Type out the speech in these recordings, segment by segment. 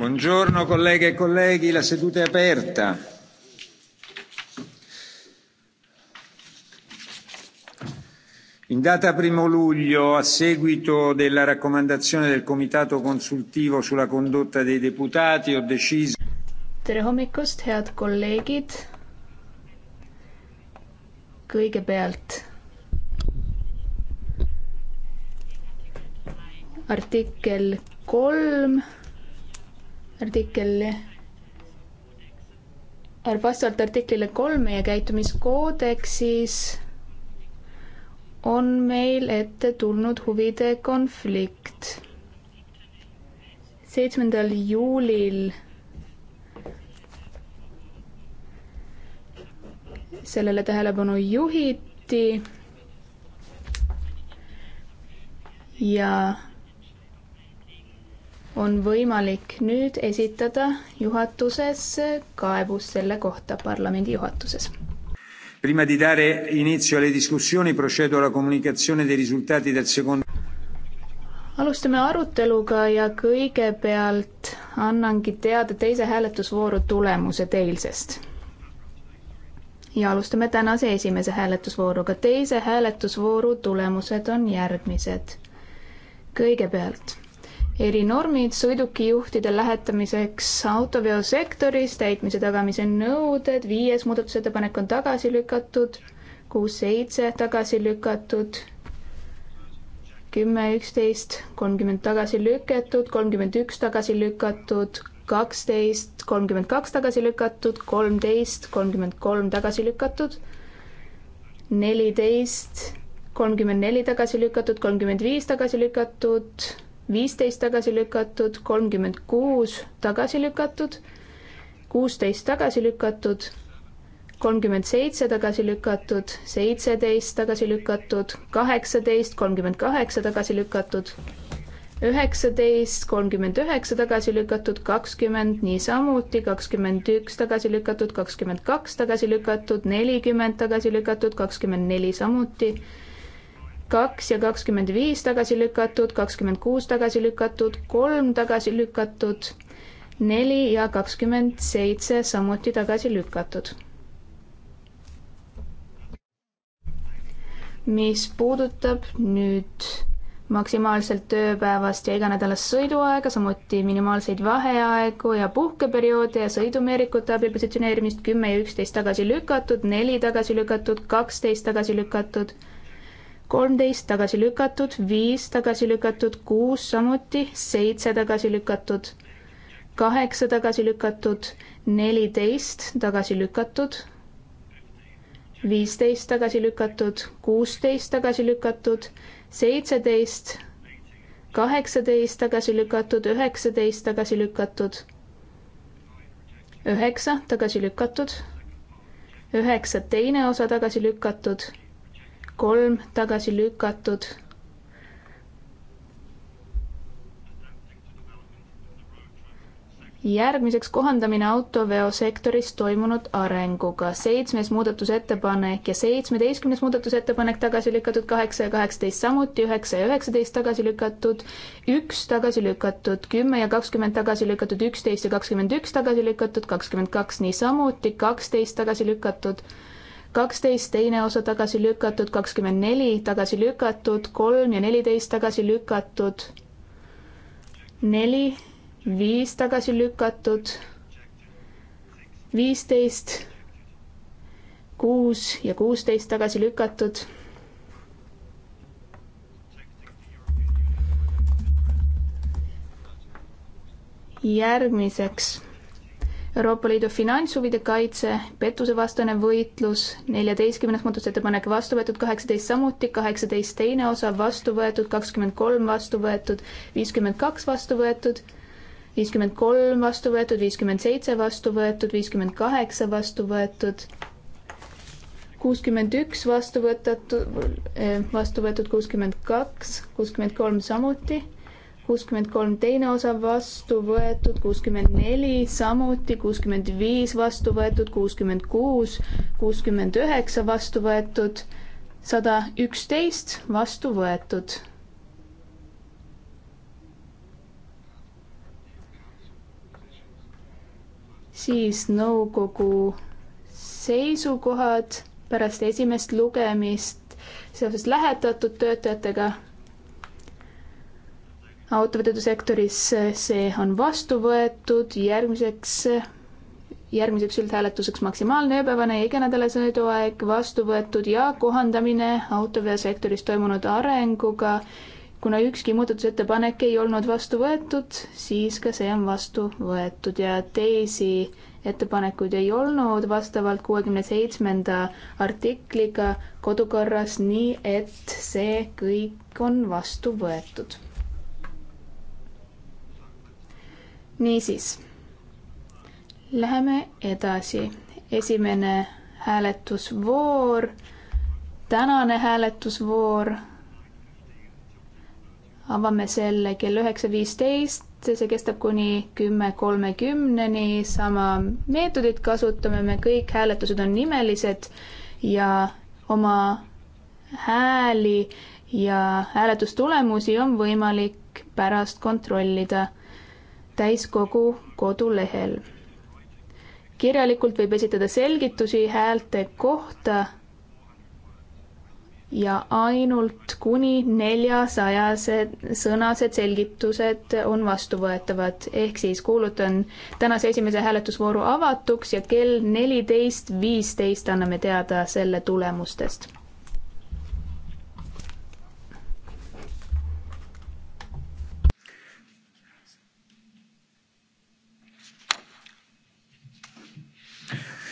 Buongiorno colleghe e colleghi, la seduta è aperta. In data 1 luglio, a seguito della raccomandazione del Comitato consultivo sulla condotta dei deputati, ho deciso. tere hommikust, head kolleegid. kõigepealt artikkel kolm artikkel vastavalt artiklile kolm meie käitumiskoodeksis on meil ette tulnud huvide konflikt. seitsmendal juulil sellele tähelepanu juhiti ja on võimalik nüüd esitada juhatuses kaebus selle kohta parlamendi juhatuses. Prima di dare inizio alle discussioni procedo alla comunicazione dei risultati del secondo alustame aruteluga ja kõigepealt annangi teada teise hääletusvooru tulemused eilsest. ja alustame tänase esimese hääletusvooruga. teise hääletusvooru tulemused on järgmised. kõigepealt erinormid sõidukijuhtide lähetamiseks autoveosektoris, täitmise tagamise nõuded, viies muudatusettepanek on tagasi lükatud, kuus-seitse tagasi lükatud, kümme, üksteist, kolmkümmend tagasi lükatud, kolmkümmend üks tagasi lükatud, kaksteist, kolmkümmend kaks tagasi lükatud, kolmteist, kolmkümmend kolm tagasi lükatud, neliteist, kolmkümmend neli tagasi lükatud, kolmkümmend viis tagasi lükatud viisteist tagasi lükatud, kolmkümmend kuus tagasi lükatud, kuusteist tagasi lükatud, kolmkümmend seitse tagasi lükatud, seitseteist tagasi lükatud, kaheksateist, kolmkümmend kaheksa tagasi lükatud, üheksateist, kolmkümmend üheksa tagasi lükatud, kakskümmend niisamuti, kakskümmend üks tagasi lükatud, kakskümmend kaks tagasi lükatud, nelikümmend tagasi lükatud, kakskümmend neli samuti kaks ja kakskümmend viis tagasi lükatud, kakskümmend kuus tagasi lükatud, kolm tagasi lükatud, neli ja kakskümmend seitse samuti tagasi lükatud. mis puudutab nüüd maksimaalselt tööpäevast ja iganädalast sõiduaega, samuti minimaalseid vaheaegu ja puhkeperioode ja sõidumeerikute abil positsioneerimist kümme ja üksteist tagasi lükatud, neli tagasi lükatud, kaksteist tagasi lükatud kolmteist tagasi lükatud, viis tagasi lükatud, kuus samuti, seitse tagasi lükatud, kaheksa tagasi lükatud, neliteist tagasi lükatud, viisteist tagasi lükatud, kuusteist tagasi lükatud, seitseteist, kaheksateist tagasi lükatud, üheksateist tagasi lükatud, üheksa tagasi lükatud, üheksa teine osa tagasi lükatud kolm tagasi lükatud. järgmiseks kohandamine autoveosektoris toimunud arenguga, seitsmes muudatusettepanek ja seitsmeteistkümnes muudatusettepanek tagasi lükatud, kaheksa ja kaheksateist samuti, üheksa ja üheksateist tagasi lükatud, üks tagasi lükatud, kümme ja kakskümmend tagasi lükatud, üksteist ja kakskümmend üks tagasi lükatud, kakskümmend kaks niisamuti, kaksteist tagasi lükatud kaksteist teine osa tagasi lükatud, kakskümmend neli tagasi lükatud, kolm ja neliteist tagasi lükatud, neli, viis tagasi lükatud, viisteist, kuus ja kuusteist tagasi lükatud järgmiseks Euroopa Liidu finantshuvide kaitse, pettusevastane võitlus, neljateistkümnes muudatusettepanek vastu võetud, kaheksateist samuti, kaheksateist teine osa vastu võetud, kakskümmend kolm vastu võetud, viiskümmend kaks vastu võetud, viiskümmend kolm vastu võetud, viiskümmend seitse vastu võetud, viiskümmend kaheksa vastu võetud, kuuskümmend üks vastu võetud, eh, vastu võetud kuuskümmend kaks, kuuskümmend kolm samuti kuuskümmend kolm teine osa vastu võetud, kuuskümmend neli samuti, kuuskümmend viis vastu võetud, kuuskümmend kuus, kuuskümmend üheksa vastu võetud, sada üksteist vastu võetud. siis nõukogu seisukohad pärast esimest lugemist seoses lähetatud töötajatega autovedusektoris, see on vastu võetud, järgmiseks, järgmiseks üldhääletuseks maksimaalne ööpäevane ja iganädala sõiduaeg vastu võetud ja kohandamine autovedusektoris toimunud arenguga. kuna ükski muudatusettepanek ei olnud vastu võetud, siis ka see on vastu võetud ja teisi ettepanekuid ei olnud vastavalt kuuekümne seitsmenda artikliga kodukorras, nii et see kõik on vastu võetud niisiis, läheme edasi. esimene hääletusvoor, tänane hääletusvoor. avame selle kell üheksa viisteist, see kestab kuni kümme kolmekümneni, sama meetodit kasutame me, kõik hääletused on nimelised ja oma hääli ja hääletustulemusi on võimalik pärast kontrollida täiskogu kodulehel. kirjalikult võib esitada selgitusi häälte kohta ja ainult kuni neljasajased sõnased selgitused on vastuvõetavad, ehk siis kuulutan tänase esimese hääletusvooru avatuks ja kell neliteist viisteist anname teada selle tulemustest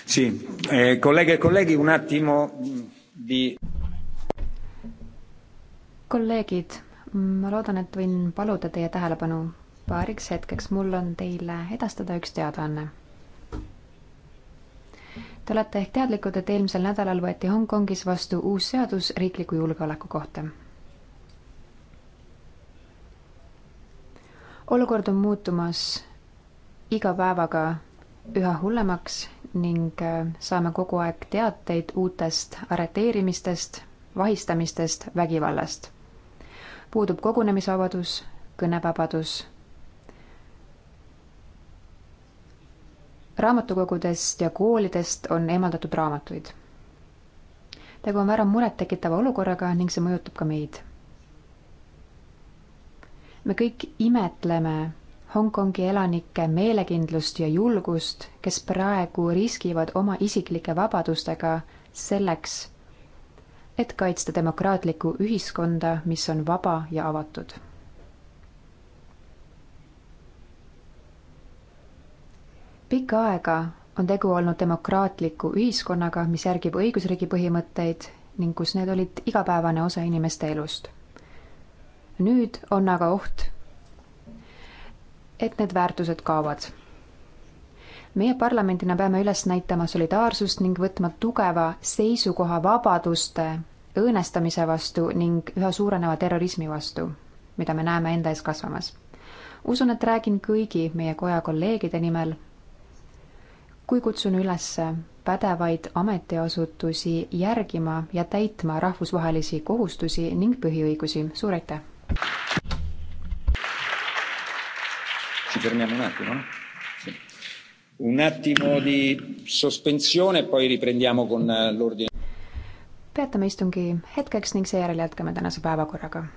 Sì, eh, colleghe e colleghi, un attimo di... kolleegid, ma loodan, et võin paluda teie tähelepanu paariks hetkeks. mul on teile edastada üks teadaanne. Te olete ehk teadlikud, et eelmisel nädalal võeti Hongkongis vastu uus seadus riikliku julgeoleku kohta. olukord on muutumas iga päevaga üha hullemaks ning äh, saame kogu aeg teateid uutest arreteerimistest, vahistamistest, vägivallast. puudub kogunemisvabadus, kõnevabadus. raamatukogudest ja koolidest on eemaldatud raamatuid. tegu on väga murettekitava olukorraga ning see mõjutab ka meid. me kõik imetleme Hongkongi elanike meelekindlust ja julgust, kes praegu riskivad oma isiklike vabadustega selleks, et kaitsta demokraatlikku ühiskonda, mis on vaba ja avatud. pikka aega on tegu olnud demokraatliku ühiskonnaga, mis järgib õigusriigi põhimõtteid ning kus need olid igapäevane osa inimeste elust. nüüd on aga oht et need väärtused kaovad. meie parlamendina peame üles näitama solidaarsust ning võtma tugeva seisukoha vabaduste õõnestamise vastu ning üha suureneva terrorismi vastu, mida me näeme enda ees kasvamas. usun, et räägin kõigi meie koja kolleegide nimel, kui kutsun üles pädevaid ametiasutusi järgima ja täitma rahvusvahelisi kohustusi ning põhiõigusi. suur aitäh! ci fermiamo un attimo no? sì. un attimo di sospensione e poi riprendiamo con eh, l'ordine peatame istungi hetkeks ning seejärel jätkame tänase päevakorraga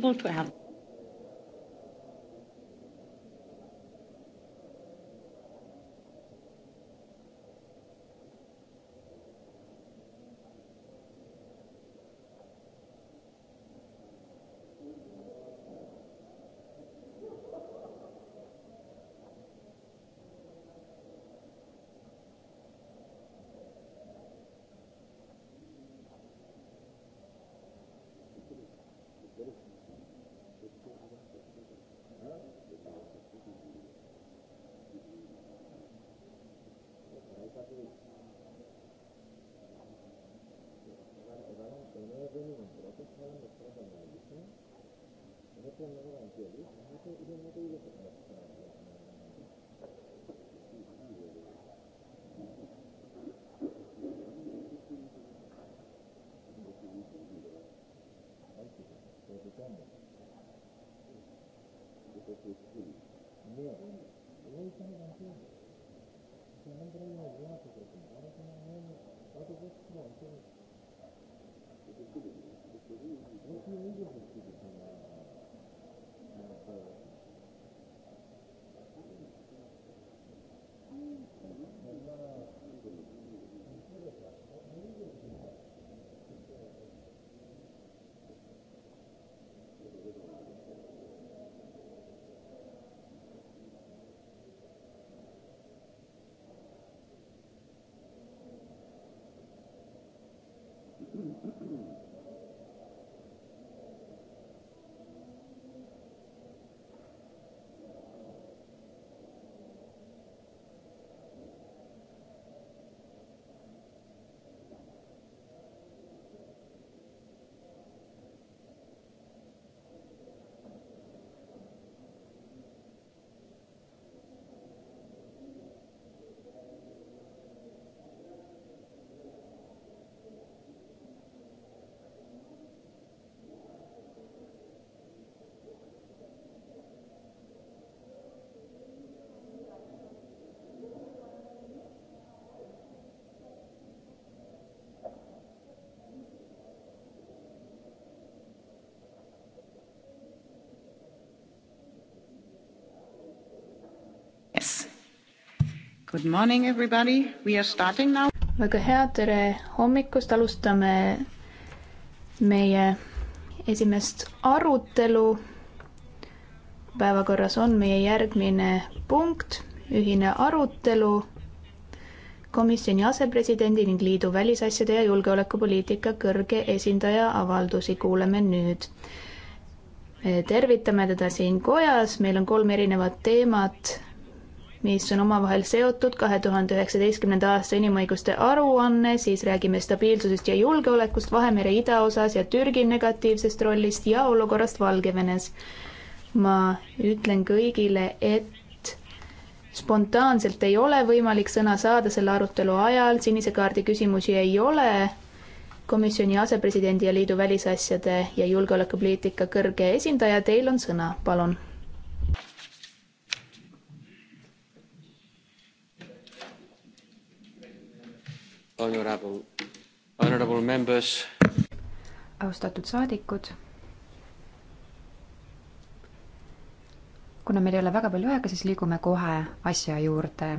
possible to have Gracias. Good morning everybody, we are starting now. väga hea, tere hommikust, alustame meie esimest arutelu. päevakorras on meie järgmine punkt, ühine arutelu komisjoni asepresidendi ning liidu välisasjade ja julgeolekupoliitika kõrge esindaja avaldusi kuuleme nüüd. tervitame teda siin kojas, meil on kolm erinevat teemat mis on omavahel seotud kahe tuhande üheksateistkümnenda aasta inimõiguste aruanne, siis räägime stabiilsusest ja julgeolekust Vahemere idaosas ja Türgi negatiivsest rollist ja olukorrast Valgevenes. ma ütlen kõigile, et spontaanselt ei ole võimalik sõna saada selle arutelu ajal, sinise kaardi küsimusi ei ole, komisjoni asepresidendi ja liidu välisasjade ja julgeolekupoliitika kõrge esindaja, teil on sõna, palun Honorable, honorable members. austatud saadikud. kuna meil ei ole väga palju aega, siis liigume kohe asja juurde.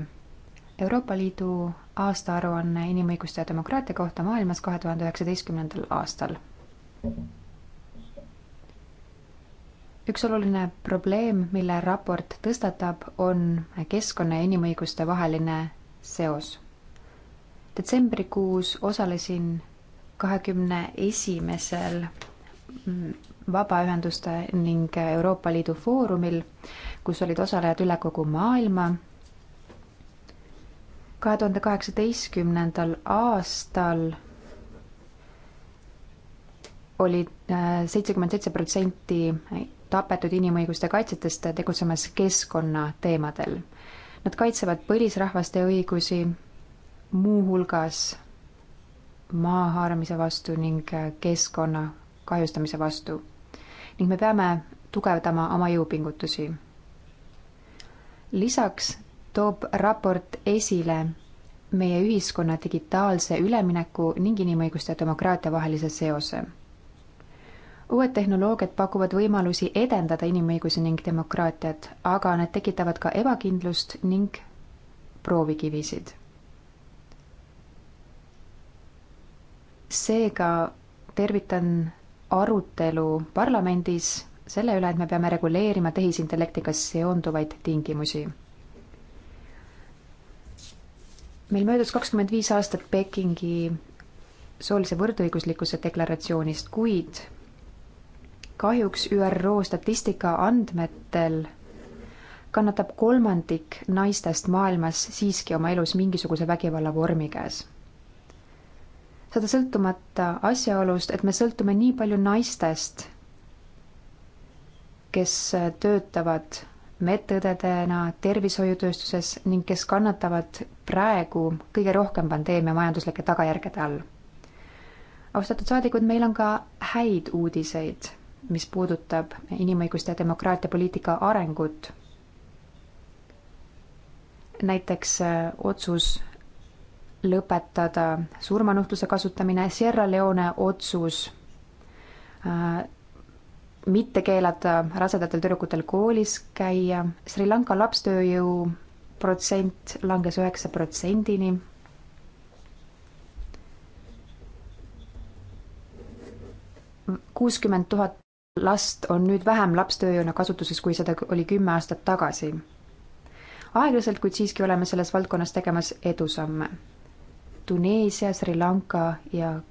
Euroopa Liidu aastaaruanne inimõiguste ja demokraatia kohta maailmas kahe tuhande üheksateistkümnendal aastal. üks oluline probleem, mille raport tõstatab, on keskkonna ja inimõiguste vaheline seos detsembrikuus osalesin kahekümne esimesel Vabaühenduste ning Euroopa Liidu foorumil, kus olid osalejad üle kogu maailma. kahe tuhande kaheksateistkümnendal aastal oli äh, seitsekümmend seitse protsenti tapetud inimõiguste kaitsjatest tegutsemas keskkonnateemadel. Nad kaitsevad põlisrahvaste õigusi muuhulgas maa haaramise vastu ning äh, keskkonna kahjustamise vastu ning me peame tugevdama oma jõupingutusi. lisaks toob raport esile meie ühiskonna digitaalse ülemineku ning inimõiguste ja demokraatia vahelise seose. uued tehnoloogiad pakuvad võimalusi edendada inimõigusi ning demokraatiat, aga need tekitavad ka ebakindlust ning proovikivisid. seega tervitan arutelu parlamendis selle üle, et me peame reguleerima tehisintellektiga seonduvaid tingimusi. meil möödus kakskümmend viis aastat Pekingi soolise võrdõiguslikkuse deklaratsioonist, kuid kahjuks ÜRO statistika andmetel kannatab kolmandik naistest maailmas siiski oma elus mingisuguse vägivalla vormi käes seda sõltumata asjaolust, et me sõltume nii palju naistest, kes töötavad medõdedena tervishoiutööstuses ning kes kannatavad praegu kõige rohkem pandeemia majanduslike tagajärgede all. austatud saadikud, meil on ka häid uudiseid, mis puudutab inimõiguste ja demokraatia poliitika arengut. näiteks otsus lõpetada surmanuhtluse kasutamine, Sierra Leone otsus äh, mitte keelata rasedatel tüdrukutel koolis käia, Sri Lanka lapstööjõu protsent langes üheksa protsendini. kuuskümmend tuhat last on nüüd vähem lapstööjõuna kasutuses, kui seda oli kümme aastat tagasi. aeglaselt, kuid siiski oleme selles valdkonnas tegemas edusamme Tuneesia, Sri Lanka ja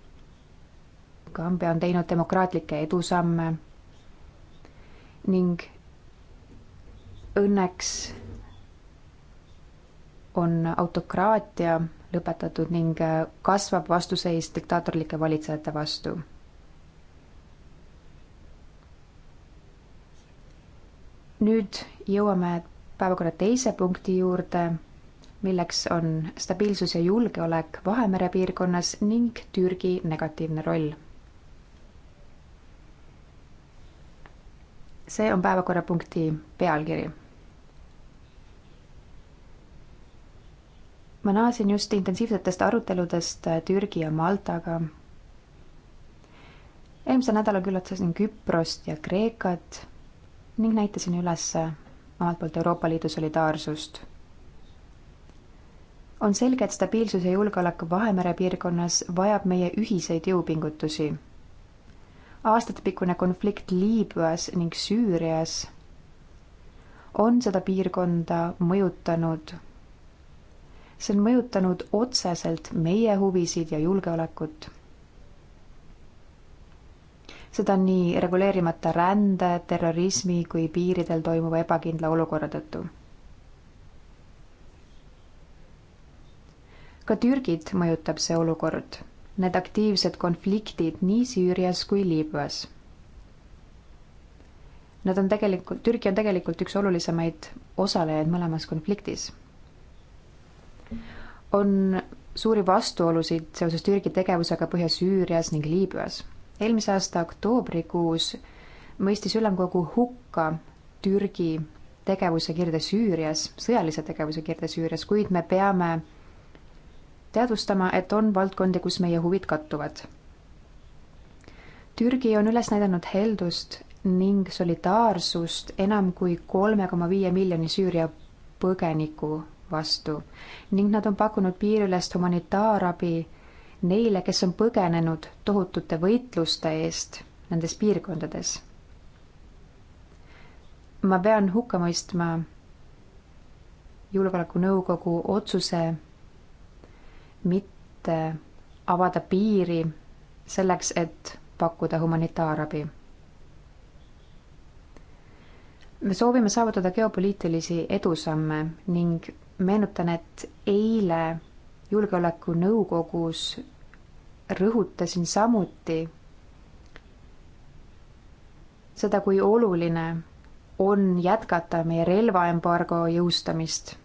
Kambja on teinud demokraatlikke edusamme ning õnneks on autokraatia lõpetatud ning kasvab vastuseis diktaatorlike valitsejate vastu. nüüd jõuame päevakorra teise punkti juurde milleks on stabiilsus ja julgeolek Vahemere piirkonnas ning Türgi negatiivne roll. see on päevakorrapunkti pealkiri. ma naasin just intensiivsetest aruteludest Türgi ja Maltaga. eelmisel nädalal külastasin Küprost ja Kreekat ning näitasin üles omalt poolt Euroopa Liidu solidaarsust on selge, et stabiilsus ja julgeolek Vahemere piirkonnas vajab meie ühiseid jõupingutusi. aastatepikkune konflikt Liibüas ning Süürias on seda piirkonda mõjutanud. see on mõjutanud otseselt meie huvisid ja julgeolekut. seda nii reguleerimata rände, terrorismi kui piiridel toimuva ebakindla olukorra tõttu ka Türgit mõjutab see olukord, need aktiivsed konfliktid nii Süürias kui Liibüas. Nad on tegelikult, Türgi on tegelikult üks olulisemaid osalejaid mõlemas konfliktis. on suuri vastuolusid seoses Türgi tegevusega Põhja-Süürias ning Liibüas. eelmise aasta oktoobrikuus mõistis ülemkogu hukka Türgi tegevuse kirde Süürias, sõjalise tegevuse kirde Süürias, kuid me peame teadvustama, et on valdkondi, kus meie huvid kattuvad. Türgi on üles näidanud heldust ning solidaarsust enam kui kolme koma viie miljoni Süüria põgeniku vastu ning nad on pakkunud piiriülest humanitaarabi neile, kes on põgenenud tohutute võitluste eest nendes piirkondades. ma pean hukka mõistma julgeolekunõukogu otsuse mitte avada piiri selleks, et pakkuda humanitaarabi. me soovime saavutada geopoliitilisi edusamme ning meenutan, et eile julgeolekunõukogus rõhutasin samuti seda, kui oluline on jätkata meie relvaembargo jõustamist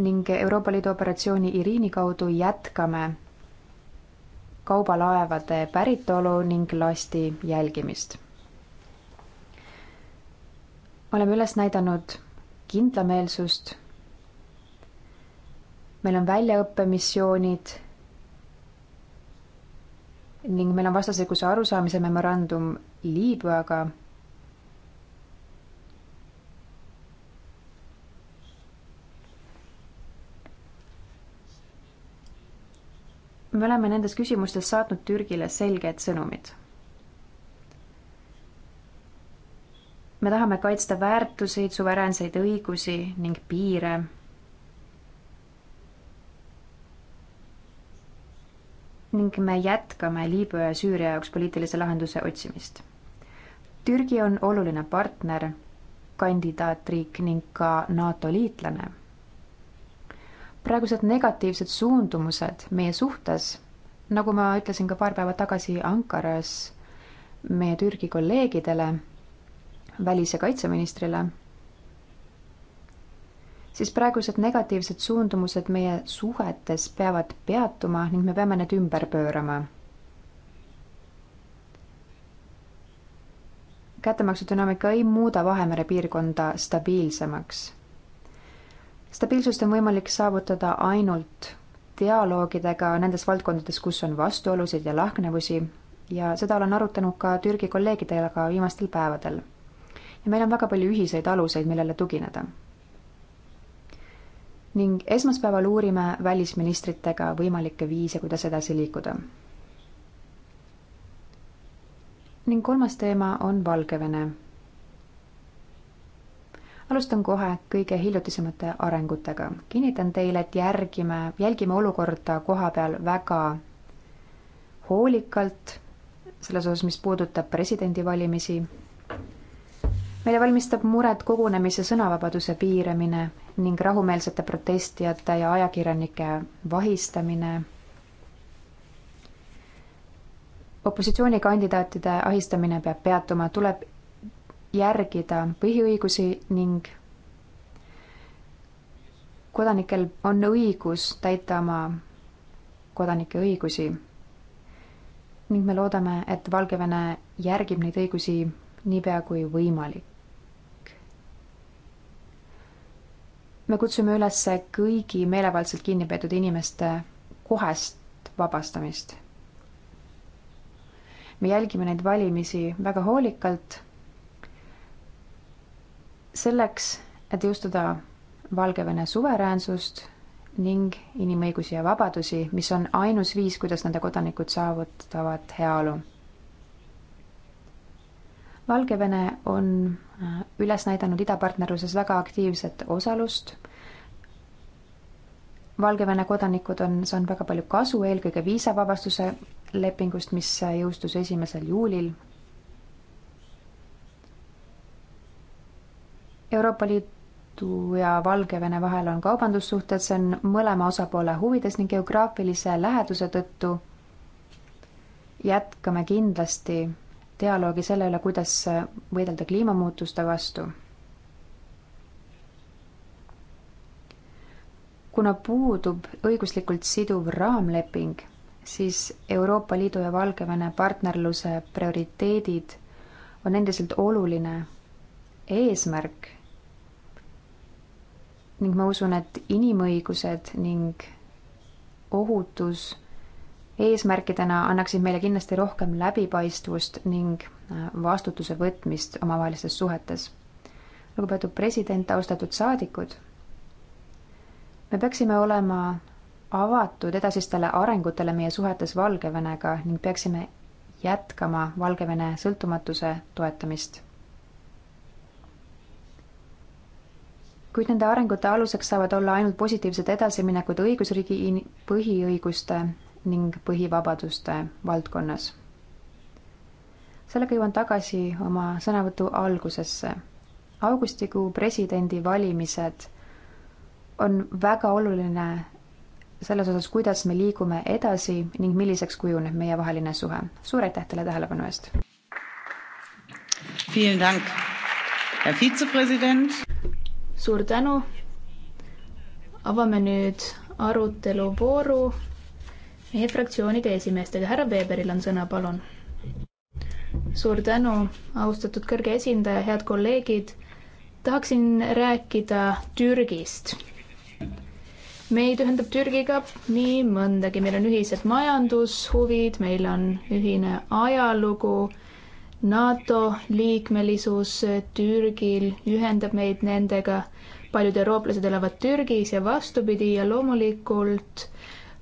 ning Euroopa Liidu operatsiooni Iriini kaudu jätkame kaubalaevade päritolu ning lasti jälgimist. oleme üles näidanud kindlameelsust. meil on väljaõppemissioonid ning meil on vastastikuse arusaamise memorandum Liibüaga me oleme nendes küsimustes saatnud Türgile selged sõnumid. me tahame kaitsta väärtuseid, suveräänseid õigusi ning piire. ning me jätkame Liibüa ja Süüria jaoks poliitilise lahenduse otsimist. Türgi on oluline partner, kandidaatriik ning ka NATO liitlane praegused negatiivsed suundumused meie suhtes, nagu ma ütlesin ka paar päeva tagasi Ankaras meie Türgi kolleegidele, välis- ja kaitseministrile, siis praegused negatiivsed suundumused meie suhetes peavad peatuma ning me peame need ümber pöörama. kättemaksudünaamika ei muuda Vahemere piirkonda stabiilsemaks stabiilsust on võimalik saavutada ainult dialoogidega nendes valdkondades, kus on vastuolusid ja lahknevusi ja seda olen arutanud ka Türgi kolleegidega viimastel päevadel. ja meil on väga palju ühiseid aluseid, millele tugineda. ning esmaspäeval uurime välisministritega võimalikke viise, kuidas edasi liikuda. ning kolmas teema on Valgevene alustan kohe kõige hiljutisemate arengutega. kinnitan teile, et järgime, jälgime olukorda koha peal väga hoolikalt, selles osas, mis puudutab presidendivalimisi. meile valmistab muret kogunemise sõnavabaduse piiramine ning rahumeelsete protestijate ja ajakirjanike vahistamine opositsioonikandidaatide ahistamine peab peatuma, tuleb järgida põhiõigusi ning kodanikel on õigus täita oma kodanike õigusi. ning me loodame, et Valgevene järgib neid õigusi niipea kui võimalik. me kutsume üles kõigi meelevaldselt kinni peetud inimeste kohest vabastamist. me jälgime neid valimisi väga hoolikalt selleks, et jõustuda Valgevene suveräänsust ning inimõigusi ja vabadusi, mis on ainus viis, kuidas nende kodanikud saavutavad heaolu. Valgevene on äh, üles näidanud idapartnerluses väga aktiivset osalust. Valgevene kodanikud on saanud väga palju kasu, eelkõige viisavabastuse lepingust, mis jõustus esimesel juulil Euroopa Liidu ja Valgevene vahel on kaubandussuhted, see on mõlema osapoole huvides ning geograafilise läheduse tõttu jätkame kindlasti dialoogi selle üle, kuidas võidelda kliimamuutuste vastu. kuna puudub õiguslikult siduv raamleping, siis Euroopa Liidu ja Valgevene partnerluse prioriteedid on endiselt oluline eesmärk ning ma usun, et inimõigused ning ohutus eesmärkidena annaksid meile kindlasti rohkem läbipaistvust ning äh, vastutuse võtmist omavahelistes suhetes. lugupeetud president, austatud saadikud, me peaksime olema avatud edasistele arengutele meie suhetes Valgevenega ning peaksime jätkama Valgevene sõltumatuse toetamist kuid nende arengute aluseks saavad olla ainult positiivsed edasiminekud õigusriigi põhiõiguste ning põhivabaduste valdkonnas. sellega jõuan tagasi oma sõnavõtu algusesse. augustikuu presidendivalimised on väga oluline selles osas, kuidas me liigume edasi ning milliseks kujuneb meievaheline suhe. suur aitäh teile tähelepanu eest! suur tänu. avame nüüd aruteluvooru meie fraktsioonide esimeestega. härra Veberil on sõna, palun. suur tänu, austatud kõrge esindaja, head kolleegid. tahaksin rääkida Türgist. meid ühendab Türgiga nii mõndagi, meil on ühised majandushuvid, meil on ühine ajalugu NATO liikmelisus Türgil ühendab meid nendega. paljud eurooplased elavad Türgis ja vastupidi ja loomulikult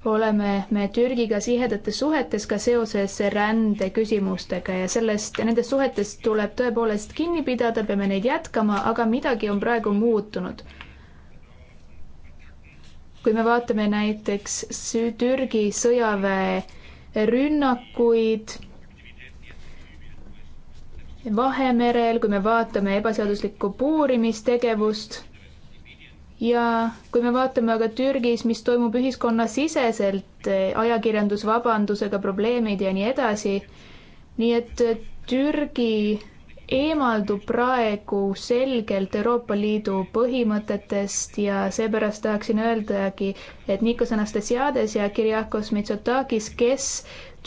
oleme me Türgiga sihedates suhetes ka seoses rändeküsimustega ja sellest, nendest suhetest tuleb tõepoolest kinni pidada, peame neid jätkama, aga midagi on praegu muutunud. kui me vaatame näiteks Türgi sõjaväe rünnakuid Vahemerel, kui me vaatame ebaseaduslikku puurimistegevust ja kui me vaatame aga Türgis, mis toimub ühiskonnasiseselt, ajakirjandusvabandusega probleemid ja nii edasi, nii et Türgi eemaldub praegu selgelt Euroopa Liidu põhimõtetest ja seepärast tahaksin öeldagi, et Nikos Anastasiades ja Kirjakos Mitsotakis, kes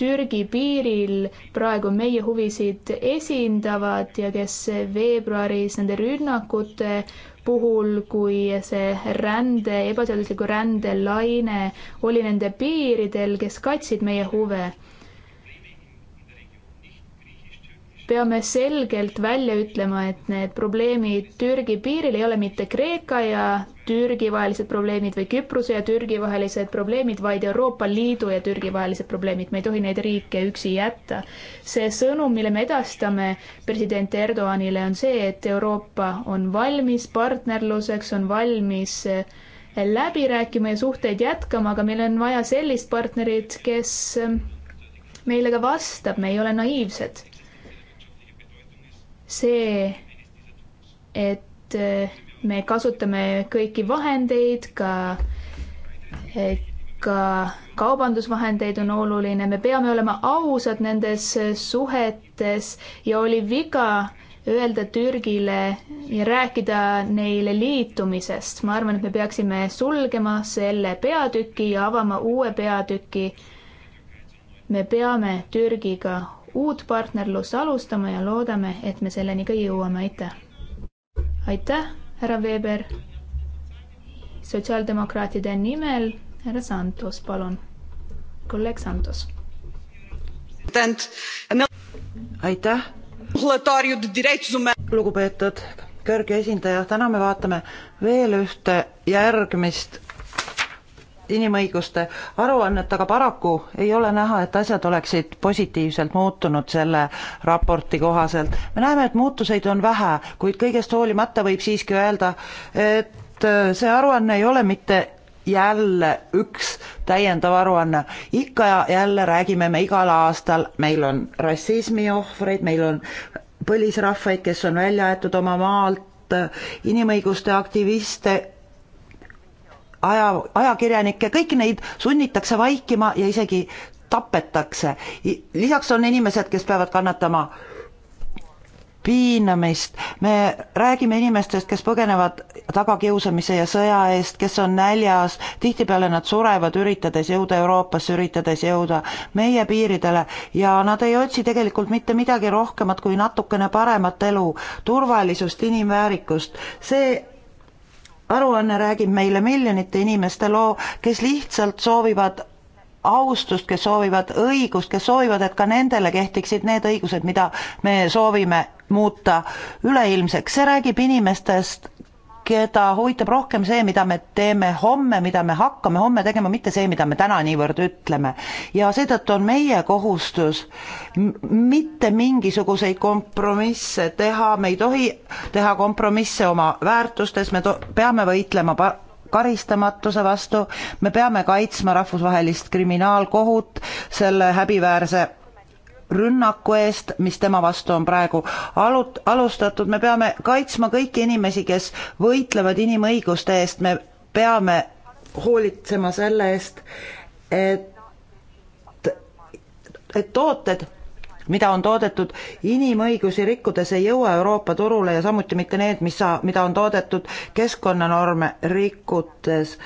Türgi piiril praegu meie huvisid esindavad ja kes veebruaris nende rünnakute puhul, kui see rände, ebaseadusliku rände laine oli nende piiridel, kes kaitsid meie huve peame selgelt välja ütlema, et need probleemid Türgi piiril ei ole mitte Kreeka ja Türgi vahelised probleemid või Küprose ja Türgi vahelised probleemid, vaid Euroopa Liidu ja Türgi vahelised probleemid. me ei tohi neid riike üksi jätta. see sõnum, mille me edastame president Erdoganile, on see, et Euroopa on valmis partnerluseks, on valmis eh, läbi rääkima ja suhteid jätkama, aga meil on vaja sellist partnerit, kes eh, meile ka vastab, me ei ole naiivsed see, et eh, me kasutame kõiki vahendeid, ka, eh, ka kaubandusvahendeid on oluline, me peame olema ausad nendes eh, suhetes ja oli viga öelda Türgile ja rääkida neile liitumisest. ma arvan, et me peaksime sulgema selle peatüki ja avama uue peatüki. me peame Türgiga uut partnerlust alustama ja loodame, et me selleni ka jõuame, aitäh! aitäh, härra Weber! sotsiaaldemokraatide nimel härra Santos, palun. kolleeg Santos. aitäh! lugupeetud kõrge esindaja, täna me vaatame veel ühte järgmist inimõiguste aruannet, aga paraku ei ole näha, et asjad oleksid positiivselt muutunud selle raporti kohaselt. me näeme, et muutuseid on vähe, kuid kõigest hoolimata võib siiski öelda, et äh, see aruanne ei ole mitte jälle üks täiendav aruanne, ikka ja jälle räägime me igal aastal, meil on rassismi ohvreid, meil on põlisrahvaid, kes on välja aetud oma maalt, inimõiguste aktiviste, aja, ajakirjanikke, kõiki neid sunnitakse vaikima ja isegi tapetakse. lisaks on inimesed, kes peavad kannatama piinamist, me räägime inimestest, kes põgenevad tagakiusamise ja sõja eest, kes on näljas, tihtipeale nad surevad, üritades jõuda Euroopasse, üritades jõuda meie piiridele ja nad ei otsi tegelikult mitte midagi rohkemat kui natukene paremat elu, turvalisust, inimväärikust. see aruanne räägib meile miljonite inimeste loo, kes lihtsalt soovivad austust, kes soovivad õigust, kes soovivad, et ka nendele kehtiksid need õigused, mida me soovime muuta üleilmseks, see räägib inimestest, keda huvitab rohkem see, mida me teeme homme, mida me hakkame homme tegema, mitte see, mida me täna niivõrd ütleme. ja seetõttu on meie kohustus mitte mingisuguseid kompromisse teha, me ei tohi teha kompromisse oma väärtustes, me peame võitlema karistamatuse vastu, me peame kaitsma rahvusvahelist kriminaalkohut selle häbiväärse rünnaku eest, mis tema vastu on praegu alut-, alustatud, me peame kaitsma kõiki inimesi, kes võitlevad inimõiguste eest, me peame hoolitsema selle eest, et, et tooted, mida on toodetud inimõigusi rikkudes, ei jõua Euroopa turule ja samuti mitte need, mis sa, mida on toodetud keskkonnanorme rikkudes.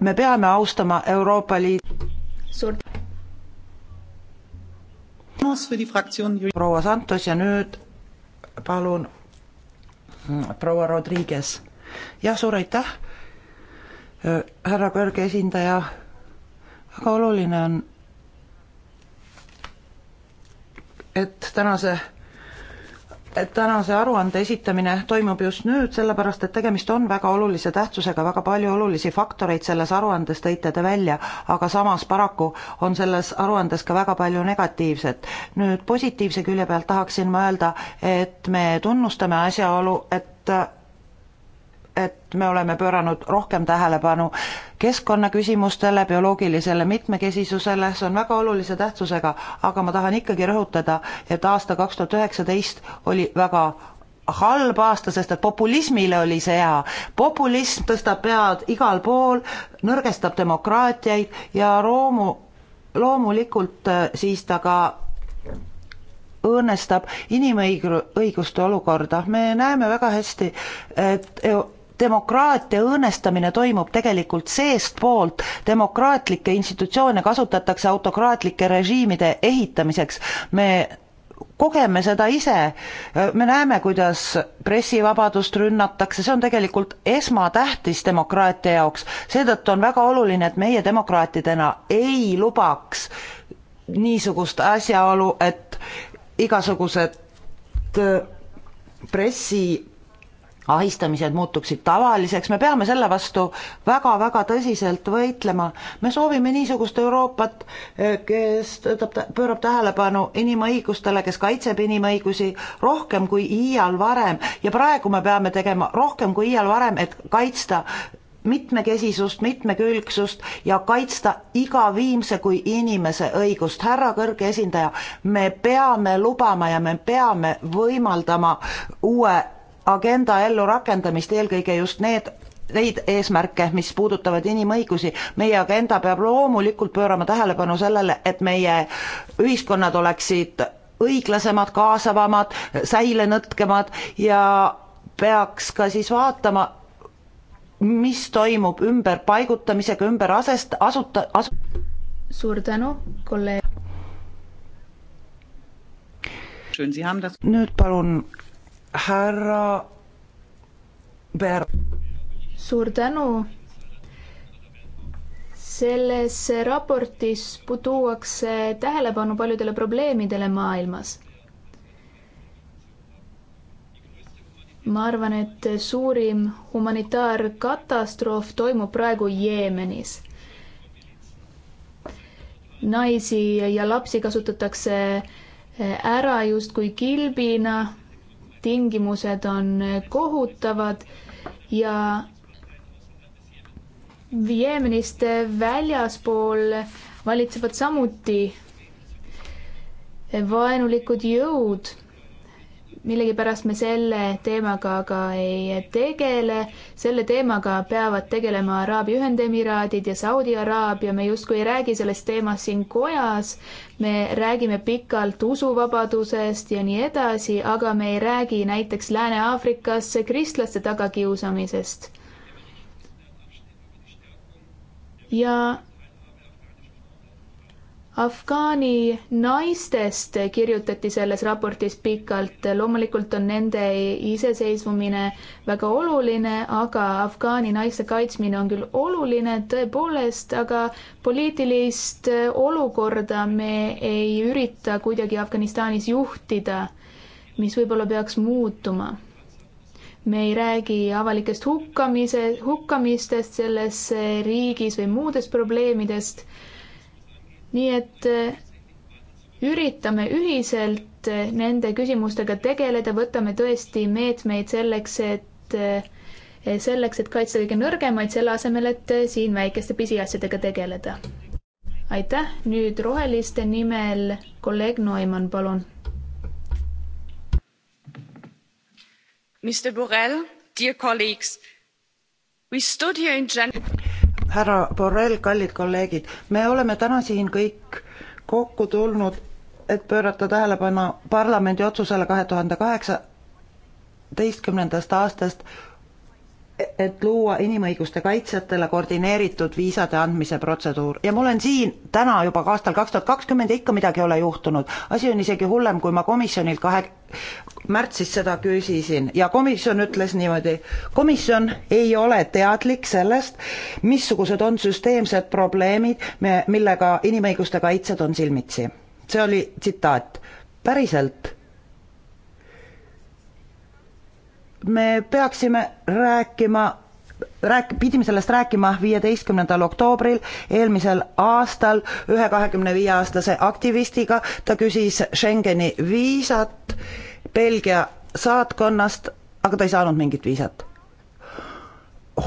me peame austama Euroopa Liidu suur tänu proua Santos ja nüüd palun hm, proua Rodriguez. jah, suur aitäh, äh, härra kõrge esindaja, väga oluline on, et tänase tänase aruande esitamine toimub just nüüd, sellepärast et tegemist on väga olulise tähtsusega, väga palju olulisi faktoreid selles aruandes tõite te välja, aga samas paraku on selles aruandes ka väga palju negatiivset. nüüd positiivse külje pealt tahaksin ma öelda, et me tunnustame asjaolu, et et me oleme pööranud rohkem tähelepanu keskkonnaküsimustele, bioloogilisele mitmekesisusele, see on väga olulise tähtsusega, aga ma tahan ikkagi rõhutada, et aasta kaks tuhat üheksateist oli väga halb aasta, sest et populismile oli see hea. populism tõstab pead igal pool, nõrgestab demokraatiaid ja loomu, loomulikult äh, siis ta ka õõnestab inimõiguste olukorda. me näeme väga hästi, et demokraatia õõnestamine toimub tegelikult seestpoolt, demokraatlikke institutsioone kasutatakse autokraatlike režiimide ehitamiseks, me kogeme seda ise, me näeme, kuidas pressivabadust rünnatakse, see on tegelikult esmatähtis demokraatia jaoks, seetõttu on väga oluline, et meie demokraatidena ei lubaks niisugust asjaolu, et igasugused äh, pressi ahistamised muutuksid tavaliseks, me peame selle vastu väga-väga tõsiselt võitlema. me soovime niisugust Euroopat, eh, kes tõtab, pöörab tähelepanu inimõigustele, kes kaitseb inimõigusi rohkem kui iial varem ja praegu me peame tegema rohkem kui iial varem, et kaitsta mitmekesisust, mitmekülgsust ja kaitsta iga viimse kui inimese õigust. härra kõrge esindaja, me peame lubama ja me peame võimaldama uue agenda ellurakendamist, eelkõige just need neid eesmärke, mis puudutavad inimõigusi, meie agenda peab loomulikult pöörama tähelepanu sellele, et meie ühiskonnad oleksid õiglasemad, kaasavamad, säilenõtkemad ja peaks ka siis vaatama, mis toimub ümberpaigutamisega, ümber asest-, asuta-, asu-. suur tänu, kolleeg. nüüd palun härra Ber-. suur tänu. selles raportis tuuakse tähelepanu paljudele probleemidele maailmas. ma arvan, et suurim humanitaarkatastroof toimub praegu Jeemenis. naisi ja lapsi kasutatakse ära justkui kilbina tingimused on kohutavad ja Jeemenist väljaspool valitsevad samuti vaenulikud jõud millegipärast me selle teemaga aga ei tegele, selle teemaga peavad tegelema Araabia Ühendemiraadid ja Saudi Araabia, me justkui ei räägi sellest teemast siin kojas, me räägime pikalt usuvabadusest ja nii edasi, aga me ei räägi näiteks Lääne-Aafrikas kristlaste tagakiusamisest. ja Afgaani naistest kirjutati selles raportis pikalt, loomulikult on nende iseseisvumine väga oluline, aga Afgaani naiste kaitsmine on küll oluline tõepoolest, aga poliitilist olukorda me ei ürita kuidagi Afganistanis juhtida, mis võib-olla peaks muutuma me ei räägi avalikest hukkamise, hukkamistest selles riigis või muudest probleemidest nii et eh, üritame ühiselt eh, nende küsimustega tegeleda, võtame tõesti meetmeid selleks, et eh, selleks, et kaitsta kõige nõrgemaid, selle asemel, et siin väikeste pisiasjadega tegeleda. aitäh, nüüd Roheliste nimel kolleeg Noimann, palun. Mr Borrell, dear colleagues, we stood here in Jan- härra Borrell, kallid kolleegid, me oleme täna siin kõik kokku tulnud, et pöörata tähelepanu parlamendi otsusele kahe tuhande kaheksateistkümnendast aastast et luua inimõiguste kaitsjatele koordineeritud viisade andmise protseduur ja ma olen siin täna juba ka aastal kaks tuhat kakskümmend ja ikka midagi ei ole juhtunud. asi on isegi hullem, kui ma komisjonilt kahe, märtsis seda küsisin ja komisjon ütles niimoodi, komisjon ei ole teadlik sellest, missugused on süsteemsed probleemid, me, millega inimõiguste kaitsjad on silmitsi. see oli tsitaat. päriselt me peaksime rääkima rääk-, pidime sellest rääkima viieteistkümnendal oktoobril eelmisel aastal ühe kahekümne viie aastase aktivistiga, ta küsis Schengeni viisat Belgia saatkonnast, aga ta ei saanud mingit viisat.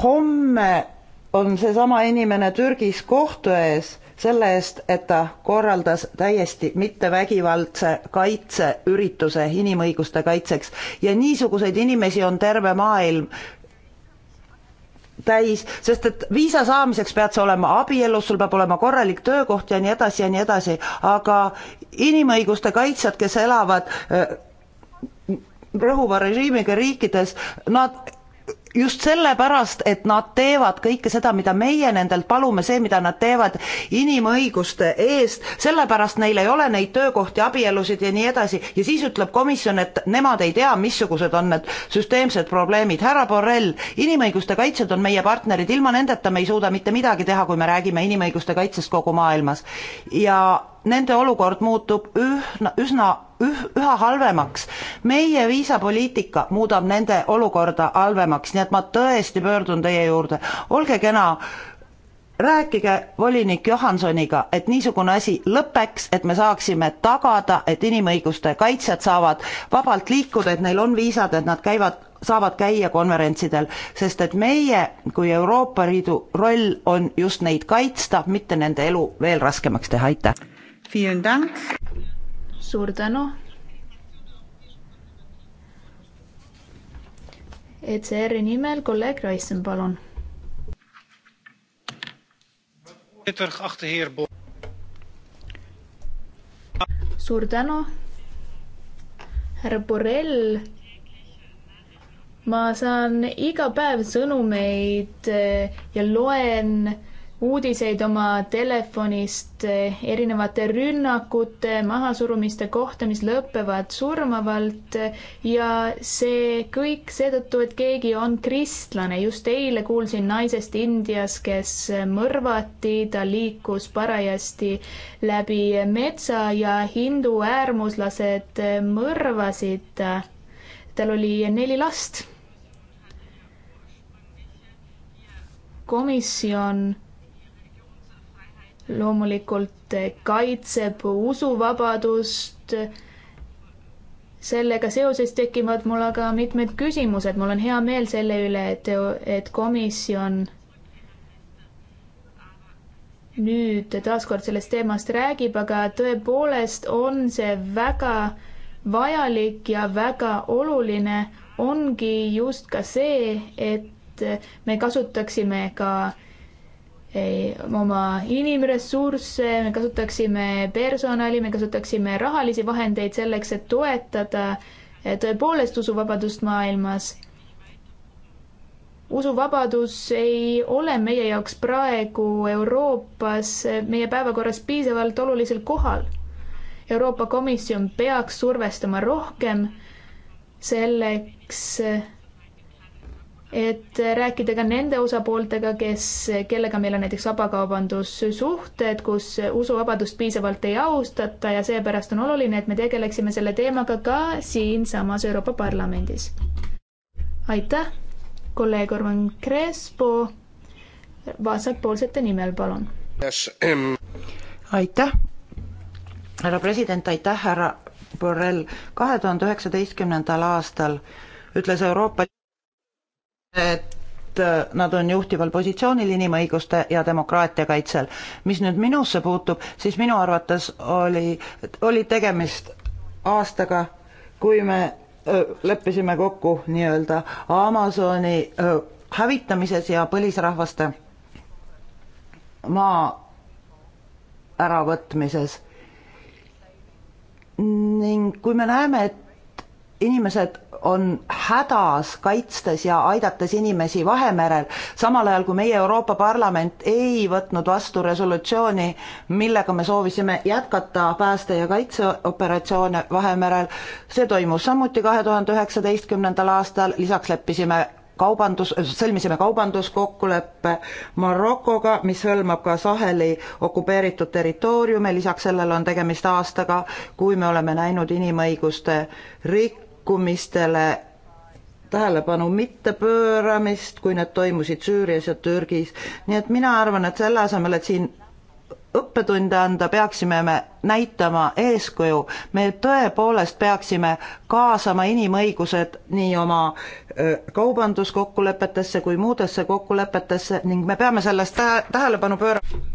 homme on seesama inimene Türgis kohtu ees selle eest, et ta korraldas täiesti mittevägivaldse kaitseürituse inimõiguste kaitseks ja niisuguseid inimesi on terve maailm täis, sest et viisa saamiseks pead sa olema abielus, sul peab olema korralik töökoht ja nii edasi ja nii edasi, aga inimõiguste kaitsjad, kes elavad äh, rõhuva režiimiga riikides, nad just sellepärast, et nad teevad kõike seda, mida meie nendelt palume, see, mida nad teevad inimõiguste eest, sellepärast neil ei ole neid töökohti, abielusid ja nii edasi, ja siis ütleb komisjon, et nemad ei tea, missugused on need süsteemsed probleemid. härra Borrell, inimõiguste kaitsjad on meie partnerid, ilma nendeta me ei suuda mitte midagi teha, kui me räägime inimõiguste kaitsest kogu maailmas. ja nende olukord muutub ühna, üsna, üha halvemaks. meie viisapoliitika muudab nende olukorda halvemaks, nii et ma tõesti pöördun teie juurde, olge kena, rääkige volinik Johansoniga, et niisugune asi lõpeks, et me saaksime tagada, et inimõiguste kaitsjad saavad vabalt liikuda, et neil on viisad, et nad käivad saavad käia konverentsidel, sest et meie kui Euroopa Liidu roll on just neid kaitsta, mitte nende elu veel raskemaks teha, aitäh! suur tänu. ECR-i nimel kolleeg Raisen, palun. suur tänu. härra Borrell, ma saan iga päev sõnumeid eh, ja loen uudiseid oma telefonist eh, erinevate rünnakute, mahasurumiste kohta, mis lõpevad surmavalt eh, ja see kõik seetõttu, et keegi on kristlane. just eile kuulsin naisest Indias, kes mõrvati, ta liikus parajasti läbi metsa ja hindu äärmuslased eh, mõrvasid ta. tal oli neli last. komisjon loomulikult kaitseb usuvabadust. sellega seoses tekivad mul aga mitmed küsimused, mul on hea meel selle üle, et, et komisjon nüüd taaskord sellest teemast räägib, aga tõepoolest on see väga vajalik ja väga oluline ongi just ka see, et me kasutaksime ka oma inimressursse, me kasutaksime personali, me kasutaksime rahalisi vahendeid selleks, et toetada eh, tõepoolest usuvabadust maailmas usuvabadus ei ole meie jaoks praegu Euroopas eh, meie päevakorras piisavalt olulisel kohal. Euroopa Komisjon peaks survestama rohkem selleks, eh, et rääkida ka nende osapooltega, kes, kellega meil on näiteks vabakaubandussuhted, kus usuvabadust piisavalt ei austata ja seepärast on oluline, et me tegeleksime selle teemaga ka siinsamas Euroopa Parlamendis. aitäh, kolleeg Urvan Crespo vasakpoolsete nimel, palun. aitäh, härra president, aitäh, härra Borrell. kahe tuhande üheksateistkümnendal aastal ütles Euroopa et äh, nad on juhtival positsioonil inimõiguste ja demokraatia kaitsel. mis nüüd minusse puutub, siis minu arvates oli, oli tegemist aastaga, kui me äh, leppisime kokku nii-öelda Amazoni äh, hävitamises ja põlisrahvaste maa äravõtmises. ning kui me näeme, et inimesed on hädas, kaitstes ja aidates inimesi Vahemerel, samal ajal kui meie Euroopa Parlament ei võtnud vastu resolutsiooni, millega me soovisime jätkata pääste- ja kaitseoperatsioone Vahemerel, see toimus samuti kahe tuhande üheksateistkümnendal aastal, lisaks leppisime kaubandus, sõlmisime kaubanduskokkuleppe Marokoga, mis hõlmab ka Saheli okupeeritud territooriume, lisaks sellele on tegemist aastaga, kui me oleme näinud inimõiguste rik-, rikkumistele tähelepanu mittepööramist, kui need toimusid Süürias ja Türgis. nii et mina arvan, et selle asemel, et siin õppetunde anda, peaksime me näitama eeskuju, me tõepoolest peaksime kaasama inimõigused nii oma kaubanduskokkulepetesse kui muudesse kokkulepetesse ning me peame sellest tähelepanu pöörama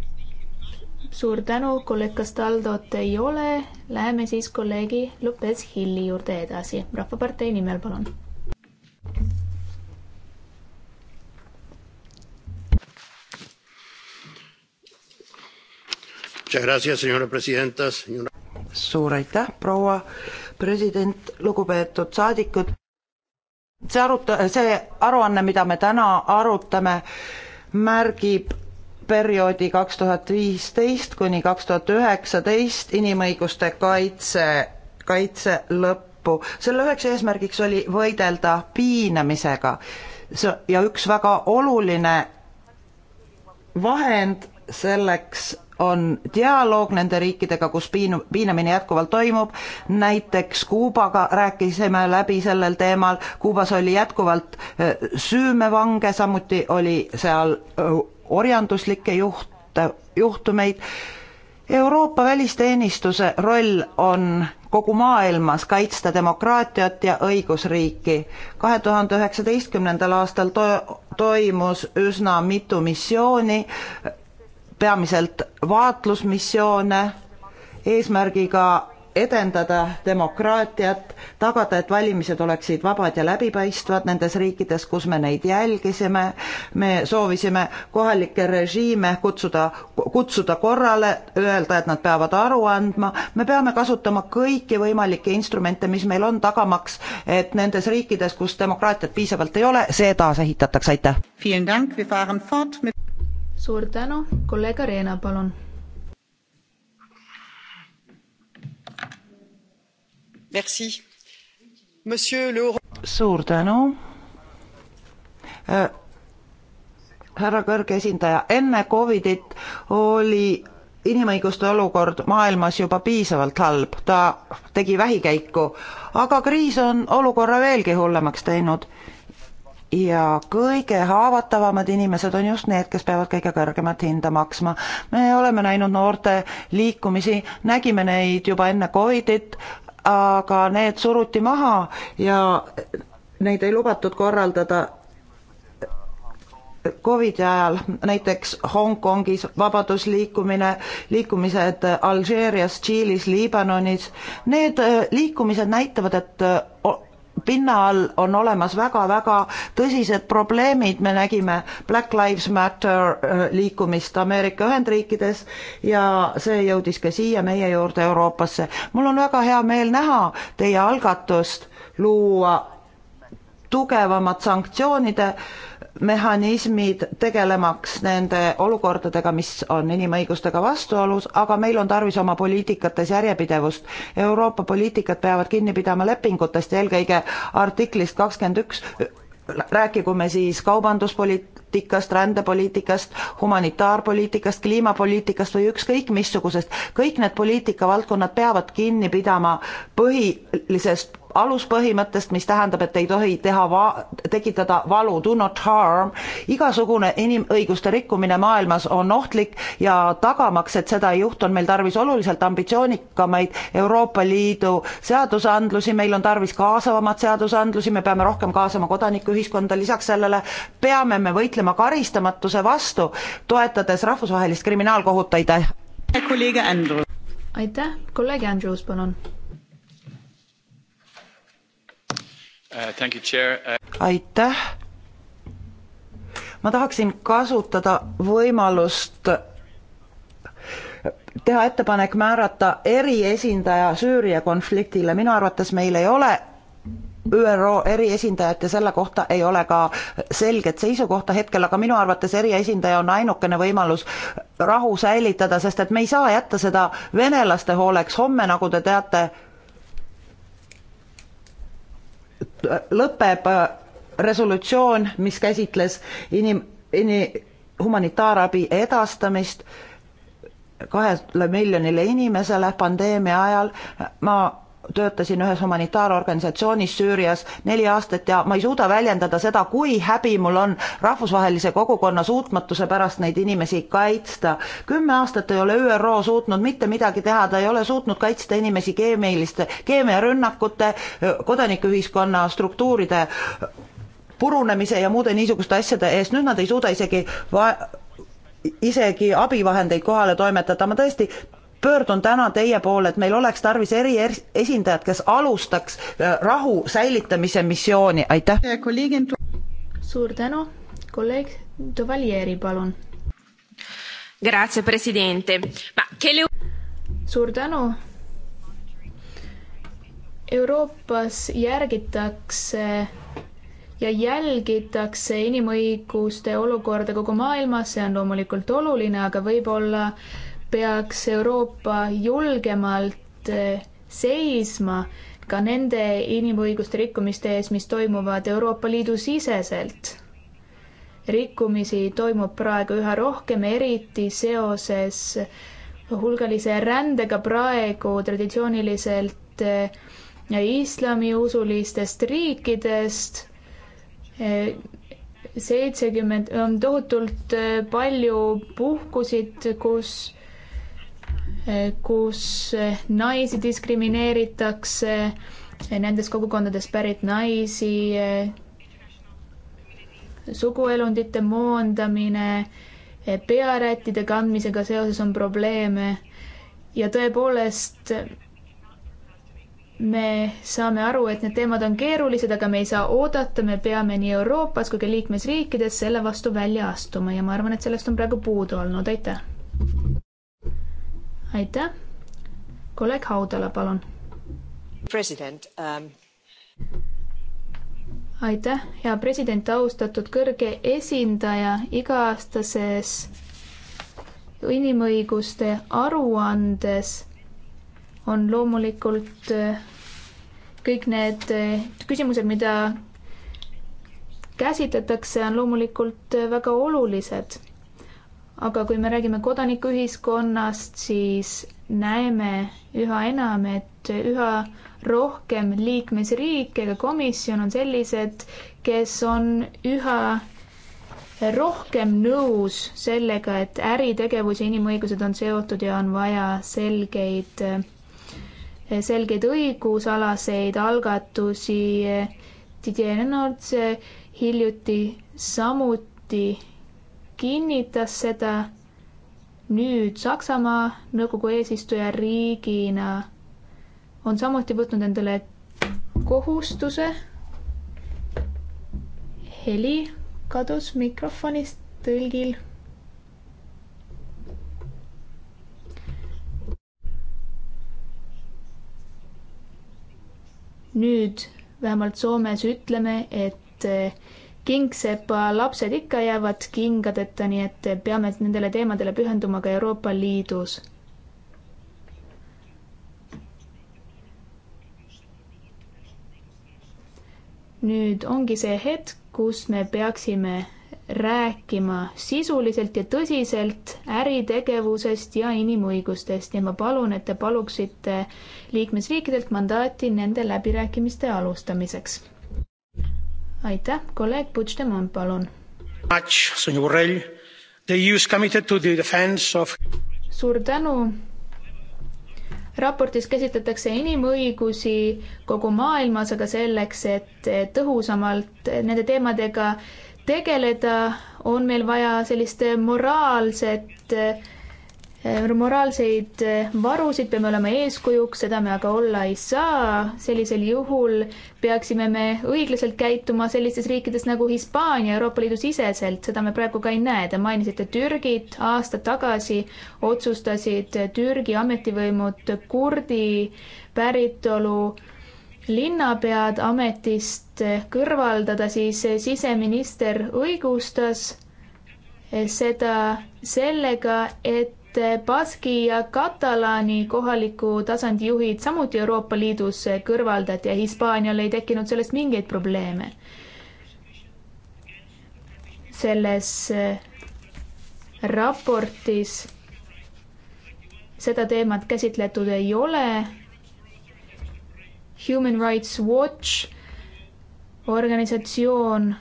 suur tänu, kolleeg Castaldot ei ole. Läheme siis kolleegi Lopez Hilli juurde edasi. rahvapartei nimel, palun. suur aitäh, proua president, lugupeetud saadikud. see arut-, see aruanne, mida me täna arutame, märgib perioodi kaks tuhat viisteist kuni kaks tuhat üheksateist inimõiguste kaitse, kaitse lõppu. selle üheks eesmärgiks oli võidelda piinamisega. see ja üks väga oluline vahend selleks on dialoog nende riikidega, kus piin-, piinamine jätkuvalt toimub, näiteks Kuubaga rääkisime läbi sellel teemal, Kuubas oli jätkuvalt äh, süümevange, samuti oli seal äh, orjanduslikke juht, juhtumeid. Euroopa välisteenistuse roll on kogu maailmas kaitsta demokraatiat ja õigusriiki. kahe tuhande üheksateistkümnendal aastal to-, toimus üsna mitu missiooni, peamiselt vaatlusmissioone, eesmärgiga edendada demokraatiat, tagada, et valimised oleksid vabad ja läbipaistvad nendes riikides, kus me neid jälgisime, me soovisime kohalikke režiime kutsuda, kutsuda korrale, öelda, et nad peavad aru andma, me peame kasutama kõiki võimalikke instrumente, mis meil on, tagamaks, et nendes riikides, kus demokraatiat piisavalt ei ole, see taasehitatakse, aitäh! suur tänu, kolleeg Arena, palun! suur tänu äh, härra kõrge esindaja, enne Covidit oli inimõiguste olukord maailmas juba piisavalt halb, ta tegi vähikäiku, aga kriis on olukorra veelgi hullemaks teinud. ja kõige haavatavamad inimesed on just need, kes peavad kõige kõrgemat hinda maksma. me oleme näinud noorte liikumisi, nägime neid juba enne Covidit, aga need suruti maha ja neid ei lubatud korraldada Covidi ajal, näiteks Hongkongis vabadusliikumine, liikumised Alžeerias, Tšiilis, Liibanonis, need äh, liikumised näitavad, et äh, pinna all on olemas väga-väga tõsised probleemid, me nägime Black Lives Matter äh, liikumist Ameerika Ühendriikides ja see jõudis ka siia meie juurde Euroopasse. mul on väga hea meel näha teie algatust luua tugevamat sanktsioonide äh, mehhanismid tegelemaks nende olukordadega, mis on inimõigustega vastuolus, aga meil on tarvis oma poliitikates järjepidevust. Euroopa poliitikad peavad kinni pidama lepingutest ja eelkõige artiklist kakskümmend üks, rääkigu me siis kaubanduspoliitikast, rändepoliitikast, humanitaarpoliitikast, kliimapoliitikast või ükskõik missugusest, kõik need poliitikavaldkonnad peavad kinni pidama põhilisest aluspõhimõttest, mis tähendab, et ei tohi teha va-, tekitada valu, do not harm, igasugune inimõiguste rikkumine maailmas on ohtlik ja tagamaks, et seda ei juhtu, on meil tarvis oluliselt ambitsioonikamaid Euroopa Liidu seadusandlusi, meil on tarvis kaasavamat seadusandlusi, me peame rohkem kaasama kodanikuühiskonda, lisaks sellele peame me võitlema karistamatuse vastu, toetades rahvusvahelist kriminaalkohut, aitäh! kolleeg Andrews. aitäh, kolleeg Andrews, palun Uh, uh, aitäh. ma tahaksin kasutada võimalust teha ettepanek määrata eriesindaja Süüria konfliktile, minu arvates meil ei ole ÜRO eriesindajat ja selle kohta ei ole ka selget seisukohta hetkel, aga minu arvates eriesindaja on ainukene võimalus rahu säilitada, sest et me ei saa jätta seda venelaste hooleks, homme, nagu te teate, lõpeb äh, resolutsioon, mis käsitles inim-, ini-, humanitaarabi edastamist kahele miljonile inimesele pandeemia ajal. ma töötasin ühes humanitaarorganisatsioonis Süürias neli aastat ja ma ei suuda väljendada seda, kui häbi mul on rahvusvahelise kogukonna suutmatuse pärast neid inimesi kaitsta. kümme aastat ei ole ÜRO suutnud mitte midagi teha, ta ei ole suutnud kaitsta inimesi keemialiste, keemiarünnakute, kodanikuühiskonna struktuuride purunemise ja muude niisuguste asjade eest, nüüd nad ei suuda isegi va-, isegi abivahendeid kohale toimetada, ma tõesti pöördun täna teie poole, et meil oleks tarvis eriesindajat, kes alustaks äh, rahu säilitamise missiooni, aitäh. suur tänu, kolleeg Duvalieri, palun. Grazie, president. Kelle... suur tänu. Euroopas järgitakse ja jälgitakse inimõiguste olukorda kogu maailmas, see on loomulikult oluline, aga võib-olla äh, peaks Euroopa julgemalt eh, seisma ka nende inimõiguste rikkumiste ees, mis toimuvad Euroopa Liidu siseselt. rikkumisi toimub praegu üha rohkem, eriti seoses hulgalise rändega praegu traditsiooniliselt eh, islamiusulistest riikidest. Eh, seitsekümmend, on tohutult palju puhkusid, kus kus naisi diskrimineeritakse, nendes kogukondades pärit naisi, suguelundite moondamine, pearätide kandmisega seoses on probleeme ja tõepoolest me saame aru, et need teemad on keerulised, aga me ei saa oodata, me peame nii Euroopas kui ka liikmesriikides selle vastu välja astuma ja ma arvan, et sellest on praegu puudu olnud, aitäh aitäh. kolleeg Haudala, palun. president um.... aitäh, hea president, austatud kõrge esindaja, iga-aastases inimõiguste aruandes on loomulikult äh, kõik need äh, küsimused, mida käsitletakse, on loomulikult äh, väga olulised aga kui me räägime kodanikuühiskonnast, siis näeme üha enam, et üha rohkem liikmesriike ja komisjon on sellised, kes on üha rohkem nõus sellega, et äritegevus ja inimõigused on seotud ja on vaja selgeid, selgeid õigusalaseid algatusi. hiljuti samuti kinnitas seda nüüd Saksamaa nõukogu eesistuja riigina on samuti võtnud endale kohustuse. heli kadus mikrofonist tõlgil. nüüd vähemalt Soomes ütleme, et kingsepa äh, lapsed ikka jäävad kingadeta, nii et peame nendele teemadele pühenduma ka Euroopa Liidus. nüüd ongi see hetk, kus me peaksime rääkima sisuliselt ja tõsiselt äritegevusest ja inimõigustest ja ma palun, et te paluksite liikmesriikidelt mandaati nende läbirääkimiste alustamiseks aitäh, kolleeg Puigdemont, palun. E suur tänu. raportis käsitletakse inimõigusi kogu maailmas, aga selleks, et tõhusamalt nende teemadega tegeleda, on meil vaja sellist moraalset Äh, moraalseid äh, varusid, peame olema eeskujuks, seda me aga olla ei saa. sellisel juhul peaksime me õiglaselt käituma sellistes riikides nagu Hispaania Euroopa Liidu siseselt, seda me praegu ka ei näe. Te mainisite Türgit, aasta tagasi otsustasid Türgi ametivõimud kurdi päritolu linnapead ametist kõrvaldada, siis siseminister õigustas seda sellega, et et Baski ja Katalaani kohaliku tasandi juhid samuti Euroopa Liidus kõrvaldati ja Hispaanial ei tekkinud sellest mingeid probleeme. selles äh, raportis seda teemat käsitletud ei ole. Human Rights Watch organisatsioon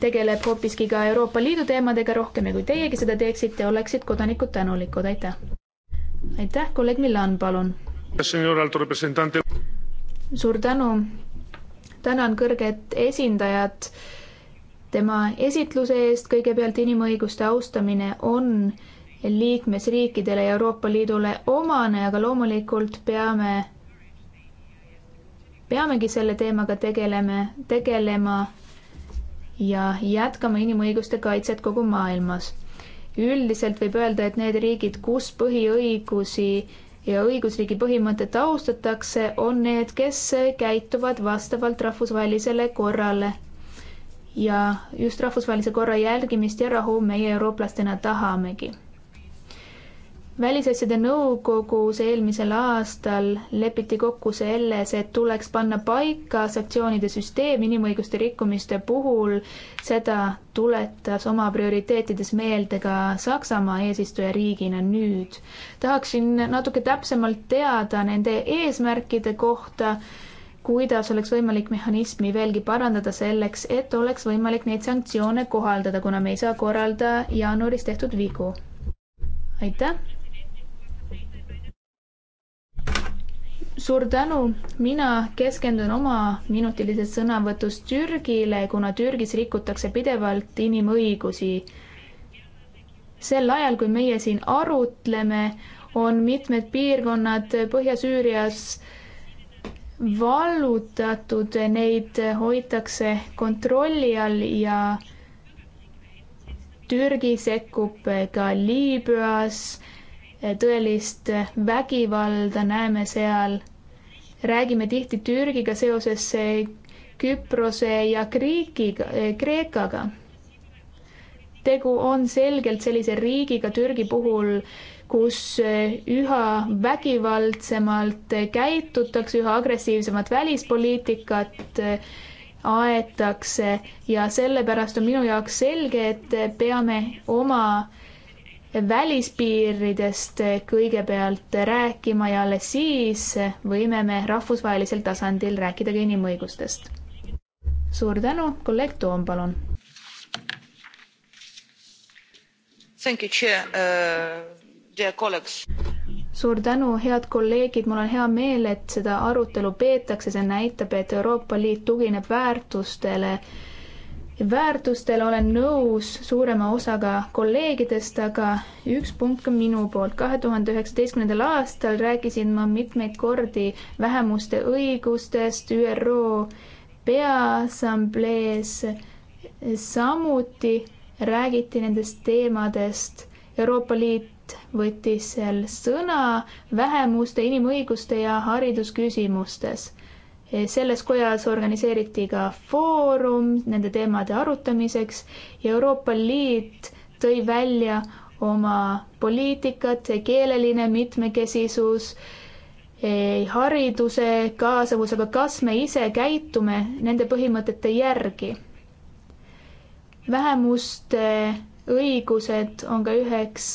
tegeleb hoopiski ka Euroopa Liidu teemadega rohkem ja kui teiegi seda teeksite, oleksid kodanikud tänulikud, aitäh. aitäh, kolleeg Milan, palun. suur tänu. tänan kõrget esindajat tema esitluse eest. kõigepealt inimõiguste austamine on liikmesriikidele ja Euroopa Liidule omane, aga loomulikult peame, peamegi selle teemaga tegeleme, tegelema, tegelema ja jätkama inimõiguste kaitset kogu maailmas. üldiselt võib öelda, et need riigid, kus põhiõigusi ja õigusriigi põhimõtet austatakse, on need, kes käituvad vastavalt rahvusvahelisele korrale. ja just rahvusvahelise korra jälgimist ja rahu meie eurooplastena tahamegi välisasjade nõukogus eelmisel aastal lepiti kokku selles, et tuleks panna paika sanktsioonide süsteem inimõiguste rikkumiste puhul. seda tuletas oma prioriteetides meelde ka Saksamaa eesistujariigina nüüd. tahaksin natuke täpsemalt teada nende eesmärkide kohta, kuidas oleks võimalik mehhanismi veelgi parandada selleks, et oleks võimalik neid sanktsioone kohaldada, kuna me ei saa korralda jaanuaris tehtud vigu. aitäh! suur tänu, mina keskendun oma minutilises sõnavõtus Türgile, kuna Türgis rikutakse pidevalt inimõigusi. sel ajal, kui meie siin arutleme, on mitmed piirkonnad Põhja-Süürias vallutatud, neid hoitakse kontrolli all ja Türgi sekkub ka Liibüas Eh, tõelist eh, vägivalda näeme seal. räägime tihti Türgiga seoses eh, Küprose ja Kriikiga, Kreekaga. tegu on selgelt sellise riigiga Türgi puhul, kus üha vägivaldsemalt käitutakse, üha agressiivsemat välispoliitikat aetakse ja sellepärast on minu jaoks selge, et peame oma välispiiridest kõigepealt rääkima ja alles siis võime me rahvusvahelisel tasandil rääkida ka inimõigustest. suur tänu, kolleeg Toom, palun. Uh, suur tänu, head kolleegid, mul on hea meel, et seda arutelu peetakse, see näitab, et Euroopa Liit tugineb väärtustele väärtustel olen nõus suurema osaga kolleegidest, aga üks punkt ka minu poolt. kahe tuhande üheksateistkümnendal aastal rääkisin ma mitmeid kordi vähemuste õigustest ÜRO Peaassamblees. samuti räägiti nendest teemadest. Euroopa Liit võttis seal sõna vähemuste inimõiguste ja haridusküsimustes Eh, selles kojas organiseeriti ka foorum nende teemade arutamiseks ja Euroopa Liit tõi välja oma poliitikat, keeleline mitmekesisus, eh, hariduse kaasavus, aga kas me ise käitume nende põhimõtete järgi? vähemuste õigused on ka üheks,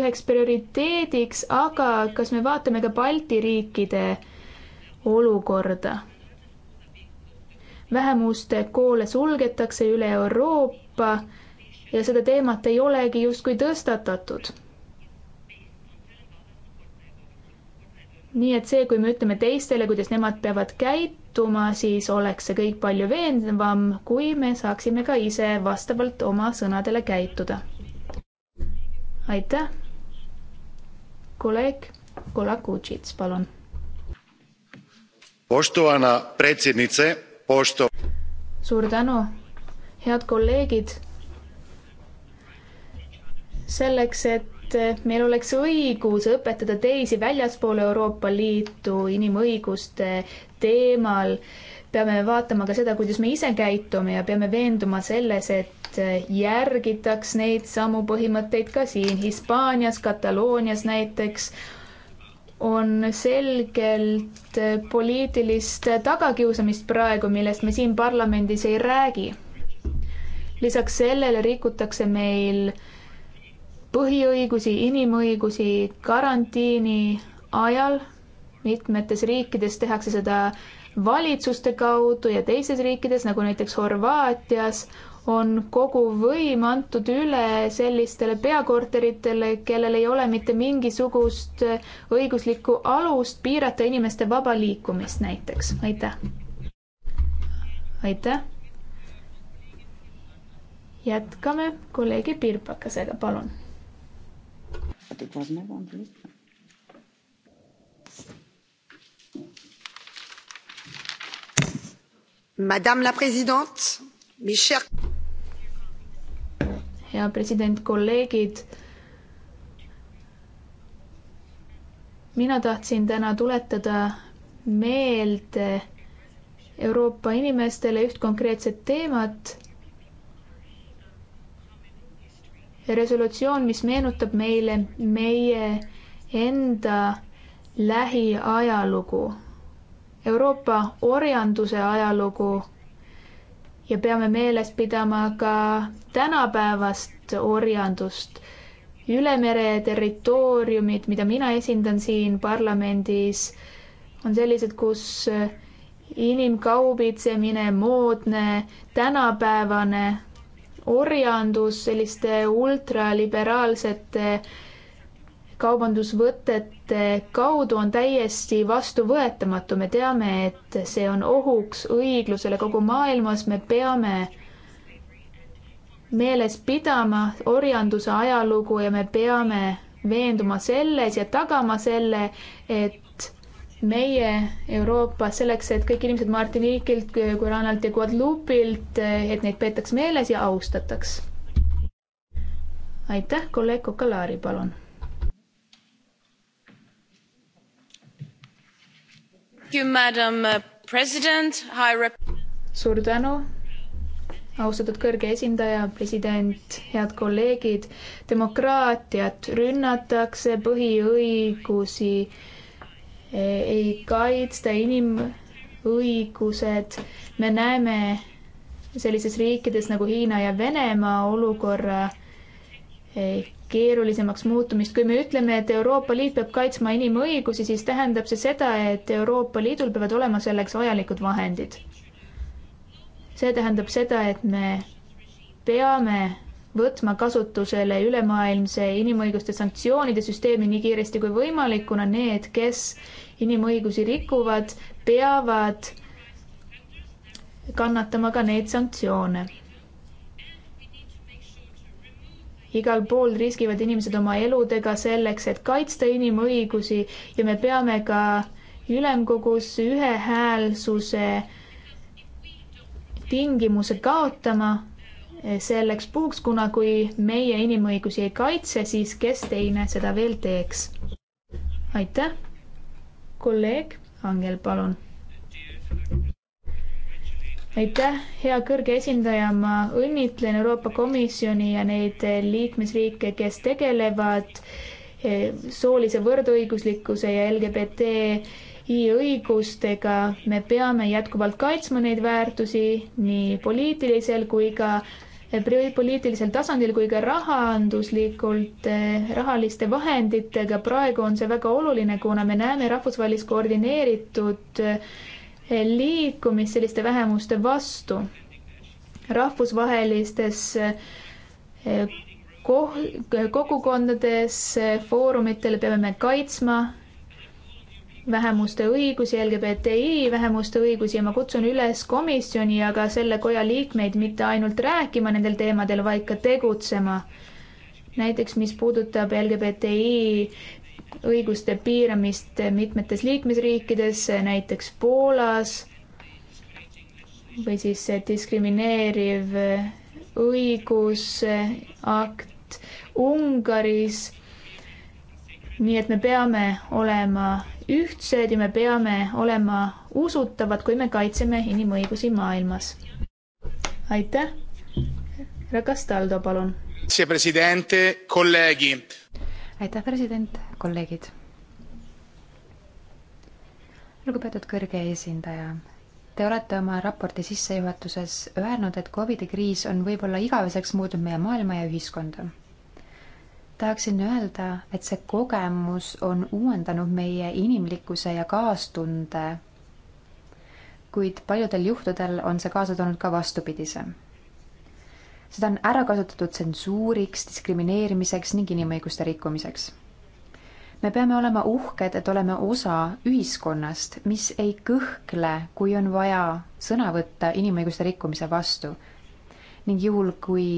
üheks prioriteediks, aga kas me vaatame ka Balti riikide olukorda. vähemuste koole sulgetakse üle Euroopa ja seda teemat ei olegi justkui tõstatatud. nii et see, kui me ütleme teistele, kuidas nemad peavad käituma, siis oleks see kõik palju veenvam, kui me saaksime ka ise vastavalt oma sõnadele käituda. aitäh. kolleeg Kolakutšits, palun poštovana predsjednice, pošto-. suur tänu, head kolleegid. selleks, et meil oleks õigus õpetada teisi väljaspool Euroopa Liitu inimõiguste teemal, peame vaatama ka seda, kuidas me ise käitume ja peame veenduma selles, et järgitaks neid samu põhimõtteid ka siin Hispaanias, Kataloonias näiteks on selgelt poliitilist tagakiusamist praegu, millest me siin parlamendis ei räägi. lisaks sellele rikutakse meil põhiõigusi, inimõigusi karantiini ajal. mitmetes riikides tehakse seda valitsuste kaudu ja teistes riikides, nagu näiteks Horvaatias, on kogu võim antud üle sellistele peakorteritele, kellel ei ole mitte mingisugust õiguslikku alust piirata inimeste vaba liikumist näiteks. aitäh. aitäh. jätkame kolleegi Pirpakasega, palun. Madame la présidente hea president, kolleegid. mina tahtsin täna tuletada meelde Euroopa inimestele üht konkreetset teemat. resolutsioon, mis meenutab meile meie enda lähiajalugu, Euroopa orjanduse ajalugu ja peame meeles pidama ka tänapäevast orjandust. üle mere territooriumid, mida mina esindan siin parlamendis, on sellised, kus inimkaubitsemine, moodne, tänapäevane orjandus selliste ultraliberaalsete kaubandusvõtete kaudu on täiesti vastuvõetamatu. me teame, et see on ohuks õiglusele kogu maailmas, me peame meeles pidama orjanduse ajalugu ja me peame veenduma selles ja tagama selle, et meie Euroopas selleks, et kõik inimesed Martinikilt, Guaranalt ja Guadeloupe'ilt, et neid peetaks meeles ja austataks. aitäh, kolleeg Kokalaari, palun Uh, suur tänu, austatud kõrge esindaja, president, head kolleegid. demokraatiat rünnatakse, põhiõigusi eh, ei kaitsta, inimõigused. me näeme sellises riikides nagu Hiina ja Venemaa olukorra eh, keerulisemaks muutumist. kui me ütleme, et Euroopa Liit peab kaitsma inimõigusi, siis tähendab see seda, et Euroopa Liidul peavad olema selleks vajalikud vahendid. see tähendab seda, et me peame võtma kasutusele ülemaailmse inimõiguste sanktsioonide süsteemi nii kiiresti kui võimalik, kuna need, kes inimõigusi rikuvad, peavad kannatama ka neid sanktsioone igal pool riskivad inimesed oma eludega selleks, et kaitsta inimõigusi ja me peame ka ülemkogus ühehäälsuse tingimuse kaotama eh, selleks puhuks, kuna kui meie inimõigusi ei kaitse, siis kes teine seda veel teeks? aitäh. kolleeg Angel, palun aitäh, hea kõrge esindaja, ma õnnitlen Euroopa Komisjoni ja neid liikmesriike, kes tegelevad eh, soolise võrdõiguslikkuse ja LGBTI õigustega. me peame jätkuvalt kaitsma neid väärtusi nii poliitilisel kui ka eh, poliitilisel tasandil kui ka rahanduslikult eh, rahaliste vahenditega. praegu on see väga oluline, kuna me näeme rahvusvahelist koordineeritud liikumist selliste vähemuste vastu. rahvusvahelistes eh, koh-, kogukondades, eh, foorumitel peame me kaitsma vähemuste õigusi, LGBTI vähemuste õigusi ja ma kutsun üles komisjoni ja ka selle koja liikmeid mitte ainult rääkima nendel teemadel, vaid ka tegutsema. näiteks, mis puudutab LGBTI õiguste piiramist mitmetes liikmesriikides, näiteks Poolas või siis diskrimineeriv õigusakt Ungaris. nii et me peame olema ühtsed ja me peame olema usutavad, kui me kaitseme inimõigusi maailmas. aitäh. Ragastaldo, palun. aitäh, president kolleegid! lugupeetud kõrge esindaja, te olete oma raporti sissejuhatuses öelnud, et Covidi kriis on võib-olla igaveseks muutnud meie maailma ja ühiskonda. tahaksin öelda, et see kogemus on uuendanud meie inimlikkuse ja kaastunde, kuid paljudel juhtudel on see kaasa toonud ka vastupidise seda on ära kasutatud tsensuuriks, diskrimineerimiseks ning inimõiguste rikkumiseks me peame olema uhked, et oleme osa ühiskonnast, mis ei kõhkle, kui on vaja sõna võtta inimõiguste rikkumise vastu. ning juhul, kui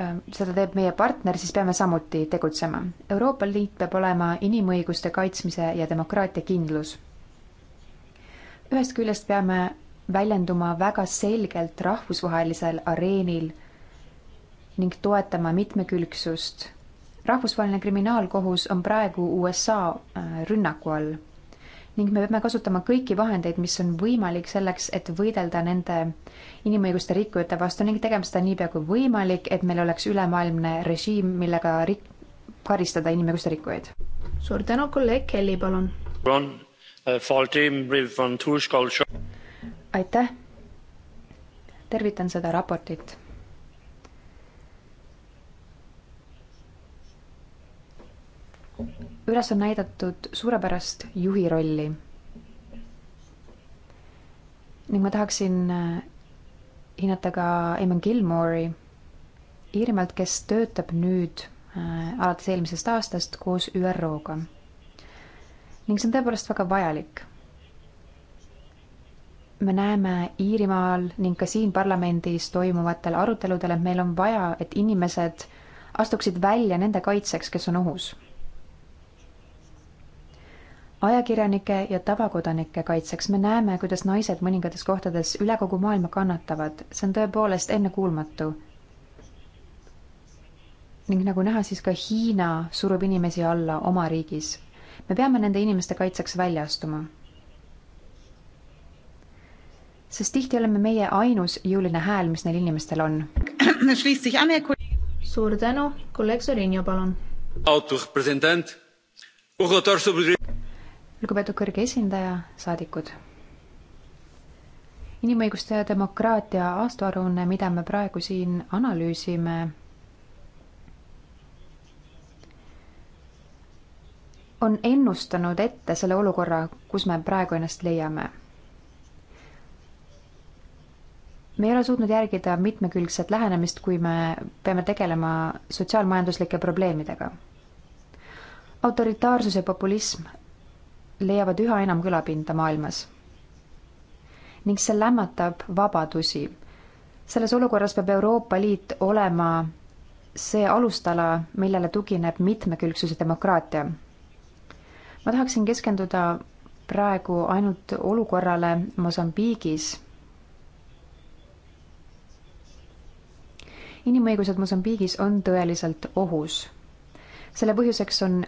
ähm, seda teeb meie partner, siis peame samuti tegutsema. Euroopa Liit peab olema inimõiguste kaitsmise ja demokraatia kindlus. ühest küljest peame väljenduma väga selgelt rahvusvahelisel areenil ning toetama mitmekülgsust rahvusvaheline kriminaalkohus on praegu USA äh, rünnaku all ning me peame kasutama kõiki vahendeid, mis on võimalik selleks, et võidelda nende inimõiguste rikkujate vastu ning tegema seda niipea kui võimalik, et meil oleks ülemaailmne režiim, millega rik-, karistada inimõiguste rikkujaid. suur tänu, kolleeg Kelly, palun. Äh, aitäh. tervitan seda raportit üles on näidatud suurepärast juhi rolli. ning ma tahaksin äh, hinnata ka Eamon Gilmore'i Iirimaalt, kes töötab nüüd äh, alates eelmisest aastast koos ÜRO-ga. ning see on tõepoolest väga vajalik. me näeme Iirimaal ning ka siin parlamendis toimuvatel aruteludel, et meil on vaja, et inimesed astuksid välja nende kaitseks, kes on ohus ajakirjanike ja tavakodanike kaitseks me näeme, kuidas naised mõningates kohtades üle kogu maailma kannatavad, see on tõepoolest ennekuulmatu. ning nagu näha, siis ka Hiina surub inimesi alla oma riigis. me peame nende inimeste kaitseks välja astuma. sest tihti oleme meie ainus jõuline hääl, mis neil inimestel on. suur tänu, kolleeg Sorinio, palun. autor, president, lugupeetud kõrge esindaja, saadikud. inimõiguste ja demokraatia aastaaruanne, mida me praegu siin analüüsime, on ennustanud ette selle olukorra, kus me praegu ennast leiame. me ei ole suutnud järgida mitmekülgset lähenemist, kui me peame tegelema sotsiaalmajanduslike probleemidega autoritaarsus ja populism leiavad üha enam kõlapinda maailmas. ning see lämmatab vabadusi. selles olukorras peab Euroopa Liit olema see alustala, millele tugineb mitmekülgsuse demokraatia. ma tahaksin keskenduda praegu ainult olukorrale Mosambiigis. inimõigused Mosambiigis on tõeliselt ohus. selle põhjuseks on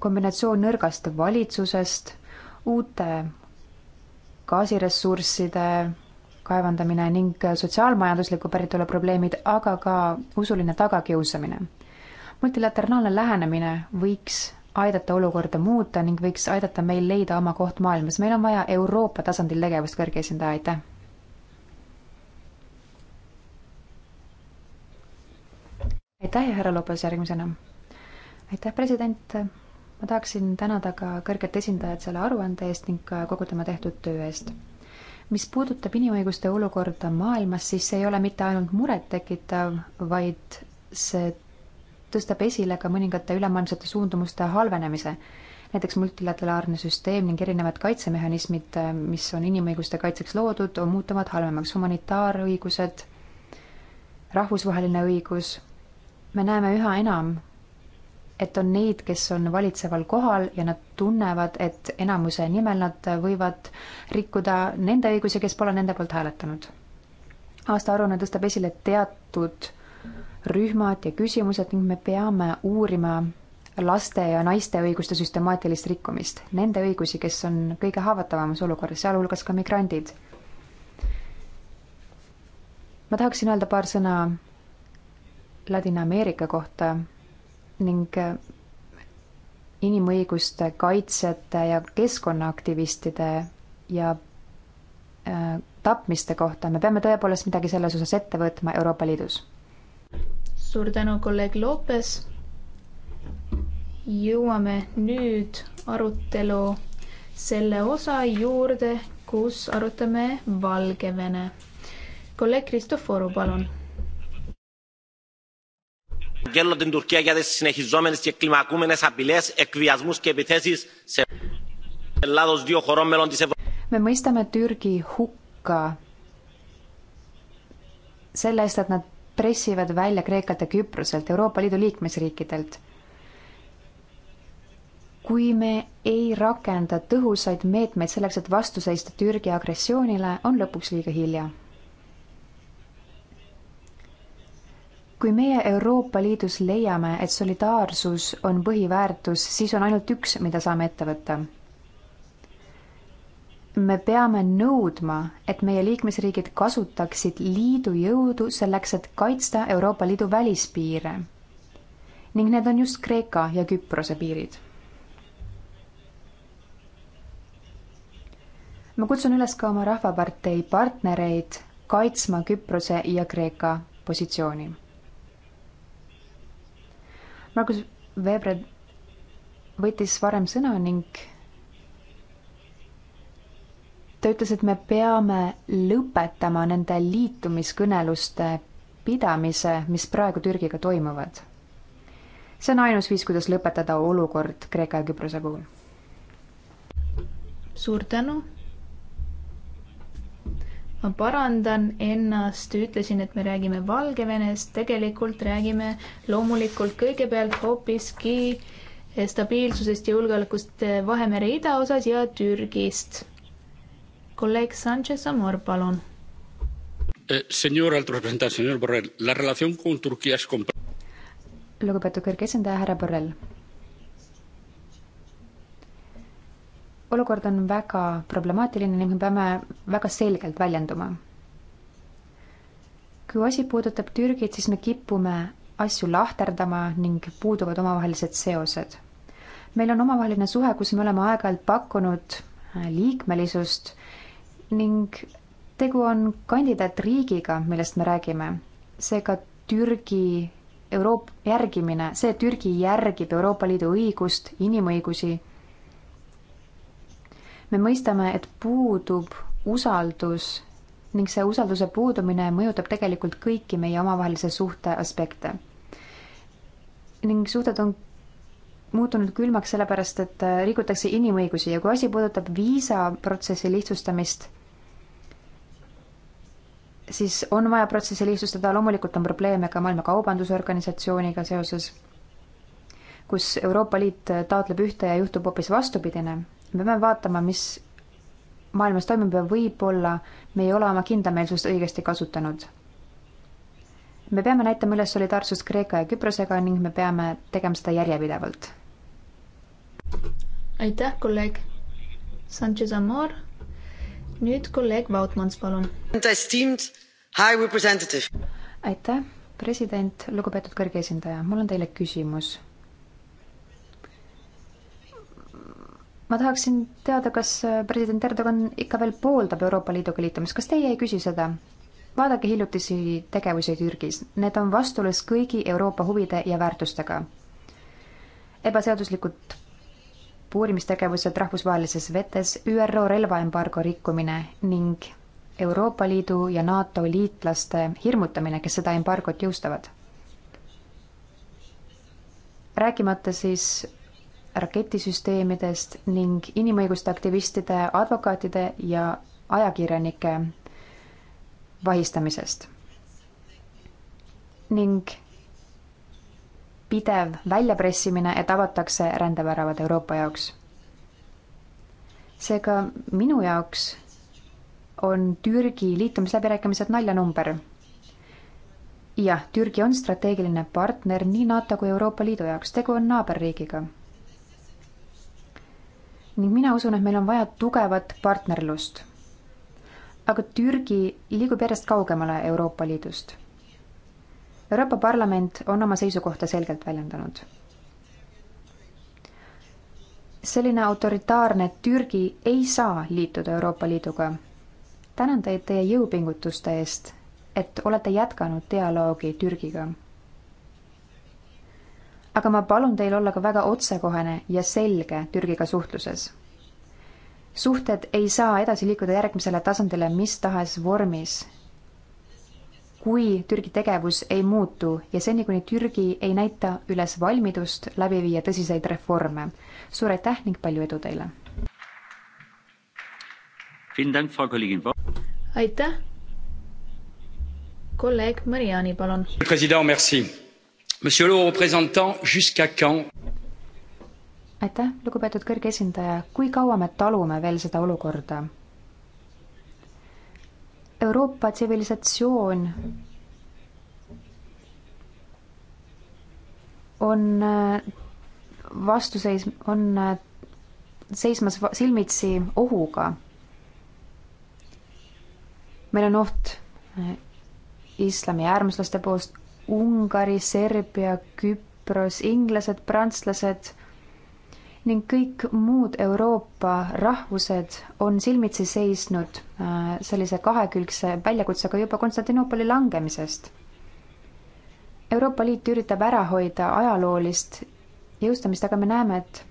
kombinatsioon nõrgast valitsusest, uute gaasiressursside kaevandamine ning sotsiaalmajandusliku päritolu probleemid, aga ka usuline tagakiusamine. multilateraalne lähenemine võiks aidata olukorda muuta ning võiks aidata meil leida oma koht maailmas. meil on vaja Euroopa tasandil tegevust, kõrge esindaja, aitäh! aitäh ja härra Lopes järgmisena! aitäh, president! ma tahaksin tänada ka kõrget esindajat selle aruande eest ning kogu tema tehtud töö eest. mis puudutab inimõiguste olukorda maailmas, siis see ei ole mitte ainult murettekitav, vaid see tõstab esile ka mõningate ülemaailmsete suundumuste halvenemise näiteks multilateraalne süsteem ning erinevad kaitsemehhanismid, mis on inimõiguste kaitseks loodud, on muutuvad halvemaks, humanitaarõigused, rahvusvaheline õigus. me näeme üha enam, et on neid, kes on valitseval kohal ja nad tunnevad, et enamuse nimel nad võivad rikkuda nende õigusi, kes pole nende poolt hääletanud. aastaaruanne tõstab esile teatud rühmad ja küsimused ning me peame uurima laste ja naiste õiguste süstemaatilist rikkumist, nende õigusi, kes on kõige haavatavamas olukorras, sealhulgas ka migrandid. ma tahaksin öelda paar sõna Ladina-Ameerika kohta ning äh, inimõiguste kaitsjate ja keskkonnaaktivistide ja äh, tapmiste kohta, me peame tõepoolest midagi selles osas ette võtma Euroopa Liidus. suur tänu, kolleeg Lopes. jõuame nüüd arutelu selle osa juurde, kus arutame Valgevene. kolleeg Kristoforu, palun Γέλο την Τουρκία για τις συνεχιζόμενες και κλιμακούμενες απειλές, εκβιασμούς και επιθέσεις σε Ελλάδος δύο χωρών μέλων της Ευρώπης. Me mõistame Türgi hukka selle eest, et nad pressivad välja Kreekat ja Küproselt, Euroopa Liidu liikmesriikidelt. kui me ei rakenda tõhusaid meetmeid selleks, et vastu seista Türgi agressioonile, on lõpuks liiga hilja kui meie Euroopa Liidus leiame, et solidaarsus on põhiväärtus, siis on ainult üks, mida saame ette võtta. me peame nõudma, et meie liikmesriigid kasutaksid liidu jõudu selleks, et kaitsta Euroopa Liidu välispiire. ning need on just Kreeka ja Küprose piirid. ma kutsun üles ka oma Rahvapartei partnereid kaitsma Küprose ja Kreeka positsiooni Margus Vebre võttis varem sõna ning ta ütles, et me peame lõpetama nende liitumiskõneluste pidamise, mis praegu Türgiga toimuvad. see on ainus viis, kuidas lõpetada olukord Kreeka ja Küprose puhul. suur tänu ma parandan ennast, ütlesin, et me räägime Valgevenest, tegelikult räägime loomulikult kõigepealt hoopiski eh, stabiilsusest ja julgeolekust eh, Vahemere idaosas ja Türgist. kolleeg Sanchez Amor, palun. Eh, lugupeetud kõrge esindaja, härra Borrell olukord on väga problemaatiline ning me peame väga selgelt väljenduma. kui asi puudutab Türgit, siis me kipume asju lahterdama ning puuduvad omavahelised seosed. meil on omavaheline suhe, kus me oleme aeg-ajalt pakkunud äh, liikmelisust ning tegu on kandidaatriigiga, millest me räägime. seega Türgi Euroopa järgimine, see Türgi järgib Euroopa Liidu õigust, inimõigusi me mõistame, et puudub usaldus ning see usalduse puudumine mõjutab tegelikult kõiki meie omavahelise suhte aspekte. ning suhted on muutunud külmaks sellepärast, et rikutakse inimõigusi ja kui asi puudutab viisaprotsessi lihtsustamist, siis on vaja protsessi lihtsustada, loomulikult on probleeme ka Maailma Kaubandusorganisatsiooniga seoses, kus Euroopa Liit taotleb ühte ja juhtub hoopis vastupidine me peame vaatama, mis maailmas toimub ja võib-olla me ei ole oma kindlameelsust õigesti kasutanud. me peame näitama üles solidaarsust Kreeka ja Küprosega ning me peame tegema seda järjepidevalt. aitäh, kolleeg Sanchez Amor. nüüd kolleeg Vautmans, palun. aitäh, president, lugupeetud kõrge esindaja, mul on teile küsimus ma tahaksin teada, kas äh, president Erdogan ikka veel pooldab Euroopa Liiduga liitumist, kas teie ei küsi seda? vaadake hiljutisi tegevusi Türgis, need on vastuolus kõigi Euroopa huvide ja väärtustega. ebaseaduslikud puurimistegevused rahvusvahelises vetes, ÜRO relvaembargo rikkumine ning Euroopa Liidu ja NATO liitlaste hirmutamine, kes seda embargot jõustavad. rääkimata siis raketisüsteemidest ning inimõiguste aktivistide, advokaatide ja ajakirjanike vahistamisest. ning pidev väljapressimine, et avatakse rändeväravad Euroopa jaoks. seega minu jaoks on Türgi liitumisläbirääkimised naljanumber. jah, Türgi on strateegiline partner nii NATO kui Euroopa Liidu jaoks, tegu on naaberriigiga ning mina usun, et meil on vaja tugevat partnerlust. aga Türgi liigub järjest kaugemale Euroopa Liidust. Euroopa Parlament on oma seisukohta selgelt väljendanud. selline autoritaarne Türgi ei saa liituda Euroopa Liiduga. tänan teid teie jõupingutuste eest, et olete jätkanud dialoogi Türgiga aga ma palun teil olla ka väga otsekohene ja selge Türgiga suhtluses. suhted ei saa edasi liikuda järgmisele tasandile mis tahes vormis, kui Türgi tegevus ei muutu ja seni, kuni Türgi ei näita üles valmidust läbi viia tõsiseid reforme. suur aitäh ning palju edu teile! aitäh! kolleeg Mariani, palun. president, merci Monsieur le représentant, jusqu'à quand? aitäh, lugupeetud kõrge esindaja, kui kaua me talume veel seda olukorda? Euroopa tsivilisatsioon on äh, vastuseis, on äh, seismas silmitsi ohuga. meil on oht äh, islami äärmuslaste poolt, Ungari, Serbia, Küpros, inglased, prantslased ning kõik muud Euroopa rahvused on silmitsi seisnud äh, sellise kahekülgse väljakutsega juba Konstantinoopoli langemisest. Euroopa Liit üritab ära hoida ajaloolist jõustamist, aga me näeme, et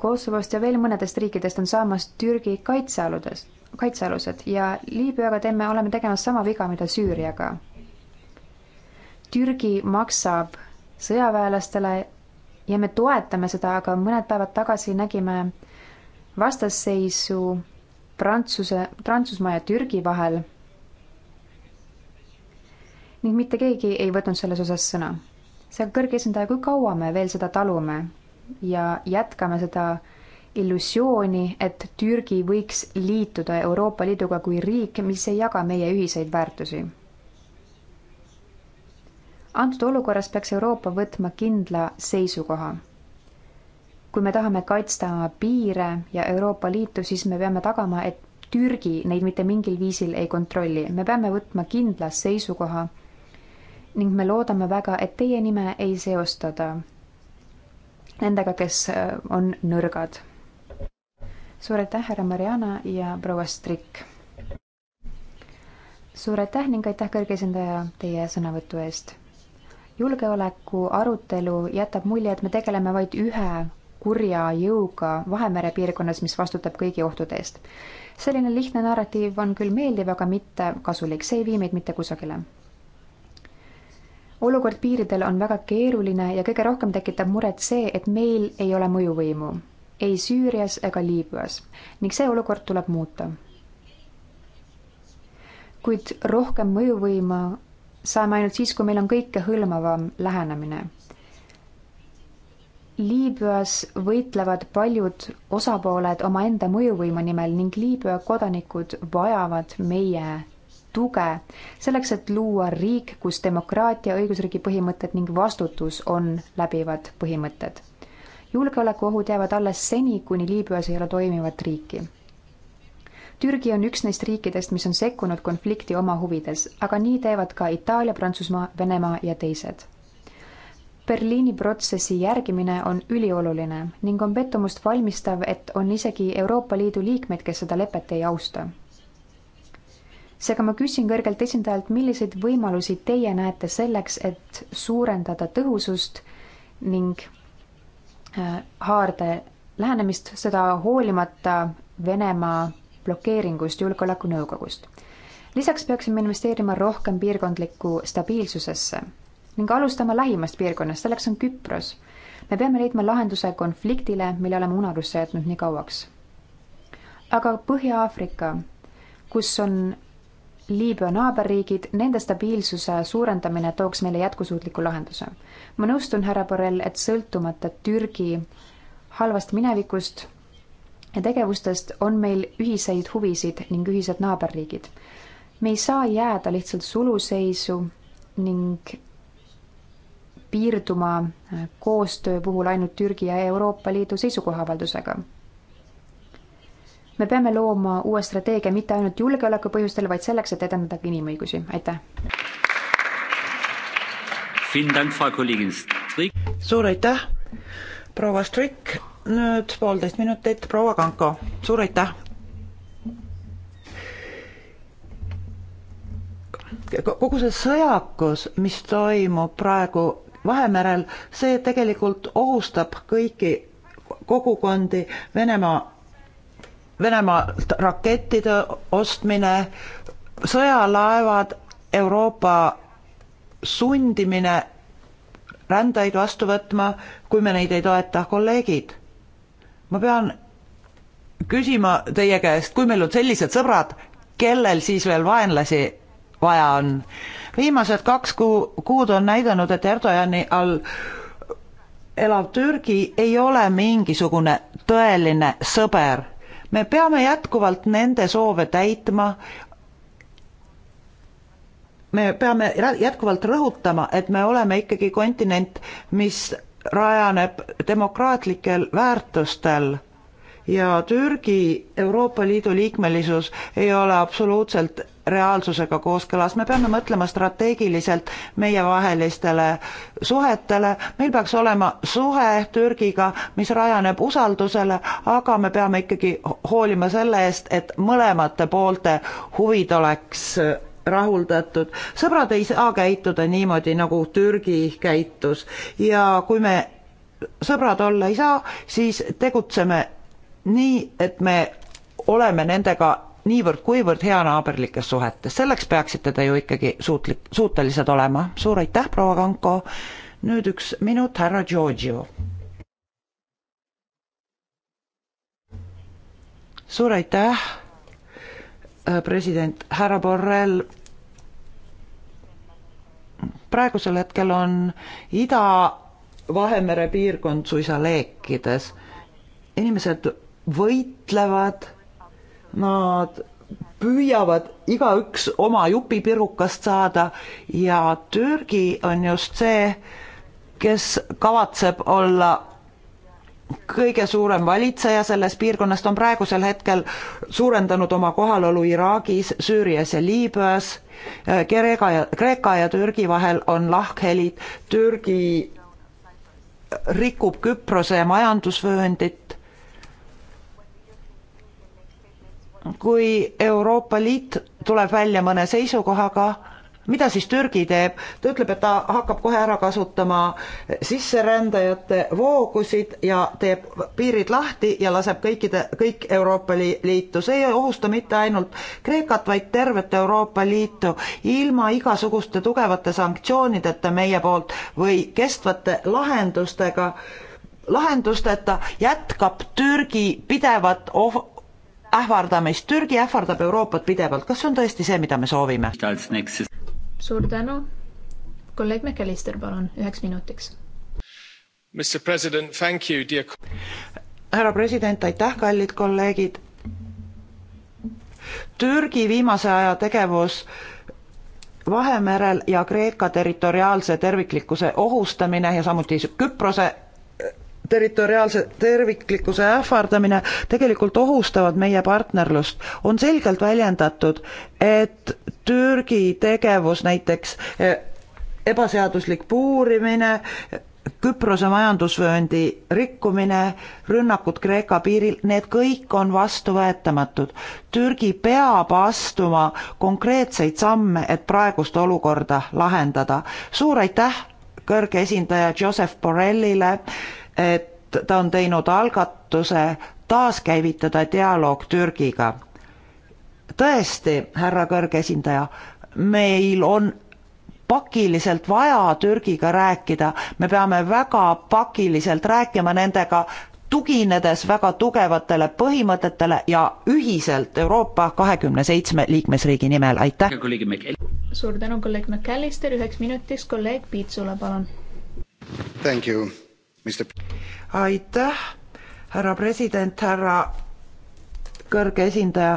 Kosovost ja veel mõnedest riikidest on saamas Türgi kaitsealudest kaitsealused ja Liibüaga teeme, oleme tegemas sama viga, mida Süüriaga. Türgi maksab sõjaväelastele ja me toetame seda, aga mõned päevad tagasi nägime vastasseisu Prantsuse, Prantsusmaa ja Türgi vahel. ning mitte keegi ei võtnud selles osas sõna. seega kõrge esindaja, kui kaua me veel seda talume ja jätkame seda illusiooni, et Türgi võiks liituda Euroopa Liiduga kui riik, mis ei jaga meie ühiseid väärtusi. antud olukorras peaks Euroopa võtma kindla seisukoha. kui me tahame kaitsta oma piire ja Euroopa Liitu, siis me peame tagama, et Türgi neid mitte mingil viisil ei kontrolli, me peame võtma kindla seisukoha ning me loodame väga, et teie nime ei seostada nendega, kes äh, on nõrgad suur aitäh, härra Mariana ja proua Strik! suur aitäh ning aitäh, kõrge esindaja, teie sõnavõtu eest! julgeoleku arutelu jätab mulje, et me tegeleme vaid ühe kurja jõuga Vahemere piirkonnas, mis vastutab kõigi ohtude eest. selline lihtne narratiiv on küll meeldiv, aga mitte kasulik, see ei vii meid mitte kusagile. olukord piiridel on väga keeruline ja kõige rohkem tekitab muret see, et meil ei ole mõjuvõimu ei Süürias ega Liibüas ning see olukord tuleb muuta. kuid rohkem mõjuvõima saame ainult siis, kui meil on kõikehõlmavam lähenemine. Liibüas võitlevad paljud osapooled omaenda mõjuvõima nimel ning Liibüa kodanikud vajavad meie tuge selleks, et luua riik, kus demokraatia, õigusriigi põhimõtted ning vastutus on läbivad põhimõtted julgeolekuohud jäävad alles seni, kuni Liibüas ei ole toimivat riiki. Türgi on üks neist riikidest, mis on sekkunud konflikti oma huvides, aga nii teevad ka Itaalia, Prantsusmaa, Venemaa ja teised. Berliini protsessi järgimine on ülioluline ning on pettumust valmistav, et on isegi Euroopa Liidu liikmeid, kes seda lepet ei austa seega ma küsin kõrgelt esindajalt, milliseid võimalusi teie näete selleks, et suurendada tõhusust ning Äh, haarde lähenemist, seda hoolimata Venemaa blokeeringust Julgeolekunõukogust. lisaks peaksime investeerima rohkem piirkondlikku stabiilsusesse ning alustama lähimast piirkonnast, selleks on Küpros. me peame leidma lahenduse konfliktile, mille oleme unarusse jätnud nii kauaks. aga Põhja-Aafrika, kus on Liibüa naaberriigid, nende stabiilsuse suurendamine tooks meile jätkusuutliku lahenduse ma nõustun, härra Borrell, et sõltumata Türgi halvast minevikust ja tegevustest on meil ühiseid huvisid ning ühised naaberriigid. me ei saa jääda lihtsalt suluseisu ning piirduma äh, koostöö puhul ainult Türgi ja Euroopa Liidu seisukohaavaldusega me peame looma uue strateegia mitte ainult julgeoleku põhjustel, vaid selleks, et edendada ka inimõigusi. aitäh! suur aitäh, proua Strik, nüüd poolteist minutit, proua Kanko, suur aitäh. kogu see sõjakus, mis toimub praegu Vahemerel, see tegelikult ohustab kõiki kogukondi, Venemaa, Venemaa rakettide ostmine, sõjalaevad Euroopa sundimine rändajaid vastu võtma, kui me neid ei toeta, kolleegid. ma pean küsima teie käest, kui meil on sellised sõbrad, kellel siis veel vaenlasi vaja on? viimased kaks kuu, kuud on näidanud, et Erdogani all elav Türgi ei ole mingisugune tõeline sõber. me peame jätkuvalt nende soove täitma, me peame jätkuvalt rõhutama, et me oleme ikkagi kontinent, mis rajaneb demokraatlikel väärtustel ja Türgi Euroopa Liidu liikmelisus ei ole absoluutselt reaalsusega kooskõlas, me peame mõtlema strateegiliselt meievahelistele suhetele, meil peaks olema suhe Türgiga, mis rajaneb usaldusele, aga me peame ikkagi hoolima selle eest, et mõlemate poolte huvid oleks rahuldatud. sõbrad ei saa käituda niimoodi, nagu Türgi käitus ja kui me sõbrad olla ei saa, siis tegutseme nii, et me oleme nendega niivõrd-kuivõrd heanaaberlikes suhetes, selleks peaksite te ju ikkagi suutlik, suutelised olema. suur aitäh, proua Kanko. nüüd üks minut, härra Giorgio. suur aitäh, president härra Borrell praegusel hetkel on Ida-Vahemere piirkond suisa leekides. inimesed võitlevad, nad püüavad igaüks oma jupipirukast saada ja Türgi on just see, kes kavatseb olla kõige suurem valitseja sellest piirkonnast on praegusel hetkel suurendanud oma kohalolu Iraagis, Süürias ja Liibüas. Kreeka ja, Kreeka ja Türgi vahel on lahkhelid, Türgi rikub Küprose majandusvööndit. kui Euroopa Liit tuleb välja mõne seisukohaga, mida siis Türgi teeb? ta ütleb, et ta hakkab kohe ära kasutama sisserändajate voogusid ja teeb piirid lahti ja laseb kõikide, kõik Euroopa Liitu. see ei ohusta mitte ainult Kreekat, vaid tervet Euroopa Liitu ilma igasuguste tugevate sanktsioonideta meie poolt või kestvate lahendustega lahendusteta jätkab Türgi pidevat oh ähvardamist, Türgi ähvardab Euroopat pidevalt, kas see on tõesti see, mida me soovime? suur tänu. kolleeg McAllister, palun, üheks minutiks. Mr President, thank you, dear. härra president, aitäh, kallid kolleegid. Türgi viimase aja tegevus Vahemerel ja Kreeka territoriaalse terviklikkuse ohustamine ja samuti Küprose territoriaalse terviklikkuse ähvardamine tegelikult ohustavad meie partnerlust. on selgelt väljendatud, et Türgi tegevus näiteks eh, ebaseaduslik puurimine, Küprose majandusvööndi rikkumine, rünnakud Kreeka piiril, need kõik on vastuvõetamatud. Türgi peab astuma konkreetseid samme, et praegust olukorda lahendada. suur aitäh kõrge esindaja Joseph Borrellile et ta on teinud algatuse taaskäivitada dialoog Türgiga. tõesti, härra kõrgesindaja, meil on pakiliselt vaja Türgiga rääkida, me peame väga pakiliselt rääkima nendega, tuginedes väga tugevatele põhimõtetele ja ühiselt Euroopa kahekümne seitsme liikmesriigi nimel, aitäh! suur tänu, kolleeg McAllister, üheks minutiks kolleeg Piitsula, palun! Thank you aitäh, härra president, härra kõrge esindaja,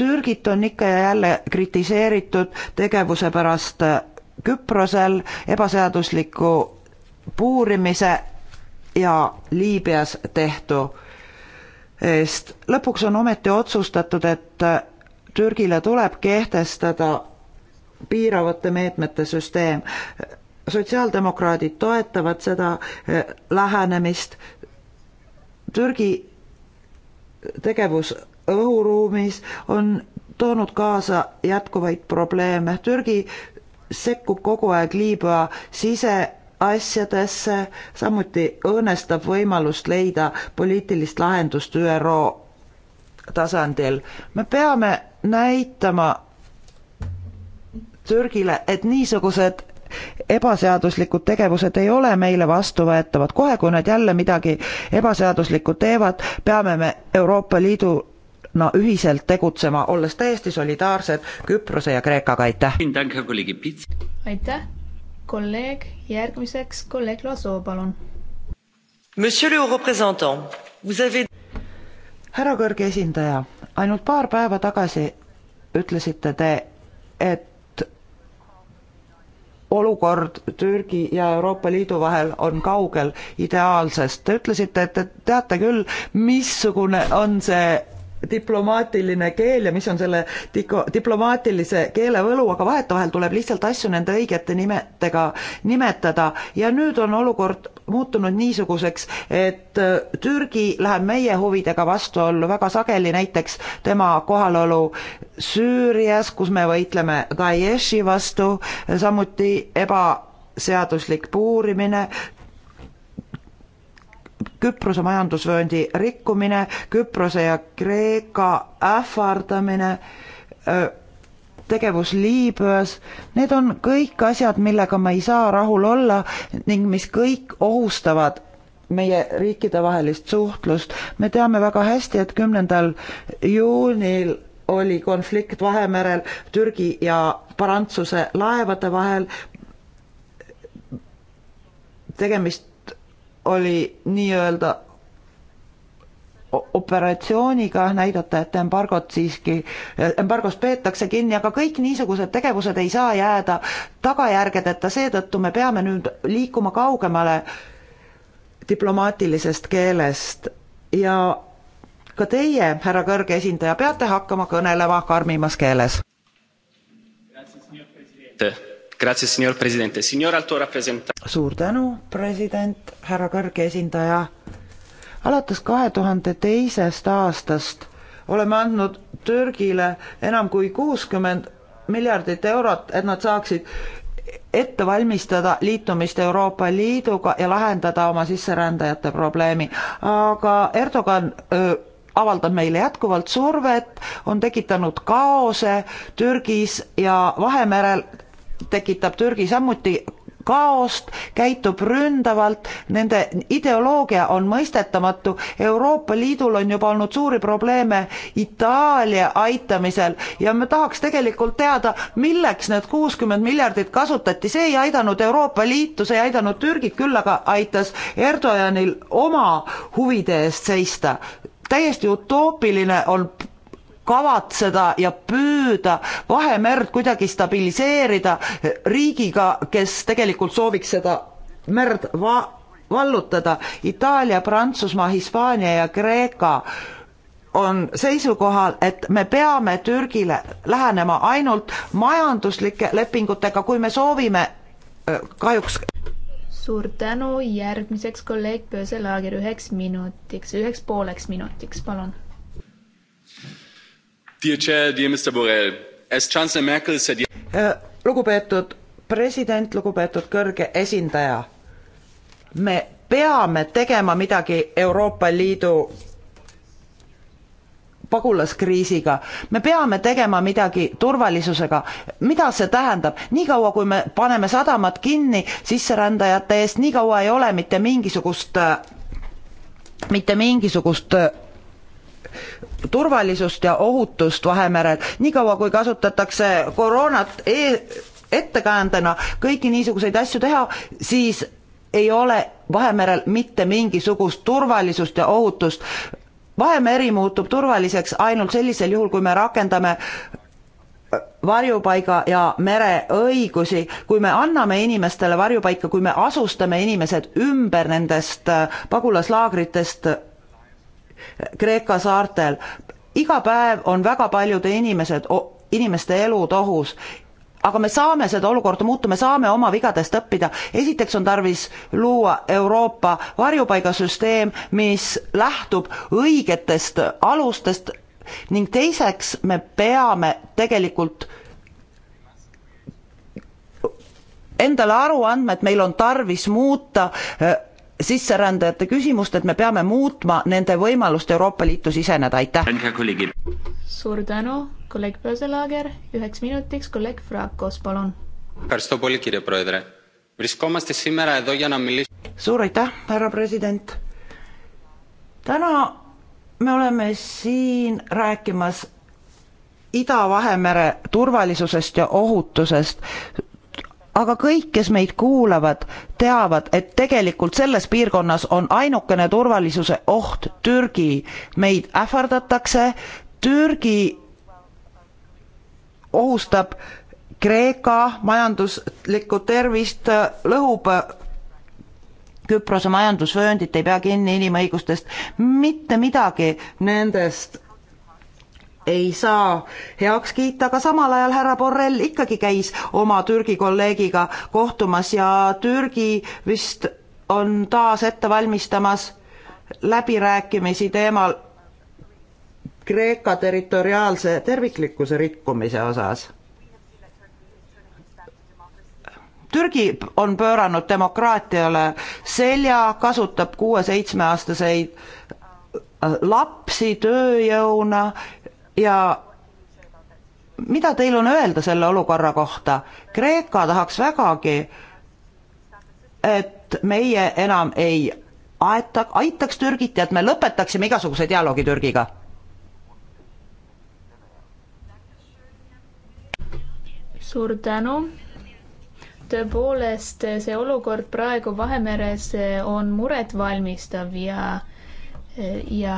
Türgit on ikka ja jälle kritiseeritud tegevuse pärast Küprosel, ebaseadusliku puurimise ja Liibüas tehtu eest. lõpuks on ometi otsustatud, et Türgile tuleb kehtestada piiravate meetmete süsteem sotsiaaldemokraadid toetavad seda eh, lähenemist. Türgi tegevus õhuruumis on toonud kaasa jätkuvaid probleeme. Türgi sekkub kogu aeg Liibüa siseasjadesse, samuti õõnestab võimalust leida poliitilist lahendust ÜRO tasandil. me peame näitama Türgile, et niisugused ebaseaduslikud tegevused ei ole meile vastuvõetavad, kohe kui nad jälle midagi ebaseaduslikku teevad, peame me Euroopa Liidu no ühiselt tegutsema, olles täiesti solidaarsed Küprose ja Kreekaga, aitäh! aitäh, kolleeg, järgmiseks kolleeg Loasoo, palun. härra kõrge esindaja, ainult paar päeva tagasi ütlesite te, et olukord Türgi ja Euroopa Liidu vahel on kaugel ideaalsest. Te ütlesite, et te teate küll, missugune on see diplomaatiline keel ja mis on selle diko, diplomaatilise keelevõlu, aga vahetevahel tuleb lihtsalt asju nende õigete nimetega nimetada ja nüüd on olukord muutunud niisuguseks, et äh, Türgi läheb meie huvidega vastuollu väga sageli, näiteks tema kohalolu Süürias, kus me võitleme Daeshi vastu, samuti eba seaduslik puurimine, Küprose majandusvööndi rikkumine, Küprose ja Kreeka ähvardamine, tegevus Liibüas, need on kõik asjad, millega me ei saa rahul olla ning mis kõik ohustavad meie riikidevahelist suhtlust. me teame väga hästi, et kümnendal juunil oli konflikt Vahemerel Türgi ja Prantsuse laevade vahel. tegemist oli nii-öelda operatsiooniga näidata, et embargot siiski, embargost peetakse kinni, aga kõik niisugused tegevused ei saa jääda tagajärgedeta, seetõttu me peame nüüd liikuma kaugemale diplomaatilisest keelest ja ka teie, härra kõrge esindaja, peate hakkama kõnelema karmimas keeles. aitäh signor president, signor alto representant. suur tänu, president, härra kõrge esindaja. alates kahe tuhande teisest aastast oleme andnud Türgile enam kui kuuskümmend miljardit eurot, et nad saaksid ette valmistada liitumist Euroopa Liiduga ja lahendada oma sisserändajate probleemi. aga Erdogan öö, avaldab meile jätkuvalt survet, on tekitanud kaose Türgis ja Vahemerel tekitab Türgi samuti kaost, käitub ründavalt, nende ideoloogia on mõistetamatu, Euroopa Liidul on juba olnud suuri probleeme Itaalia aitamisel ja me tahaks tegelikult teada, milleks need kuuskümmend miljardit kasutati, see ei aidanud Euroopa Liitu, see ei aidanud Türgit, küll aga aitas Erdoganil oma huvide eest seista. täiesti utoopiline on kavatseda ja püüda Vahemerd kuidagi stabiliseerida riigiga, kes tegelikult sooviks seda merd va-, vallutada. Itaalia, Prantsusmaa, Hispaania ja Kreeka on seisukohal, et me peame Türgile lähenema ainult majanduslike lepingutega, kui me soovime kahjuks suur tänu, järgmiseks kolleeg Pööselaagir üheks minutiks, üheks pooleks minutiks, palun Äh, lugupeetud president, lugupeetud kõrge esindaja, me peame tegema midagi Euroopa Liidu pagulaskriisiga, me peame tegema midagi turvalisusega. mida see tähendab, niikaua kui me paneme sadamad kinni sisserändajate eest, niikaua ei ole mitte mingisugust, mitte mingisugust turvalisust ja ohutust Vahemerel, niikaua kui kasutatakse koroonat e ettekäändena kõiki niisuguseid asju teha, siis ei ole Vahemerel mitte mingisugust turvalisust ja ohutust. Vahemeri muutub turvaliseks ainult sellisel juhul, kui me rakendame äh, varjupaiga ja mereõigusi, kui me anname inimestele varjupaika, kui me asustame inimesed ümber nendest äh, pagulaslaagritest Kreeka saartel. iga päev on väga paljude inimesed, inimeste elud ohus aga me saame seda olukorda muuta, me saame oma vigadest õppida. esiteks on tarvis luua Euroopa varjupaigasüsteem, mis lähtub õigetest alustest ning teiseks me peame tegelikult endale aru andma, et meil on tarvis muuta äh, sisserändajate küsimust, et me peame muutma nende võimalust Euroopa Liitu siseneda, aitäh! suur tänu, kolleeg Pööselaager, üheks minutiks kolleeg Frakos, palun! suur aitäh, härra president! täna me oleme siin rääkimas Ida-Vahemere turvalisusest ja ohutusest aga kõik, kes meid kuulavad, teavad, et tegelikult selles piirkonnas on ainukene turvalisuse oht Türgi. meid ähvardatakse, Türgi ohustab Kreeka majanduslikku tervist, lõhub Küprose majandusvööndit, ei pea kinni inimõigustest, mitte midagi nendest ei saa heaks kiita, aga samal ajal härra Borrell ikkagi käis oma Türgi kolleegiga kohtumas ja Türgi vist on taas ette valmistamas läbirääkimisi teemal Kreeka territoriaalse terviklikkuse rikkumise osas. Türgi on pööranud demokraatiale selja, kasutab kuue-seitsmeaastaseid lapsi tööjõuna ja mida teil on öelda selle olukorra kohta? Kreeka tahaks vägagi, et meie enam ei aeta, aitaks Türgit ja et me lõpetaksime igasuguse dialoogi Türgiga. suur tänu tõepoolest see olukord praegu Vahemeres on muretvalmistav ja, ja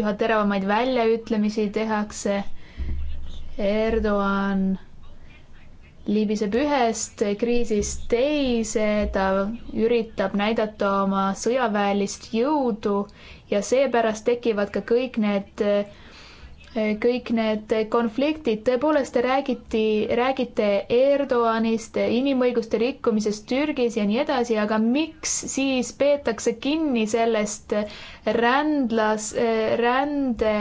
üha teravamaid väljaütlemisi tehakse. Erdoğan libiseb ühest kriisist teise, ta üritab näidata oma sõjaväelist jõudu ja seepärast tekivad ka kõik need äh, kõik need konfliktid, tõepoolest te räägiti, räägite Erdoganist, inimõiguste rikkumisest Türgis ja nii edasi, aga miks siis peetakse kinni sellest rändlas, rände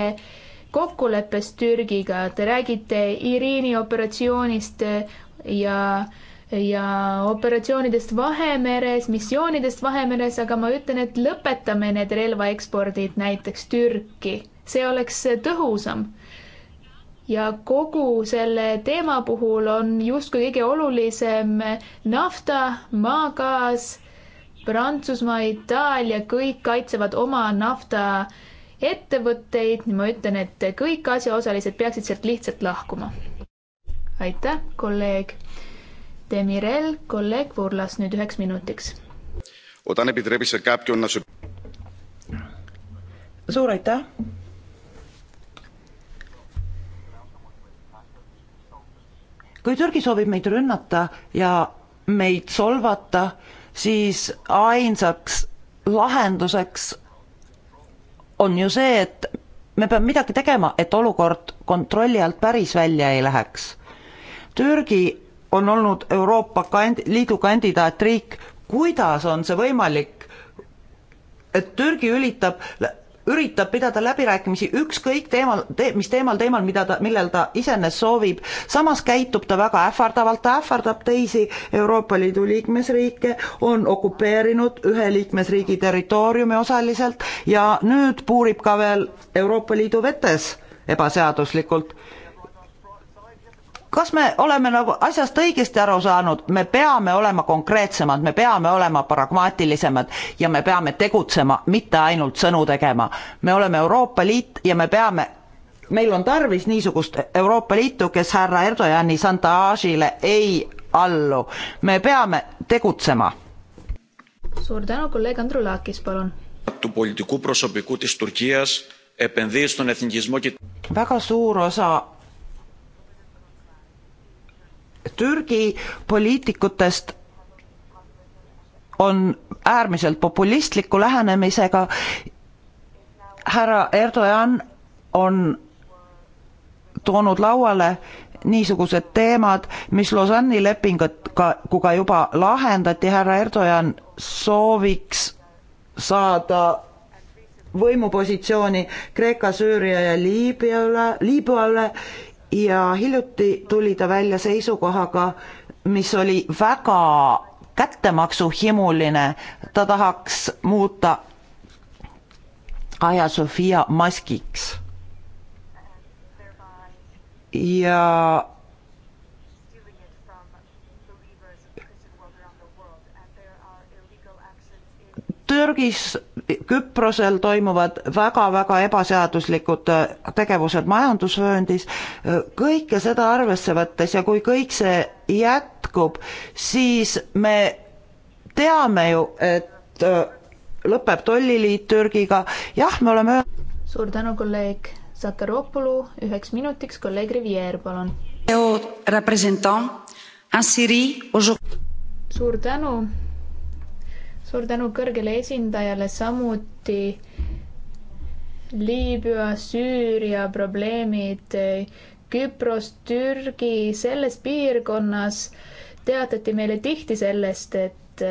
kokkuleppest Türgiga, te räägite Iriini operatsioonist ja ja operatsioonidest Vahemeres, missioonidest Vahemeres, aga ma ütlen, et lõpetame need relvaekspordid näiteks Türki see oleks tõhusam. ja kogu selle teema puhul on justkui kõige olulisem nafta, maagaas, Prantsusmaa, Itaalia, kõik kaitsevad oma nafta ettevõtteid, ma ütlen, et kõik asjaosalised peaksid sealt lihtsalt lahkuma. aitäh, kolleeg Demirel, kolleeg Vurlas nüüd üheks minutiks. suur aitäh kui Türgi soovib meid rünnata ja meid solvata, siis ainsaks lahenduseks on ju see, et me peame midagi tegema, et olukord kontrolli alt päris välja ei läheks. Türgi on olnud Euroopa kand-, Liidu kandidaatriik, kuidas on see võimalik, et Türgi üritab üritab pidada läbirääkimisi ükskõik teemal te,, mis teemal, teemal, mida ta, millel ta iseenesest soovib, samas käitub ta väga ähvardavalt, ta ähvardab teisi Euroopa Liidu liikmesriike, on okupeerinud ühe liikmesriigi territooriumi osaliselt ja nüüd puurib ka veel Euroopa Liidu vetes ebaseaduslikult kas me oleme nagu asjast õigesti aru saanud, me peame olema konkreetsemad, me peame olema pragmaatilisemad ja me peame tegutsema, mitte ainult sõnu tegema. me oleme Euroopa Liit ja me peame meil on tarvis niisugust Euroopa Liitu, kes härra Erdogani šantaažile ei allu. me peame tegutsema. suur tänu, kolleeg Andrulakis, palun. väga suur osa Türgi poliitikutest on äärmiselt populistliku lähenemisega. härra Erdogan on toonud lauale niisugused teemad, mis Lausanne'i lepingut ka, kui ka juba lahendati, härra Erdogan sooviks saada võimupositsiooni Kreeka, Süüria ja Liibüa üle, Liibüa üle ja hiljuti tuli ta välja seisukohaga, mis oli väga kättemaksuhimuline, ta tahaks muuta Aja Sofia maskiks. ja Türgis, Küprosel toimuvad väga-väga ebaseaduslikud äh, tegevused majandusvööndis, äh, kõike seda arvesse võttes ja kui kõik see jätkub, siis me teame ju, et äh, lõpeb tolliliit Türgiga, jah, me oleme suur tänu, kolleeg Zakaropolu, üheks minutiks kolleeg Rivier, palun. suur tänu suur tänu kõrgele esindajale, samuti Liibüa, Süüria probleemid, Küpros, Türgi, selles piirkonnas teatati meile tihti sellest, et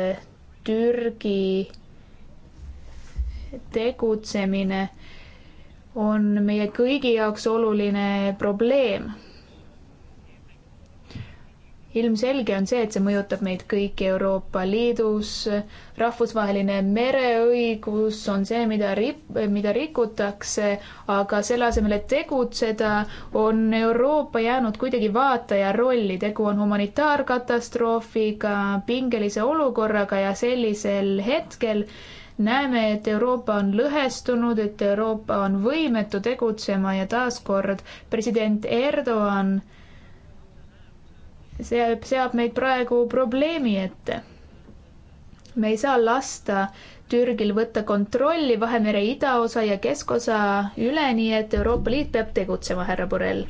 Türgi tegutsemine on meie kõigi jaoks oluline probleem ilmselge on see, et see mõjutab meid kõiki Euroopa Liidus. rahvusvaheline mereõigus on see, mida rip-, mida rikutakse, aga selle asemel, et tegutseda, on Euroopa jäänud kuidagi vaataja rolli. tegu on humanitaarkatastroofiga, pingelise olukorraga ja sellisel hetkel näeme, et Euroopa on lõhestunud, et Euroopa on võimetu tegutsema ja taaskord president Erdoğan see seab meid praegu probleemi ette. me ei saa lasta Türgil võtta kontrolli Vahemere idaosa ja keskosa üle, nii et Euroopa Liit peab tegutsema, härra Borrell.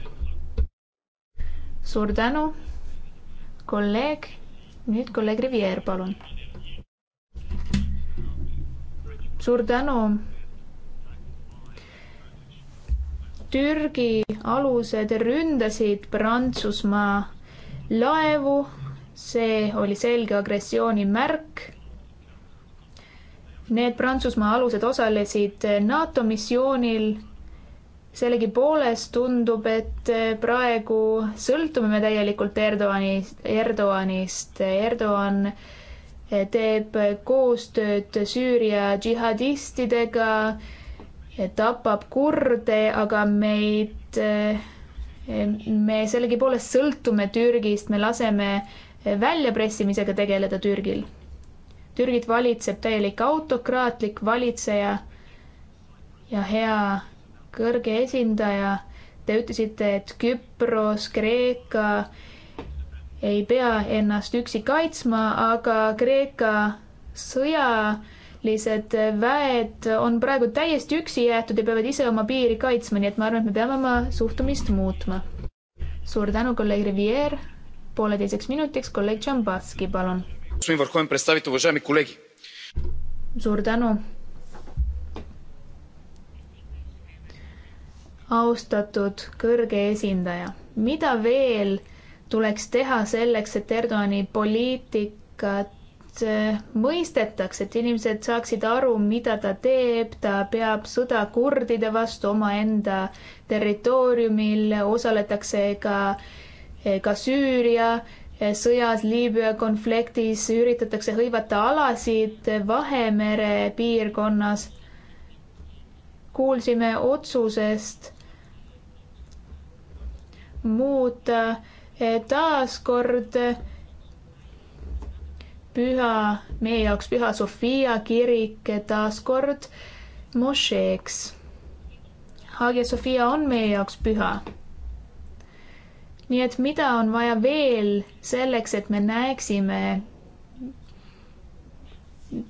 suur tänu, kolleeg. nüüd kolleeg Rivier, palun. suur tänu. Türgi alused ründasid Prantsusmaa laevu, see oli selge agressiooni märk. Need Prantsusmaa alused osalesid NATO missioonil. sellegipoolest tundub, et praegu sõltume me täielikult Erdoganist, Erdoganist. Erdogan teeb koostööd Süüria džihadistidega, tapab kurde, aga meid me sellegipoolest sõltume Türgist, me laseme väljapressimisega tegeleda Türgil. Türgit valitseb täielik autokraatlik valitseja ja hea kõrge esindaja. Te ütlesite, et Küpros, Kreeka ei pea ennast üksi kaitsma, aga Kreeka sõja äh, rahvusvahelised väed on praegu täiesti üksi jäetud ja peavad ise oma piiri kaitsma, nii et ma arvan, et me peame oma suhtumist muutma. suur tänu, kolleeg Rivier. pooleteiseks minutiks kolleeg Džambatski, palun. suur tänu. austatud kõrge esindaja, mida veel tuleks teha selleks, et Erdogani poliitikat Eh, mõistetakse, et inimesed saaksid aru, mida ta teeb, ta peab sõda kurdide vastu omaenda territooriumil, osaletakse ka, eh, ka Süüria eh, sõjas, Liibüa konfliktis, üritatakse hõivata alasid Vahemere piirkonnas. kuulsime otsusest muuta taaskord püha, meie jaoks püha Sofia kirik taaskord mošeeks. Hagia Sofia on meie jaoks püha. nii et mida on vaja veel selleks, et me näeksime,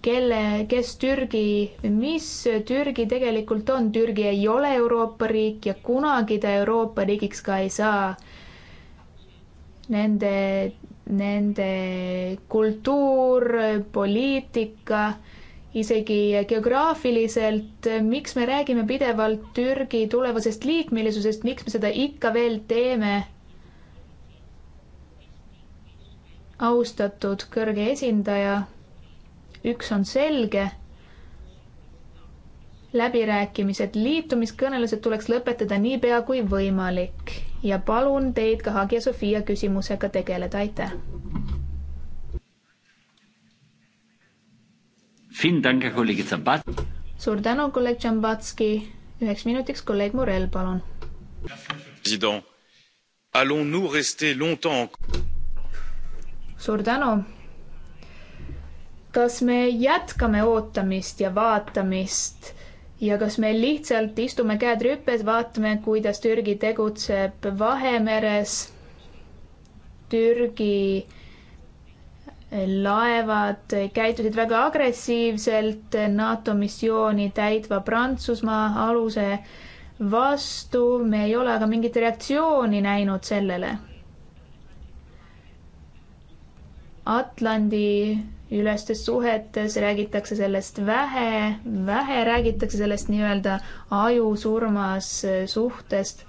kelle, kes Türgi, mis Türgi tegelikult on, Türgi ei ole Euroopa riik ja kunagi ta Euroopa riigiks ka ei saa. Nende nende kultuur, poliitika, isegi geograafiliselt, miks me räägime pidevalt Türgi tulevasest liikmelisusest, miks me seda ikka veel teeme? austatud kõrge esindaja, üks on selge läbirääkimised, liitumiskõnelused tuleks lõpetada niipea kui võimalik ja palun teid ka Hagia Sofia küsimusega tegeleda, aitäh. suur tänu, kolleeg Džambatski. üheks minutiks kolleeg Murel, palun. suur tänu kas me jätkame ootamist ja vaatamist ja kas me lihtsalt istume käed rüpes, vaatame, kuidas Türgi tegutseb Vahemeres. Türgi eh, laevad käitusid väga agressiivselt NATO missiooni täitva Prantsusmaa aluse vastu. me ei ole aga mingit reaktsiooni näinud sellele. Atlandi ülestes suhetes räägitakse sellest vähe, vähe räägitakse sellest nii-öelda ajusurmas eh, suhtest.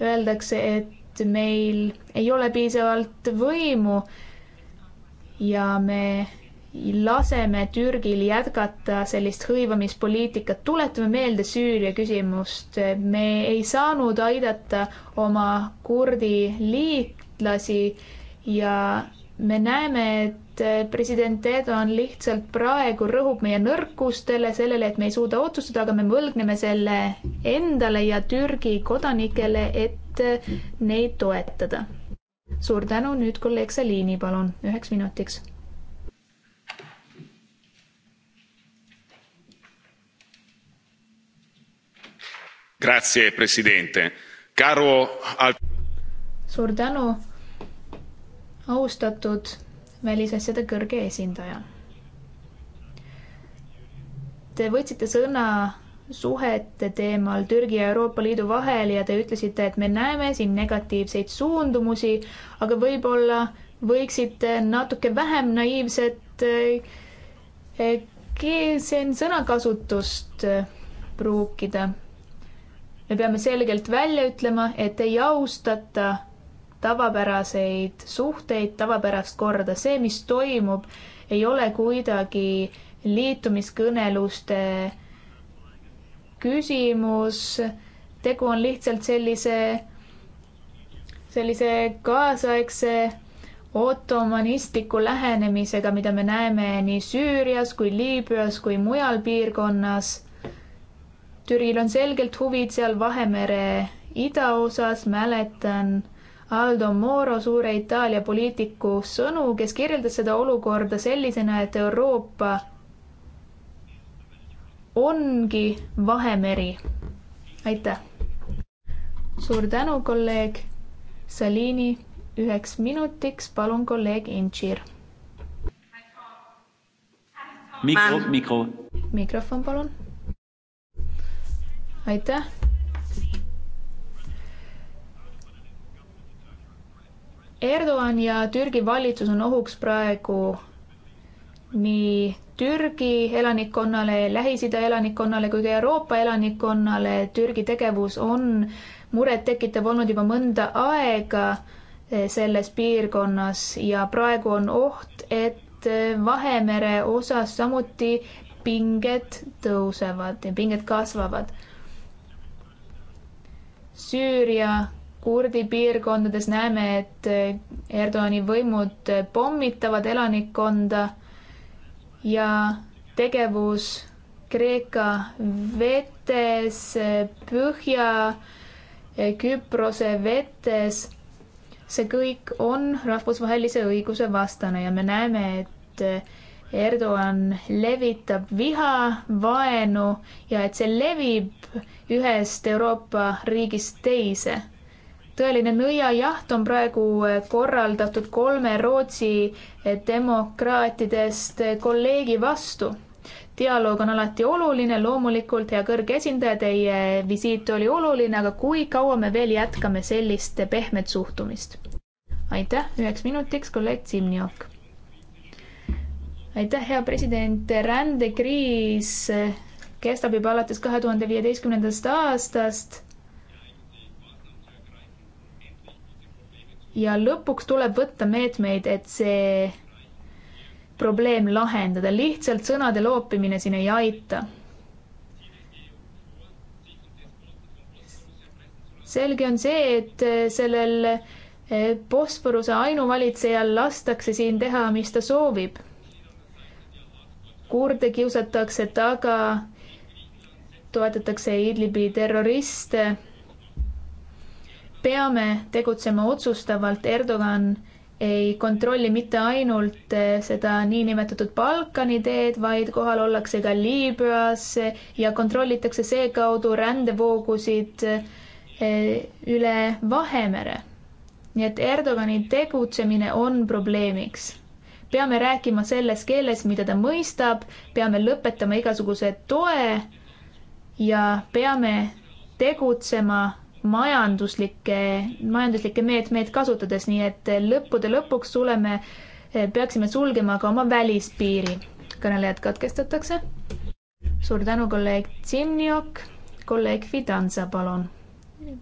Öeldakse, et meil ei ole piisavalt võimu ja me laseme Türgil jätkata sellist hõivamispoliitikat, tuletame meelde Süüria küsimust. me ei saanud aidata oma kurdi liitlasi ja me näeme, et äh, president Erdoğan lihtsalt praegu rõhub meie nõrkustele, sellele, et me ei suuda otsustada, aga me võlgneme selle endale ja Türgi kodanikele, et äh, neid toetada. suur tänu, nüüd kolleeg Salini, palun, üheks minutiks. Grazie, president. Caro. suur tänu austatud välisasjade kõrge esindaja. Te võtsite sõna suhete teemal Türgi ja Euroopa Liidu vahel ja te ütlesite, et me näeme siin negatiivseid suundumusi, aga võib-olla võiksite natuke vähem naiivset eh, siin sõnakasutust eh, pruukida. me peame selgelt välja ütlema, et ei austata tavapäraseid suhteid, tavapärast korda. see, mis toimub, ei ole kuidagi liitumiskõneluste küsimus. tegu on lihtsalt sellise, sellise kaasaegse ottomanistliku lähenemisega, mida me näeme nii Süürias kui Liibüas kui mujal piirkonnas. Türil on selgelt huvid seal Vahemere idaosas, mäletan Aldo Moro, suure Itaalia poliitiku sõnu, kes kirjeldas seda olukorda sellisena, et Euroopa ongi Vahemeri. aitäh! suur tänu, kolleeg Salini, üheks minutiks, palun, kolleeg Intšir. mikro, mikro. mikrofon, palun. aitäh Erdoğan ja Türgi valitsus on ohuks praegu nii Türgi elanikkonnale, Lähis-Ida elanikkonnale kui ka Euroopa elanikkonnale. Türgi tegevus on murettekitav olnud juba mõnda aega eh, selles piirkonnas ja praegu on oht, et eh, Vahemere osas samuti pinged tõusevad ja pinged kasvavad. Süüria kurdi piirkondades näeme, et eh, Erdogani võimud eh, pommitavad elanikkonda ja tegevus Kreeka vetes, eh, Põhja-Küprose vetes, see kõik on rahvusvahelise õiguse vastane ja me näeme, et Erdogan levitab viha, vaenu ja et see levib ühest Euroopa riigist teise tõeline nõiajaht on praegu eh, korraldatud kolme Rootsi eh, demokraatidest eh, kolleegi vastu. dialoog on alati oluline, loomulikult, hea kõrge esindaja, teie visiit oli oluline, aga kui kaua me veel jätkame sellist pehmet suhtumist? aitäh, üheks minutiks kolleeg Simniok. aitäh, hea president, rändekriis kestab juba alates kahe tuhande viieteistkümnendast aastast ja lõpuks tuleb võtta meetmeid, et see probleem lahendada, lihtsalt sõnade loopimine siin ei aita. selge on see, et eh, sellel Bosporuse eh, ainuvalitsejal lastakse siin teha, mis ta soovib. kurde kiusatakse taga, toetatakse Idlibi terroriste peame tegutsema otsustavalt, Erdogan ei kontrolli mitte ainult eh, seda niinimetatud Balkani teed, vaid kohal ollakse ka Liibüas ja kontrollitakse seekaudu rändevoogusid eh, üle Vahemere. nii et Erdogani tegutsemine on probleemiks peame rääkima selles keeles, mida ta mõistab, peame lõpetama igasuguse toe ja peame tegutsema majanduslikke, majanduslikke meetmeid kasutades, nii et lõppude lõpuks suleme, peaksime sulgema ka oma välispiiri. kõnelejad katkestatakse. suur tänu, kolleeg Tsimniok, kolleeg Fidanza, palun,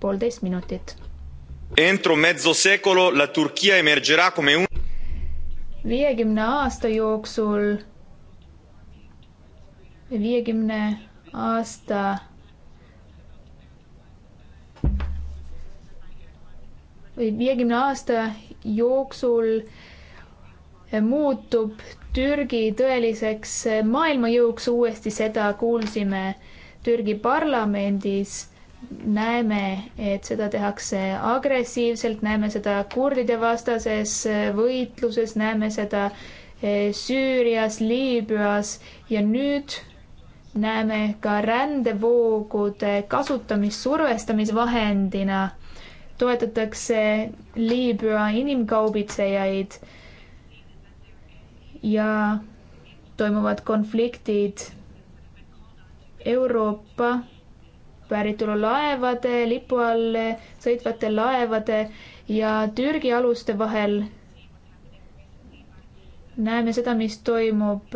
poolteist minutit. Entro mezzo secolo la Turchia emergerà come un viiekümne aasta jooksul, viiekümne aasta või viiekümne aasta jooksul muutub Türgi tõeliseks maailmajõuks uuesti, seda kuulsime Türgi parlamendis. näeme, et seda tehakse agressiivselt, näeme seda kurdide vastases võitluses, näeme seda eh, Süürias, Liibüas ja nüüd näeme ka rändevoogude kasutamist survestamisvahendina toetatakse Liibüa inimkaubitsejaid ja toimuvad konfliktid Euroopa päritolu laevade lipu all sõitvate laevade ja Türgi aluste vahel. näeme seda, mis toimub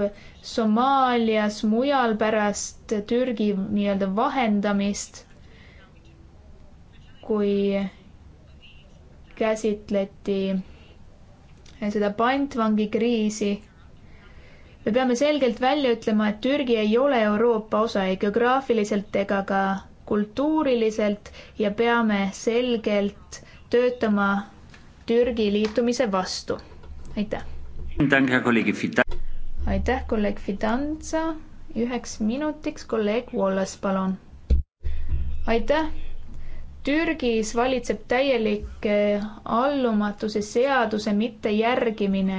Somaalias, mujal pärast Türgi nii-öelda vahendamist kui käsitleti seda pantvangikriisi. me peame selgelt välja ütlema, et Türgi ei ole Euroopa osa ei geograafiliselt ega ka kultuuriliselt ja peame selgelt töötama Türgi liitumise vastu. aitäh. aitäh, kolleeg Fidanza. üheks minutiks kolleeg Wallace, palun. aitäh Türgis valitseb täielik eh, allumatuse seaduse mittejärgimine.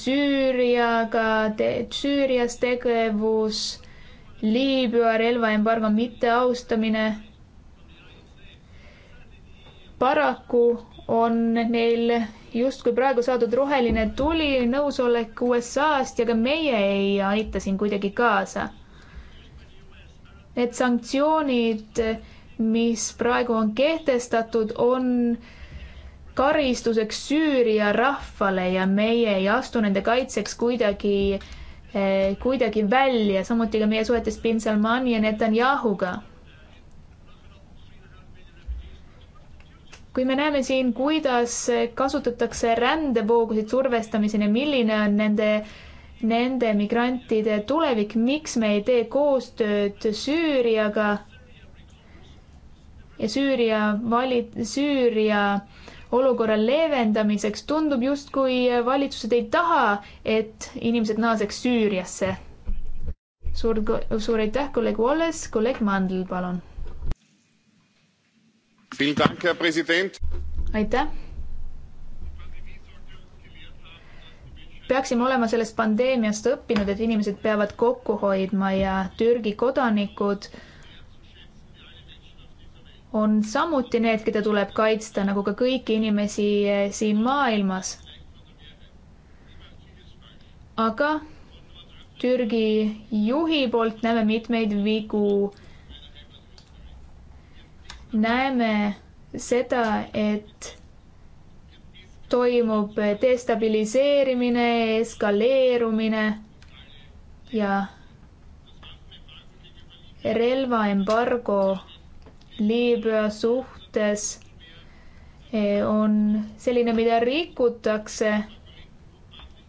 Süüriaga te,, Süürias tegevus, Liibüa relvaembargo mitteaustamine. paraku on neil justkui praegu saadud roheline tuli, nõusolek USA-st ja ka meie ei aita siin kuidagi kaasa Need sanktsioonid, mis praegu on kehtestatud, on karistuseks Süüria rahvale ja meie ei astu nende kaitseks kuidagi, eh, kuidagi välja, samuti ka meie suhetes bin Salmani ja Netanyahuga. kui me näeme siin, kuidas kasutatakse rändevoogusid survestamiseni, milline on nende nende migrantide tulevik, miks me ei tee koostööd Süüriaga ja Süüria vali-, Süüria olukorra leevendamiseks tundub justkui valitsused ei taha, et inimesed naaseks Süüriasse. suur, suur aitäh, kolleeg Wallace, kolleeg Mandl, palun. aitäh peaksime olema sellest pandeemiast õppinud, et inimesed peavad kokku hoidma ja Türgi kodanikud on samuti need, keda tuleb kaitsta, nagu ka kõiki inimesi eh, siin maailmas. aga Türgi juhi poolt näeme mitmeid vigu. näeme seda, et toimub destabiliseerimine, eskaleerumine ja relvaembargo Liibüa suhtes eh, on selline, mida rikutakse.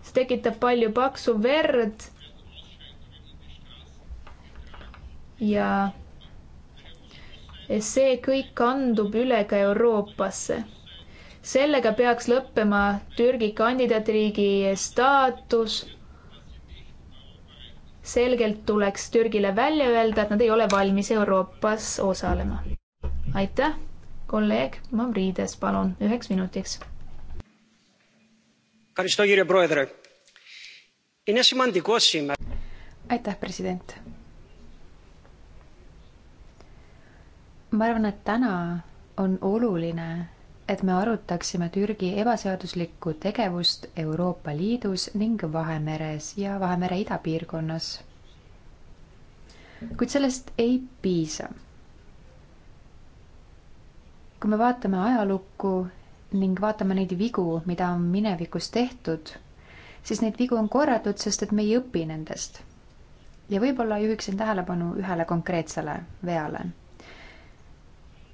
see tekitab palju paksu verd. ja see kõik kandub üle ka Euroopasse sellega peaks lõppema Türgi kandidaatriigi staatus. selgelt tuleks Türgile välja öelda, et nad ei ole valmis Euroopas osalema. aitäh, kolleeg Mavrides, palun üheks minutiks. aitäh, president. ma arvan, et täna on oluline et me arutaksime Türgi ebaseaduslikku tegevust Euroopa Liidus ning Vahemeres ja Vahemere idapiirkonnas. kuid sellest ei piisa. kui me vaatame ajalukku ning vaatame neid vigu, mida on minevikus tehtud, siis neid vigu on korratud, sest et me ei õpi nendest. ja võib-olla juhiksin tähelepanu ühele konkreetsele veale.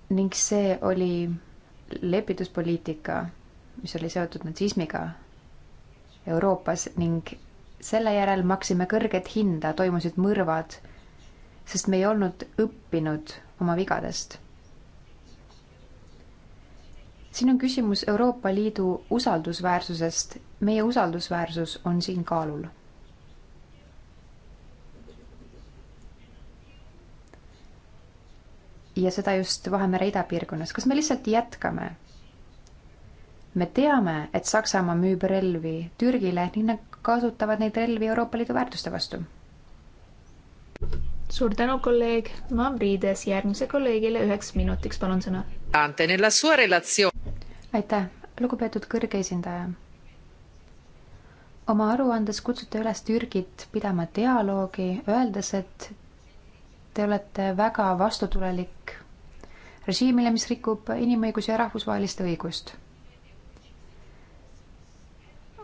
ning see oli lepituspoliitika, mis oli seotud natsismiga Euroopas ning selle järel maksime kõrget hinda, toimusid mõrvad, sest me ei olnud õppinud oma vigadest. siin on küsimus Euroopa Liidu usaldusväärsusest. meie usaldusväärsus on siin kaalul ja seda just Vahemere idapiirkonnas, kas me lihtsalt jätkame? me teame, et Saksamaa müüb relvi Türgile ning nad kasutavad neid relvi Euroopa Liidu väärtuste vastu. suur tänu, kolleeg Mambrides, järgmise kolleegile üheks minutiks, palun sõna. aitäh, lugupeetud kõrge esindaja. oma aruandes kutsute üles Türgit pidama dialoogi, öeldes, et te olete väga vastutulelik režiimile, mis rikub inimõigusi ja rahvusvahelist õigust.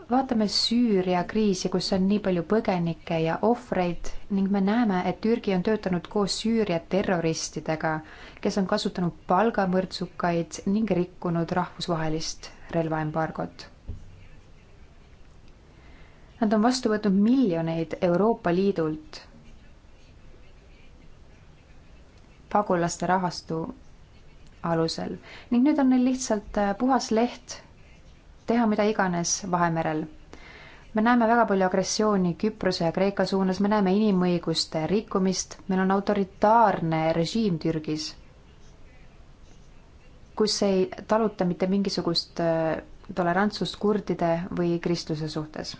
vaatame Süüria kriisi, kus on nii palju põgenikke ja ohvreid ning me näeme, et Türgi on töötanud koos Süüria terroristidega, kes on kasutanud palgamõrtsukaid ning rikkunud rahvusvahelist relvaembargot. Nad on vastu võtnud miljoneid Euroopa Liidult pagulaste rahastu alusel ning nüüd on neil lihtsalt äh, puhas leht teha mida iganes Vahemerel. me näeme väga palju agressiooni Küprose ja Kreeka suunas, me näeme inimõiguste rikkumist, meil on autoritaarne režiim Türgis, kus ei taluta mitte mingisugust äh, tolerantsust kurdide või kristluse suhtes.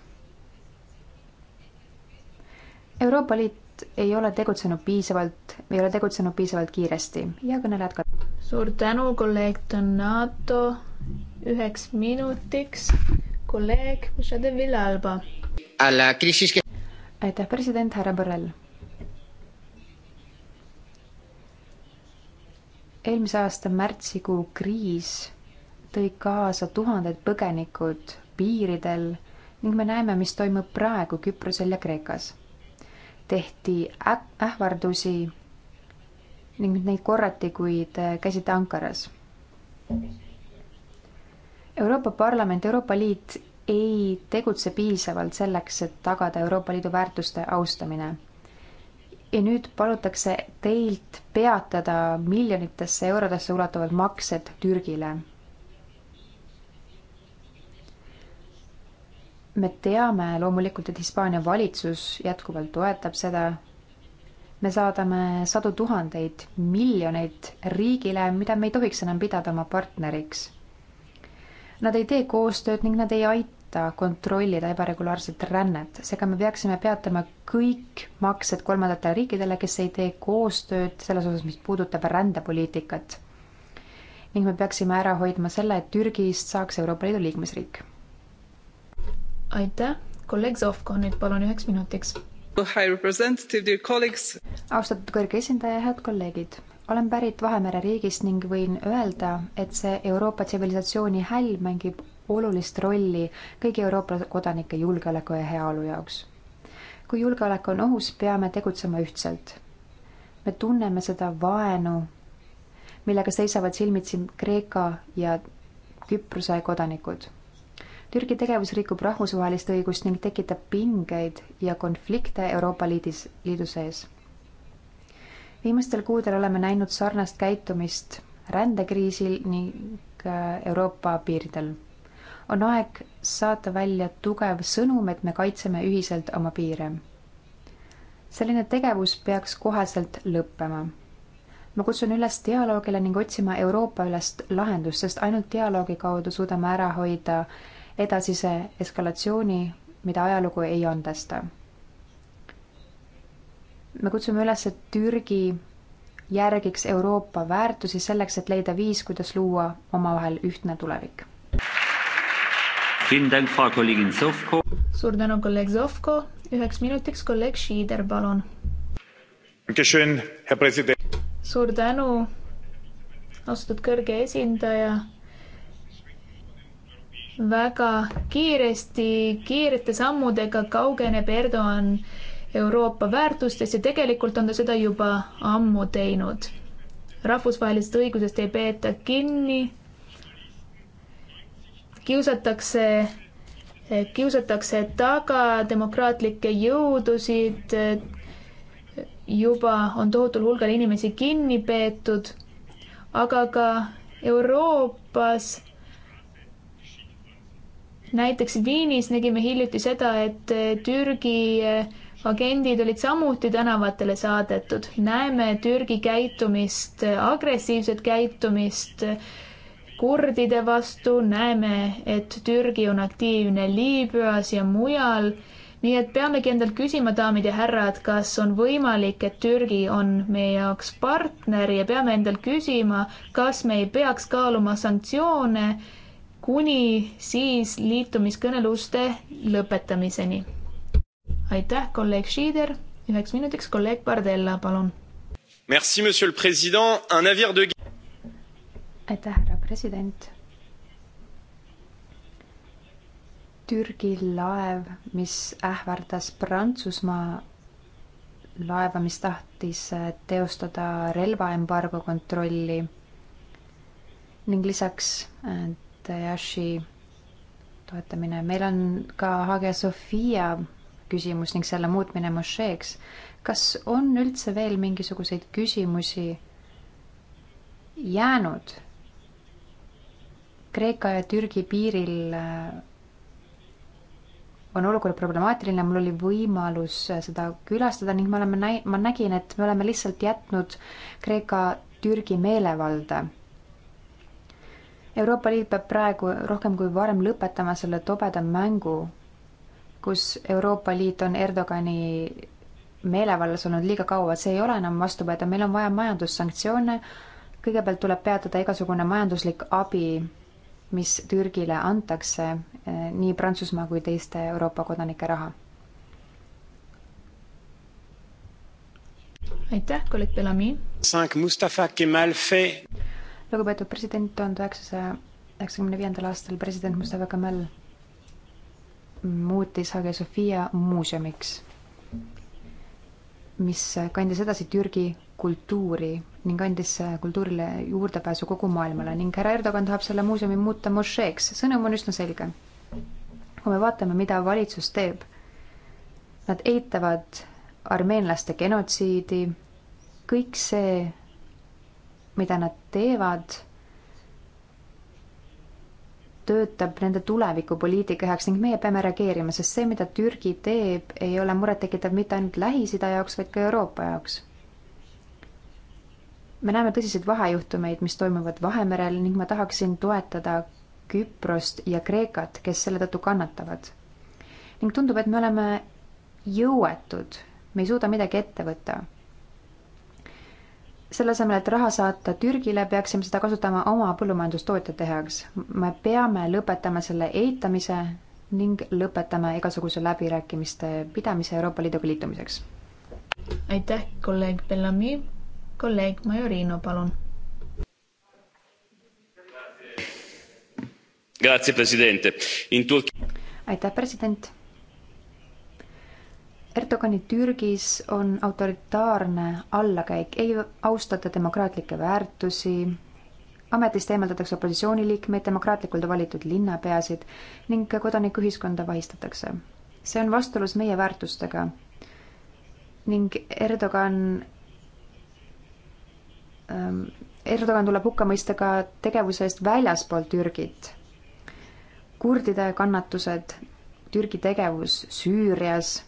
Euroopa Liit et ei ole tegutsenud piisavalt, ei ole tegutsenud piisavalt kiiresti ja kõnelejad ka. suur tänu, kolleeg Donato, üheks minutiks kolleeg Michelle Villalba. aitäh, president härra Borrell. eelmise aasta märtsikuu kriis tõi kaasa tuhanded põgenikud piiridel ning me näeme, mis toimub praegu Küprosel ja Kreekas tehti äh-, ähvardusi ning neid korrati, kuid äh, käisite Ankaras. Euroopa Parlament, Euroopa Liit ei tegutse piisavalt selleks, et tagada Euroopa Liidu väärtuste austamine. ja nüüd palutakse teilt peatada miljonitesse eurodesse ulatuvad maksed Türgile. me teame loomulikult, et Hispaania valitsus jätkuvalt toetab seda. me saadame sadu tuhandeid, miljoneid riigile, mida me ei tohiks enam pidada oma partneriks. Nad ei tee koostööd ning nad ei aita kontrollida ebaregulaarset rännet, seega me peaksime peatama kõik maksed kolmandatele riikidele, kes ei tee koostööd selles osas, mis puudutab rändepoliitikat. ning me peaksime ära hoidma selle, et Türgist saaks Euroopa Liidu liikmesriik aitäh, kolleeg Zovko nüüd palun üheks minutiks. austatud kõrge esindaja, head kolleegid olen pärit Vahemere riigist ning võin öelda, et see Euroopa tsivilisatsiooni häll mängib olulist rolli kõigi Euroopa kodanike julgeoleku ja heaolu jaoks. kui julgeolek on ohus, peame tegutsema ühtselt. me tunneme seda vaenu, millega seisavad silmitsi Kreeka ja Küprose kodanikud Türgi tegevus rikub rahvusvahelist õigust ning tekitab pingeid ja konflikte Euroopa Liidis, Liidu sees. viimastel kuudel oleme näinud sarnast käitumist rändekriisil ning äh, Euroopa piiridel. on aeg saata välja tugev sõnum, et me kaitseme ühiselt oma piire. selline tegevus peaks koheselt lõppema ma kutsun üles dialoogile ning otsima Euroopa-ülest lahendust, sest ainult dialoogi kaudu suudame ära hoida edasise eskalatsiooni, mida ajalugu ei andesta. me kutsume üles, et Türgi järgiks Euroopa väärtusi selleks, et leida viis, kuidas luua omavahel ühtne tulevik. suur tänu, kolleeg Zovko, üheks minutiks kolleeg Šiider, palun. suur tänu, austatud kõrge esindaja väga kiiresti, kiirete sammudega kaugeneb Erdoğan Euroopa väärtustest ja tegelikult on ta seda juba ammu teinud. rahvusvahelisest õigusest ei peeta kinni. kiusatakse, kiusatakse taga demokraatlikke jõudusid. juba on tohutul hulgal inimesi kinni peetud, aga ka Euroopas näiteks Viinis nägime hiljuti seda, et eh, Türgi eh, agendid olid samuti tänavatele saadetud. näeme Türgi käitumist, eh, agressiivset käitumist kurdide vastu, näeme, et Türgi on aktiivne Liibüas ja mujal. nii et peamegi endalt küsima, daamid ja härrad, kas on võimalik, et Türgi on meie jaoks partner ja peame endalt küsima, kas me ei peaks kaaluma sanktsioone kuni siis liitumiskõneluste lõpetamiseni. aitäh, kolleeg Schieder, üheks minutiks kolleeg Bardella, palun. Merci, monsieur le president, un navire de aitäh, härra president. Türgi laev, mis ähvardas Prantsusmaa laeva, mis tahtis äh, teostada relvaembargo kontrolli ning lisaks äh, Tayashi toetamine. meil on ka Hagia Sophia küsimus ning selle muutmine mošeeks. kas on üldse veel mingisuguseid küsimusi jäänud Kreeka ja Türgi piiril on olukord problemaatiline, mul oli võimalus seda külastada ning me oleme näi-, ma nägin, et me oleme lihtsalt jätnud Kreeka-Türgi meelevalda Euroopa Liit peab praegu rohkem kui varem lõpetama selle tobeda mängu, kus Euroopa Liit on Erdogani meelevallas olnud liiga kaua, see ei ole enam vastuvõetav, meil on vaja majandussanktsioone, kõigepealt tuleb peatada igasugune majanduslik abi, mis Türgile antakse, eh, nii Prantsusmaa kui teiste Euroopa kodanike raha. aitäh, kolleeg Bellami lugupeetud president, tuhande üheksasaja üheksakümne viiendal aastal president Mustafa Kemal muutis Hagia Sophia muuseumiks, mis kandis edasi Türgi kultuuri ning andis kultuurile juurdepääsu kogu maailmale ning härra Erdogan tahab selle muuseumi muuta mošeeks, sõnum on üsna selge. kui me vaatame, mida valitsus teeb, nad eitavad armeenlaste genotsiidi, kõik see mida nad teevad, töötab nende tulevikupoliitika heaks ning meie peame reageerima, sest see, mida Türgi teeb, ei ole murettekitav mitte ainult Lähis-Ida jaoks, vaid ka Euroopa jaoks. me näeme tõsiseid vahejuhtumeid, mis toimuvad Vahemerel ning ma tahaksin toetada Küprost ja Kreekat, kes selle tõttu kannatavad. ning tundub, et me oleme jõuetud, me ei suuda midagi ette võtta selle asemel, et raha saata Türgile, peaksime seda kasutama oma põllumajandustootjate heaks. me peame lõpetama selle eitamise ning lõpetame igasuguse läbirääkimiste pidamise Euroopa Liiduga liitumiseks. aitäh, kolleeg Bellami. kolleeg Majorino, palun. aitäh, president. Erdogani Türgis on autoritaarne allakäik, ei austata demokraatlikke väärtusi, ametist eemaldatakse opositsiooniliikmeid, demokraatlikult valitud linnapeasid ning kodanikuühiskonda vahistatakse. see on vastuolus meie väärtustega ning Erdogan ähm, Erdogan tuleb hukka mõista ka tegevuse eest väljaspool Türgit. kurdide kannatused, Türgi tegevus Süürias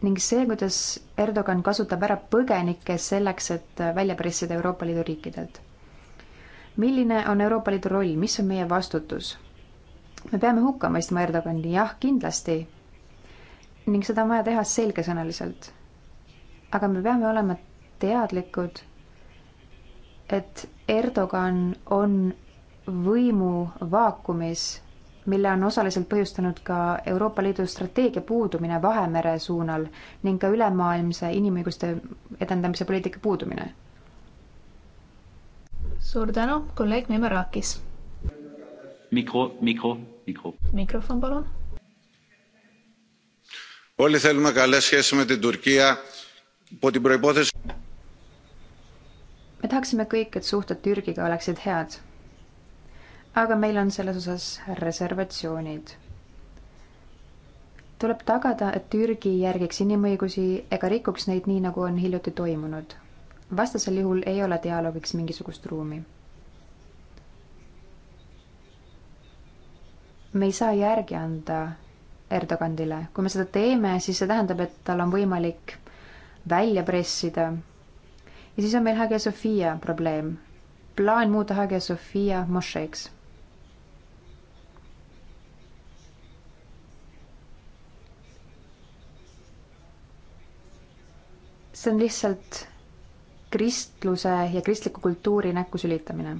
ning see, kuidas Erdogan kasutab ära põgenikke selleks, et välja pressida Euroopa Liidu riikidelt. milline on Euroopa Liidu roll, mis on meie vastutus? me peame hukka mõistma Erdogani, jah, kindlasti. ning seda on vaja teha selgesõnaliselt. aga me peame olema teadlikud, et Erdogan on võimu vaakumis mille on osaliselt põhjustanud ka Euroopa Liidu strateegia puudumine Vahemere suunal ning ka ülemaailmse inimõiguste edendamise poliitika puudumine. suur tänu, kolleeg Memerakis. mikro, mikro, mikro. mikrofon, palun. olles Helme Kallas, kes me Türgiga me tahaksime kõik, et suhted Türgiga oleksid head aga meil on selles osas reservatsioonid. tuleb tagada, et Türgi järgiks inimõigusi ega rikuks neid nii, nagu on hiljuti toimunud. vastasel juhul ei ole dialoogiks mingisugust ruumi. me ei saa järgi anda Erdoganile, kui me seda teeme, siis see tähendab, et tal on võimalik välja pressida. ja siis on meil Hagia Sophia probleem, plaan muuta Hagia Sophia mošeeks see on lihtsalt kristluse ja kristliku kultuuri näkku sülitamine.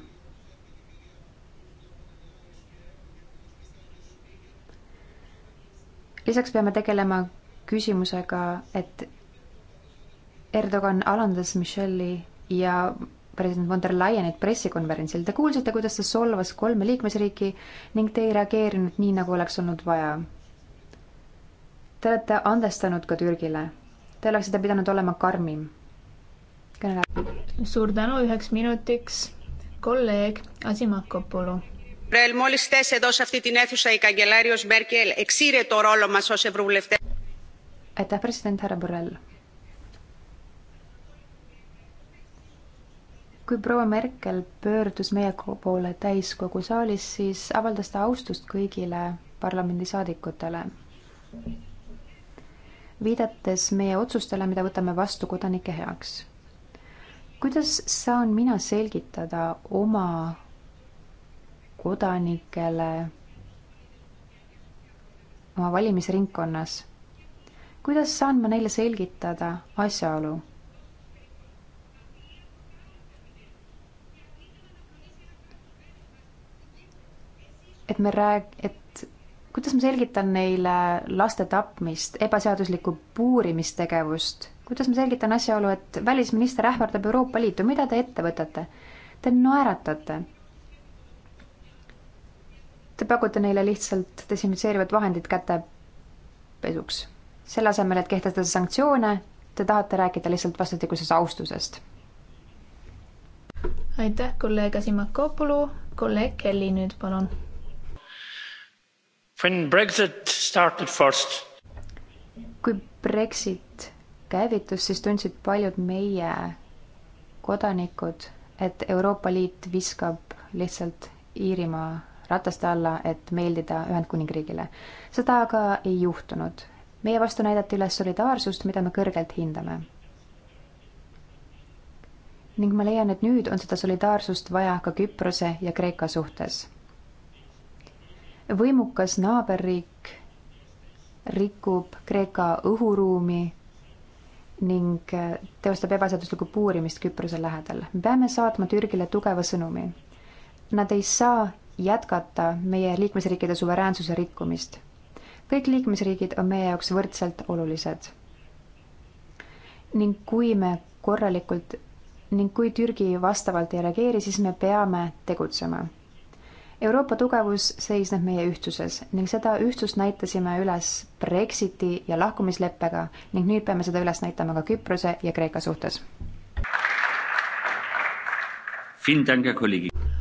lisaks peame tegelema küsimusega, et Erdogan alandas Michelli ja president von der Leyenit pressikonverentsil. Te kuulsite, kuidas ta solvas kolme liikmesriiki ning te ei reageerinud nii, nagu oleks olnud vaja. Te olete andestanud ka Türgile Te oleksite pidanud olema karmim. suur tänu üheks minutiks, kolleeg Asimakopulu. Μόλι χθε εδώ σε αυτή την αίθουσα η καγκελάριο Μέρκελ εξήρε το ρόλο μα ω ευρωβουλευτέ. Aitäh, president härra Borrell. kui proua Merkel pöördus meie poole täiskogu saalis, siis avaldas ta austust kõigile parlamendisaadikutele viidates meie otsustele, mida võtame vastu kodanike heaks. kuidas saan mina selgitada oma kodanikele oma valimisringkonnas, kuidas saan ma neile selgitada asjaolu, et me rääg-, et kuidas ma selgitan neile laste tapmist, ebaseaduslikku puurimistegevust, kuidas ma selgitan asjaolu, et välisminister ähvardab Euroopa Liitu, mida te ette võtate? Te naeratate. Te pakute neile lihtsalt desinfitseerivat vahendit kätepesuks. selle asemel, et kehtestada sanktsioone, te tahate rääkida lihtsalt vastastikusest austusest. aitäh, kolleeg Asimakopulu, kolleeg Kelly nüüd palun When Brexit started first. kui Brexit käivitus, siis tundsid paljud meie kodanikud, et Euroopa Liit viskab lihtsalt Iirimaa rataste alla, et meeldida Ühendkuningriigile. seda aga ei juhtunud. meie vastu näidati üles solidaarsust, mida me kõrgelt hindame. ning ma leian, et nüüd on seda solidaarsust vaja ka Küprose ja Kreeka suhtes võimukas naaberriik rikub Kreeka õhuruumi ning äh, teostab ebaseaduslikku puurimist Küprose lähedal. me peame saatma Türgile tugeva sõnumi. Nad ei saa jätkata meie liikmesriikide suveräänsuse rikkumist. kõik liikmesriigid on meie jaoks võrdselt olulised. ning kui me korralikult ning kui Türgi vastavalt ei reageeri, siis me peame tegutsema Euroopa tugevus seisneb meie ühtsuses ning seda ühtsust näitasime üles Brexiti ja lahkumisleppega ning nüüd peame seda üles näitama ka Küprose ja Kreeka suhtes.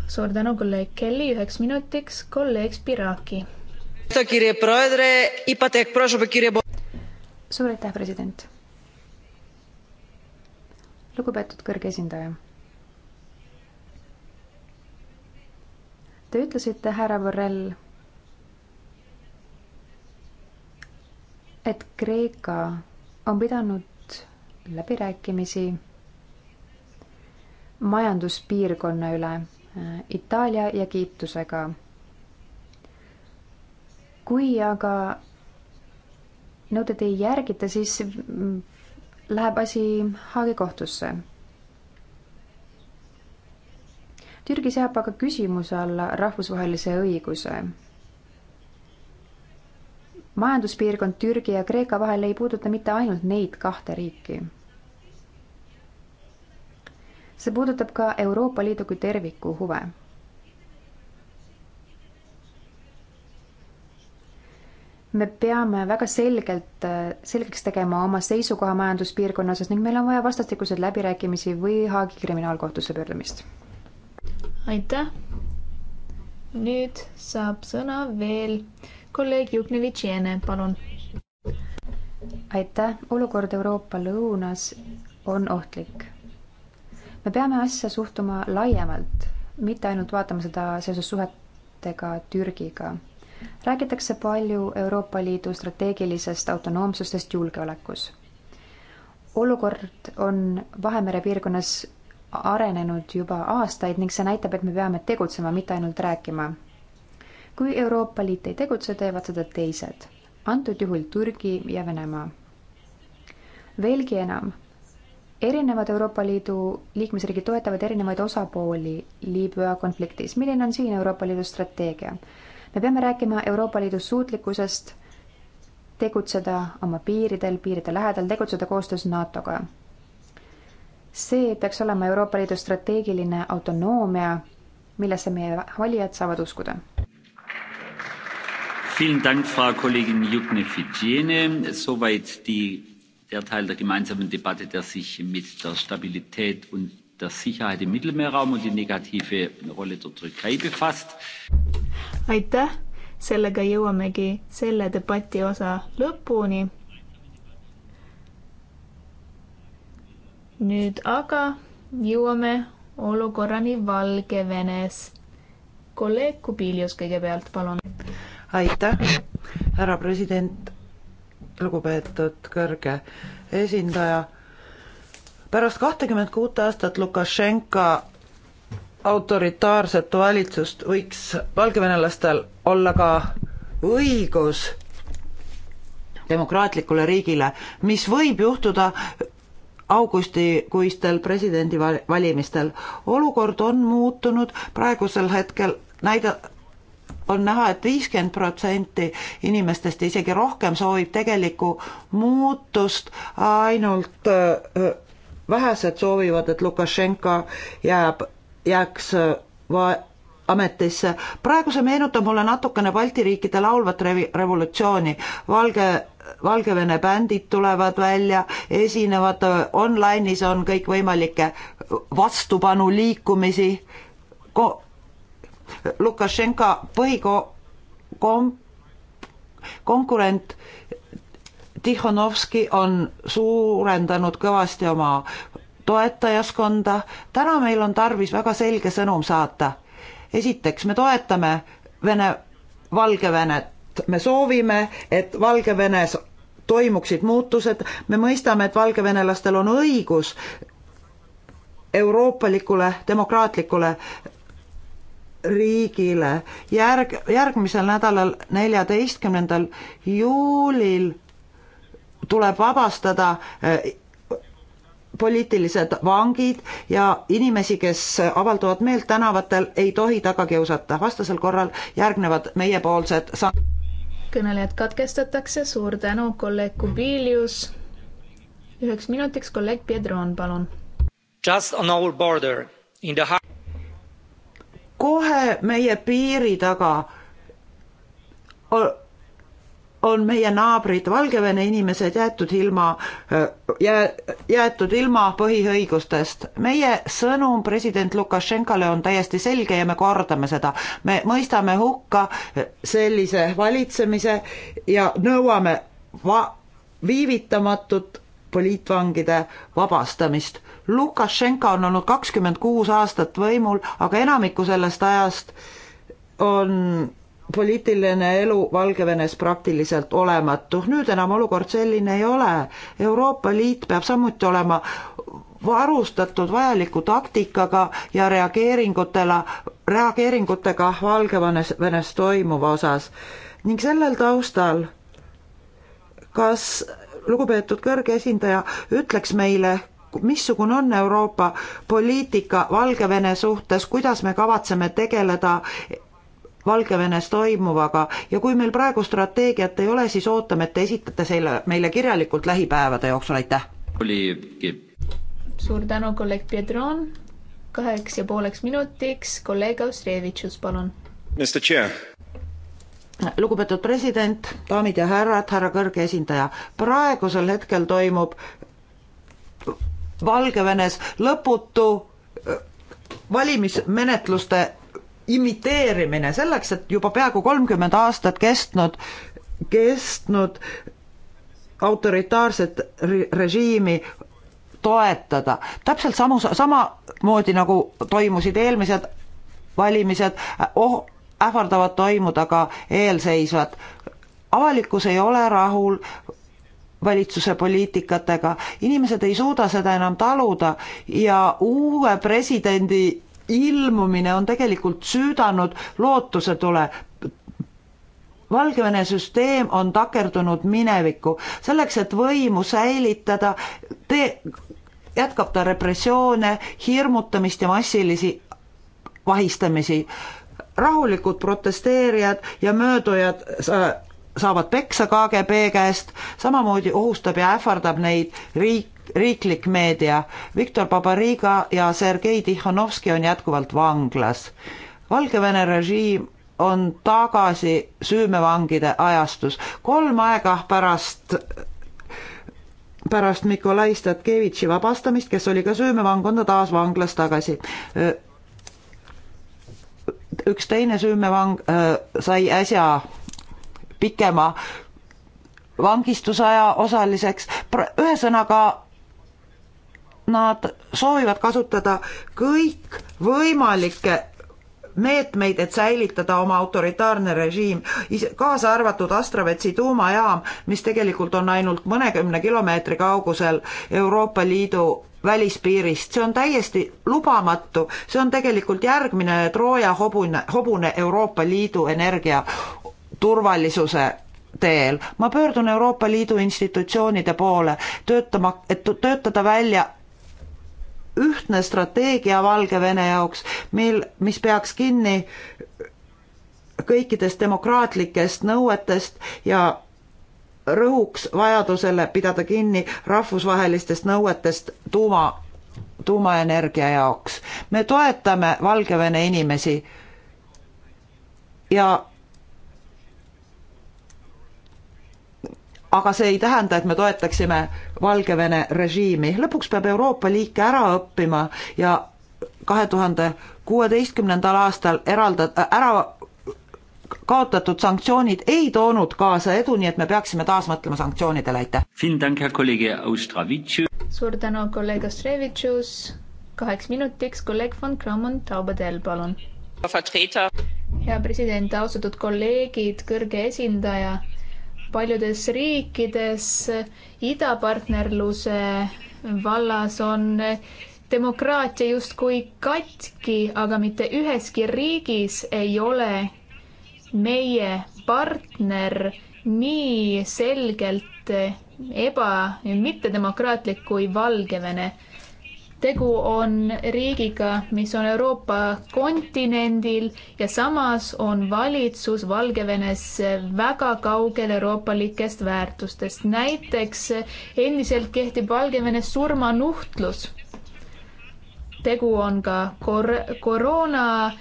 suur tänu, kolleeg Kelly, üheks minutiks kolleeg Spiraki. suur aitäh, president. lugupeetud kõrge esindaja Te ütlesite, härra Borrell, et Kreeka on pidanud läbirääkimisi majanduspiirkonna üle äh, Itaalia ja kiitusega. kui aga nõudeid ei järgita, siis läheb asi Haagi kohtusse Türgi seab aga küsimuse alla rahvusvahelise õiguse. majanduspiirkond Türgi ja Kreeka vahel ei puuduta mitte ainult neid kahte riiki. see puudutab ka Euroopa Liidu kui terviku huve me peame väga selgelt, selgeks tegema oma seisukoha majanduspiirkonna osas ning meil on vaja vastastikuseid läbirääkimisi või Haagi kriminaalkohtusse pöördumist aitäh. nüüd saab sõna veel kolleeg Juknevitš Jene, palun. aitäh, olukord Euroopa lõunas on ohtlik. me peame asja suhtuma laiemalt, mitte ainult vaatama seda seoses suhetega Türgiga räägitakse palju Euroopa Liidu strateegilisest autonoomsusest julgeolekus. olukord on Vahemere piirkonnas arenenud juba aastaid ning see näitab, et me peame tegutsema, mitte ainult rääkima. kui Euroopa Liit ei tegutse, teevad seda teised, antud juhul Türgi ja Venemaa. veelgi enam, erinevad Euroopa Liidu liikmesriigid toetavad erinevaid osapooli Liibüa konfliktis. milline on siin Euroopa Liidu strateegia? me peame rääkima Euroopa Liidu suutlikkusest tegutseda oma piiridel, piiride lähedal, tegutseda koostöös NATO-ga see peaks olema Euroopa Liidu strateegiline autonoomia, millesse meie valijad saavad uskuda. Vielen Dank, Frau Kollegin Jukne-Fitjene. Soweit die, der Teil der gemeinsamen Debatte, der sich mit der Stabilität und der Sicherheit im Mittelmeerraum und die negative Rolle der Türkei befasst. Aitäh! Sellega jõuamegi selle debati osa lõpuni nüüd aga jõuame olukorrani Valgevenes. kolleeg Kubilius kõigepealt, palun. aitäh, härra president, lugupeetud kõrge esindaja. pärast kahtekümmet kuut aastat Lukašenka autoritaarset valitsust võiks valgevenelastel olla ka õigus demokraatlikule riigile, mis võib juhtuda augustikuistel presidendivalimistel. olukord on muutunud, praegusel hetkel näida-, on näha et, et viiskümmend protsenti inimestest, isegi rohkem, soovib tegelikku muutust, ainult vähesed soovivad, et Lukašenka jääb, jääks va-, ametisse. praegu see meenutab mulle natukene Balti riikide laulvat revi-, revolutsiooni. Valge Valgevene bändid tulevad välja, esinevad online'is on kõikvõimalikke vastupanuliikumisi. Lukašenka põhiko-, kom-, konkurent Tihhanovski on suurendanud kõvasti oma toetajaskonda. täna meil on tarvis väga selge sõnum saata. esiteks, me toetame Vene, Valgevenet muutust, me soovime, et Valgevenes toimuksid muutused, me mõistame, et valgevenelastel on õigus euroopalikule demokraatlikule riigile. järg, järgmisel nädalal, neljateistkümnendal juulil tuleb vabastada eh, poliitilised vangid ja inimesi, kes avaldavad meelt tänavatel, ei tohi taga kiusata, vastasel korral järgnevad meiepoolsed sanktsioonid kõnelejad katkestatakse, suur tänu, kolleeg Kubilius. üheks minutiks kolleeg Piedron, palun. Just on our border in the kohe meie piiri taga on meie naabrid Valgevene inimesed jäetud ilma, jäetud ilma põhiõigustest. meie sõnum president Lukašenkale on täiesti selge ja me kordame seda. me mõistame hukka sellise valitsemise ja nõuame va-, viivitamatut poliitvangide vabastamist. Lukašenka on olnud kakskümmend kuus aastat võimul, aga enamiku sellest ajast on poliitiline elu Valgevenes praktiliselt olematu. nüüd enam olukord selline ei ole. Euroopa Liit peab samuti olema varustatud vajaliku taktikaga ja reageeringutele, reageeringutega Valgevenes, Venes toimuva osas. ning sellel taustal, kas lugupeetud kõrge esindaja ütleks meile, missugune on Euroopa poliitika Valgevene suhtes, kuidas me kavatseme tegeleda Valgevenes toimuvaga ja kui meil praegu strateegiat ei ole, siis ootame, et te esitate selle meile kirjalikult lähipäevade jooksul, aitäh! suur tänu, kolleeg Piedron, kaheks ja pooleks minutiks kolleeg Austrevitšus, palun! lugupeetud president, daamid ja härrad, härra kõrge esindaja, praegusel hetkel toimub Valgevenes lõputu äh, valimismenetluste imiteerimine selleks, et juba peaaegu kolmkümmend aastat kestnud, kestnud autoritaarset režiimi toetada. täpselt samu, samamoodi nagu toimusid eelmised valimised oh,, ähvardavad toimuda ka eelseisvad. avalikkus ei ole rahul valitsuse poliitikatega, inimesed ei suuda seda enam taluda ja uue presidendi ilmumine on tegelikult süüdanud lootuse tule. Valgevene süsteem on takerdunud minevikku, selleks et võimu säilitada, tee, jätkab ta repressioone, hirmutamist ja massilisi vahistamisi rahulikud protesteerijad ja möödujad äh, saavad peksa KGB käest, samamoodi ohustab ja ähvardab neid riik, riiklik meedia. Viktor Babariga ja Sergei Tihhanovski on jätkuvalt vanglas. Valgevene režiim on tagasi süümevangide ajastus. kolm aega pärast pärast Nikolai Statkevitši vabastamist, kes oli ka söömevang, on ta taas vanglas tagasi. üks teine söömevang äh, sai äsja pikema vangistusaja osaliseks, ühesõnaga nad soovivad kasutada kõikvõimalikke meetmeid, et säilitada oma autoritaarne režiim, kaasa arvatud Astravetsi tuumajaam, mis tegelikult on ainult mõnekümne kilomeetri kaugusel Euroopa Liidu välispiirist, see on täiesti lubamatu, see on tegelikult järgmine Trooja hobune, hobune Euroopa Liidu energia turvalisuse teel. ma pöördun Euroopa Liidu institutsioonide poole töötama, et töötada välja ühtne strateegia Valgevene jaoks, mil, mis peaks kinni kõikidest demokraatlikest nõuetest ja rõhuks vajadusele pidada kinni rahvusvahelistest nõuetest tuuma, tuumaenergia jaoks. me toetame Valgevene inimesi ja aga see ei tähenda, et me toetaksime Valgevene režiimi. lõpuks peab Euroopa liike ära õppima ja kahe tuhande kuueteistkümnendal aastal eralda, ära kaotatud sanktsioonid ei toonud kaasa edu, nii et me peaksime taas mõtlema sanktsioonidele, aitäh. suur tänu, kolleeg Ostrevitšus. kaheks minutiks kolleeg von Krammon Taubadel, palun. hea president, austatud kolleegid, kõrge esindaja paljudes riikides idapartnerluse vallas on demokraatia justkui katki, aga mitte üheski riigis ei ole meie partner nii selgelt eba, mittedemokraatlik kui Valgevene tegu on riigiga, mis on Euroopa kontinendil ja samas on valitsus Valgevenes väga kaugel euroopalikest väärtustest. näiteks endiselt kehtib Valgevenes surmanuhtlus. tegu on ka kor-, koroona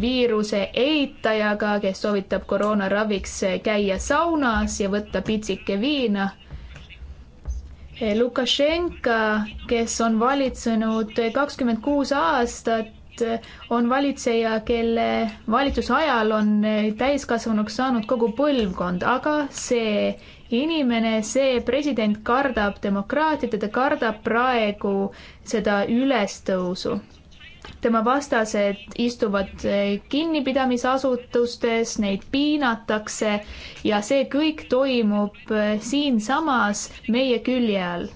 viiruse eitajaga, kes soovitab koroonaraviks käia saunas ja võtta pitsike viina Eh, Lukašenka, kes on valitsenud eh, kakskümmend kuus aastat, eh, on valitseja, kelle valitsuse ajal on täiskasvanuks saanud kogu põlvkond, aga see inimene, see president kardab demokraatiat ja ta kardab praegu seda ülestõusu tema vastased istuvad eh, kinnipidamisasutustes, neid piinatakse ja see kõik toimub eh, siinsamas meie külje all.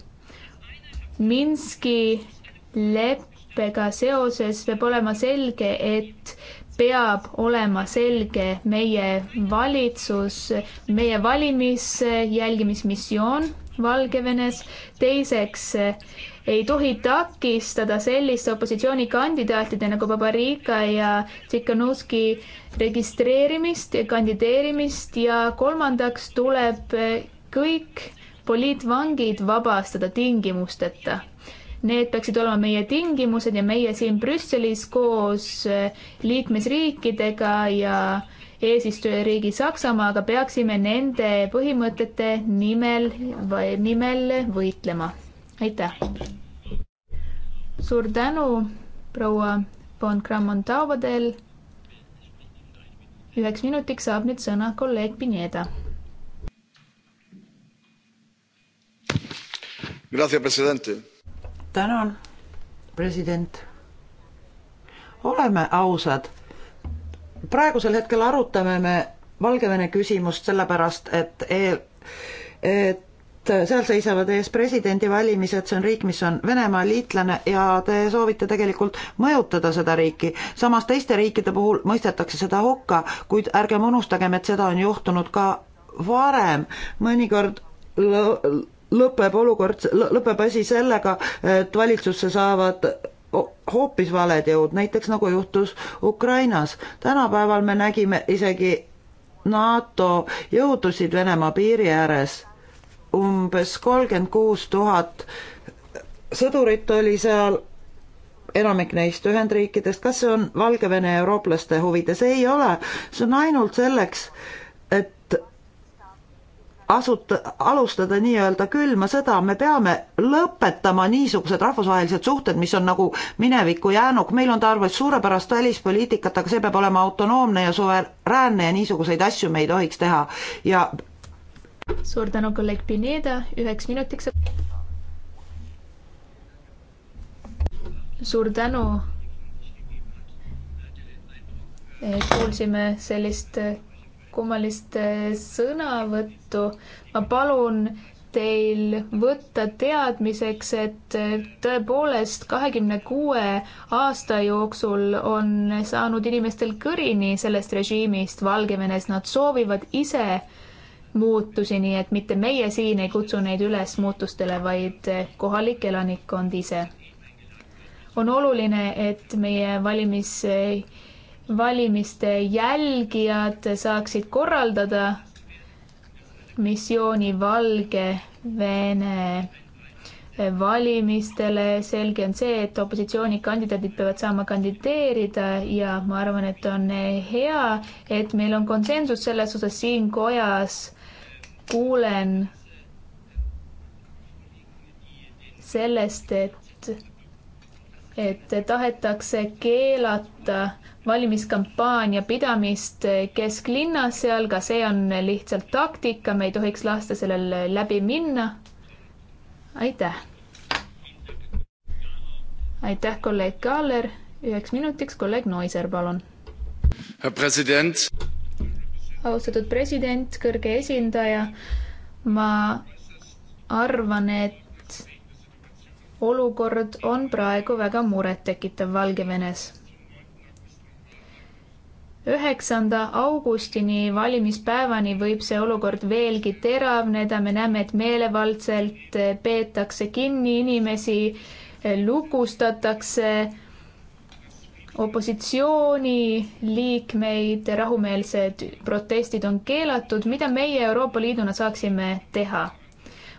Minski leppega seoses peab olema selge, et peab olema selge meie valitsus, meie valimisjälgimismissioon Valgevenes, teiseks ei tohi takistada selliste opositsioonikandidaatide nagu Babarika ja Tsikhanovski registreerimist ja kandideerimist ja kolmandaks tuleb eh, kõik poliitvangid vabastada tingimusteta. Need peaksid olema meie tingimused ja meie siin Brüsselis koos eh, liikmesriikidega ja eesistujariigi Saksamaaga peaksime nende põhimõtete nimel või nimel võitlema aitäh! suur tänu, proua von Krammon-Taubadel. üheks minutiks saab nüüd sõna kolleeg Pineda. tänan, president. oleme ausad, praegusel hetkel arutame me Valgevene küsimust sellepärast, et e, et seal seisavad ees presidendivalimised, see on riik, mis on Venemaa liitlane ja te soovite tegelikult mõjutada seda riiki. samas teiste riikide puhul mõistetakse seda hukka, kuid ärgem unustagem, et seda on juhtunud ka varem mõnikord, mõnikord lõpeb olukord, lõpeb asi sellega, et valitsusse saavad hoopis valed jõud, näiteks nagu juhtus Ukrainas. tänapäeval me nägime isegi NATO jõudusid Venemaa piiri ääres umbes kolmkümmend kuus tuhat sõdurit oli seal, enamik neist Ühendriikidest, kas see on Valgevene eurooplaste huvides, ei ole, see on ainult selleks, et asuta, alustada nii-öelda külma sõda, me peame lõpetama niisugused rahvusvahelised suhted, mis on nagu mineviku jäänuk, meil on tarvis suurepärast välispoliitikat, aga see peab olema autonoomne ja suveräänne ja niisuguseid asju me ei tohiks teha. ja suur tänu, kolleeg Pineda, üheks minutiks. suur tänu. Eh, kuulsime sellist eh, kummalist eh, sõnavõttu. ma palun teil võtta teadmiseks, et tõepoolest kahekümne kuue aasta jooksul on saanud inimestel kõrini sellest režiimist Valgevenes, nad soovivad ise muutusi, nii et mitte meie siin ei kutsu neid üles muutustele, vaid kohalik elanikkond ise. on oluline, et meie valimis, valimiste jälgijad saaksid korraldada missiooni Valgevene valimistele. selge on see, et opositsioonikandidaadid peavad saama kandideerida ja ma arvan, et on hea, et meil on konsensus selles osas siin kojas, kuulen sellest, et, et tahetakse keelata valimiskampaania pidamist kesklinnas seal, ka see on lihtsalt taktika, me ei tohiks lasta sellel läbi minna. aitäh. aitäh, kolleeg Kaaler, üheks minutiks kolleeg Noiser, palun. härra president austatud president, kõrge esindaja. ma arvan, et olukord on praegu väga murettekitav Valgevenes. Üheksanda augustini valimispäevani võib see olukord veelgi teravneda, me näeme, et meelevaldselt peetakse kinni inimesi, lukustatakse opositsiooniliikmeid, rahumeelsed protestid on keelatud, mida meie Euroopa Liiduna saaksime teha?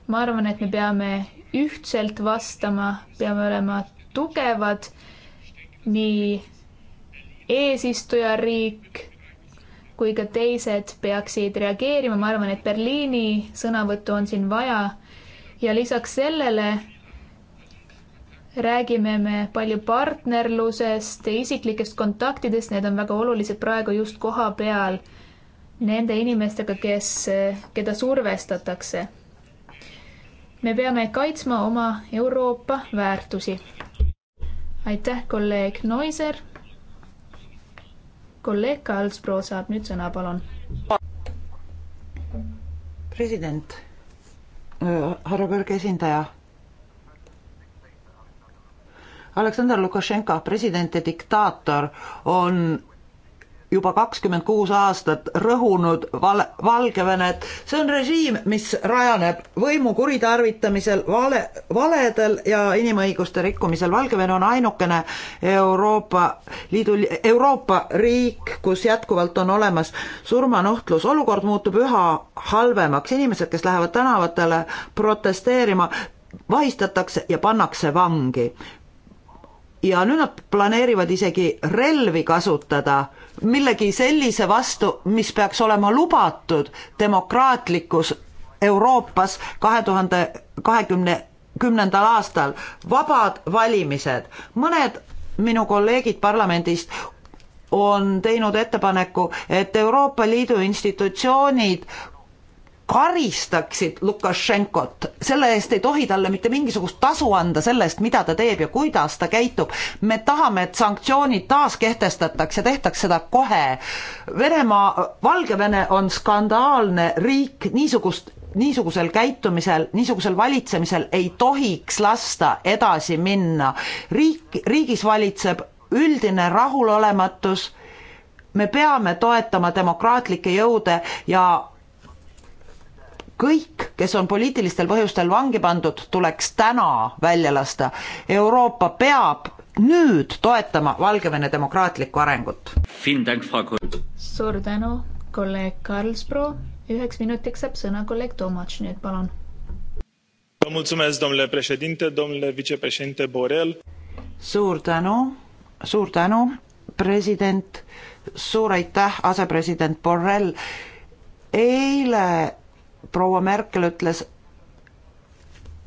ma arvan, et me peame ühtselt vastama, peame olema tugevad, nii eesistujariik kui ka teised peaksid reageerima, ma arvan, et Berliini sõnavõttu on siin vaja ja lisaks sellele räägime me palju partnerlusest, isiklikest kontaktidest, need on väga olulised praegu just koha peal nende inimestega, kes, keda survestatakse. me peame kaitsma oma Euroopa väärtusi. aitäh, kolleeg Noiser. kolleeg Kalspro saab nüüd sõna, palun. president, äh, härra kõrge esindaja Aleksandr Lukašenka, president ja diktaator, on juba kakskümmend kuus aastat rõhunud val-, Valgevenet. see on režiim, mis rajaneb võimu kuritarvitamisel, vale, valedel ja inimõiguste rikkumisel. Valgevene on ainukene Euroopa Liidu, Euroopa riik, kus jätkuvalt on olemas surmanuhtlus. olukord muutub üha halvemaks, inimesed, kes lähevad tänavatele protesteerima, vahistatakse ja pannakse vangi ja nüüd nad planeerivad isegi relvi kasutada millegi sellise vastu, mis peaks olema lubatud demokraatlikus Euroopas kahe tuhande kahekümne kümnendal aastal vabad valimised. mõned minu kolleegid parlamendist on teinud ettepaneku, et Euroopa Liidu institutsioonid karistaksid Lukašenkot, selle eest ei tohi talle mitte mingisugust tasu anda sellest, mida ta teeb ja kuidas ta käitub. me tahame, et sanktsioonid taas kehtestataks ja tehtaks seda kohe. Venemaa, Valgevene on skandaalne riik, niisugust niisugusel käitumisel, niisugusel valitsemisel ei tohiks lasta edasi minna. riik, riigis valitseb üldine rahulolematus. me peame toetama demokraatlikke jõude ja kõik, kes on poliitilistel põhjustel vangi pandud, tuleks täna välja lasta. Euroopa peab nüüd toetama Valgevene demokraatlikku arengut. suur tänu, kolleeg Karlsbro. üheks minutiks saab sõna kolleeg Tomatš, nüüd palun. suur tänu, suur tänu, president, suur aitäh, asepresident Borrell. eile proua Merkel ütles,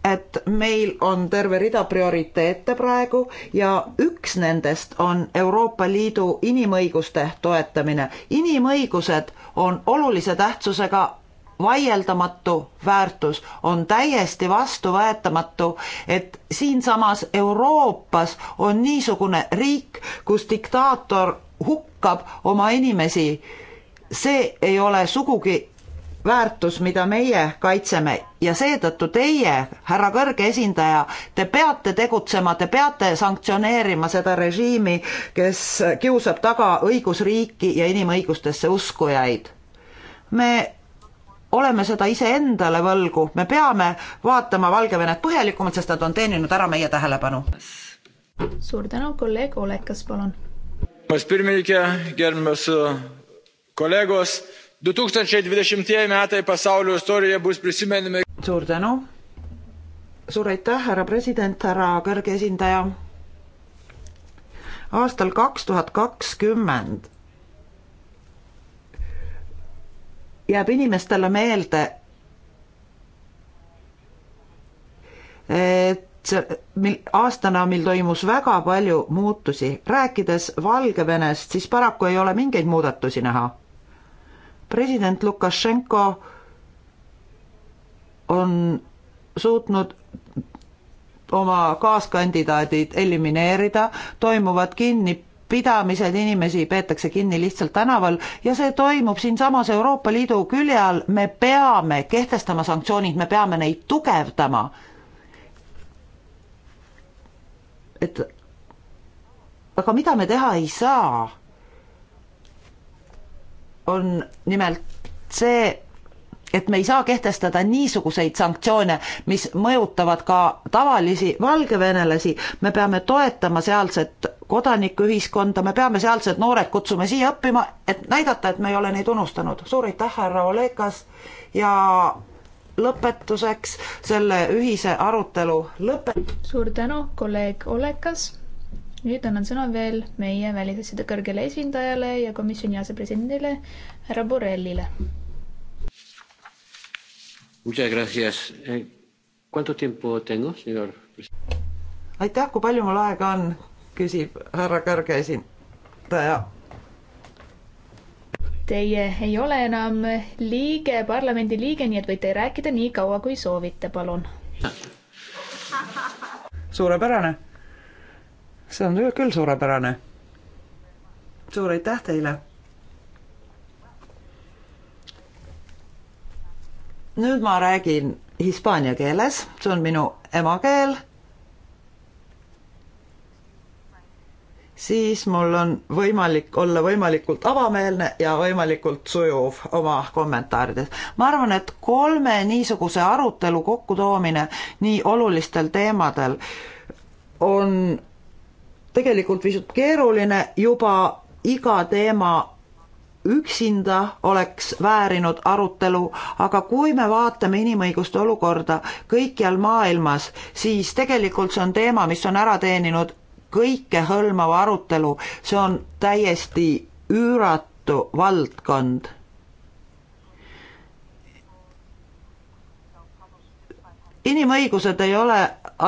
et meil on terve rida prioriteete praegu ja üks nendest on Euroopa Liidu inimõiguste toetamine. inimõigused on olulise tähtsusega vaieldamatu väärtus, on täiesti vastuvõetamatu, et siinsamas Euroopas on niisugune riik, kus diktaator hukkab oma inimesi. see ei ole sugugi väärtus, mida meie kaitseme ja seetõttu teie, härra kõrge esindaja, te peate tegutsema, te peate sanktsioneerima seda režiimi, kes kiusab taga õigusriiki ja inimõigustesse uskujaid. me oleme seda iseendale võlgu, me peame vaatama Valgevenet põhjalikumalt, sest nad on teeninud ära meie tähelepanu. suur tänu, kolleeg Olekas, palun. kolleegos du tūkstančiai dvidešimtieji metai pasaulio istorijoje bus prisimenami. suur tänu. suur aitäh, härra president, härra kõrge esindaja. aastal kaks tuhat kakskümmend jääb inimestele meelde, et mil, aastana, mil toimus väga palju muutusi, rääkides Valgevenest, siis paraku ei ole mingeid muudatusi näha president Lukašenko on suutnud oma kaaskandidaadid elimineerida, toimuvad kinnipidamised, inimesi peetakse kinni lihtsalt tänaval ja see toimub siinsamas Euroopa Liidu külje all, me peame kehtestama sanktsioonid, me peame neid tugevdama. et aga mida me teha ei saa on nimelt see, et me ei saa kehtestada niisuguseid sanktsioone, mis mõjutavad ka tavalisi valgevenelasi, me peame toetama sealset kodanikuühiskonda, me peame sealsed noored kutsuma siia õppima, et näidata, et me ei ole neid unustanud. suur aitäh, härra Olekas ja lõpetuseks selle ühise arutelu lõpe-. suur tänu, kolleeg Olekas nüüd annan sõna veel meie välisasjade kõrgele esindajale ja komisjoni asepresidendile härra Borrellile. Eh, aitäh, kui palju mul aega on, küsib härra kõrge esindaja. Teie ei ole enam liige, parlamendi liige, nii et võite rääkida nii kaua, kui soovite, palun. suurepärane see on küll suurepärane. suur aitäh teile. nüüd ma räägin hispaania keeles, see on minu emakeel. siis mul on võimalik olla võimalikult avameelne ja võimalikult sujuv oma kommentaarides. ma arvan, et kolme niisuguse arutelu kokkutoomine nii olulistel teemadel on tegelikult pisut keeruline, juba iga teema üksinda oleks väärinud arutelu, aga kui me vaatame inimõiguste olukorda kõikjal maailmas, siis tegelikult see on teema, mis on ära teeninud kõikehõlmava arutelu, see on täiesti üüratu valdkond. inimõigused ei ole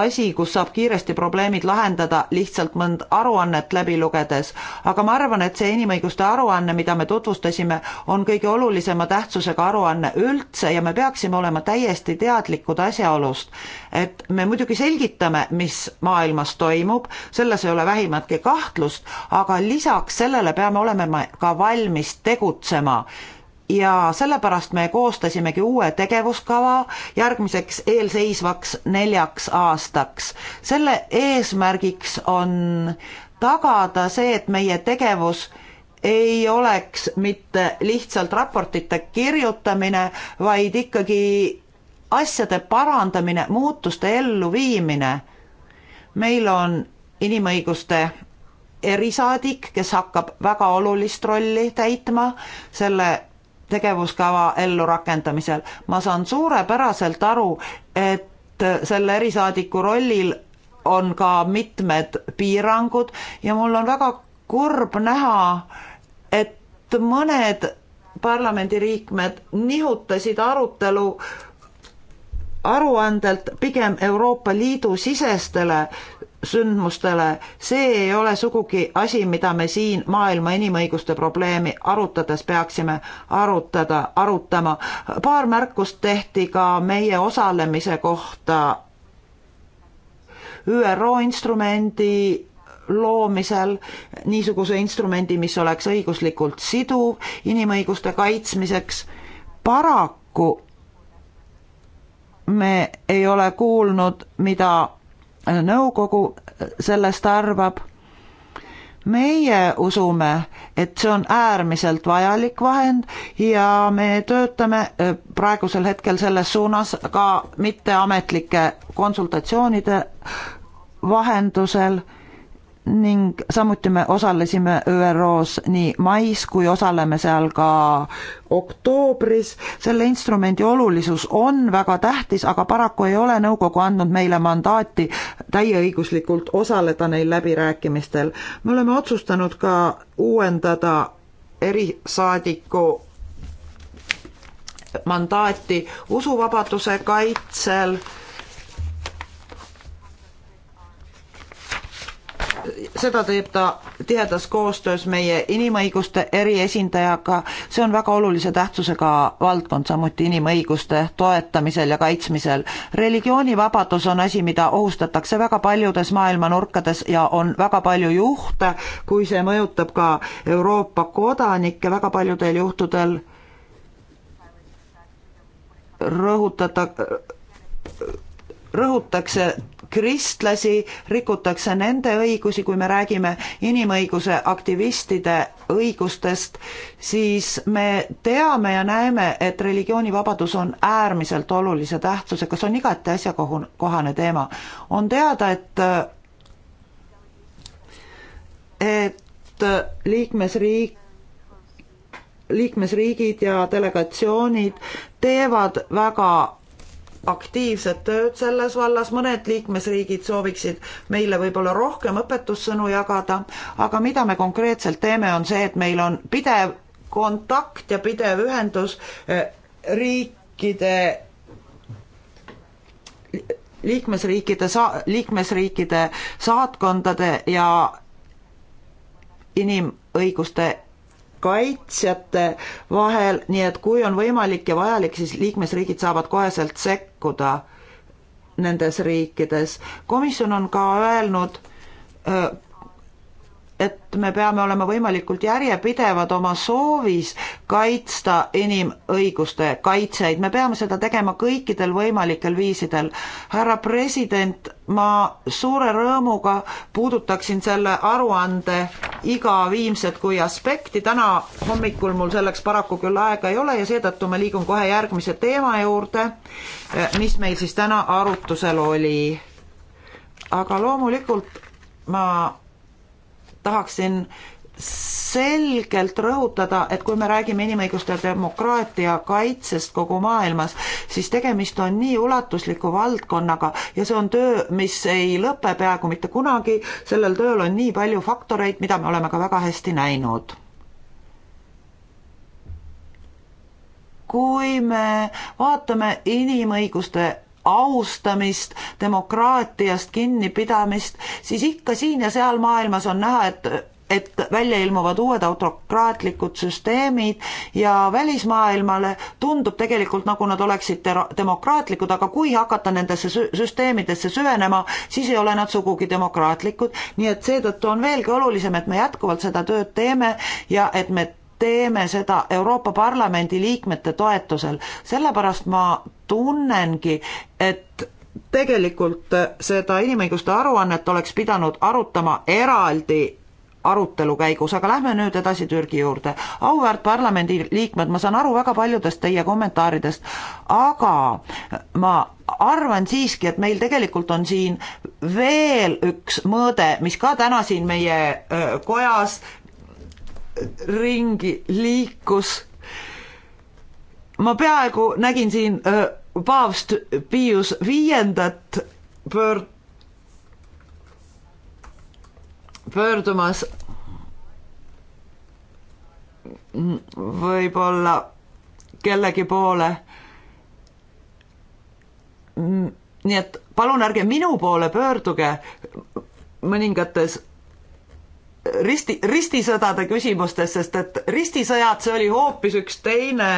asi, kus saab kiiresti probleemid lahendada lihtsalt mõnd aruannet läbi lugedes, aga ma arvan, et see inimõiguste aruanne, mida me tutvustasime, on kõige olulisema tähtsusega aruanne üldse ja me peaksime olema täiesti teadlikud asjaolust, et me muidugi selgitame, mis maailmas toimub, selles ei ole vähimatki kahtlust, aga lisaks sellele peame olema ka valmis tegutsema ja sellepärast me koostasimegi uue tegevuskava järgmiseks eelseisvaks neljaks aastaks. selle eesmärgiks on tagada see, et meie tegevus ei oleks mitte lihtsalt raportite kirjutamine, vaid ikkagi asjade parandamine, muutuste elluviimine. meil on inimõiguste erisaadik, kes hakkab väga olulist rolli täitma selle tegevuskava ellurakendamisel. ma saan suurepäraselt aru, et selle erisaadiku rollil on ka mitmed piirangud ja mul on väga kurb näha, et mõned parlamendiliikmed nihutasid arutelu aruandelt pigem Euroopa Liidu sisestele sündmustele, see ei ole sugugi asi, mida me siin maailma inimõiguste probleemi arutades peaksime arutada, arutama. paar märkust tehti ka meie osalemise kohta ÜRO instrumendi loomisel, niisuguse instrumendi, mis oleks õiguslikult siduv inimõiguste kaitsmiseks. paraku me ei ole kuulnud, mida nõukogu äh, sellest arvab. meie usume, et see on äärmiselt vajalik vahend ja me töötame äh, praegusel hetkel selles suunas ka mitteametlike konsultatsioonide vahendusel ning samuti me osalesime ÜRO-s nii mais kui osaleme seal ka oktoobris. selle instrumendi olulisus on väga tähtis, aga paraku ei ole nõukogu andnud meile mandaati täieõiguslikult osaleda neil läbirääkimistel. me oleme otsustanud ka uuendada erisaadiku mandaati usuvabaduse kaitsel seda teeb ta tihedas koostöös meie inimõiguste eriesindajaga, see on väga olulise tähtsusega valdkond, samuti inimõiguste toetamisel ja kaitsmisel. religioonivabadus on asi, mida ohustatakse väga paljudes maailma nurkades ja on väga palju juhte, kui see mõjutab ka Euroopa kodanikke väga paljudel juhtudel rõhutada, rõhutakse kristlasi, rikutakse nende õigusi, kui me räägime inimõiguse aktivistide õigustest, siis me teame ja näeme, et religioonivabadus on äärmiselt olulise tähtsusega, see on igati asjakohane teema. on teada, et et liikmesriik, liikmesriigid ja delegatsioonid teevad väga aktiivset tööd selles vallas, mõned liikmesriigid sooviksid meile võib-olla rohkem õpetussõnu jagada, aga mida me konkreetselt teeme, on see, et meil on pidev kontakt ja pidev ühendus eh, riikide liikmesriikide sa-, liikmesriikide saatkondade ja inimõiguste kaitsjate vahel, nii et kui on võimalik ja vajalik, siis liikmesriigid saavad koheselt sekkuda nendes riikides. komisjon on ka öelnud et me peame olema võimalikult järjepidevad oma soovis kaitsta inimõiguste kaitseid, me peame seda tegema kõikidel võimalikel viisidel. härra president, ma suure rõõmuga puudutaksin selle aruande igaviimset kui aspekti, täna hommikul mul selleks paraku küll aega ei ole ja seetõttu ma liigun kohe järgmise teema juurde, mis meil siis täna arutusel oli. aga loomulikult ma tahaksin selgelt rõhutada, et kui me räägime inimõiguste ja demokraatia kaitsest kogu maailmas, siis tegemist on nii ulatusliku valdkonnaga ja see on töö, mis ei lõpe peaaegu mitte kunagi, sellel tööl on nii palju faktoreid, mida me oleme ka väga hästi näinud kui me vaatame inimõiguste austamist, demokraatiast kinnipidamist, siis ikka siin ja seal maailmas on näha, et et välja ilmuvad uued autokraatlikud süsteemid ja välismaailmale tundub tegelikult, nagu nad oleksid demokraatlikud, aga kui hakata nendesse süsteemidesse süvenema, siis ei ole nad sugugi demokraatlikud, nii et seetõttu on veelgi olulisem, et me jätkuvalt seda tööd teeme ja et me teeme seda Euroopa Parlamendi liikmete toetusel, sellepärast ma tunnengi, et tegelikult seda inimõiguste aruannet oleks pidanud arutama eraldi arutelu käigus, aga lähme nüüd edasi Türgi juurde. auväärt parlamendi liikmed, ma saan aru väga paljudest teie kommentaaridest, aga ma arvan siiski, et meil tegelikult on siin veel üks mõõde, mis ka täna siin meie kojas ringi liikus. ma peaaegu nägin siin äh, paavst Pius viiendat pöör-, pöördumas võib-olla kellegi poole. nii et palun ärge minu poole pöörduge mõningates risti, ristisõdade küsimustes, sest et ristisõjad, see oli hoopis üks teine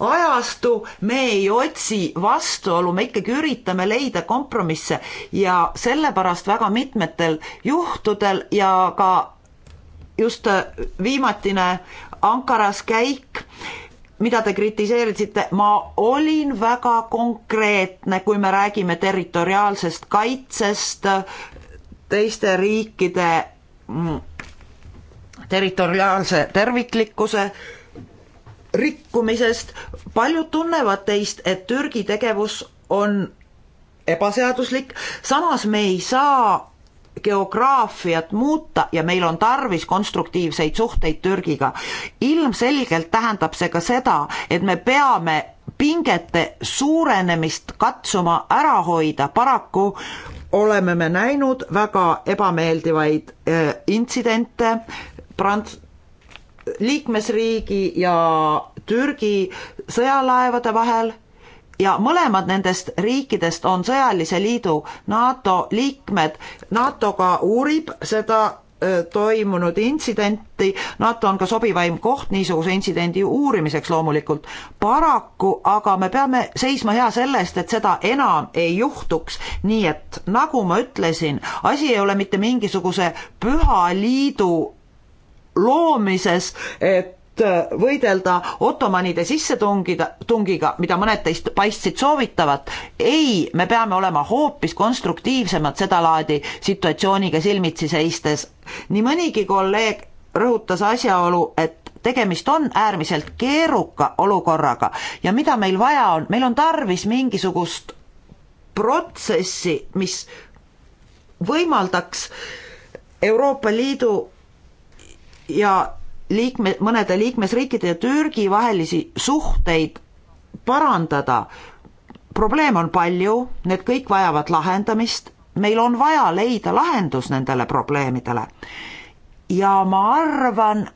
ajastu, me ei otsi vastuolu, me ikkagi üritame leida kompromisse ja sellepärast väga mitmetel juhtudel ja ka just viimatine Ankaras käik, mida te kritiseerisite, ma olin väga konkreetne, kui me räägime territoriaalsest kaitsest, teiste riikide mm, territoriaalse terviklikkuse rikkumisest. paljud tunnevad teist, et Türgi tegevus on ebaseaduslik, samas me ei saa geograafiat muuta ja meil on tarvis konstruktiivseid suhteid Türgiga. ilmselgelt tähendab see ka seda, et me peame pingete suurenemist katsuma ära hoida, paraku oleme me näinud väga ebameeldivaid eh, intsidente Prants-, liikmesriigi ja Türgi sõjalaevade vahel ja mõlemad nendest riikidest on sõjalise liidu NATO liikmed. NATO ka uurib seda toimunud intsidenti, NATO on ka sobivaim koht niisuguse intsidendi uurimiseks loomulikult. paraku aga me peame seisma hea selle eest, et seda enam ei juhtuks, nii et nagu ma ütlesin, asi ei ole mitte mingisuguse püha liidu loomises, et äh, võidelda ottomanide sissetungida, tungiga, mida mõned teist paistsid soovitavat. ei, me peame olema hoopis konstruktiivsemad sedalaadi situatsiooniga silmitsi seistes. nii mõnigi kolleeg rõhutas asjaolu, et tegemist on äärmiselt keeruka olukorraga ja mida meil vaja on, meil on tarvis mingisugust protsessi, mis võimaldaks Euroopa Liidu ja liikme, mõnede liikmesriikide ja Türgi vahelisi suhteid parandada. probleeme on palju, need kõik vajavad lahendamist, meil on vaja leida lahendus nendele probleemidele. ja ma arvan,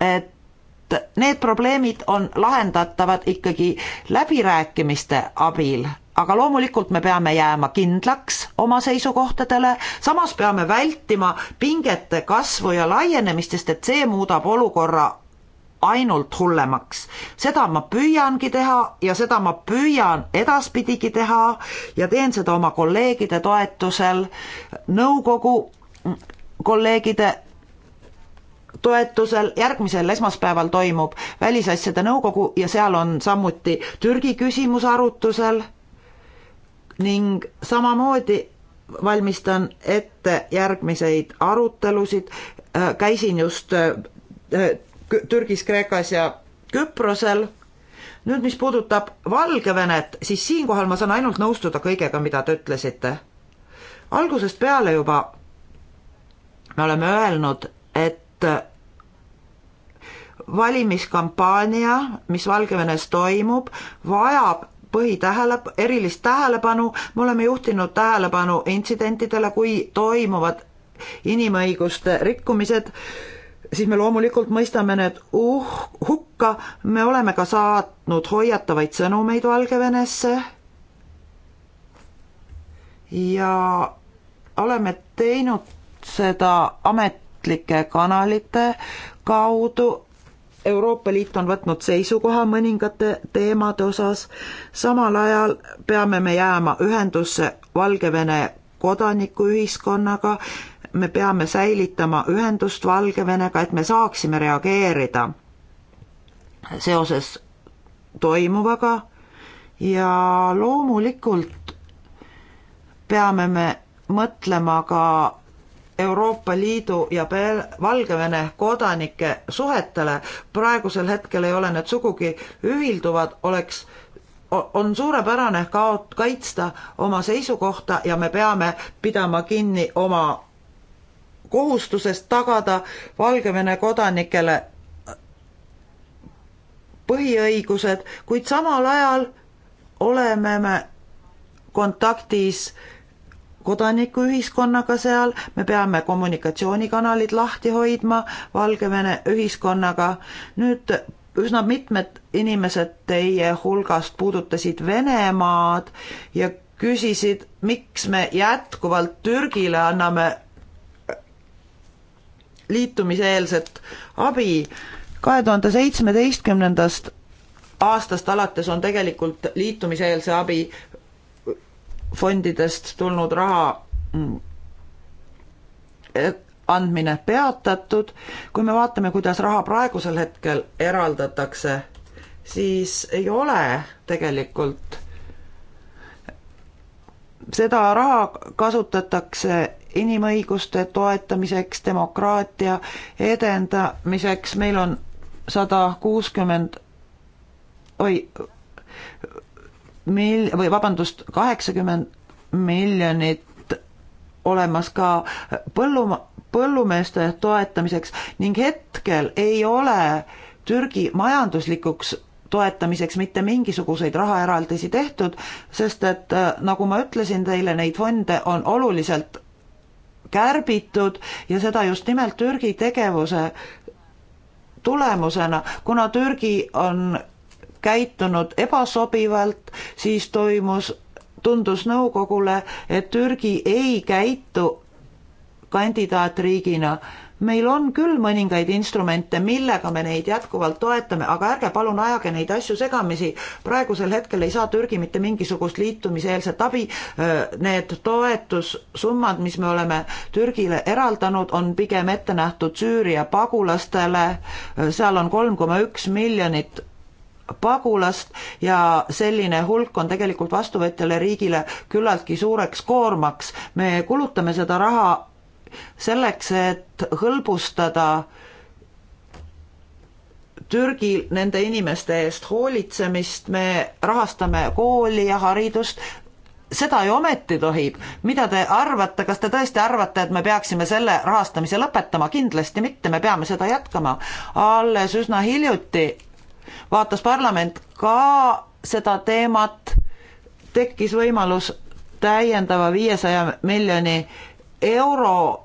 et need probleemid on lahendatavad ikkagi läbirääkimiste abil aga loomulikult me peame jääma kindlaks oma seisukohtadele, samas peame vältima pingete kasvu ja laienemist, sest et see muudab olukorra ainult hullemaks. seda ma püüangi teha ja seda ma püüan edaspidigi teha ja teen seda oma kolleegide toetusel, nõukogu kolleegide toetusel, järgmisel esmaspäeval toimub Välisasjade Nõukogu ja seal on samuti Türgi küsimus arutusel ning samamoodi valmistan ette järgmiseid arutelusid. Äh, käisin just äh, äh, Türgis, Kreekas ja Küprosel. nüüd, mis puudutab Valgevenet, siis siinkohal ma saan ainult nõustuda kõigega, mida te ütlesite. algusest peale juba me oleme öelnud, et valimiskampaania, mis Valgevenes toimub, vajab põhitähele, erilist tähelepanu, me oleme juhtinud tähelepanu intsidentidele, kui toimuvad inimõiguste rikkumised, siis me loomulikult mõistame need uh, hukka, me oleme ka saatnud hoiatavaid sõnumeid Valgevenesse ja oleme teinud seda ametlike kanalite kaudu, Euroopa Liit on võtnud seisukoha mõningate teemade osas, samal ajal peame me jääma ühendusse Valgevene kodanikuühiskonnaga, me peame säilitama ühendust Valgevenega, et me saaksime reageerida seoses toimuvaga ja loomulikult peame me mõtlema ka Euroopa Liidu ja Bel-, Valgevene kodanike suhetele, praegusel hetkel ei ole need sugugi ühilduvad, oleks on suurepärane kaot-, kaitsta oma seisukohta ja me peame pidama kinni oma kohustusest tagada Valgevene kodanikele põhiõigused, kuid samal ajal oleme me kontaktis äh, kodanikuühiskonnaga seal, me peame kommunikatsioonikanalid lahti hoidma Valgevene ühiskonnaga. nüüd üsna mitmed inimesed teie hulgast puudutasid Venemaad ja küsisid, miks me jätkuvalt Türgile anname liitumiseelset abi. kahe tuhande seitsmeteistkümnendast aastast alates on tegelikult liitumiseelse abi fondidest tulnud raha mm, andmine peatatud. kui me vaatame, kuidas raha praegusel hetkel eraldatakse, siis ei ole tegelikult seda raha kasutatakse inimõiguste toetamiseks, demokraatia edendamiseks, meil on sada kuuskümmend, oi, mil-, või vabandust, kaheksakümmend miljonit olemas ka põlluma-, põllumeeste toetamiseks ning hetkel ei ole Türgi majanduslikuks toetamiseks mitte mingisuguseid rahaeraldisi tehtud, sest et äh, nagu ma ütlesin teile, neid fonde on oluliselt kärbitud ja seda just nimelt Türgi tegevuse tulemusena, kuna Türgi on käitunud ebasobivalt, siis toimus, tundus nõukogule, et Türgi ei käitu kandidaatriigina meil on küll mõningaid instrumente, millega me neid jätkuvalt toetame, aga ärge palun ajage neid asju segamisi. praegusel hetkel ei saa Türgi mitte mingisugust liitumiseelset abi. Need toetussummad, mis me oleme Türgile eraldanud, on pigem ette nähtud Süüria pagulastele. seal on kolm koma üks miljonit pagulast ja selline hulk on tegelikult vastuvõtjale riigile küllaltki suureks koormaks. me kulutame seda raha selleks, et hõlbustada Türgil nende inimeste eest hoolitsemist, me rahastame kooli ja haridust, seda ju ometi tohib, mida te arvate, kas te tõesti arvate, et me peaksime selle rahastamise lõpetama, kindlasti mitte, me peame seda jätkama. alles üsna hiljuti vaatas parlament ka seda teemat, tekkis võimalus täiendava viiesaja miljoni euro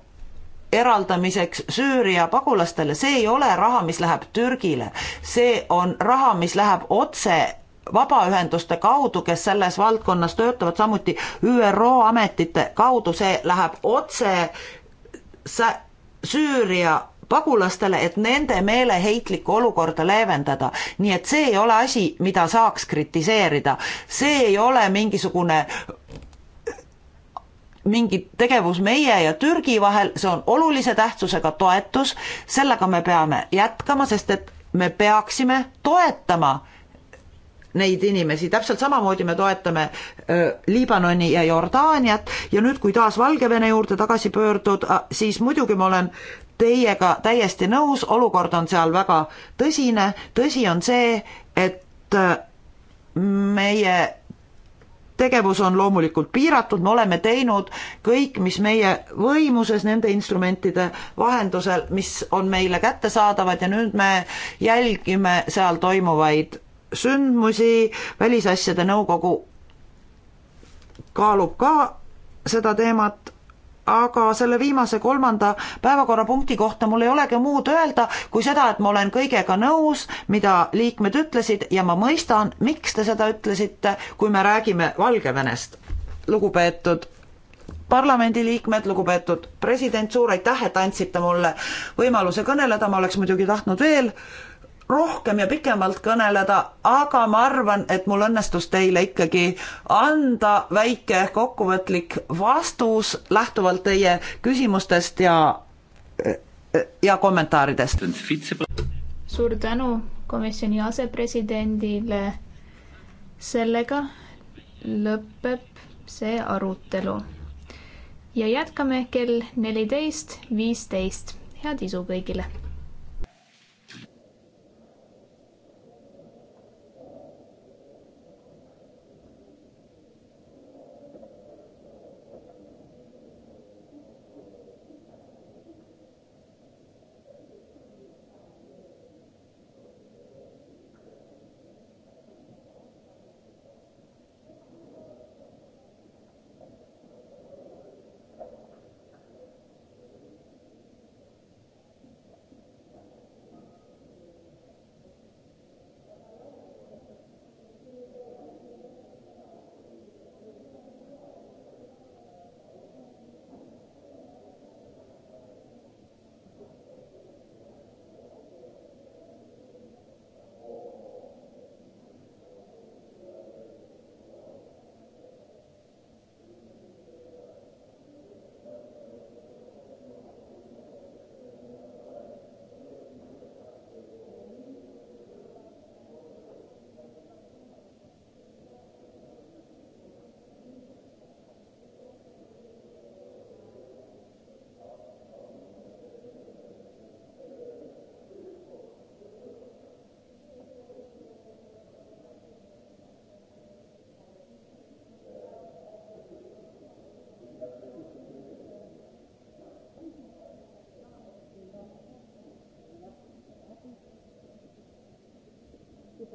eraldamiseks Süüria pagulastele, see ei ole raha, mis läheb Türgile, see on raha, mis läheb otse vabaühenduste kaudu, kes selles valdkonnas töötavad, samuti ÜRO ametite kaudu, see läheb otse Süüria pagulastele, et nende meeleheitlikku olukorda leevendada. nii et see ei ole asi, mida saaks kritiseerida, see ei ole mingisugune mingi tegevus meie ja Türgi vahel, see on olulise tähtsusega toetus, sellega me peame jätkama, sest et me peaksime toetama neid inimesi, täpselt samamoodi me toetame öö, Liibanoni ja Jordaaniat ja nüüd, kui taas Valgevene juurde tagasi pöördud, siis muidugi ma olen teiega täiesti nõus, olukord on seal väga tõsine, tõsi on see, et äh, meie tegevus on loomulikult piiratud, me oleme teinud kõik, mis meie võimuses nende instrumentide vahendusel, mis on meile kättesaadavad ja nüüd me jälgime seal toimuvaid sündmusi, välisasjade nõukogu kaalub ka seda teemat aga selle viimase kolmanda päevakorrapunkti kohta mul ei olegi muud öelda, kui seda, et ma olen kõigega nõus, mida liikmed ütlesid ja ma mõistan, miks te seda ütlesite, kui me räägime Valgevenest. lugupeetud parlamendiliikmed, lugupeetud president, suur aitäh, et andsite mulle võimaluse kõneleda, ma oleks muidugi tahtnud veel rohkem ja pikemalt kõneleda, aga ma arvan, et mul õnnestus teile ikkagi anda väike kokkuvõtlik vastus lähtuvalt teie küsimustest ja, ja kommentaaridest. suur tänu komisjoni asepresidendile. sellega lõpeb see arutelu ja jätkame kell neliteist viisteist. head isu kõigile!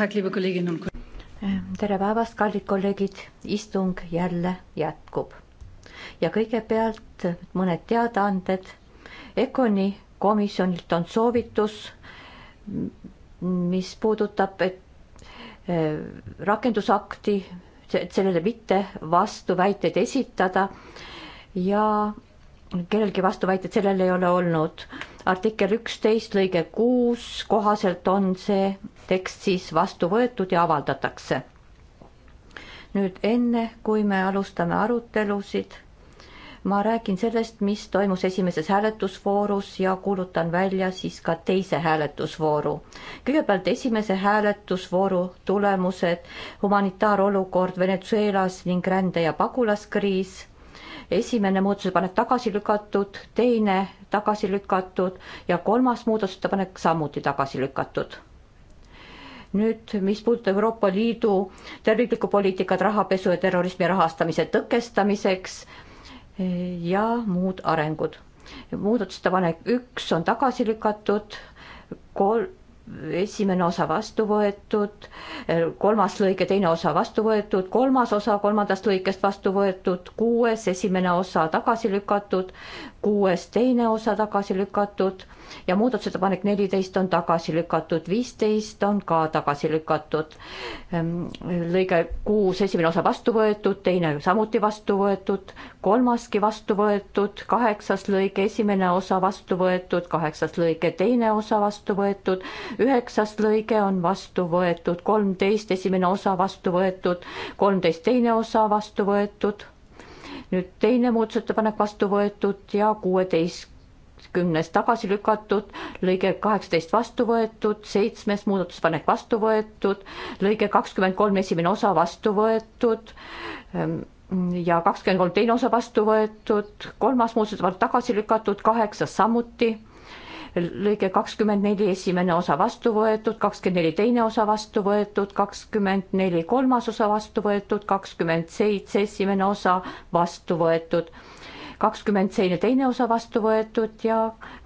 Ähm, tere päevast, kallid kolleegid, istung jälle jätkub ja kõigepealt mõned teadaanded. Econi komisjonilt on soovitus, mis puudutab, et äh, rakendusakti, sellele mitte vastuväiteid esitada ja kellelgi vastuväiteid sellele ei ole olnud artikkel üksteist lõige kuus kohaselt on see tekst siis vastu võetud ja avaldatakse. nüüd enne, kui me alustame arutelusid, ma räägin sellest, mis toimus esimeses hääletusvoorus ja kuulutan välja siis ka teise hääletusvooru. kõigepealt esimese hääletusvooru tulemused, humanitaarolukord Venezuelas ning rände- ja pagulaskriis esimene muudatusettepanek tagasi lükatud, teine tagasi lükatud ja kolmas muudatusettepanek samuti tagasi lükatud. nüüd, mis puudutab Euroopa Liidu terviklikku poliitikat rahapesu ja terrorismi rahastamise tõkestamiseks eh, ja muud arengud. muudatusettepanek üks on tagasi lükatud, kol-, esimene osa vastu võetud, kolmas lõige, teine osa vastu võetud, kolmas osa kolmandast lõikest vastu võetud, kuues esimene osa tagasi lükatud, kuues teine osa tagasi lükatud ja muudatusettepanek neliteist on tagasi lükatud, viisteist on ka tagasi lükatud. Ehm, lõige kuus, esimene osa vastu võetud, teine samuti vastu võetud, kolmaski vastu võetud, kaheksas lõige esimene osa vastu võetud, kaheksas lõige teine osa vastu võetud, üheksas lõige on vastu võetud, kolmteist esimene osa vastu võetud, kolmteist teine osa vastu võetud nüüd teine muudatusettepanek vastu võetud ja kuueteist kümnes tagasi lükatud, lõige kaheksateist vastu võetud, seitsmes muudatusepanek vastu võetud, lõige kakskümmend kolm esimene osa vastu võetud ehm, ja kakskümmend kolm teine osa vastu võetud, kolmas muudatusepanek tagasi lükatud, kaheksas samuti lõige kakskümmend neli esimene osa vastu võetud, kakskümmend neli teine osa vastu võetud, kakskümmend neli kolmas osa vastu võetud, kakskümmend seitse esimene osa vastu võetud kakskümmend seine teine osa vastu võetud ja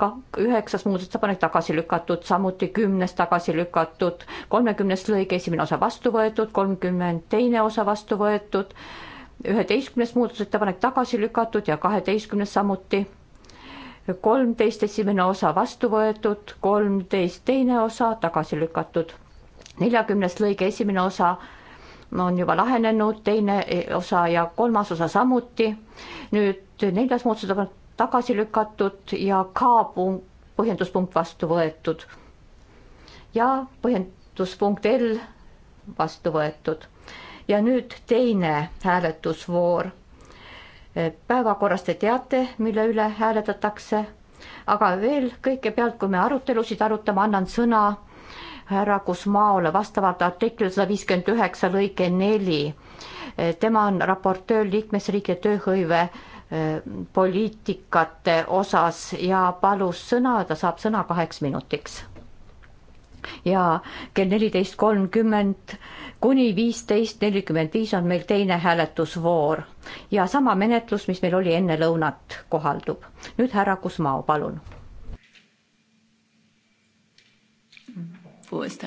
ka üheksas muudatusettepanek tagasi lükatud, samuti kümnes tagasi lükatud, kolmekümnes lõige esimene osa vastu võetud, kolmkümmend teine osa vastu võetud, üheteistkümnes muudatusettepanek tagasi lükatud ja kaheteistkümnes samuti kolmteist esimene osa vastu võetud, kolmteist teine osa tagasi lükatud. neljakümnes lõige esimene osa on juba lahenenud, teine osa ja kolmas osa samuti. nüüd neljas muudatusettepanek tagasi lükatud ja ka punkt, põhjenduspunkt vastu võetud. ja põhjenduspunkt L vastu võetud. ja nüüd teine hääletusvoor. Eh, päevakorrast te teate, mille üle hääletatakse, aga veel kõigepealt, kui me arutelusid arutame, annan sõna härra Kusmaole vastavalt artikkel sada viiskümmend üheksa lõige neli. Eh, tema on raportöör liikmesriikide tööhõive Äh, poliitikate osas ja palus sõna, ta saab sõna kaheks minutiks. ja kell neliteist kolmkümmend kuni viisteist nelikümmend viis on meil teine hääletusvoor ja sama menetlus, mis meil oli enne lõunat, kohaldub. nüüd härra Kusmao, palun. uuesti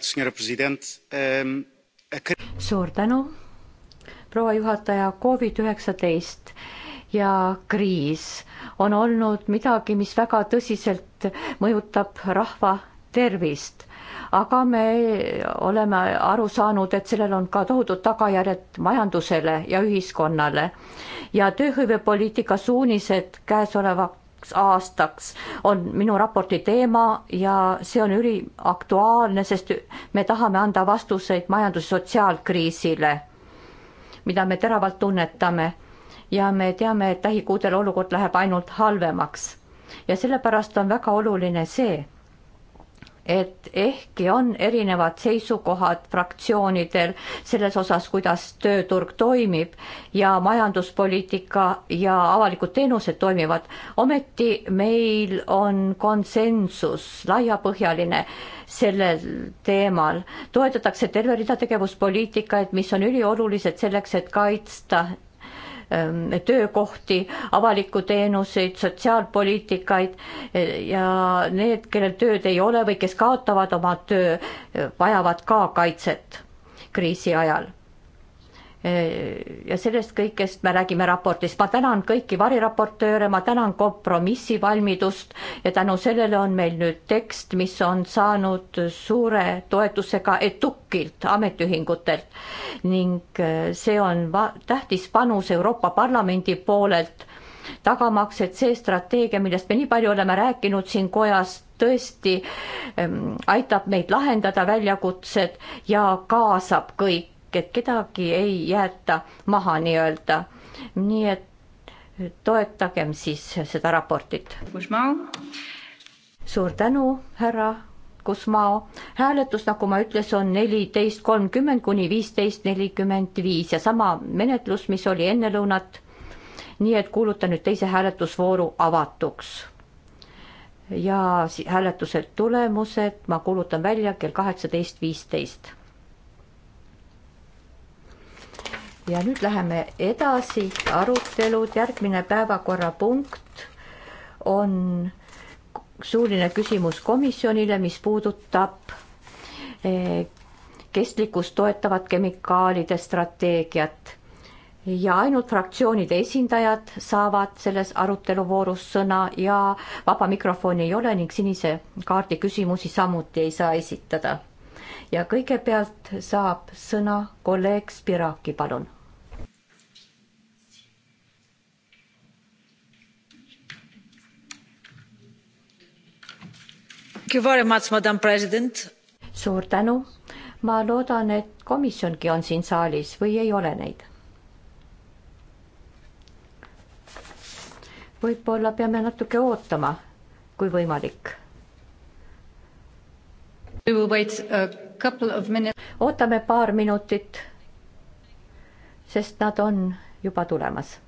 senhora presidente um suur tänu, proua juhataja, Covid üheksateist ja kriis on olnud midagi, mis väga tõsiselt mõjutab rahva tervist. aga me oleme aru saanud, et sellel on ka tohutud tagajärjed majandusele ja ühiskonnale ja tööhõivepoliitika suunised käesoleva järgnevaks aastaks on minu raporti teema ja see on üliaktuaalne, sest me tahame anda vastuseid majandus- ja sotsiaalkriisile, mida me teravalt tunnetame ja me teame, et lähikuudel olukord läheb ainult halvemaks. ja sellepärast on väga oluline see et ehkki on erinevad seisukohad fraktsioonidel selles osas, kuidas tööturg toimib ja majanduspoliitika ja avalikud teenused toimivad, ometi meil on konsensus laiapõhjaline sellel teemal. toetatakse terve rida tegevuspoliitikaid, mis on üliolulised selleks, et kaitsta Ähm, töökohti, avalikku teenuseid, sotsiaalpoliitikaid e, ja need, kellel tööd ei ole või kes kaotavad oma töö, e, vajavad ka kaitset kriisi ajal ja sellest kõigest me räägime raportis. ma tänan kõiki variraportööre, ma tänan kompromissivalmidust ja tänu sellele on meil nüüd tekst, mis on saanud suure toetusega ETUK-ilt, ametiühingutelt. ning äh, see on tähtis panus Euroopa Parlamendi poolelt, tagamaks, et see strateegia, millest me nii palju oleme rääkinud siin kojas, tõesti ähm, aitab meid lahendada väljakutsed ja kaasab kõik et kedagi ei jäeta maha nii-öelda. nii et toetagem siis seda raportit. suur tänu, härra Kusmao. hääletus, nagu ma ütlesin, on neliteist kolmkümmend kuni viisteist nelikümmend viis ja sama menetlus, mis oli enne lõunat. nii et kuulutan nüüd teise hääletusvooru avatuks. ja hääletuse tulemused ma kuulutan välja kell kaheksateist viisteist ja nüüd läheme edasi, arutelud, järgmine päevakorrapunkt on suuline küsimus komisjonile, mis puudutab eh, kestlikkust toetavat kemikaalide strateegiat ja ainult fraktsioonide esindajad saavad selles aruteluvoorus sõna ja vaba mikrofoni ei ole ning sinise kaardi küsimusi samuti ei saa esitada. ja kõigepealt saab sõna kolleeg Spiraki, palun madam president. suur tänu. ma loodan, et komisjongi on siin saalis või ei ole neid? võib-olla peame natuke ootama, kui võimalik. ootame paar minutit, sest nad on juba tulemas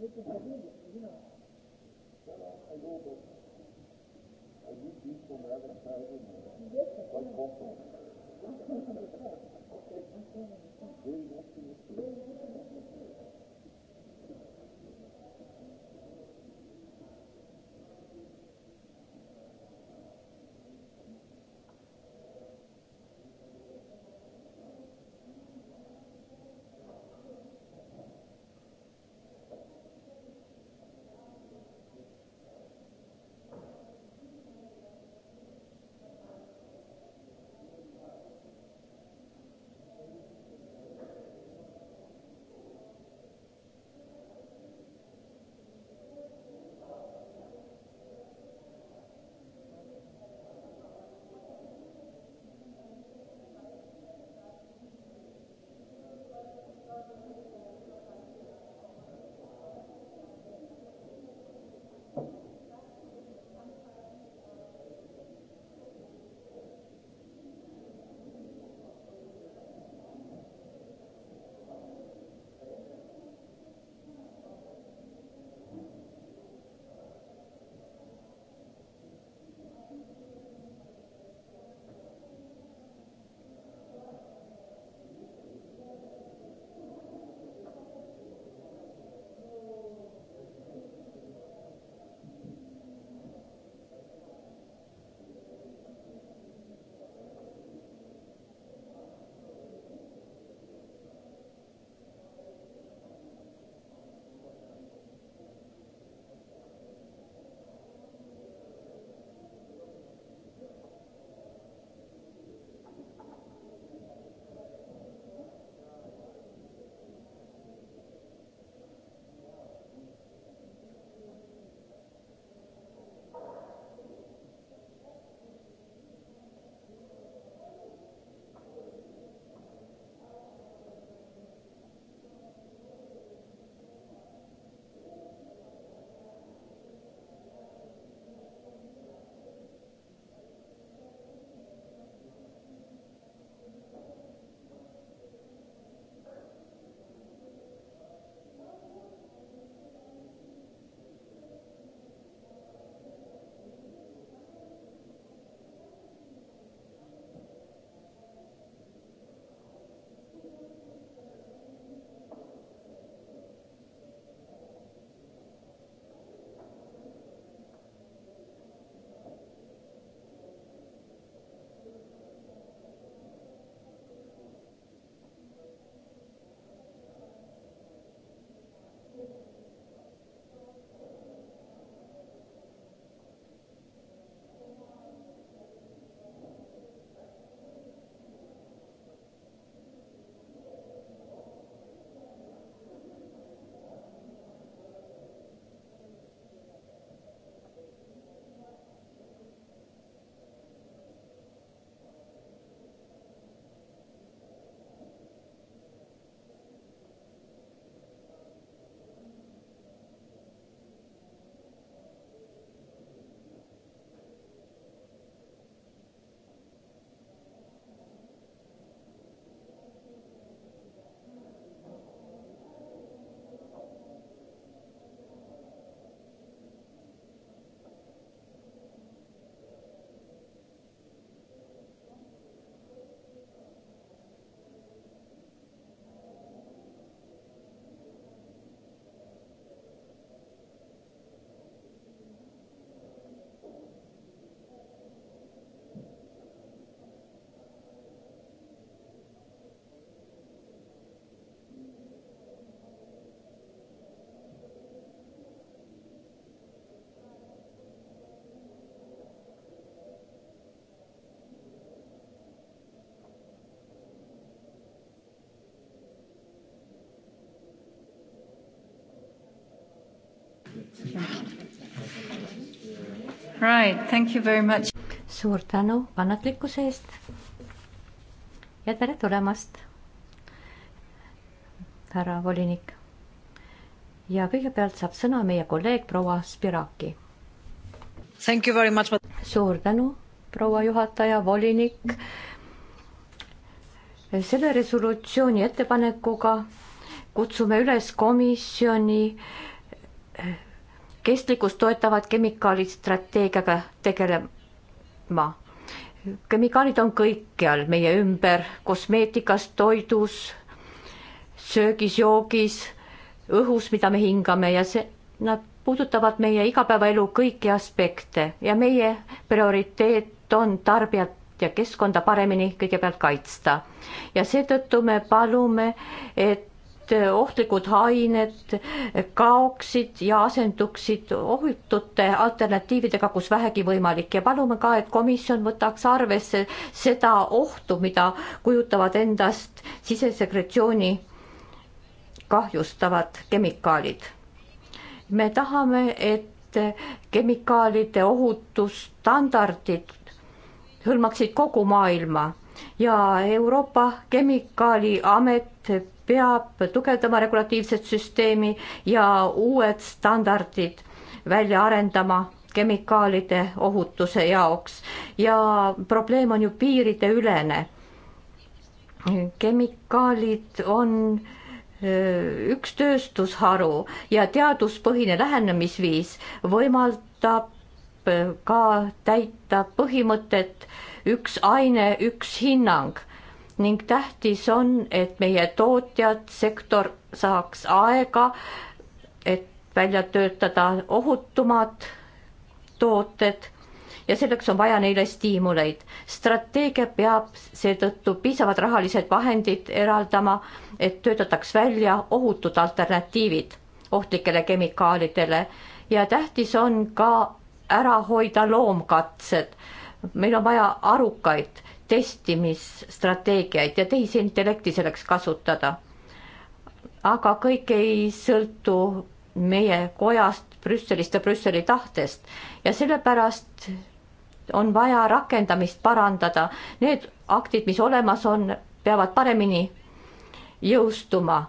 making provision, you know. Well, I, I know, but I need these from advertising. Yes, sir. Like both of them. Right, thank you very much. suur tänu kannatlikkuse eest. ja tere tulemast, härra volinik. ja kõigepealt saab sõna meie kolleeg proua Spiraki. Thank you very much. suur tänu, proua juhataja, volinik. selle resolutsiooni ettepanekuga kutsume üles komisjoni äh, kestlikkust toetavad kemikaalid strateegiaga tegelema. kemikaalid on kõikjal meie ümber, kosmeetikas, toidus, söögis, joogis, õhus, mida me hingame ja see, nad puudutavad meie igapäevaelu kõiki aspekte ja meie prioriteet on tarbijat ja keskkonda paremini kõigepealt kaitsta. ja seetõttu me palume, et et ohtlikud ained kaoksid ja asenduksid ohutute alternatiividega, kus vähegi võimalik ja palume ka, et komisjon võtaks arvesse seda ohtu, mida kujutavad endast sisesekretsiooni kahjustavad kemikaalid. me tahame, et kemikaalide ohutusstandardid hõlmaksid kogu maailma ja Euroopa Kemikaaliamet peab tugevdama regulatiivset süsteemi ja uued standardid välja arendama kemikaalide ohutuse jaoks ja probleem on ju piirideülene. kemikaalid on üks tööstusharu ja teaduspõhine lähenemisviis võimaldab ka täita põhimõtet äh, üks aine, üks hinnang ning tähtis on, et meie tootjad, sektor saaks aega, et välja töötada ohutumad tooted ja selleks on vaja neile stiimuleid. strateegia peab seetõttu piisavad rahalised vahendid eraldama, et töötataks välja ohutud alternatiivid ohtlikele kemikaalidele ja tähtis on ka ära hoida loomkatsed meil on vaja arukaid testimisstrateegiaid ja tehisintellekti selleks kasutada. aga kõik ei sõltu meie kojast, Brüsselist ja Brüsseli tahtest ja sellepärast on vaja rakendamist parandada. Need aktid, mis olemas on, peavad paremini jõustuma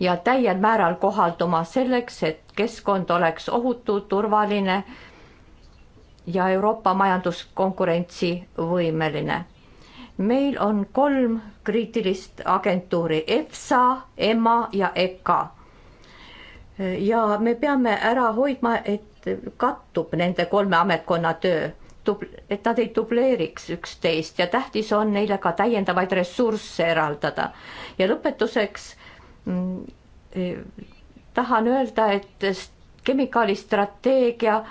ja täiel määral kohalduma selleks, et keskkond oleks ohutu, turvaline ja Euroopa majandus konkurentsivõimeline. meil on kolm kriitilist agentuuri EFSA, EMA ja EKA. ja me peame ära hoidma, et kattub nende kolme ametkonna töö et nad ei dubleeriks üksteist ja tähtis on neile ka täiendavaid ressursse eraldada. ja lõpetuseks mm, tahan öelda, et kemikaalistrateegia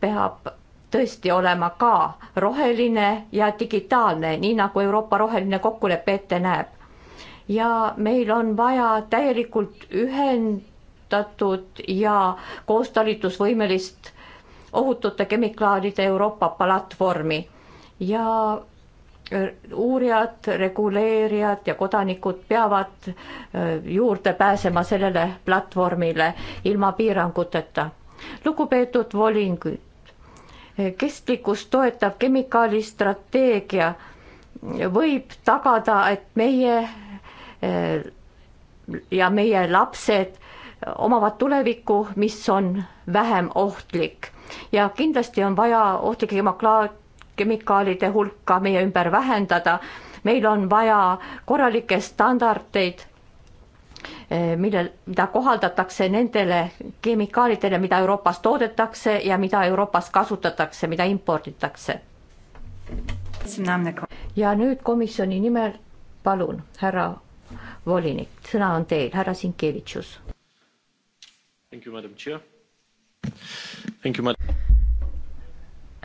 peab tõesti olema ka roheline ja digitaalne, nii nagu Euroopa roheline kokkulepe ette näeb. ja meil on vaja täielikult ühendatud ja koostalitusvõimelist ohutute kemiklaalide Euroopa platvormi ja äh, uurijad, reguleerijad ja kodanikud peavad äh, juurde pääsema sellele platvormile ilma piiranguteta. lugupeetud volinik, kestlikkust toetav kemikaalistrateegia võib tagada, et meie eh, ja meie lapsed omavad tulevikku, mis on vähem ohtlik ja kindlasti on vaja ohtlike kemikaalide hulka meie ümber vähendada. meil on vaja korralikke standardeid Eh, mille, mida kohaldatakse nendele kemikaalidele, mida Euroopas toodetakse ja mida Euroopas kasutatakse, mida imporditakse. ja nüüd komisjoni nimel palun, härra volinik, sõna on teil, härra Sinkevitšus.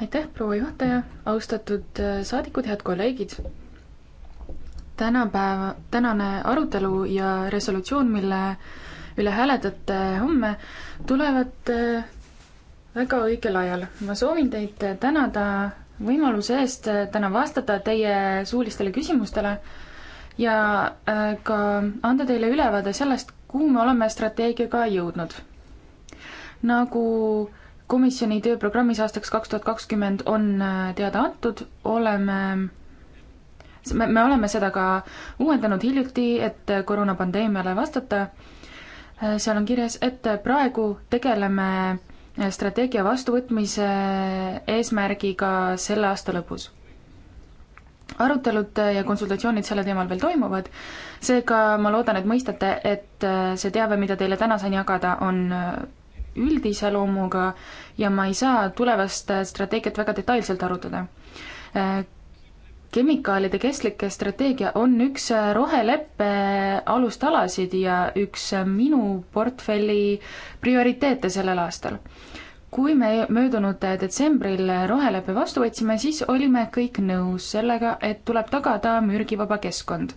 aitäh, proua juhataja, austatud äh, saadikud, head kolleegid tänapäeva, tänane arutelu ja resolutsioon, mille üle hääletate homme, tulevad äh, väga õigel ajal. ma soovin teid tänada võimaluse eest äh, täna vastata teie suulistele küsimustele ja äh, ka anda teile ülevaade sellest, kuhu me oleme strateegiaga jõudnud. nagu komisjoni tööprogrammis aastaks kaks tuhat kakskümmend on teada antud, oleme me, me oleme seda ka uuendanud hiljuti, et koroonapandeemiale vastata. seal on kirjas, et praegu tegeleme strateegia vastuvõtmise eesmärgiga selle aasta lõpus. arutelud ja konsultatsioonid sellel teemal veel toimuvad, seega ma loodan, et mõistate, et see teave, mida teile täna sain jagada, on üldise loomuga ja ma ei saa tulevast strateegiat väga detailselt arutada kemikaalide kestlik strateegia on üks äh, roheleppe äh, alustalasid ja üks äh, minu portfelli prioriteete sellel aastal. kui me möödunud detsembril roheleppe vastu võtsime, siis olime kõik nõus sellega, et tuleb tagada mürgivaba keskkond.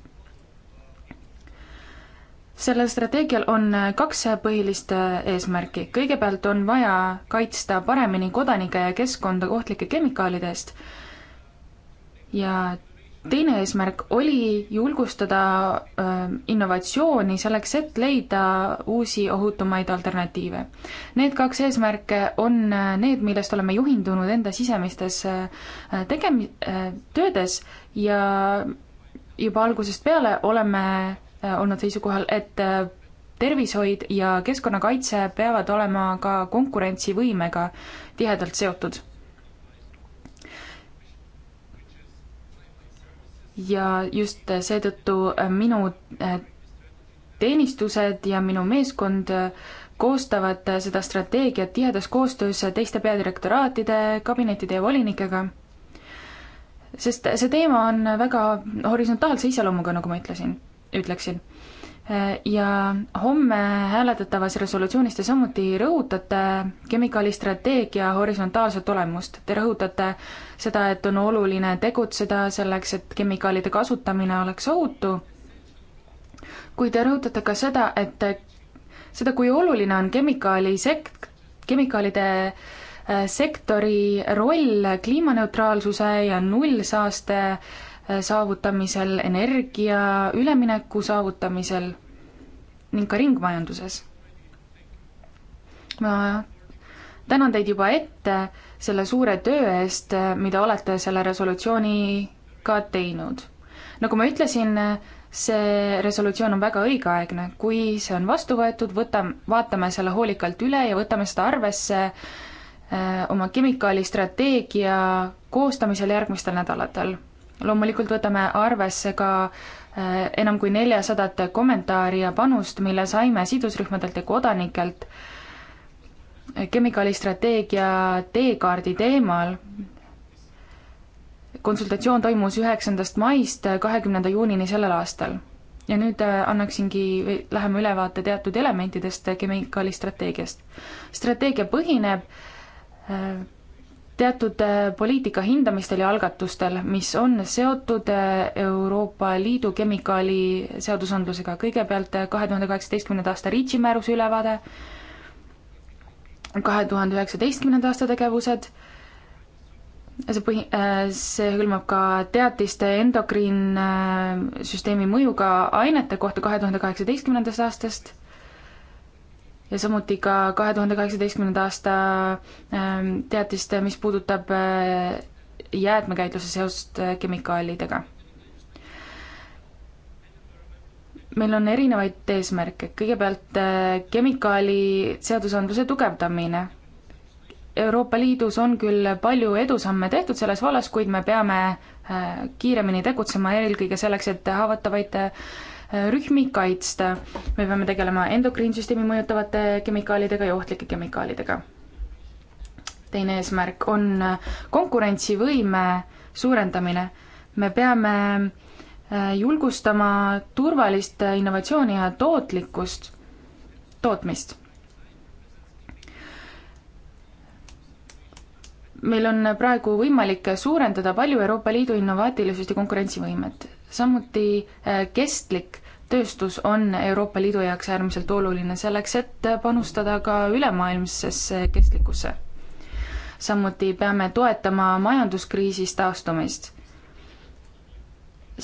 sellel strateegial on kaks põhilist eesmärki. kõigepealt on vaja kaitsta paremini kodanikke ja keskkonda ohtlike kemikaalide eest ja teine eesmärk oli julgustada äh, innovatsiooni selleks, et leida uusi ohutumaid alternatiive. Need kaks eesmärke on äh, need, millest oleme juhindunud enda sisemistes äh, tegem-, töödes ja juba algusest peale oleme olnud seisukohal, et tervishoid ja keskkonnakaitse peavad olema ka konkurentsivõimega tihedalt seotud ja just seetõttu äh, minu äh, teenistused ja minu meeskond äh, koostavad seda strateegiat tihedas koostöös teiste peadirektoraatide, kabinettide ja volinikega. sest see teema on väga horisontaalse iseloomuga, nagu ma ütlesin, ütleksin ja homme hääletatavas resolutsioonis te samuti rõhutate kemikaalistrateegia horisontaalset olemust. Te rõhutate seda, et on oluline tegutseda selleks, et kemikaalide kasutamine oleks ohutu, kuid te rõhutate ka seda, et seda, kui oluline on kemikaalisekt-, kemikaalide äh, sektori roll kliimaneutraalsuse ja nullsaaste Äh, saavutamisel, energia ülemineku saavutamisel ning ka ringmajanduses. ma tänan teid juba ette selle suure töö eest, mida olete selle resolutsiooniga teinud. nagu ma ütlesin, see resolutsioon on väga õigeaegne, kui see on vastu võetud, võta, vaatame selle hoolikalt üle ja võtame seda arvesse öö, äh, oma kemikaalistrateegia koostamisel järgmistel nädalatel loomulikult võtame arvesse ka eh, enam kui neljasadat kommentaari ja panust, mille saime sidusrühmadelt ja kodanikelt kemikaalistrateegia teekaardi teemal. konsultatsioon toimus üheksandast maist kahekümnenda juunini sellel aastal. ja nüüd eh, annaksingi lähema ülevaate teatud elementidest kemikaalistrateegiast. strateegia põhineb eh, teatud äh, poliitika hindamistel ja algatustel, mis on seotud äh, Euroopa Liidu kemikaaliseadusandlusega. kõigepealt äh, kahe tuhande kaheksateistkümnenda aasta REACH-i määruse ülevaade, kahe tuhande üheksateistkümnenda aasta tegevused, see põhi, see hõlmab ka teatiste endokriinsüsteemi mõjuga ainete kohta kahe tuhande kaheksateistkümnendast aastast ja samuti ka kahe tuhande kaheksateistkümnenda aasta ähm, teatist, mis puudutab äh, jäätmekäitluse seost äh, kemikaalidega. meil on erinevaid eesmärke, kõigepealt äh, kemikaali seadusandluse tugevdamine. Euroopa Liidus on küll palju edusamme tehtud selles vallas, kuid me peame kiiremini tegutsema, eelkõige selleks, et haavatavaid rühmi kaitsta. me peame tegelema endokriinsüsteemi mõjutavate kemikaalidega ja ohtlike kemikaalidega. teine eesmärk on konkurentsivõime suurendamine. me peame äh, julgustama turvalist innovatsiooni ja tootlikkust, tootmist meil on praegu võimalik suurendada palju Euroopa Liidu innovaatilisust ja konkurentsivõimet. samuti äh, kestlik tööstus on Euroopa Liidu jaoks äärmiselt oluline selleks, et panustada ka ülemaailmsesse kestlikkusse. samuti peame toetama majanduskriisist taastumist.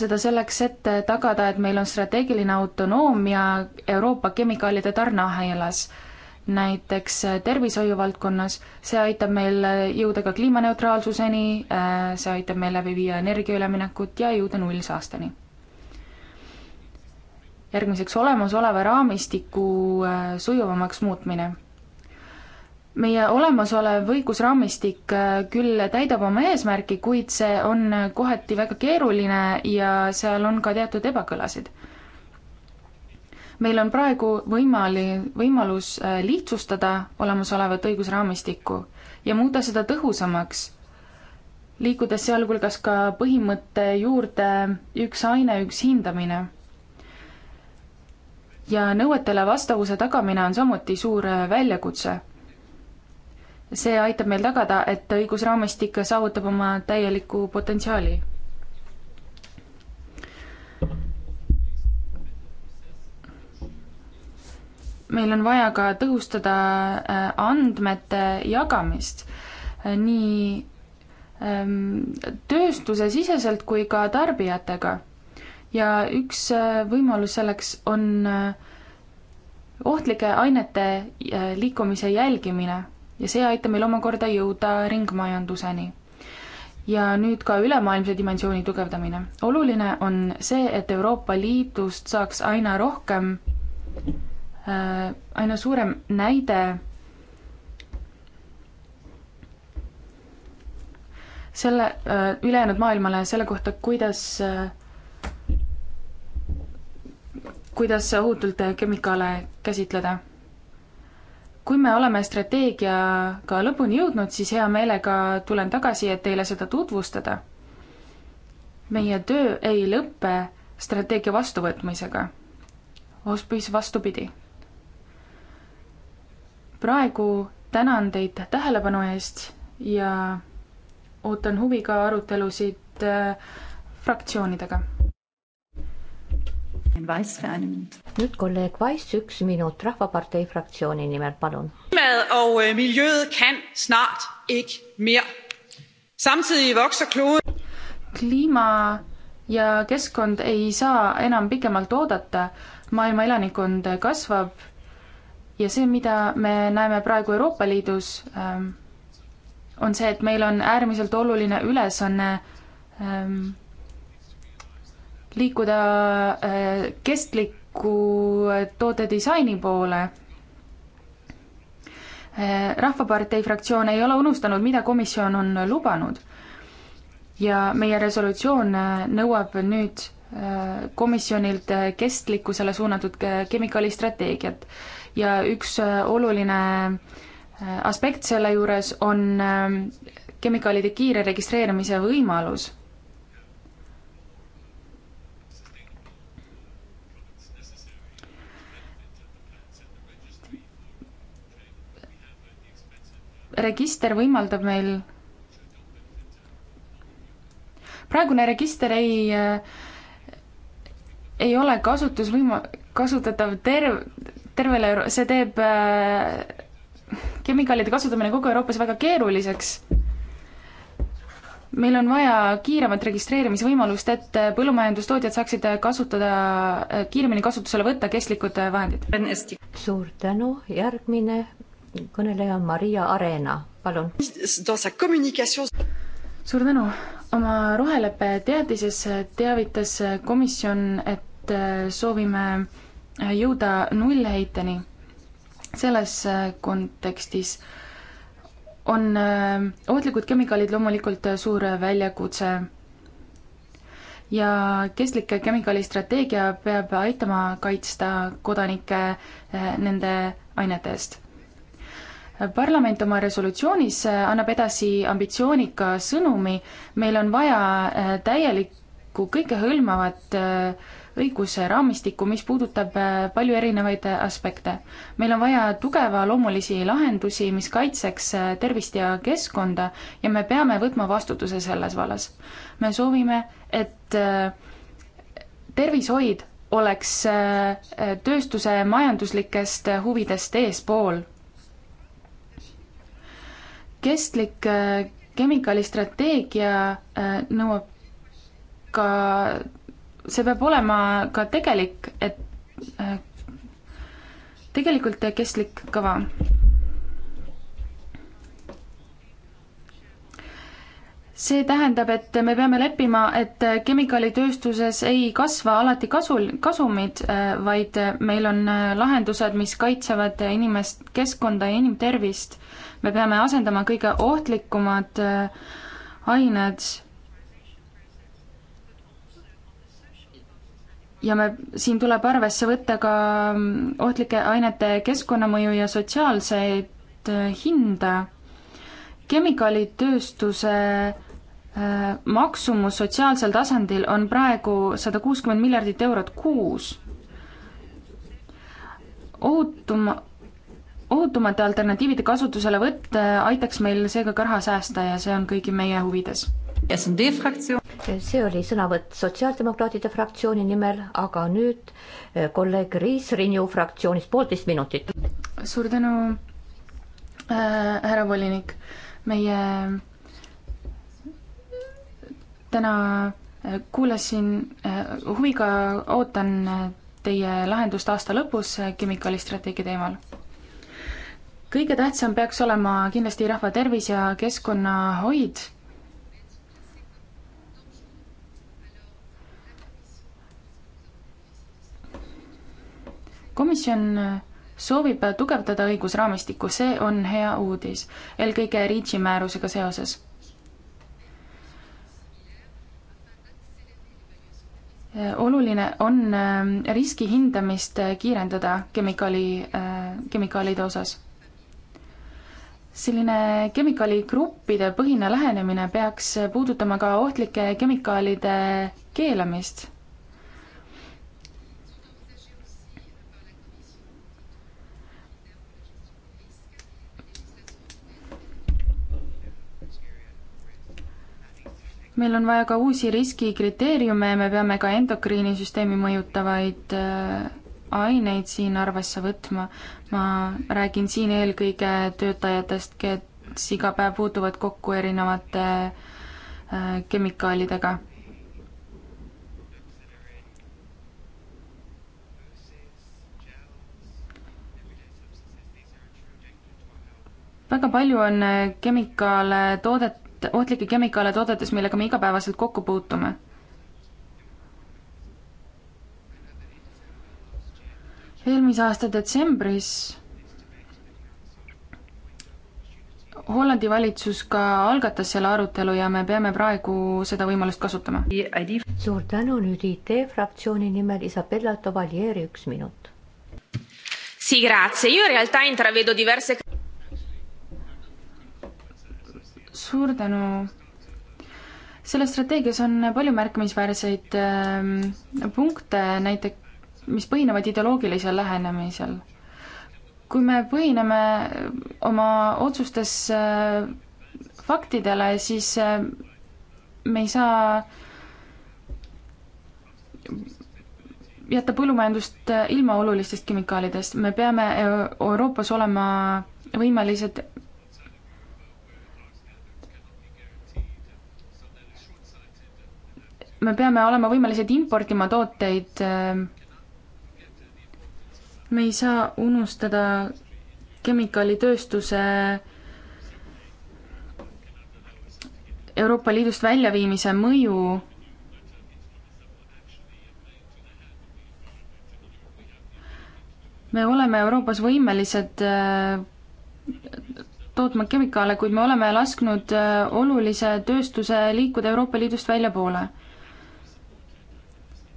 seda selleks, et tagada, et meil on strateegiline autonoomia Euroopa kemikaalide tarneahelas näiteks tervishoiu valdkonnas, see aitab meil jõuda ka kliimaneutraalsuseni, see aitab meil läbi viia energiaüleminekut ja jõuda nullsaasteni järgmiseks olemasoleva raamistiku äh, sujuvamaks muutmine. meie olemasolev õigusraamistik äh, küll täidab oma eesmärki, kuid see on äh, kohati väga keeruline ja seal on ka teatud ebakõlasid. meil on praegu võimali-, võimalus lihtsustada olemasolevat õigusraamistikku ja muuta seda tõhusamaks liikudes sealhulgas ka põhimõtte juurde üks aine, üks hindamine ja nõuetele vastavuse tagamine on samuti suur väljakutse. see aitab meil tagada, et õigusraamistik saavutab oma täieliku potentsiaali. meil on vaja ka tõhustada äh, andmete jagamist äh, nii ähm, tööstusesiseselt kui ka tarbijatega ja üks äh, võimalus selleks on äh, ohtlike ainete äh, liikumise jälgimine ja see aitab meil omakorda jõuda ringmajanduseni. ja nüüd ka ülemaailmse dimensiooni tugevdamine. oluline on see, et Euroopa Liidust saaks aina rohkem, aina suurem näide selle, ülejäänud maailmale selle kohta, kuidas äh, kuidas ohutult kemikaale käsitleda. kui me oleme strateegiaga lõpuni jõudnud, siis hea meelega tulen tagasi, et teile seda tutvustada. meie töö ei lõpe strateegia vastuvõtmisega. hoopis vastupidi. praegu tänan teid tähelepanu eest ja ootan huviga arutelusid äh, fraktsioonidega nüüd kolleeg Wise, üks minut Rahvapartei fraktsiooni nimel, palun. kliima øh, ja keskkond ei saa enam pikemalt oodata, maailma elanikkond kasvab ja see, mida me näeme praegu Euroopa Liidus, ähm, on see, et meil on äärmiselt oluline ülesanne ähm, liikuda äh, kestliku äh, tootedisaini poole. Äh, rahvapartei fraktsioon ei ole unustanud, mida komisjon on lubanud. ja meie resolutsioon nõuab nüüd komisjonilt kestlikkusele suunatud kemikaalistrateegiat ja üks oluline aspekt selle juures on kemikaalide kiire registreerimise võimalus register võimaldab meil praegune register ei, äh, ei ole kasutusvõima-, kasutatav terv-, tervele Euro-, see teeb äh, kemikaalide kasutamine kogu Euroopas väga keeruliseks. meil on vaja kiiremat registreerimisvõimalust, et äh, põllumajandustootjad saaksid äh, kasutada, kiiremini kasutusele võtta kestlikud vahendid. suur tänu, järgmine kõneleja on Maria Arena, palun. suur tänu, oma roheleppe teadises teavitas komisjon, et äh, soovime äh, jõuda nullheiteni. selles äh, kontekstis on ohtlikud kemikaalid loomulikult suur väljakutse ja kestlike kemikaalistrateegia peab aitama kaitsta kodanikke nende ainete eest parlament oma resolutsioonis äh, annab edasi ambitsioonika sõnumi, meil on vaja äh, täielikku kõikehõlmavat äh, õigusraamistikku, mis puudutab palju erinevaid aspekte. meil on vaja tugeva loomulisi lahendusi, mis kaitseks tervist ja keskkonda ja me peame võtma vastutuse selles vallas. me soovime, et tervishoid oleks tööstuse majanduslikest huvidest eespool kestlik äh, kemikaalistrateegia äh, nõuab ka, see peab olema ka tegelik, et äh, tegelikult kestlik kava. see tähendab, et me peame leppima, et kemikaalitööstuses ei kasva alati kasul, kasumid, vaid meil on lahendused, mis kaitsevad inimest, keskkonda ja inimtervist me peame asendama kõige ohtlikumad äh, ained ja me, siin tuleb arvesse võtta ka mm, ohtlike ainete keskkonnamõju ja sotsiaalseid äh, hinda. kemikaalitööstuse äh, maksumus sotsiaalsel tasandil on praegu sada kuuskümmend miljardit eurot kuus. ohutuma, ohutumate alternatiivide kasutuselevõtt äh, aitaks meil seega ka raha säästa ja see on kõigi meie huvides. see oli sõnavõtt Sotsiaaldemokraatide fraktsiooni nimel, aga nüüd äh, kolleeg Riis Rinju fraktsioonist poolteist minutit. suur tänu äh,, härra volinik, meie täna äh, kuulasin äh,, huviga ootan teie lahendust aasta lõpus kemikaalistrateegia teemal kõige tähtsam peaks olema kindlasti rahva tervis ja keskkonnahoid. komisjon soovib tugevdada õigusraamistikku, see on hea uudis, eelkõige REACH-i määrusega seoses oluline on äh, riski hindamist kiirendada kemikaali, äh, kemikaalide osas selline kemikaaligruppide põhine lähenemine peaks puudutama ka ohtlike kemikaalide keelamist. meil on vaja ka uusi riskikriteeriume, me peame ka endokriinisüsteemi mõjutavaid äh, aineid siin arvesse võtma. ma räägin siin eelkõige töötajatest, kes iga päev puutuvad kokku erinevate äh, kemikaalidega. väga palju on äh, kemikaale toodet, ohtlikke kemikaale toodetes, millega me igapäevaselt kokku puutume eelmise aasta detsembris Hollandi valitsus ka algatas selle arutelu ja me peame praegu seda võimalust kasutama. suur tänu, nüüd IT fraktsiooni nimel Isabella Tovalieri, üks minut. suur tänu. selles strateegias on palju märkimisväärseid äh, punkte, näiteks mis põhinevad ideoloogilisel lähenemisel. kui me põhineme oma otsustes äh, faktidele, siis äh, me ei saa jätta põllumajandust äh, ilma olulistest kemikaalidest, me peame Euroopas olema võimelised me peame olema võimelised importima tooteid äh, me ei saa unustada kemikaalitööstuse Euroopa Liidust väljaviimise mõju me oleme Euroopas võimelised äh, tootma kemikaale, kuid me oleme lasknud äh, olulise tööstuse liikuda Euroopa Liidust väljapoole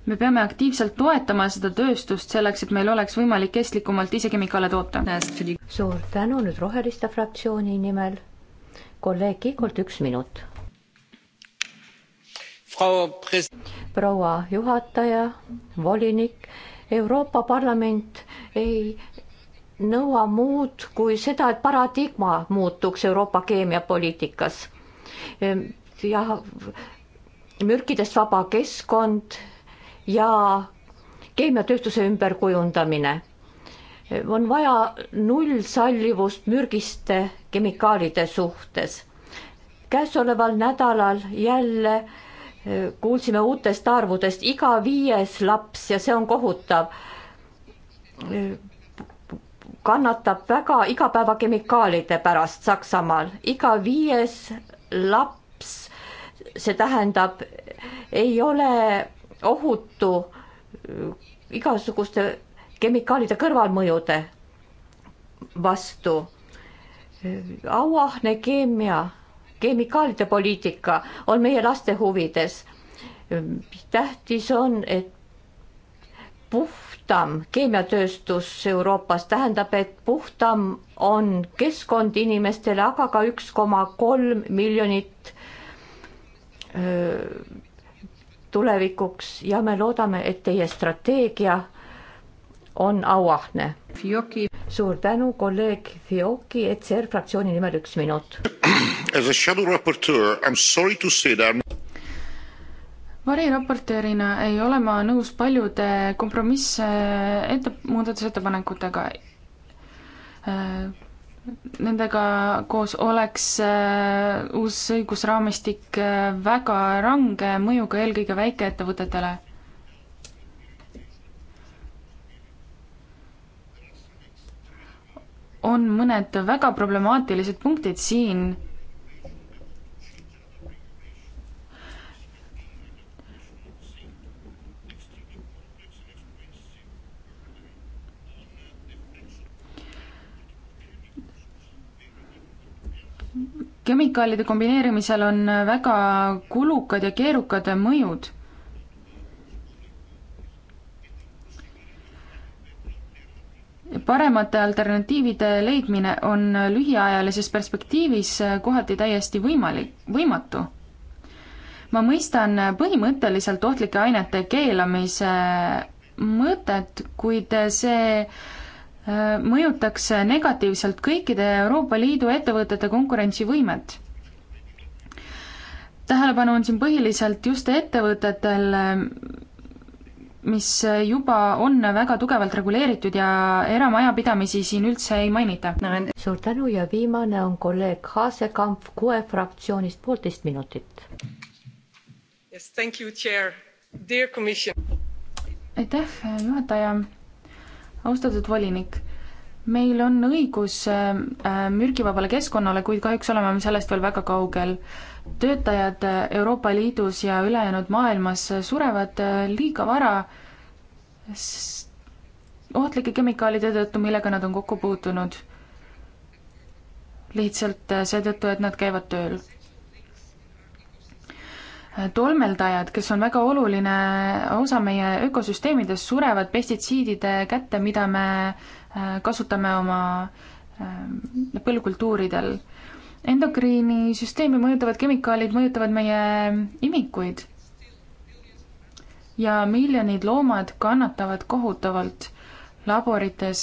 me peame aktiivselt toetama seda tööstust selleks, et meil oleks võimalik kestlikumalt ise kemikaale toota. suur tänu nüüd Roheliste fraktsiooni nimel. kolleeg Kikolt üks minut. proua juhataja, volinik, Euroopa Parlament ei nõua muud kui seda, et paradigma muutuks Euroopa keemiapoliitikas. jah, mürkidest vaba keskkond ja keemiatööstuse ümberkujundamine. on vaja nullsallivust mürgiste kemikaalide suhtes. käesoleval nädalal jälle e, kuulsime uutest arvudest, iga viies laps ja see on kohutav, e, kannatab väga igapäevakemikaalide pärast Saksamaal, iga viies laps, see tähendab, ei ole ohutu igasuguste kemikaalide kõrvalmõjude vastu. auahne keemia, kemikaalide poliitika on meie laste huvides. tähtis on, et puhtam keemiatööstus Euroopas tähendab, et puhtam on keskkond inimestele, aga ka üks koma kolm miljonit öö, tulevikuks ja me loodame, et teie strateegia on auahne. suur tänu, kolleeg Fioki, ECR fraktsiooni nimel üks minut. variraportöörina ei ole ma nõus paljude kompromisse ette, muudatusettepanekutega äh, nendega koos oleks äh, uus õigusraamistik äh, väga range mõjuga eelkõige väikeettevõtetele. on mõned väga problemaatilised punktid siin kemikaalide kombineerimisel on väga kulukad ja keerukad mõjud. paremate alternatiivide leidmine on lühiajalises perspektiivis kohati täiesti võimalik, võimatu. ma mõistan põhimõtteliselt ohtlike ainete keelamise mõtet, kuid see Äh, mõjutaks negatiivselt kõikide Euroopa Liidu ettevõtete konkurentsivõimet. tähelepanu on siin põhiliselt just ettevõtetel, mis juba on väga tugevalt reguleeritud ja eramajapidamisi siin üldse ei mainita. suur tänu ja viimane on kolleeg Haasekamp QE fraktsioonist, poolteist minutit. Yes, thank you, chair. Dear commission. aitäh, juhataja austatud volinik, meil on õigus äh, äh, mürgivabale keskkonnale, kuid kahjuks oleme me sellest veel väga kaugel. töötajad äh, Euroopa Liidus ja ülejäänud maailmas surevad liiga vara ohtlike kemikaalide tõttu, millega nad on kokku puutunud. lihtsalt seetõttu, et nad käivad tööl tolmeldajad, kes on väga oluline osa meie ökosüsteemidest, surevad pestitsiidide kätte, mida me äh, kasutame oma äh, põllukultuuridel. endokriini süsteemi mõjutavad kemikaalid mõjutavad meie imikuid ja miljonid loomad kannatavad kohutavalt laborites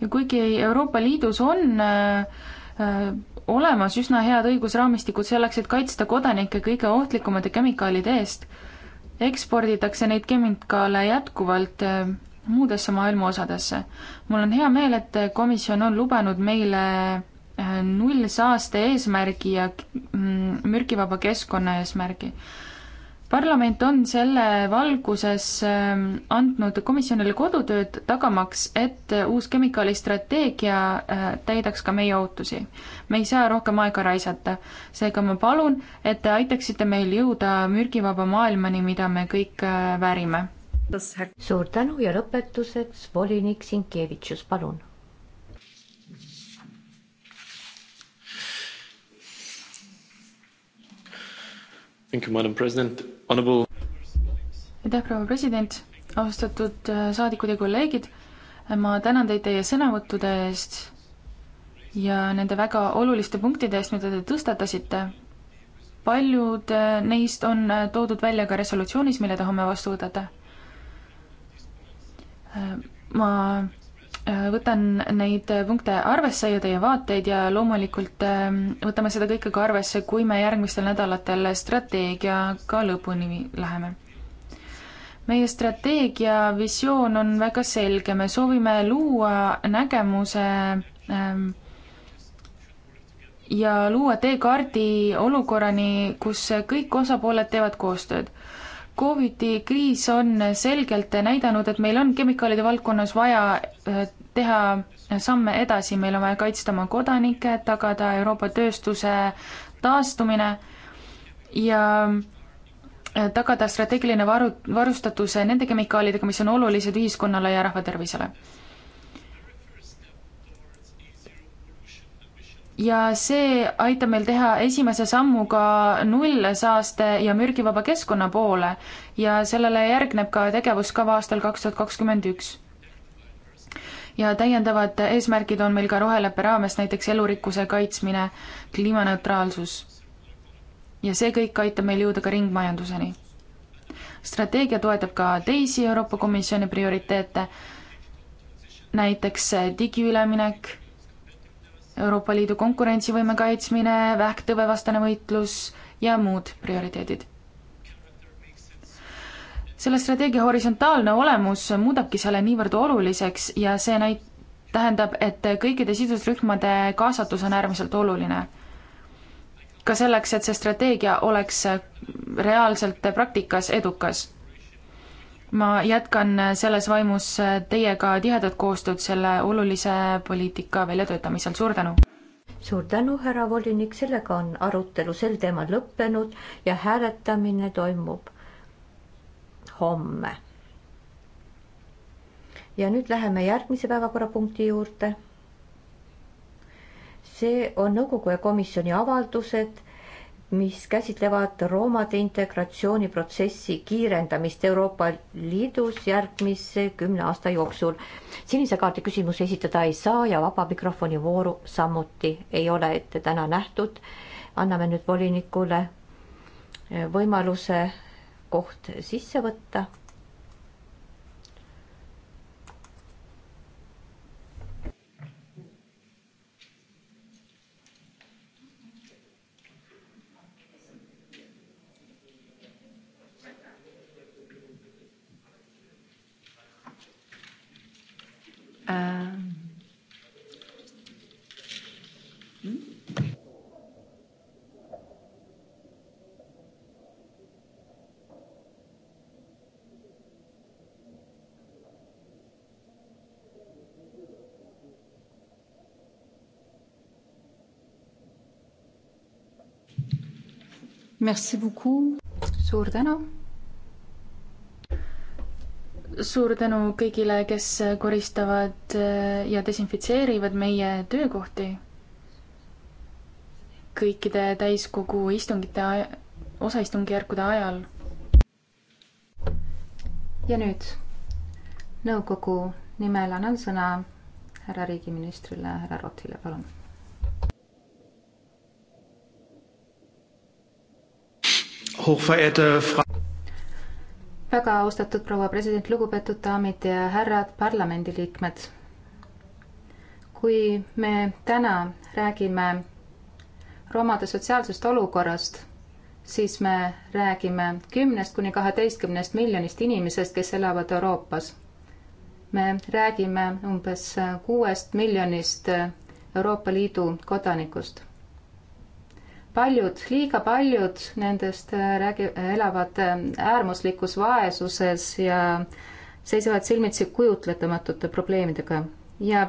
ja kuigi Euroopa Liidus on äh, äh, olemas üsna head õigusraamistikud selleks, et kaitsta kodanikke kõige ohtlikumate kemikaalide eest, eksporditakse neid kemikaale jätkuvalt äh, muudesse maailma osadesse. mul on hea meel, et komisjon on lubanud meile nullsaaste eesmärgi ja mm, mürgivaba keskkonna eesmärgi parlament on selle valguses ähm, andnud komisjonile kodutööd, tagamaks, et uus kemikaalistrateegia äh, täidaks ka meie ootusi. me ei saa rohkem aega raisata, seega ma palun, et te aitaksite meil jõuda mürgivaba maailmani, mida me kõik äh, väärime. suur tänu ja lõpetuseks volinik Sinkevitšus, palun aitäh, proua president, austatud äh, saadikud ja kolleegid, ma tänan teid teie sõnavõttude eest ja nende väga oluliste punktide eest, mida te tõstatasite. paljud äh, neist on äh, toodud välja ka resolutsioonis, mille te homme vastu võtate. ma Äh, võtan neid punkte arvesse ja teie vaateid ja loomulikult ähm, võtame seda kõike ka arvesse, kui me järgmistel nädalatel strateegiaga lõpuni läheme. meie strateegia visioon on väga selge, me soovime luua nägemuse ähm, ja luua teekaardi olukorrani, kus kõik osapooled teevad koostööd Covidi kriis on selgelt näidanud, et meil on kemikaalide valdkonnas vaja äh, teha samme edasi, meil on vaja kaitsta oma kodanikke, tagada Euroopa tööstuse taastumine ja äh, tagada strateegiline varu, varustatus nende kemikaalidega, mis on olulised ühiskonnale ja rahvatervisele. ja see aitab meil teha esimese sammu ka nullsaaste ja mürgivaba keskkonna poole ja sellele järgneb ka tegevuskava aastal kaks tuhat kakskümmend üks ja täiendavad eesmärgid on meil ka roheleppe raames, näiteks elurikkuse kaitsmine, kliimaneutraalsus. ja see kõik aitab meil jõuda ka ringmajanduseni. strateegia toetab ka teisi Euroopa Komisjoni prioriteete, näiteks digiüleminek, Euroopa Liidu konkurentsivõime kaitsmine, vähktõvevastane võitlus ja muud prioriteedid selle strateegia horisontaalne olemus muudabki selle niivõrd oluliseks ja see näit-, tähendab, et kõikide sidusrühmade kaasatus on äärmiselt oluline. ka selleks, et see strateegia oleks reaalselt praktikas edukas. ma jätkan selles vaimus teiega tihedat koostööd selle olulise poliitika väljatöötamisel, suur tänu! suur tänu, härra volinik, sellega on arutelu sel teemal lõppenud ja hääletamine toimub homme. ja nüüd läheme järgmise päevakorrapunkti juurde. see on nõukogu ja komisjoni avaldused, mis käsitlevad roomade integratsiooniprotsessi kiirendamist Euroopa Liidus järgmise kümne aasta jooksul. sinise kaardi küsimusi esitada ei saa ja vaba mikrofoni vooru samuti ei ole ette täna nähtud. anname nüüd volinikule võimaluse koht sisse võtta. Um Merci beaucoup. suur tänu. suur tänu kõigile, kes koristavad äh, ja desinfitseerivad meie töökohti. kõikide täiskogu istungite, osaistungjärkude ajal. ja nüüd nõukogu nimel annan sõna härra riigiministrile, härra Rotile, palun väga austatud proua president, lugupeetud daamid ja härrad parlamendiliikmed. kui me täna räägime romade sotsiaalsest olukorrast, siis me räägime kümnest kuni kaheteistkümnest miljonist inimesest, kes elavad Euroopas. me räägime umbes kuuest miljonist Euroopa Liidu kodanikust paljud, liiga paljud nendest äh, räägi-, elavad äh, äärmuslikus vaesuses ja seisavad silmitsi kujutlematute probleemidega. ja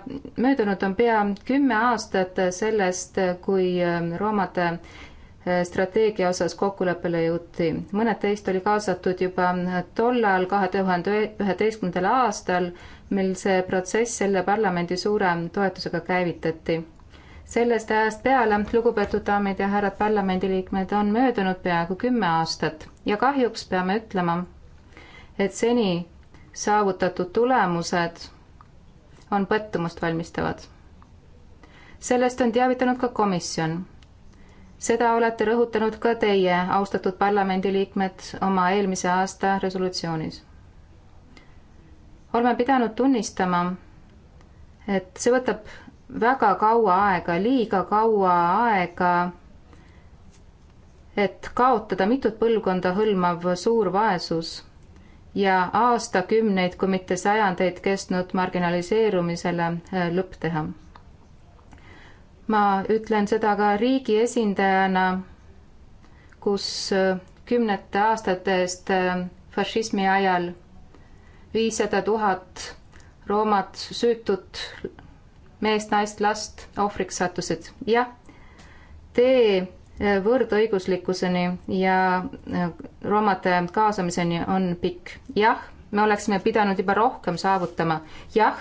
möödunud on pea kümme aastat sellest, kui äh, roomade strateegia osas kokkuleppele jõuti. mõned teist oli kaasatud juba tollal, kahe tuhande üheteistkümnendal aastal, mil see protsess selle parlamendi suure toetusega käivitati sellest ajast peale, lugupeetud daamid ja härrad parlamendiliikmed, on möödunud peaaegu kümme aastat ja kahjuks peame ütlema, et seni saavutatud tulemused on pettumust valmistavad. sellest on teavitanud ka komisjon. seda olete rõhutanud ka teie, austatud parlamendiliikmed, oma eelmise aasta resolutsioonis. oleme pidanud tunnistama, et see võtab väga kaua aega, liiga kaua aega, et kaotada mitut põlvkonda hõlmav suur vaesus ja aastakümneid, kui mitte sajandeid kestnud marginaliseerumisele äh, lõpp teha. ma ütlen seda ka riigi esindajana, kus äh, kümnete aastate eest äh, fašismi ajal viissada tuhat Roomat süütut meest, naist, last ohvriks sattusid. jah, tee äh, võrdõiguslikkuseni ja äh, roomade kaasamiseni on pikk. jah, me oleksime pidanud juba rohkem saavutama. jah,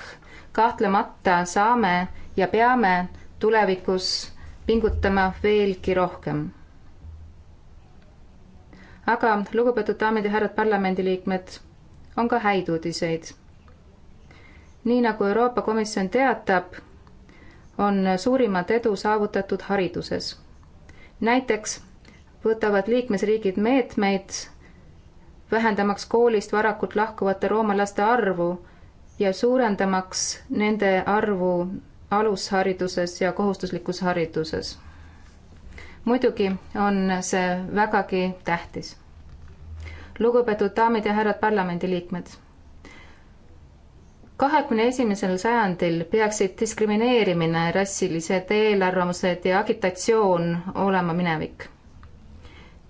kahtlemata saame ja peame tulevikus pingutama veelgi rohkem. aga lugupeetud daamid ja härrad parlamendiliikmed, on ka häid uudiseid. nii nagu Euroopa Komisjon teatab, on suurimat edu saavutatud hariduses. näiteks võtavad liikmesriigid meetmeid, vähendamaks koolist varakult lahkuvate roomalaste arvu ja suurendamaks nende arvu alushariduses ja kohustuslikus hariduses. muidugi on see vägagi tähtis. lugupeetud daamid ja härrad parlamendiliikmed kahekümne esimesel sajandil peaksid diskrimineerimine, rassilised eelarvamused ja agitatsioon olema minevik.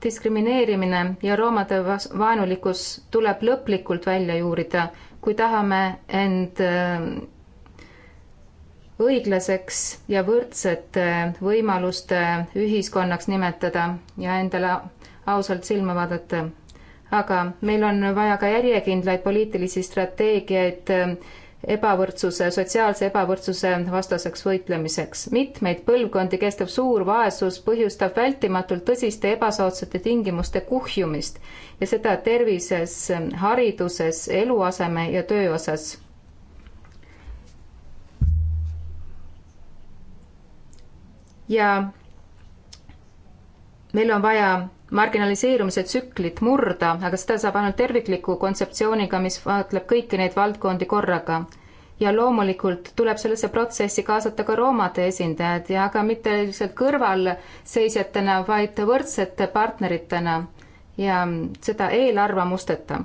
diskrimineerimine ja roomade vaenulikkus tuleb lõplikult välja juurida, kui tahame end äh, õiglaseks ja võrdsete äh, võimaluste äh, ühiskonnaks nimetada ja endale ausalt silma vaadata aga meil on vaja ka järjekindlaid poliitilisi strateegiaid ähm, ebavõrdsuse, sotsiaalse ebavõrdsuse vastaseks võitlemiseks. mitmeid põlvkondi kestab suur vaesus, põhjustab vältimatult tõsiste ebasoodsate tingimuste kuhjumist ja seda tervises, ähm, hariduses, eluaseme ja töö osas. ja meil on vaja marginaliseerumise tsüklit murda, aga seda saab ainult tervikliku kontseptsiooniga, mis vaatleb kõiki neid valdkondi korraga. ja loomulikult tuleb sellesse protsessi kaasata ka roomade esindajad ja ka mitte lihtsalt kõrvalseisjatena, vaid võrdsete partneritena ja seda eelarvamusteta.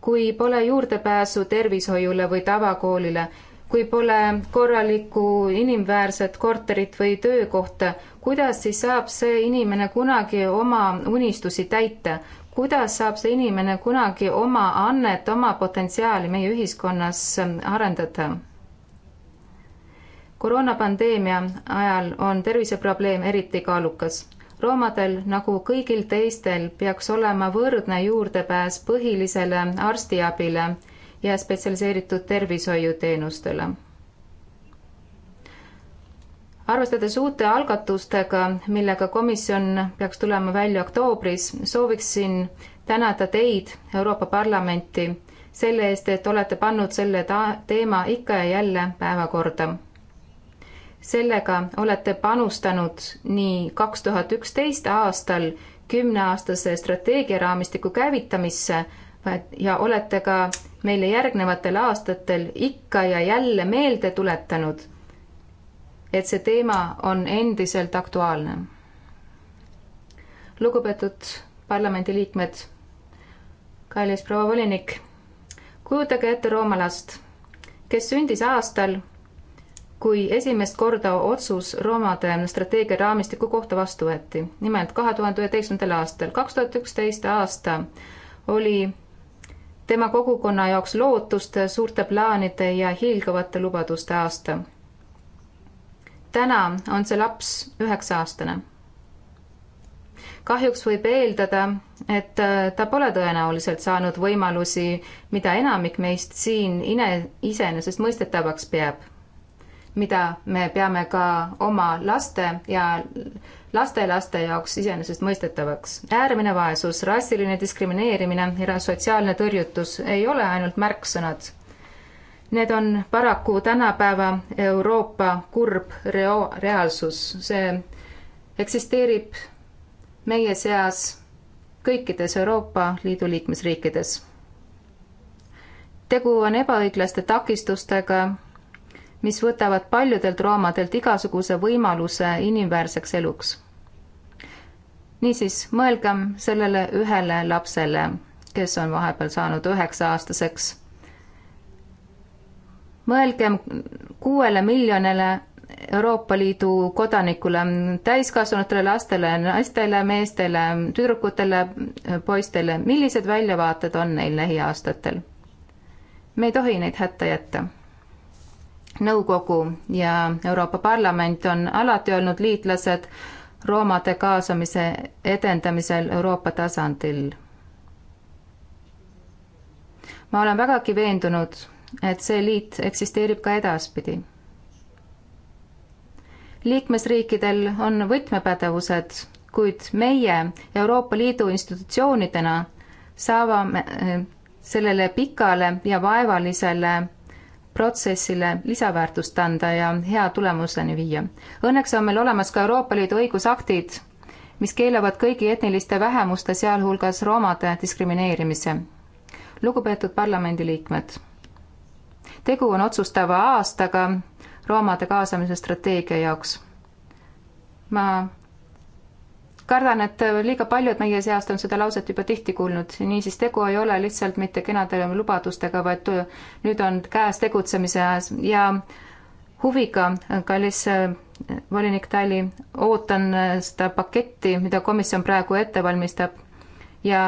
kui pole juurdepääsu tervishoiule või tavakoolile, kui pole korralikku inimväärset korterit või töökohta, kuidas siis saab see inimene kunagi oma unistusi täita? kuidas saab see inimene kunagi oma annet, oma potentsiaali meie ühiskonnas arendada? koroonapandeemia ajal on terviseprobleem eriti kaalukas. roomadel nagu kõigil teistel peaks olema võrdne juurdepääs põhilisele arstiabile ja spetsialiseeritud tervishoiuteenustele. arvestades uute algatustega, millega komisjon peaks tulema välja oktoobris, sooviksin tänada teid, Euroopa Parlamenti, selle eest, et olete pannud selle ta-, teema ikka ja jälle päevakorda. sellega olete panustanud nii kaks tuhat üksteist aastal kümneaastase strateegiaraamistiku käivitamisse ja olete ka meile järgnevatel aastatel ikka ja jälle meelde tuletanud, et see teema on endiselt aktuaalne. lugupeetud parlamendiliikmed, kallis proua volinik, kujutage ette roomalast, kes sündis aastal, kui esimest korda otsus roomade strateegia raamistiku kohta vastu võeti, nimelt kahe tuhande üheteistkümnendal aastal, kaks tuhat üksteist aasta oli tema kogukonna jaoks lootust, suurte plaanide ja hiilgavate lubaduste aasta. täna on see laps üheksa-aastane. kahjuks võib eeldada, et ta pole tõenäoliselt saanud võimalusi, mida enamik meist siin ine-, iseenesestmõistetavaks peab mida me peame ka oma laste ja lastelaste jaoks iseenesestmõistetavaks. äärmine vaesus, rassiline diskrimineerimine ja sotsiaalne tõrjutus ei ole ainult märksõnad. Need on paraku tänapäeva Euroopa kurb reo-, reaalsus. see eksisteerib meie seas kõikides Euroopa Liidu liikmesriikides. tegu on ebaõiglaste takistustega mis võtavad paljudelt roomadelt igasuguse võimaluse inimväärseks eluks. niisiis, mõelgem sellele ühele lapsele, kes on vahepeal saanud üheksa-aastaseks. mõelgem kuuele miljonile Euroopa Liidu kodanikule, täiskasvanutele lastele, naistele, meestele, tüdrukutele, poistele, millised väljavaated on neil lähiaastatel? me ei tohi neid hätta jätta nõukogu ja Euroopa Parlament on alati olnud liitlased roomade kaasamise edendamisel Euroopa tasandil. ma olen vägagi veendunud, et see liit eksisteerib ka edaspidi. liikmesriikidel on võtmepädevused, kuid meie Euroopa Liidu institutsioonidena saavame eh, sellele pikale ja vaevalisele protsessile lisaväärtust anda ja hea tulemuseni viia. Õnneks on meil olemas ka Euroopa Liidu õigusaktid, mis keelavad kõigi etniliste vähemuste, sealhulgas roomade diskrimineerimise. lugupeetud parlamendiliikmed, tegu on otsustava aastaga roomade kaasamise strateegia jaoks. ma kardan, et liiga paljud meie seast on seda lauset juba tihti kuulnud, niisiis tegu ei ole lihtsalt mitte kenade lubadustega, vaid nüüd on käes tegutsemise ajas ja huviga, kallis äh, volinik Tali, ootan äh, seda paketti, mida komisjon praegu ette valmistab ja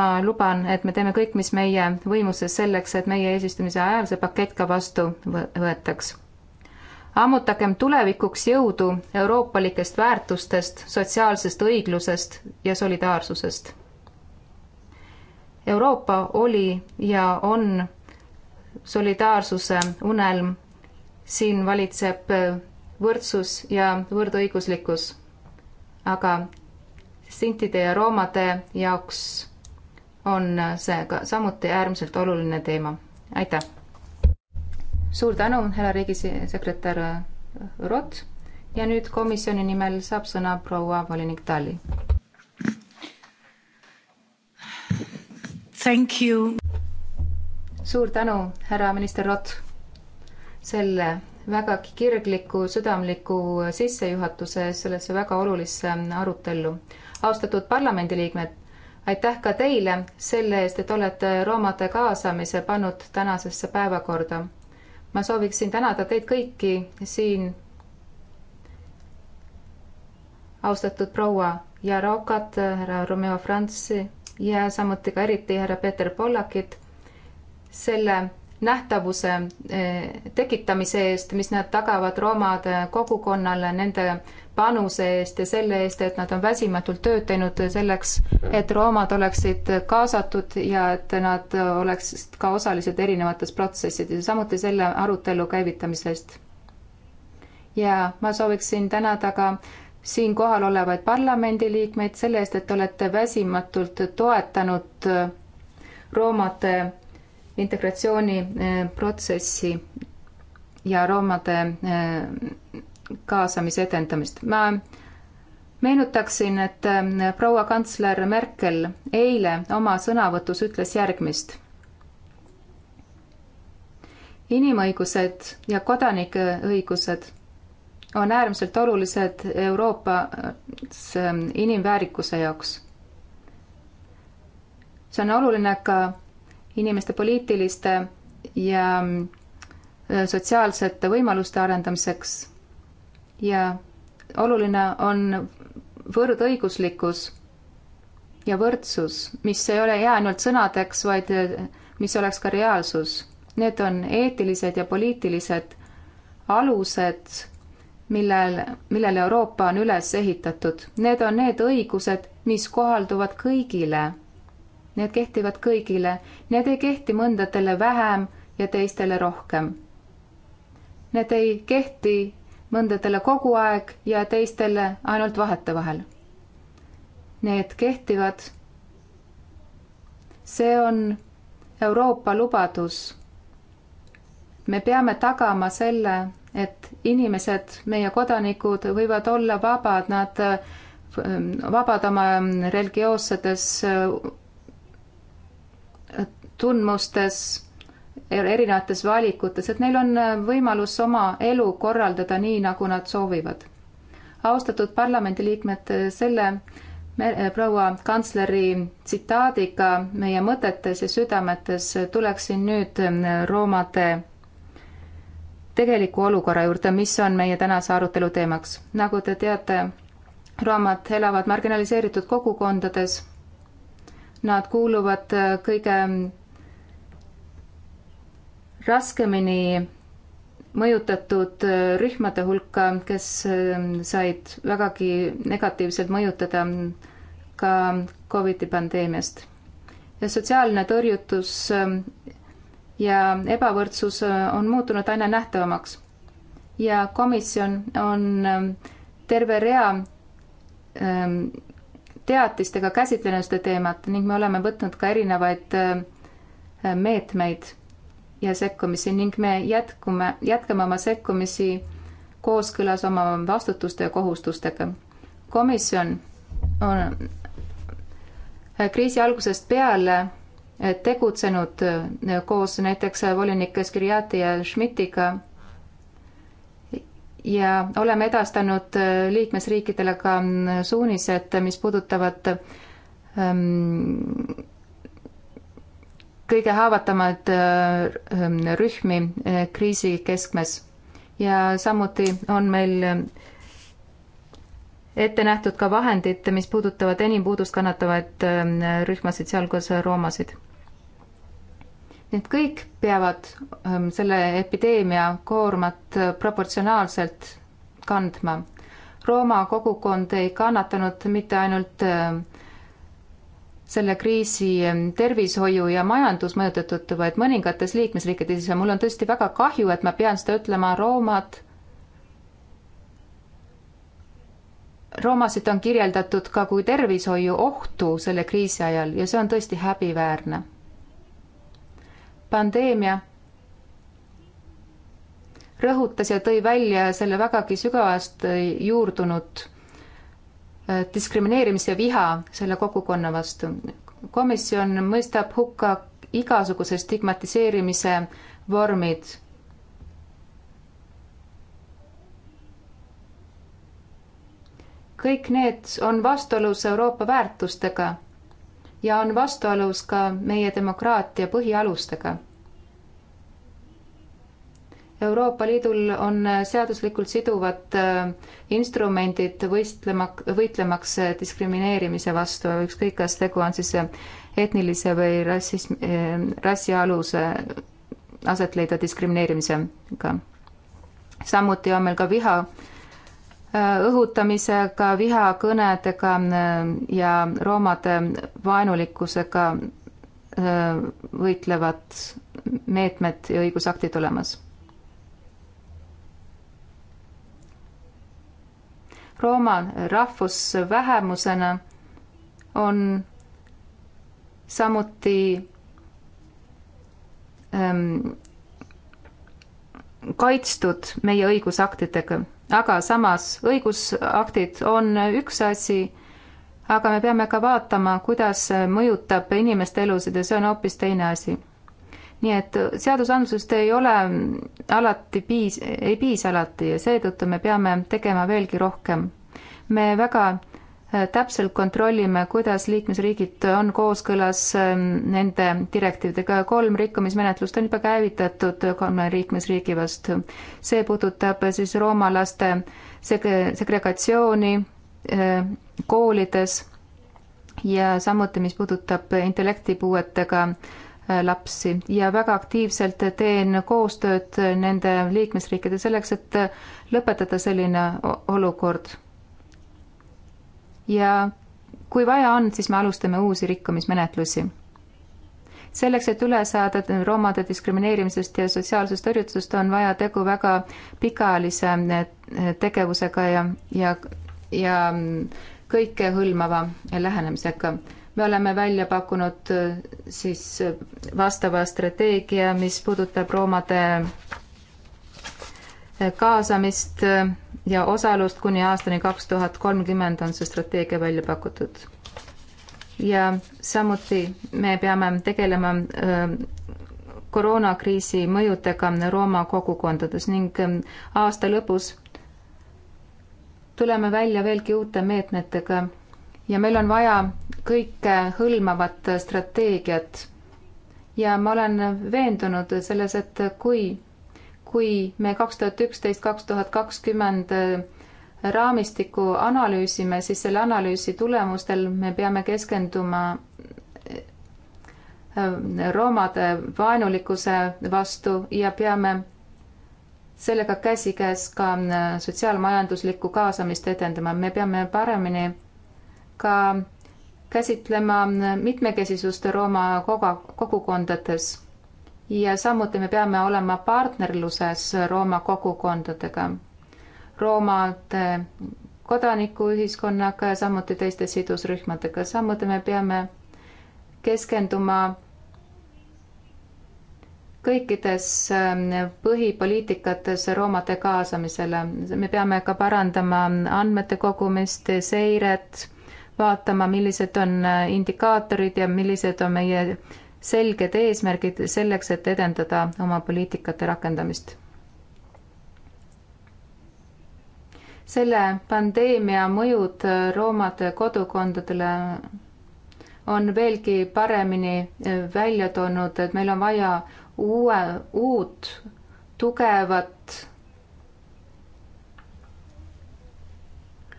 ma luban, et me teeme kõik, mis meie võimuses selleks, et meie eesistumise ajal see pakett ka vastu võetaks ammutagem tulevikuks jõudu euroopalikest väärtustest, sotsiaalsest õiglusest ja solidaarsusest. Euroopa oli ja on solidaarsuse unelm. siin valitseb võrdsus ja võrdõiguslikkus. aga sintide ja roomade jaoks on see ka samuti äärmiselt oluline teema. aitäh! suur tänu, härra riigisekretär Rott ja nüüd komisjoni nimel saab sõna proua volinik Tali. Thank you. suur tänu, härra minister Rott, selle vägagi kirgliku, südamliku sissejuhatuse sellesse väga olulisse arutellu. austatud parlamendiliikmed, aitäh ka teile selle eest, et olete roomade kaasamise pannud tänasesse päevakorda ma sooviksin tänada teid kõiki siin, austatud proua Jarokat, härra Romeo Franzi ja samuti ka eriti härra Peeter Pollakit selle nähtavuse eh, tekitamise eest, mis nad tagavad roomade kogukonnale, nende panuse eest ja selle eest, et nad on väsimatult tööd teinud selleks, et roomad oleksid kaasatud ja et nad oleksid ka osalised erinevates protsessides ja samuti selle arutelu käivitamise eest. ja ma sooviksin tänada ka siin kohal olevaid parlamendiliikmeid selle eest, et olete väsimatult toetanud roomade integratsiooniprotsessi eh, ja roomade eh, kaasamise etendamist. ma meenutaksin, et ähm, proua kantsler Merkel eile oma sõnavõtus ütles järgmist. inimõigused ja kodanike õigused on äärmiselt olulised Euroopas ähm, inimväärikuse jaoks. see on oluline ka inimeste poliitiliste ja ähm, sotsiaalsete võimaluste arendamiseks ja oluline on võrdõiguslikkus ja võrdsus, mis ei ole jää ainult sõnadeks, vaid eh, mis oleks ka reaalsus. Need on eetilised ja poliitilised alused, millel, millele Euroopa on üles ehitatud. Need on need õigused, mis kohalduvad kõigile. Need kehtivad kõigile, need ei kehti mõndadele vähem ja teistele rohkem. Need ei kehti mõndadele kogu aeg ja teistele ainult vahetevahel. Need kehtivad. see on Euroopa lubadus. me peame tagama selle, et inimesed, meie kodanikud võivad olla vabad, nad äh, vabad oma religioossetes äh, tundmustes erinevates valikutes, et neil on äh, võimalus oma elu korraldada nii, nagu nad soovivad. austatud parlamendiliikmed, äh, selle äh, proua kantsleri tsitaadiga meie mõtetes ja südametes tuleksin nüüd roomade tegeliku olukorra juurde, mis on meie tänase arutelu teemaks. nagu te teate, roomad elavad marginaliseeritud kogukondades. Nad kuuluvad kõige raskemini mõjutatud äh, rühmade hulka, kes ähm, said vägagi negatiivselt mõjutada ka Covidi pandeemiast. ja sotsiaalne tõrjutus ähm, ja ebavõrdsus äh, on muutunud aina nähtavamaks. ja komisjon on ähm, terve rea teatistega käsitlenud seda teemat ning me oleme võtnud ka erinevaid äh, meetmeid ja sekkumisi ning me jätkume, jätkame oma sekkumisi kooskõlas oma vastutuste ja kohustustega. komisjon on äh, kriisi algusest peale äh, tegutsenud äh, koos näiteks volinike Skirjati ja Schmidtiga ja oleme edastanud liikmesriikidele ka mm, suunised, mis puudutavad ähm, kõige haavatavamaid äh, rühmi äh, kriisi keskmes. ja samuti on meil ette nähtud ka vahendid, mis puudutavad enim puudust kannatavaid äh, rühmasid, sealhulgas roomasid. Need kõik peavad ähm, selle epideemia koormat proportsionaalselt kandma. Rooma kogukond ei kannatanud mitte ainult äh, selle kriisi ehm, tervishoiu ja majandusmõjude tõttu, vaid mõningates liikmesriikides ja mul on tõesti väga kahju, et ma pean seda ütlema, roomad, roomasid on kirjeldatud ka kui tervishoiu ohtu selle kriisi ajal ja see on tõesti häbiväärne. pandeemia rõhutas ja tõi välja selle vägagi sügavast eh, juurdunud Äh, diskrimineerimise viha selle kogukonna vastu. komisjon mõistab hukka igasuguse stigmatiseerimise vormid. kõik need on vastuolus Euroopa väärtustega ja on vastuolus ka meie demokraatia põhialustega Euroopa Liidul on seaduslikult siduvad äh, instrumendid võistlema, võitlemaks äh, diskrimineerimise vastu, ükskõik kas tegu on siis äh, etnilise või rassism, rassi aluse aset leida diskrimineerimisega. samuti on meil ka viha õhutamisega, vihakõnedega ja roomade vaenulikkusega võitlevad meetmed ja õigusaktid olemas Rooma rahvusvähemusena on samuti ähm, kaitstud meie õigusaktidega, aga samas õigusaktid on üks asi, aga me peame ka vaatama, kuidas mõjutab inimeste elusid ja see on hoopis teine asi nii et seadusandlusest ei ole alati piis, ei piisa alati ja seetõttu me peame tegema veelgi rohkem. me väga äh, täpselt kontrollime, kuidas liikmesriigid on kooskõlas ähm, nende direktiividega. kolm rikkumismenetlust on juba käivitatud kolme liikmesriigi vastu. see puudutab äh, siis Rooma laste seg-, segregatsiooni äh, koolides ja samuti, mis puudutab intellektipuuetega äh, Äh, lapsi ja väga aktiivselt teen koostööd nende liikmesriikide selleks, et äh, lõpetada selline olukord. ja kui vaja on, siis me alustame uusi rikkumismenetlusi. selleks, et üle saada roomade diskrimineerimisest ja sotsiaalsest tõrjutusest, on vaja tegu väga pikaajalise äh, tegevusega ja, ja, ja kõikehõlmava lähenemisega me oleme välja pakkunud äh, siis äh, vastava strateegia, mis puudutab roomade äh, kaasamist ja osalust kuni aastani kaks tuhat kolmkümmend on see strateegia välja pakutud. ja samuti me peame tegelema koroonakriisi mõjudega Rooma kogukondades ning ähm, aasta lõpus tuleme välja veelgi uute meetmetega ja meil on vaja kõikehõlmavat äh, strateegiat. ja ma olen veendunud selles, et kui, kui me kaks tuhat üksteist, kaks tuhat kakskümmend äh, raamistikku analüüsime, siis selle analüüsi tulemustel me peame keskenduma äh, roomade vaenulikkuse vastu ja peame sellega käsikäes ka sotsiaalmajanduslikku kaasamist edendama. me peame paremini ka käsitlema mitmekesisust Rooma kogukondades ja samuti me peame olema partnerluses Rooma kogukondadega, Roomade eh, kodanikuühiskonnaga ja samuti teiste sidusrühmadega, samuti me peame keskenduma kõikides eh, põhipoliitikates roomade kaasamisele. me peame ka parandama andmete kogumist, seiret vaatama, millised on äh, indikaatorid ja millised on meie selged eesmärgid selleks, et edendada oma poliitikate rakendamist. selle pandeemia mõjud äh, roomade kodukondadele on veelgi paremini äh, välja toonud, et meil on vaja uue, uut, tugevat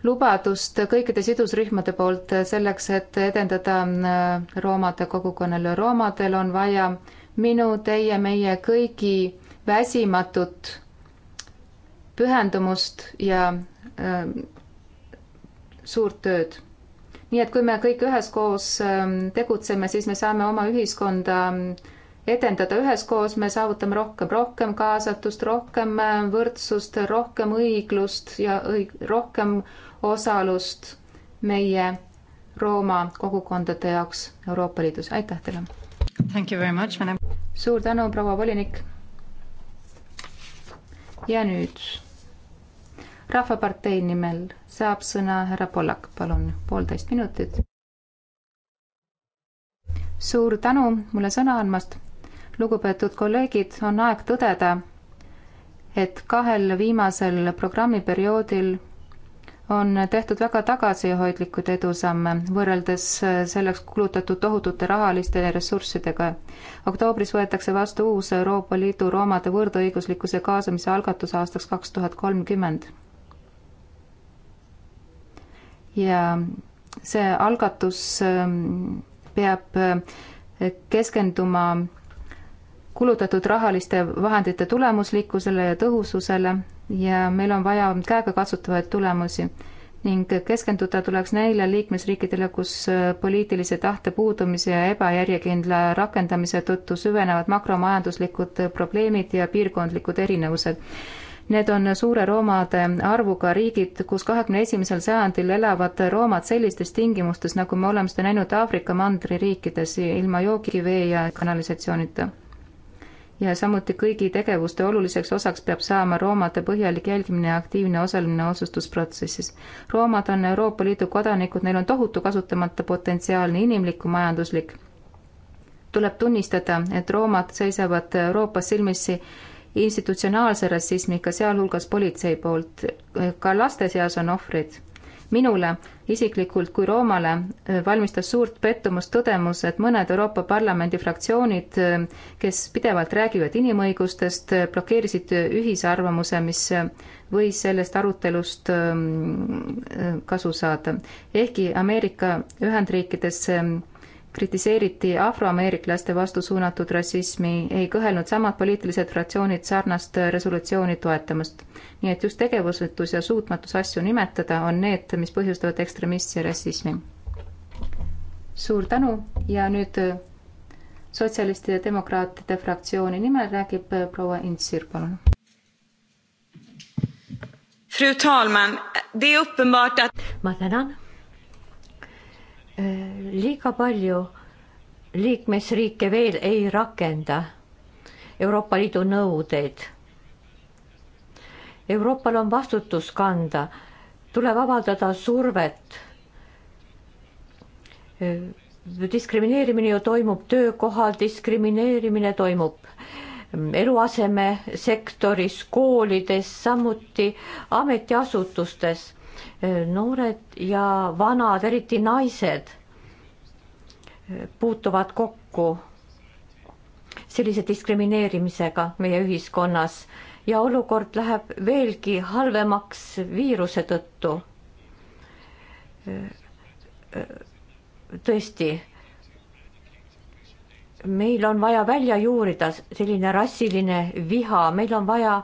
lubadust kõikide sidusrühmade poolt selleks, et edendada äh, roomade kogukonnale. roomadel on vaja minu, teie, meie kõigi väsimatut pühendumust ja äh, suurt tööd. nii et kui me kõik üheskoos äh, tegutseme, siis me saame oma ühiskonda ähm, edendada üheskoos, me saavutame rohkem, rohkem kaasatust, rohkem äh, võrdsust, rohkem õiglust ja õig-, rohkem osalust meie Rooma kogukondade jaoks Euroopa Liidus, aitäh teile! suur tänu, proua volinik! ja nüüd Rahvapartei nimel saab sõna härra Pollak, palun, poolteist minutit. suur tänu mulle sõna andmast. lugupeetud kolleegid, on aeg tõdeda, et kahel viimasel programmiperioodil on tehtud väga tagasihoidlikud edusamme võrreldes äh, selleks kulutatud tohutute rahaliste ressurssidega. oktoobris võetakse vastu uus Euroopa Liidu roomade võrdõiguslikkuse kaasamise algatus aastaks kaks tuhat kolmkümmend. ja see algatus ähm, peab äh, keskenduma kulutatud rahaliste vahendite tulemuslikkusele ja tõhususele ja meil on vaja käegakatsutavaid tulemusi ning keskenduda tuleks neile liikmesriikidele, kus äh, poliitilise tahte puudumise ja ebajärjekindla rakendamise tõttu süvenevad makromajanduslikud äh, probleemid ja piirkondlikud erinevused. Need on suure roomade arvuga riigid, kus kahekümne esimesel sajandil elavad roomad sellistes tingimustes, nagu me oleme seda näinud Aafrika mandririikides ilma joogivee ja kanalisatsioonita ja samuti kõigi tegevuste oluliseks osaks peab saama roomade põhjalik jälgimine ja aktiivne osalemine otsustusprotsessis. roomad on Euroopa Liidu kodanikud, neil on tohutu kasutamata potentsiaal nii inimlik kui majanduslik. tuleb tunnistada, et roomad seisavad Euroopas silmitsi institutsionaalse rassismiga, sealhulgas politsei poolt. ka laste seas on ohvrid minule isiklikult kui Roomale äh, valmistas suurt pettumust tõdemus, et mõned Euroopa Parlamendi fraktsioonid, äh, kes pidevalt räägivad inimõigustest, äh, blokeerisid ühise arvamuse, mis võis sellest arutelust ähm, kasu saada. ehkki Ameerika Ühendriikides ähm, kritiseeriti afroameeriklaste vastu suunatud rassismi, ei kõhelnud samad poliitilised fraktsioonid sarnast resolutsiooni toetamast. nii et just tegevusetus ja suutmatus asju nimetada on need, mis põhjustavad ekstremismi ja rassismi. suur tänu ja nüüd sotsialistide ja demokraatide fraktsiooni nimel räägib proua Intsir, palun. ma tänan Äh, liiga palju liikmesriike veel ei rakenda Euroopa Liidu nõudeid. Euroopal on vastutus kanda, tuleb avaldada survet. Äh, diskrimineerimine ju toimub töökohal, diskrimineerimine toimub mm, eluasemesektoris, koolides, samuti ametiasutustes Äh, noored ja vanad, eriti naised äh, puutuvad kokku sellise diskrimineerimisega meie ühiskonnas ja olukord läheb veelgi halvemaks viiruse tõttu. Äh, tõesti, meil on vaja välja juurida selline rassiline viha, meil on vaja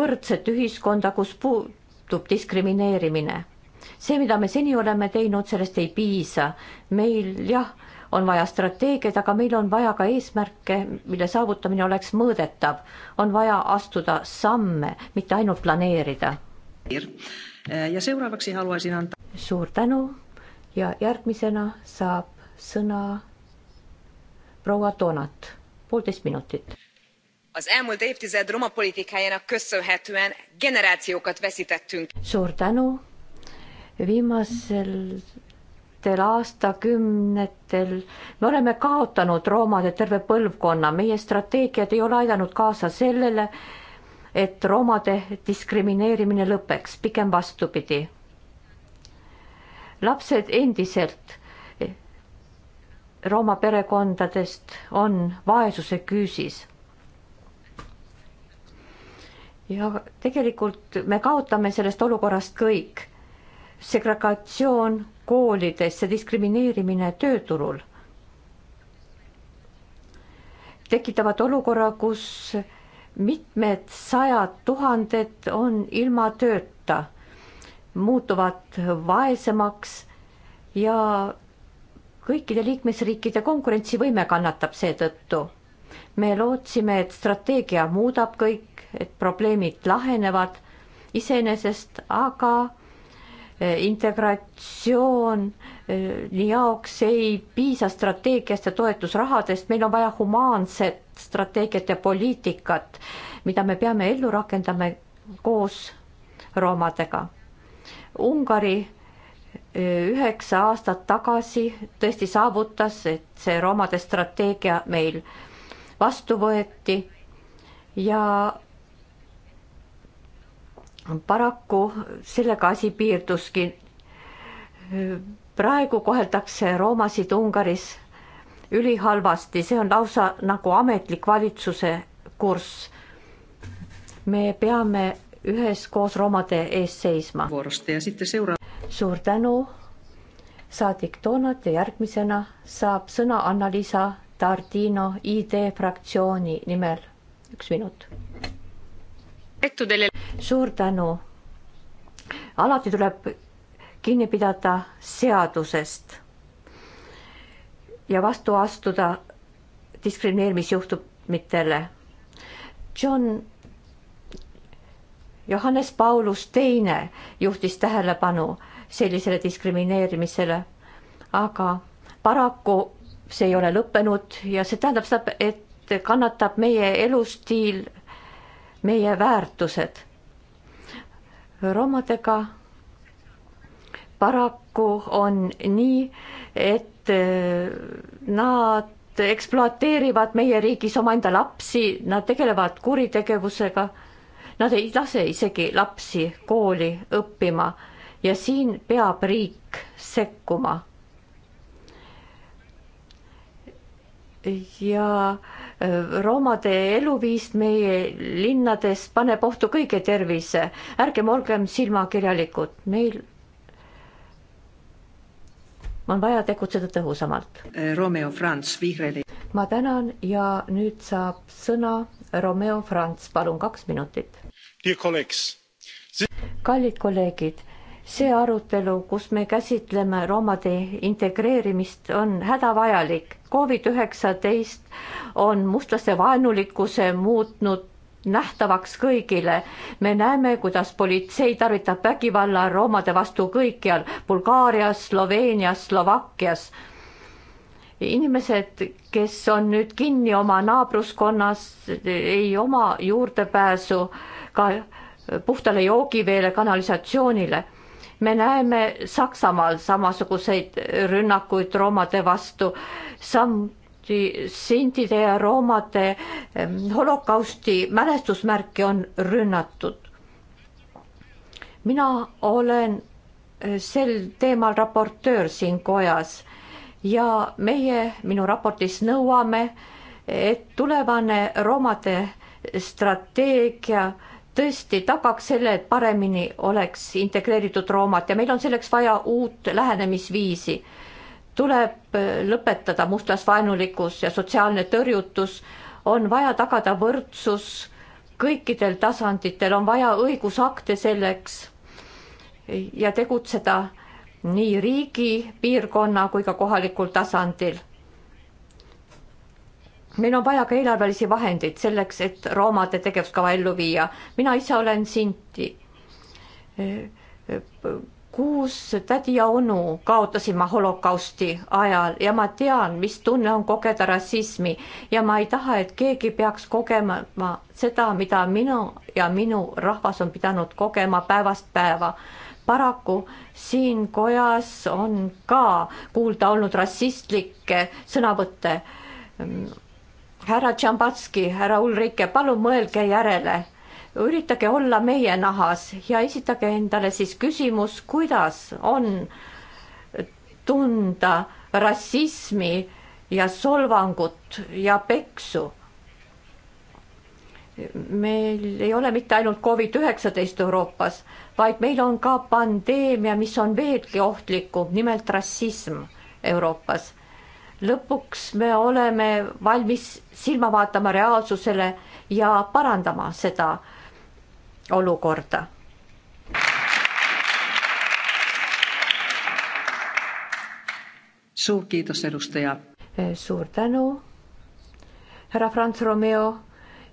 võrdset ühiskonda, kus puu-, muutub diskrimineerimine. see, mida me seni oleme teinud, sellest ei piisa. meil jah, on vaja strateegiaid, aga meil on vaja ka eesmärke, mille saavutamine oleks mõõdetav. on vaja astuda samme, mitte ainult planeerida. ja seuraavaksi haluaisin anda. suur tänu ja järgmisena saab sõna proua Donat, poolteist minutit az elmúlt évtized roma politikájának köszönhetően generációkat vesztettünk. suur tänu. viimastel aastakümnetel me oleme kaotanud roomade terve põlvkonna, meie strateegiad ei ole aidanud kaasa sellele, et roomade diskrimineerimine lõpeks, pigem vastupidi. lapsed endiselt Rooma perekondadest on vaesuse küüsis ja tegelikult me kaotame sellest olukorrast kõik. segregatsioon koolides, see diskrimineerimine tööturul tekitavad olukorra, kus mitmed sajad tuhanded on ilma tööta, muutuvad vaesemaks ja kõikide liikmesriikide konkurentsivõime kannatab seetõttu me lootsime, et strateegia muudab kõik, et probleemid lahenevad iseenesest, aga e, integratsioon e, jaoks ei piisa strateegiast ja toetusrahadest, meil on vaja humaanset strateegiat ja poliitikat, mida me peame ellu rakendama koos roomadega. Ungari e, üheksa aastat tagasi tõesti saavutas, et see roomade strateegia meil äh, vastu võeti ja paraku sellega asi piirduski. praegu koheldakse roomasid Ungaris ülihalvasti, see on lausa nagu ametlik valitsuse kurss. me peame üheskoos roomade eest seisma. suur tänu, saadik Donat ja järgmisena saab sõna Anna-Liisa Tardino ID fraktsiooni nimel. üks minut. suur tänu. alati tuleb kinni pidada seadusest ja vastu astuda diskrimineerimisjuhtumitele. John Johannes Paulus Teine juhtis tähelepanu sellisele diskrimineerimisele, aga paraku see ei ole lõppenud ja see tähendab seda, et kannatab meie elustiil, meie väärtused. romadega paraku on nii, et eh, nad ekspluateerivad meie riigis omaenda lapsi, nad tegelevad kuritegevusega. Nad ei lase isegi lapsi kooli õppima ja siin peab riik sekkuma ja äh, roomade eluviis meie linnades paneb ohtu kõige tervise. ärgem olgem silmakirjalikud, meil on vaja tegutseda tõhusamalt. Äh, Romeo Franz, Vihreli. ma tänan ja nüüd saab sõna Romeo Franz, palun kaks minutit. kallid kolleegid see arutelu, kus me käsitleme roomade integreerimist, on hädavajalik. Covid üheksateist on mustlaste vaenulikkuse muutnud nähtavaks kõigile. me näeme, kuidas politsei tarvitab vägivalla roomade vastu kõikjal Bulgaarias, Sloveenias, Slovakkias. inimesed, kes on nüüd kinni oma naabruskonnas, ei oma juurdepääsu ka puhtale joogiveele, kanalisatsioonile me näeme Saksamaal samasuguseid rünnakuid roomade vastu, samuti sintide ja roomade holokausti mälestusmärke on rünnatud. mina olen eh, sel teemal raportöör siin kojas ja meie minu raportis nõuame, et tulevane roomade strateegia äh, tõesti tagaks selle, et paremini oleks integreeritud Roomat ja meil on selleks vaja uut lähenemisviisi. tuleb äh, lõpetada mustlasvaenulikkus ja sotsiaalne tõrjutus, on vaja tagada võrdsus kõikidel tasanditel, on vaja õigusakte selleks ja tegutseda nii riigi, piirkonna kui ka kohalikul tasandil meil on vaja ka eelarvelisi vahendeid selleks, et roomade tegevuskava ellu viia. mina ise olen Sinti. kuus tädi ja onu kaotasin ma holokausti ajal ja ma tean, mis tunne on kogeda rassismi ja ma ei taha, et keegi peaks kogema seda, mida minu ja minu rahvas on pidanud kogema päevast päeva paraku siin kojas on ka kuulda olnud rassistlikke sõnavõtte härra Tšambatski, härra Ulrike, palun mõelge järele. üritage olla meie nahas ja esitage endale siis küsimus, kuidas on tunda rassismi ja solvangut ja peksu. meil ei ole mitte ainult Covid üheksateist Euroopas, vaid meil on ka pandeemia, mis on veelgi ohtlikum, nimelt rassism Euroopas lõpuks me oleme valmis silma vaatama reaalsusele ja parandama seda olukorda. suur kiidus, edustaja. Eh, suur tänu, härra Franz Romeo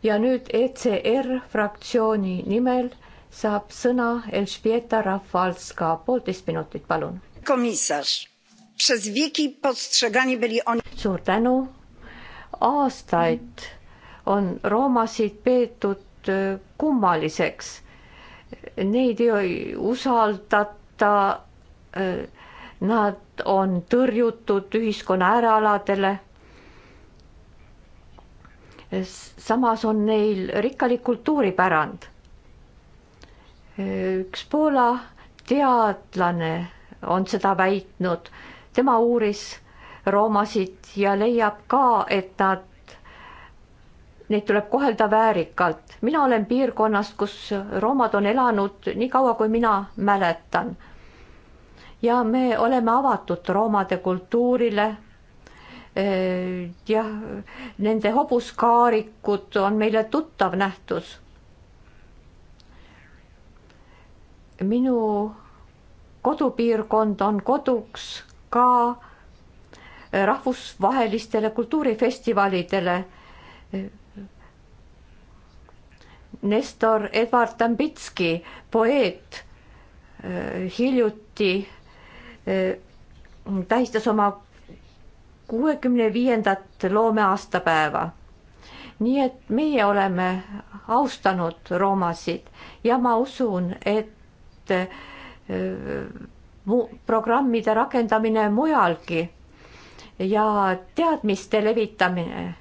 ja nüüd ECR fraktsiooni nimel saab sõna Elžbieta Rafalska, poolteist minutit, palun. komissar przez wieki postrzegani byli oni. suur tänu. aastaid on roomasid peetud e, kummaliseks. Neid ei usaldata. E, nad on tõrjutud ühiskonna äärealadele. samas on neil rikkalik kultuuripärand. E, üks Poola teadlane on seda väitnud tema uuris roomasid ja leiab ka, et nad, neid tuleb kohelda väärikalt. mina olen piirkonnast, kus roomad on elanud nii kaua, kui mina mäletan. ja me oleme avatud roomade kultuurile jah, nende hobuskaarikud on meile tuttav nähtus. minu kodupiirkond on koduks ka eh, rahvusvahelistele kultuurifestivalidele. Nestor Edward Tambitski, poeet, eh, hiljuti eh, tähistas oma kuuekümne viiendat loomeaastapäeva. nii et meie oleme austanud roomasid ja ma usun, et programmide rakendamine mujalgi ja teadmiste levitamine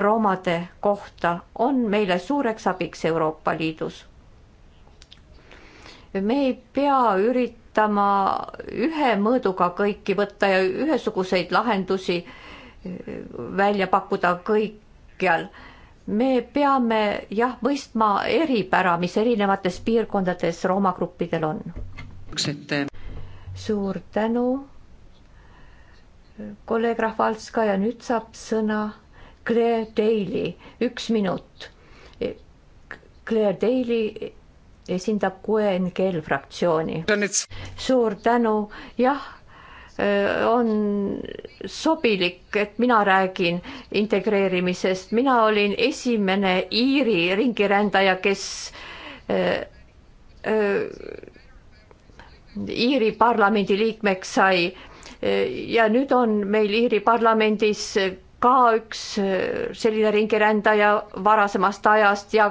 roomade kohta on meile suureks abiks Euroopa Liidus. me ei pea üritama ühe mõõduga kõiki võtta ja ühesuguseid lahendusi e, välja pakkuda kõikjal me peame jah mõistma eripära, mis erinevates piirkondades roomagruppidel on suur tänu, kolleeg Rahvalska ja nüüd saab sõna Claire Daly, üks minut. E, Claire Daly esindab QNGL fraktsiooni. suur tänu, jah e, on sobilik, et mina räägin integreerimisest, mina olin esimene Iiri ringirändaja, kes öö, e, öö, Iiri parlamendi liikmeks sai ja nüüd on meil Iiri parlamendis ka üks selline ringirändaja varasemast ajast ja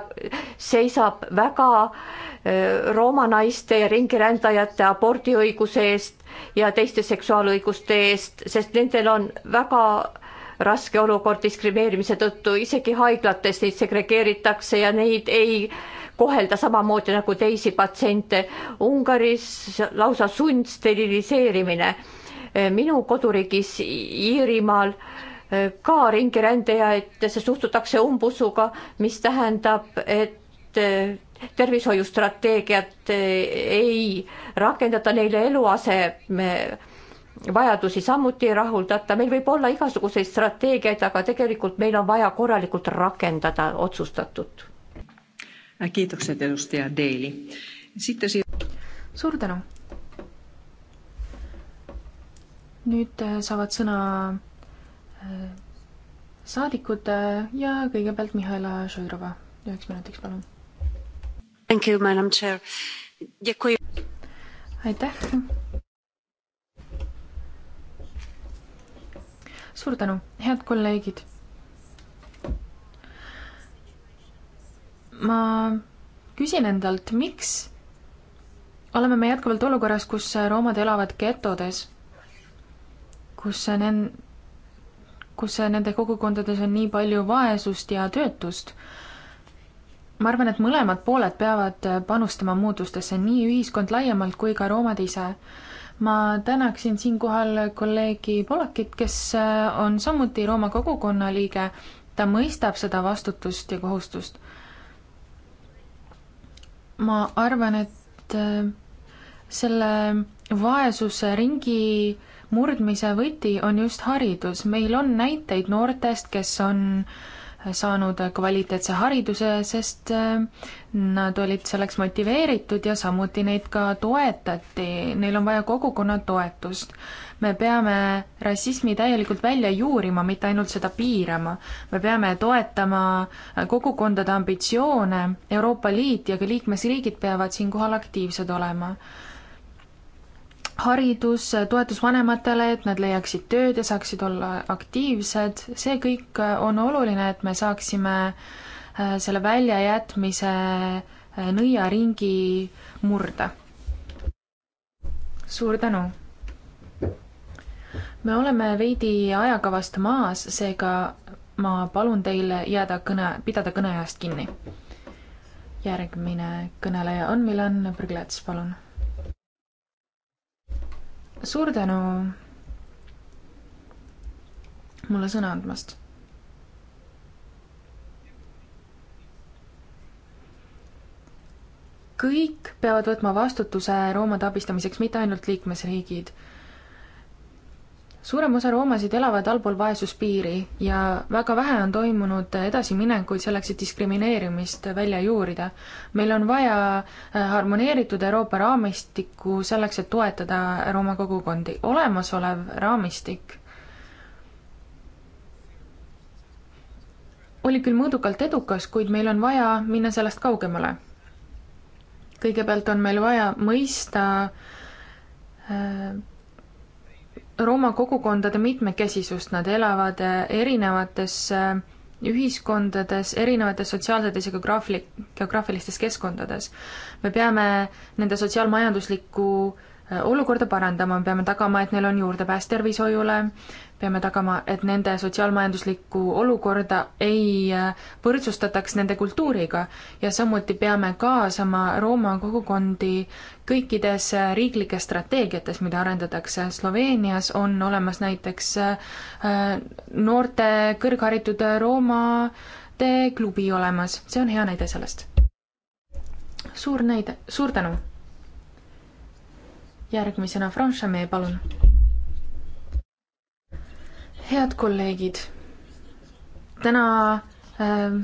seisab väga äh, Rooma naiste ja ringirändajate abordiõiguse eest ja teiste seksuaalõiguste eest, sest nendel on väga raske olukord diskrimineerimise tõttu, isegi haiglates neid segregeeritakse ja neid ei kohelda samamoodi nagu teisi patsiente. Ungaris lausa sundsteriliseerimine. minu koduriigis Iirimaal eh, ka ringirändajatesse suhtutakse umbusuga, mis tähendab, et eh, tervishoiustrateegiat eh, ei rakendata neile eluaseme vajadusi samuti ei rahuldata, meil võib olla igasuguseid strateegiaid, aga tegelikult meil on vaja korralikult rakendada otsustatut. Äh, kiitokset, edustaja Deili. siit ja siit. suur tänu. nüüd äh, saavad sõna äh, saadikud ja kõigepealt Mihhaila Žõirova üheks minutiks, palun. aitäh suur tänu, head kolleegid. ma küsin endalt, miks oleme me jätkuvalt olukorras, kus roomad elavad getodes, kus nen-, kus nende kogukondades on nii palju vaesust ja töötust. ma arvan, et mõlemad pooled peavad panustama muutustesse, nii ühiskond laiemalt kui ka roomad ise ma tänaksin siinkohal kolleegi Polakit, kes äh, on samuti Rooma kogukonna liige. ta mõistab seda vastutust ja kohustust. ma arvan, et äh, selle vaesuse ringi murdmise võti on just haridus. meil on näiteid noortest, kes on äh, saanud kvaliteetse hariduse, sest äh, nad olid selleks motiveeritud ja samuti neid ka toetati, neil on vaja kogukonna toetust. me peame rassismi täielikult välja juurima, mitte ainult seda piirama. me peame toetama äh, kogukondade ambitsioone, Euroopa Liit ja ka liikmesriigid peavad siinkohal aktiivsed olema haridus, toetus vanematele, et nad leiaksid tööd ja saaksid olla aktiivsed, see kõik on oluline, et me saaksime äh, selle väljajätmise äh, nõiaringi murda. suur tänu! me oleme veidi ajakavast maas, seega ma palun teil jääda kõne, pidada kõneajast kinni. järgmine kõneleja on Milan Brglets, palun suur tänu mulle sõna andmast. kõik peavad võtma vastutuse roomade abistamiseks, mitte ainult liikmesriigid suurem osa roomasid elavad allpool vaesuspiiri ja väga vähe on toimunud edasiminekuid selleks, et diskrimineerimist välja juurida. meil on vaja äh, harmoneeritud Euroopa raamistikku selleks, et toetada Rooma kogukondi. olemasolev raamistik oli küll mõõdukalt edukas, kuid meil on vaja minna sellest kaugemale. kõigepealt on meil vaja mõista äh, Rooma kogukondade mitmekesisust, nad elavad äh, erinevates äh, ühiskondades, erinevates sotsiaalsetes ja geograafli-, geograafilistes keskkondades. me peame nende sotsiaalmajanduslikku äh, olukorda parandama, peame tagama, et neil on juurdepääs tervishoiule, peame tagama, et nende sotsiaalmajanduslikku olukorda ei äh, võrdsustataks nende kultuuriga ja samuti peame kaasama Rooma kogukondi kõikides äh, riiklikes strateegiates, mida arendatakse. Sloveenias on olemas näiteks äh, noorte kõrgharitud roomade klubi olemas, see on hea näide sellest. suur näide, suur tänu! järgmisena Franchemet, palun head kolleegid, täna äh,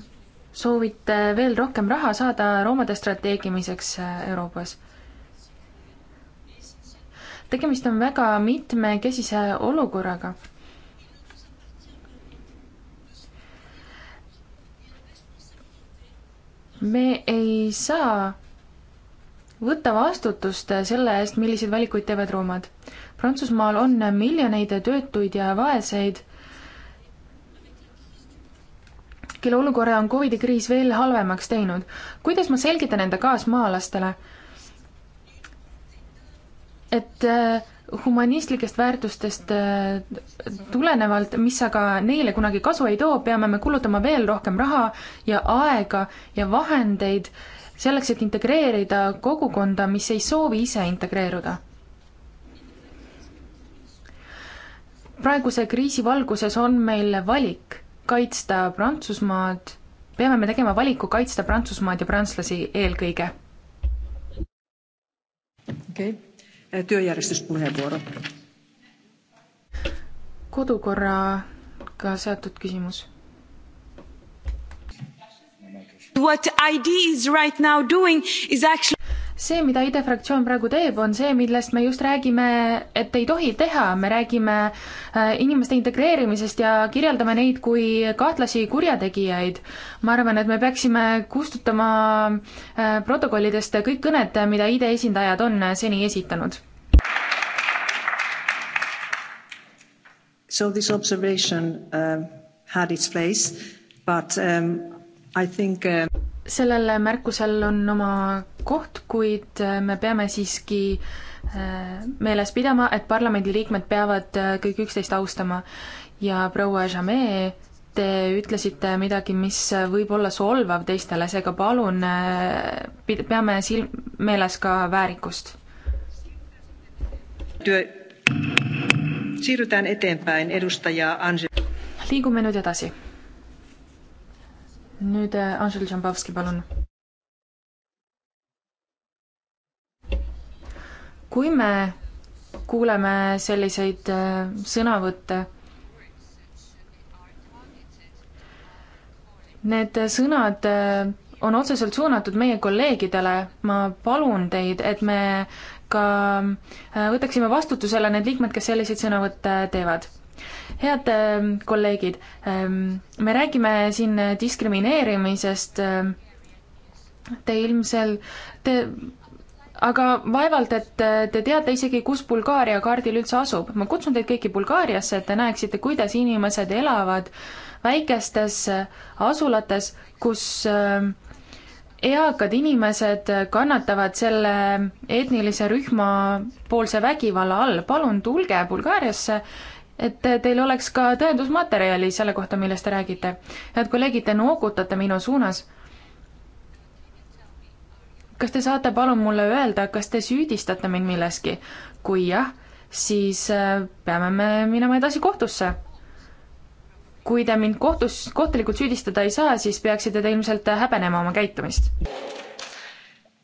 soovite veel rohkem raha saada roomade strateegimiseks äh, Euroopas. tegemist on väga mitmekesise olukorraga. me ei saa võtta vastutust selle eest, milliseid valikuid teevad roomad. Prantsusmaal on miljoneid töötuid ja vaeseid, kelle olukorra on Covidi kriis veel halvemaks teinud. kuidas ma selgitan enda kaasmaalastele, et äh, humanistlikest väärtustest äh, tulenevalt, mis aga neile kunagi kasu ei too, peame me kulutama veel rohkem raha ja aega ja vahendeid selleks, et integreerida kogukonda, mis ei soovi ise integreeruda praeguse kriisi valguses on meil valik kaitsta Prantsusmaad, peame me tegema valiku kaitsta Prantsusmaad ja prantslasi eelkõige. okei okay., äh, tööjärjestuspuheenvuoro. kodukorraga seotud küsimus What ID is right now doing is actually see, mida IDE fraktsioon praegu teeb, on see, millest me just räägime, et ei tohi teha, me räägime äh, inimeste integreerimisest ja kirjeldame neid kui kahtlasi kurjategijaid. ma arvan, et me peaksime kustutama äh, protokollidest kõik kõned, mida IDE esindajad on äh, seni esitanud. So this observation uh, had its place, but um, Think, uh... sellel märkusel on oma koht, kuid uh, me peame siiski uh, meeles pidama, et parlamendiliikmed peavad uh, kõik üksteist austama ja proua Jamee, te ütlesite midagi, mis võib olla solvav teistele, seega palun peame silm-, meeles ka väärikust. liigume nüüd edasi nüüd äh, Anžel Žambavski, palun. kui me kuuleme selliseid äh, sõnavõtte, need sõnad äh, on otseselt suunatud meie kolleegidele, ma palun teid, et me ka võtaksime vastutusele need liikmed, kes selliseid sõnavõtte teevad head ähm, kolleegid, ähm, me räägime siin diskrimineerimisest. Ähm, te ilmsel, te, aga vaevalt, et äh, te teate isegi, kus Bulgaaria kaardil üldse asub. ma kutsun teid kõiki Bulgaariasse, et te näeksite, kuidas inimesed elavad väikestes äh, asulates, kus eakad inimesed kannatavad selle etnilise rühma poolse vägivalla all. palun tulge Bulgaariasse et teil oleks ka tõendusmaterjali selle kohta, millest te räägite. head kolleegid, te noogutate minu suunas. kas te saate palun mulle öelda, kas te süüdistate mind milleski? kui jah, siis äh, peame me minema edasi kohtusse. kui te mind kohtus, kohtulikult süüdistada ei saa, siis peaksite te ilmselt häbenema oma käitumist.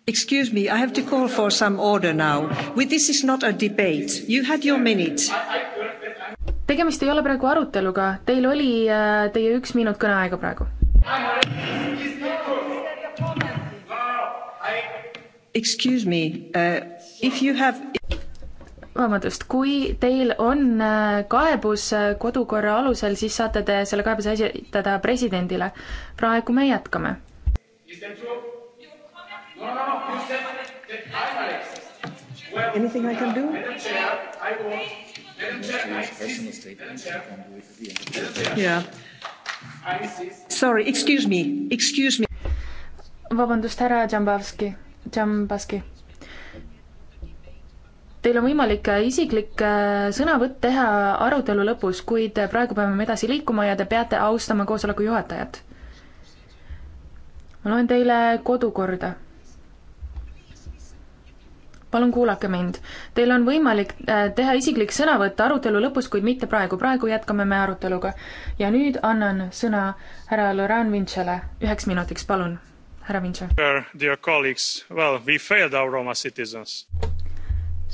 Excuse me, I have to call for some order now. This is not a debate. You had your minute tegemist ei ole praegu aruteluga, teil oli äh, teie üks minut kõneaega praegu. Excuse me uh,, if you have vabandust, kui teil on äh, kaebus äh, kodukorra alusel, siis saate te selle kaebuse esitada presidendile. praegu me jätkame. Anything I can do? personal statement second with the end. Yeah. Sorry, excuse me, excuse me. vabandust, härra Džambavski, Džambaski. Teil on võimalik äh, isiklik äh, sõnavõtt teha arutelu lõpus, kuid äh, praegu peame me edasi liikuma ja te peate austama koosoleku juhatajat. ma loen teile kodukorda palun kuulake mind. Teil on võimalik äh, teha isiklik sõnavõtt arutelu lõpus, kuid mitte praegu, praegu jätkame me aruteluga. ja nüüd annan sõna härra Laurent Vintšele üheks minutiks, palun, härra Vintše. Dear colleagues, well we failed our Roma citizens.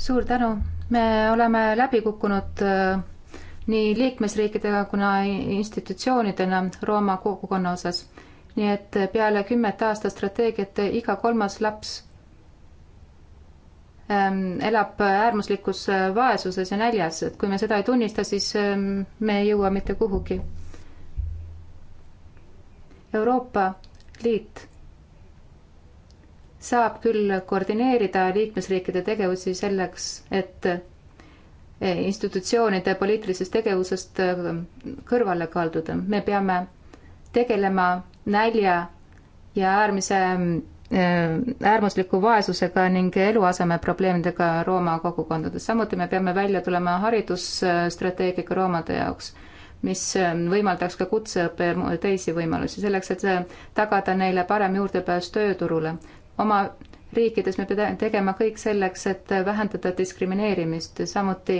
suur tänu, me oleme läbi kukkunud äh, nii liikmesriikidega kui institutsioonidena Rooma kogukonna osas. nii et peale kümmet aasta strateegiat iga kolmas laps Ähm, elab äärmuslikus äh, vaesuses ja näljas, et kui me seda ei tunnista, siis ähm, me ei jõua mitte kuhugi. Euroopa Liit saab küll koordineerida liikmesriikide tegevusi selleks, et äh, institutsioonide poliitilisest tegevusest äh, kõrvale kalduda. me peame tegelema nälja ja äärmise ähm, Äh, äärmusliku vaesusega ning eluasemeprobleemidega Rooma kogukondades. samuti me peame välja tulema haridusstrateegiaga roomade jaoks, mis äh, võimaldaks ka kutseõppe teisi võimalusi, selleks et äh, tagada neile parem juurdepääs tööturule. oma riikides me peame tegema kõik selleks, et vähendada diskrimineerimist, samuti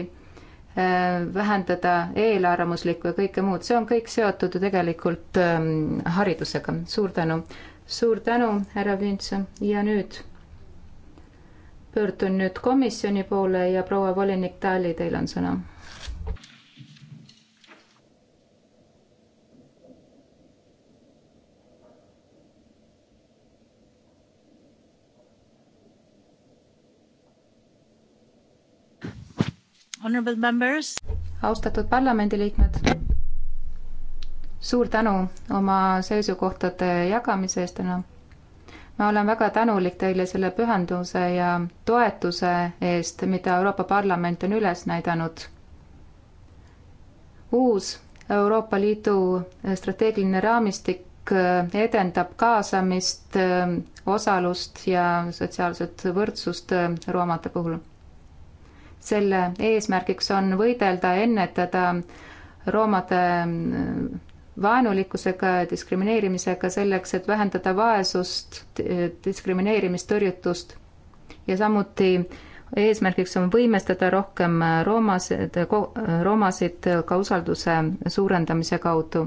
vähendada eelarvamuslikku ja kõike muud, see on kõik seotud ju tegelikult ähm, haridusega. suur tänu suur tänu, härra Vintson ja nüüd pöördun nüüd komisjoni poole ja proua volinik Tali, teil on sõna. austatud parlamendiliikmed suur tänu oma seisukohtade jagamise eest täna. ma olen väga tänulik teile selle pühenduse ja toetuse eest, mida Euroopa Parlament on üles näidanud. uus Euroopa Liidu strateegiline raamistik edendab kaasamist, osalust ja sotsiaalset võrdsust roomade puhul. selle eesmärgiks on võidelda, ennetada roomade vaenulikkusega ja diskrimineerimisega selleks, et vähendada vaesust, diskrimineerimist, tõrjutust ja samuti eesmärgiks on võimestada rohkem roomasid, roomasid ka usalduse suurendamise kaudu.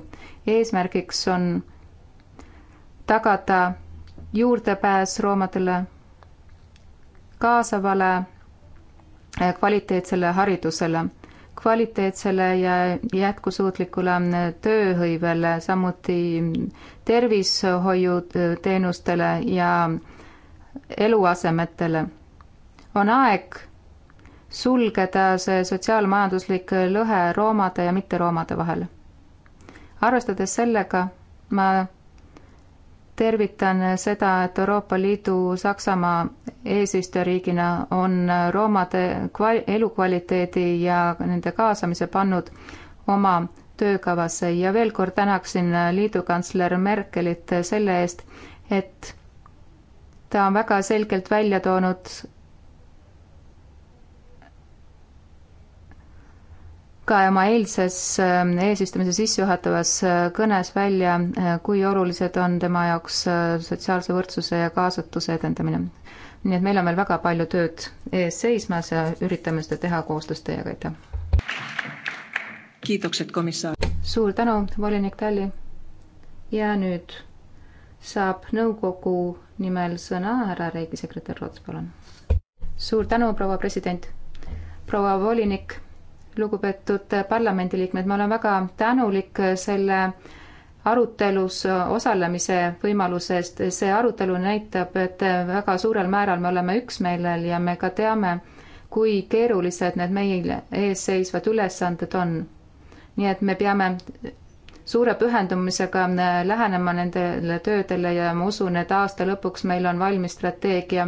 eesmärgiks on tagada juurdepääs roomadele kaasavale kvaliteetsele haridusele kvaliteetsele ja jätkusuutlikule tööhõivele, samuti tervishoiuteenustele ja eluasemetele. on aeg sulgeda see sotsiaalmajanduslik lõhe roomade ja mitteroomade vahel. arvestades sellega, ma tervitan seda, et Euroopa Liidu Saksamaa eesistujariigina on roomade kval-, elukvaliteedi ja nende kaasamise pannud oma töökavasse ja veel kord tänaksin liidukantsler Merkelit selle eest, et ta on väga selgelt välja toonud ka oma eilses ähm, eesistumise sissejuhatavas äh, kõnes välja, äh, kui olulised on tema jaoks äh, sotsiaalse võrdsuse ja kaasatuse edendamine. nii et meil on veel väga palju tööd ees seismas ja üritame seda teha koostöös teiega, aitäh! kiitokset, komissar! suur tänu, volinik Talli! ja nüüd saab nõukogu nimel sõna härra riigisekretär Rots, palun! suur tänu, proua president! proua volinik lugupeetud parlamendiliikmed, ma olen väga tänulik selle arutelus osalemise võimaluse eest, see arutelu näitab, et väga suurel määral me oleme üksmeelel ja me ka teame, kui keerulised need meil ees seisvad ülesanded on. nii et me peame suure pühendumisega lähenema nendele töödele ja ma usun, et aasta lõpuks meil on valmis strateegia,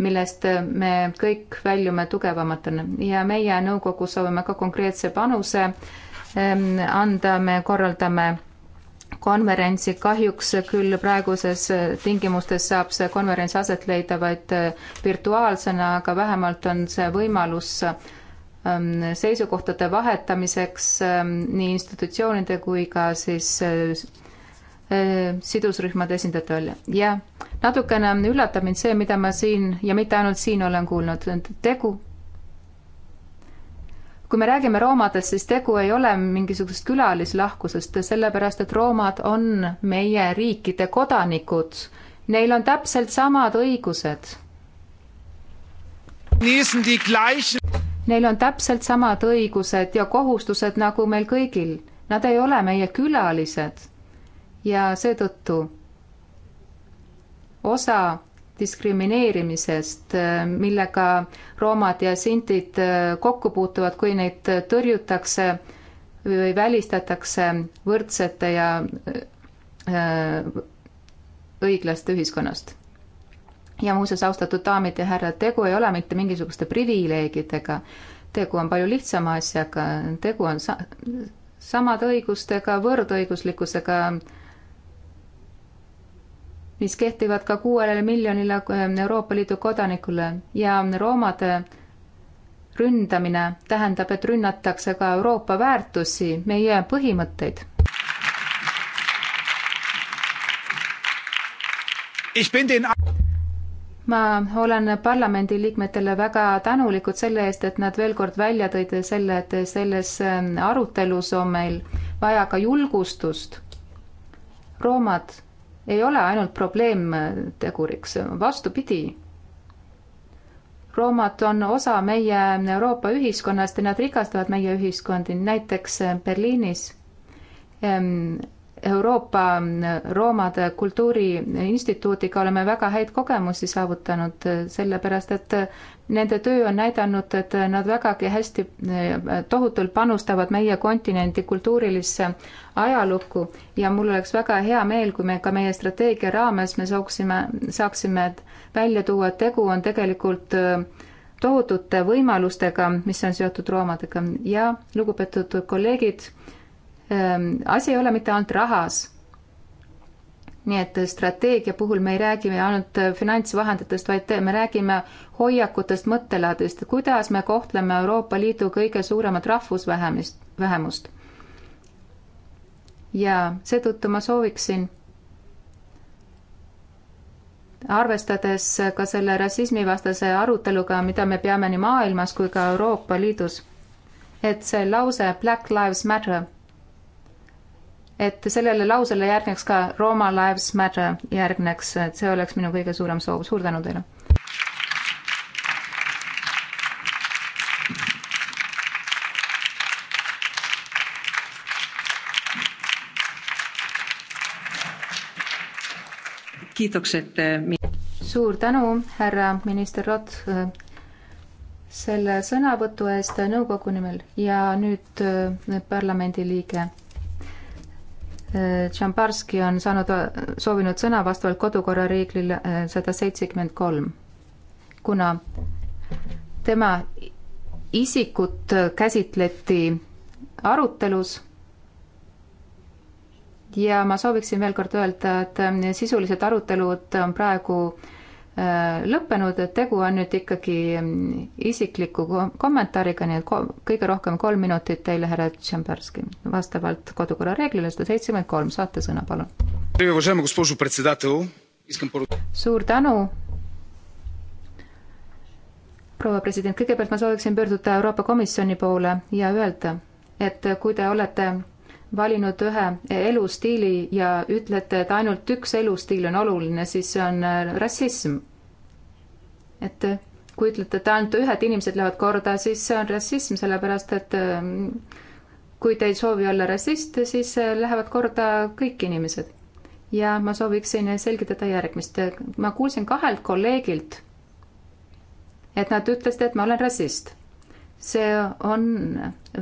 millest me kõik väljume tugevamatena ja meie nõukogus soovime ka konkreetse panuse ehm, anda, me korraldame konverentsi, kahjuks küll praeguses tingimustes saab see konverents aset leida vaid eh, virtuaalsena, aga vähemalt on see võimalus ehm, seisukohtade vahetamiseks ehm, nii institutsioonide kui ka siis eh, Äh, sidusrühmade esindajatel ja natukene üllatab mind see, mida ma siin ja mitte ainult siin olen kuulnud, tegu. kui me räägime roomadest, siis tegu ei ole mingisugusest külalislahkusest, sellepärast et roomad on meie riikide kodanikud. Neil on täpselt samad õigused. Neil on täpselt samad õigused ja kohustused nagu meil kõigil. Nad ei ole meie külalised ja seetõttu osa diskrimineerimisest, millega roomad ja sintid kokku puutuvad, kui neid tõrjutakse või välistatakse võrdsete ja äh, õiglaste ühiskonnast. ja muuseas, austatud daamid ja härrad, tegu ei ole mitte mingisuguste privileegidega, tegu on palju lihtsama asjaga, tegu on sa samade õigustega, võrdõiguslikkusega äh, mis kehtivad ka kuuele miljonile ähm, Euroopa Liidu kodanikule ja roomade ründamine tähendab, et rünnatakse ka Euroopa väärtusi, meie põhimõtteid. Den... ma olen parlamendiliikmetele väga tänulikud selle eest, et nad veel kord välja tõid selle, et selles ähm, arutelus on meil vaja ka julgustust. roomad ei ole ainult probleemteguriks, vastupidi. roomad on osa meie Euroopa ühiskonnast ja nad rikastavad meie ühiskondi, näiteks Berliinis ehm, Euroopa Roomade Kultuuriinstituudiga oleme väga häid kogemusi saavutanud, sellepärast et Nende töö on näidanud, et nad vägagi hästi eh, tohutult panustavad meie kontinendi kultuurilisse ajalukku ja mul oleks väga hea meel, kui me ka meie strateegia raames me saaksime, saaksime välja tuua, et tegu on tegelikult eh, tohutute võimalustega, mis on seotud roomadega ja lugupeetud kolleegid, eh, asi ei ole mitte ainult rahas nii et strateegia puhul me ei räägi ainult finantsvahenditest, vaid me räägime hoiakutest, mõttelaadist, kuidas me kohtleme Euroopa Liidu kõige suuremat rahvusvähemist, vähemust. ja seetõttu ma sooviksin, arvestades ka selle rassismivastase aruteluga, mida me peame nii maailmas kui ka Euroopa Liidus, et see lause Black Lives Matter et sellele lausele järgneks ka Roma Lives Matter järgneks, et see oleks minu kõige suurem soov, suur tänu teile. kiitokset. Eh, suur tänu, härra minister Rott, eh, selle sõnavõtu eest nõukogu nimel ja nüüd eh, parlamendiliige Tšambarski on saanud, soovinud sõna vastavalt kodukorra reeglile eh, sada seitsekümmend kolm, kuna tema isikut käsitleti arutelus ja ma sooviksin veel kord öelda, et eh, sisulised arutelud on praegu äh, Äh, lõppenud, et tegu on nüüd ikkagi mm, isikliku kommentaariga, nii et kõige rohkem kolm minutit teile, härra Tšemberski. vastavalt kodukorra reeglile sada seitsekümmend kolm, saate sõna, palun. suur tänu. proua president, kõigepealt ma sooviksin pöörduda Euroopa Komisjoni poole ja öelda, et kui te olete valinud ühe elustiili ja ütlete, et ainult üks elustiil on oluline, siis see on äh, rassism. et äh, kui ütlete, et ainult ühed inimesed lähevad korda, siis see on rassism, sellepärast et äh, kui te ei soovi olla rassist, siis lähevad korda kõik inimesed. ja ma sooviksin selgitada järgmist. ma kuulsin kahelt kolleegilt, et nad ütlesid, et ma olen rassist see on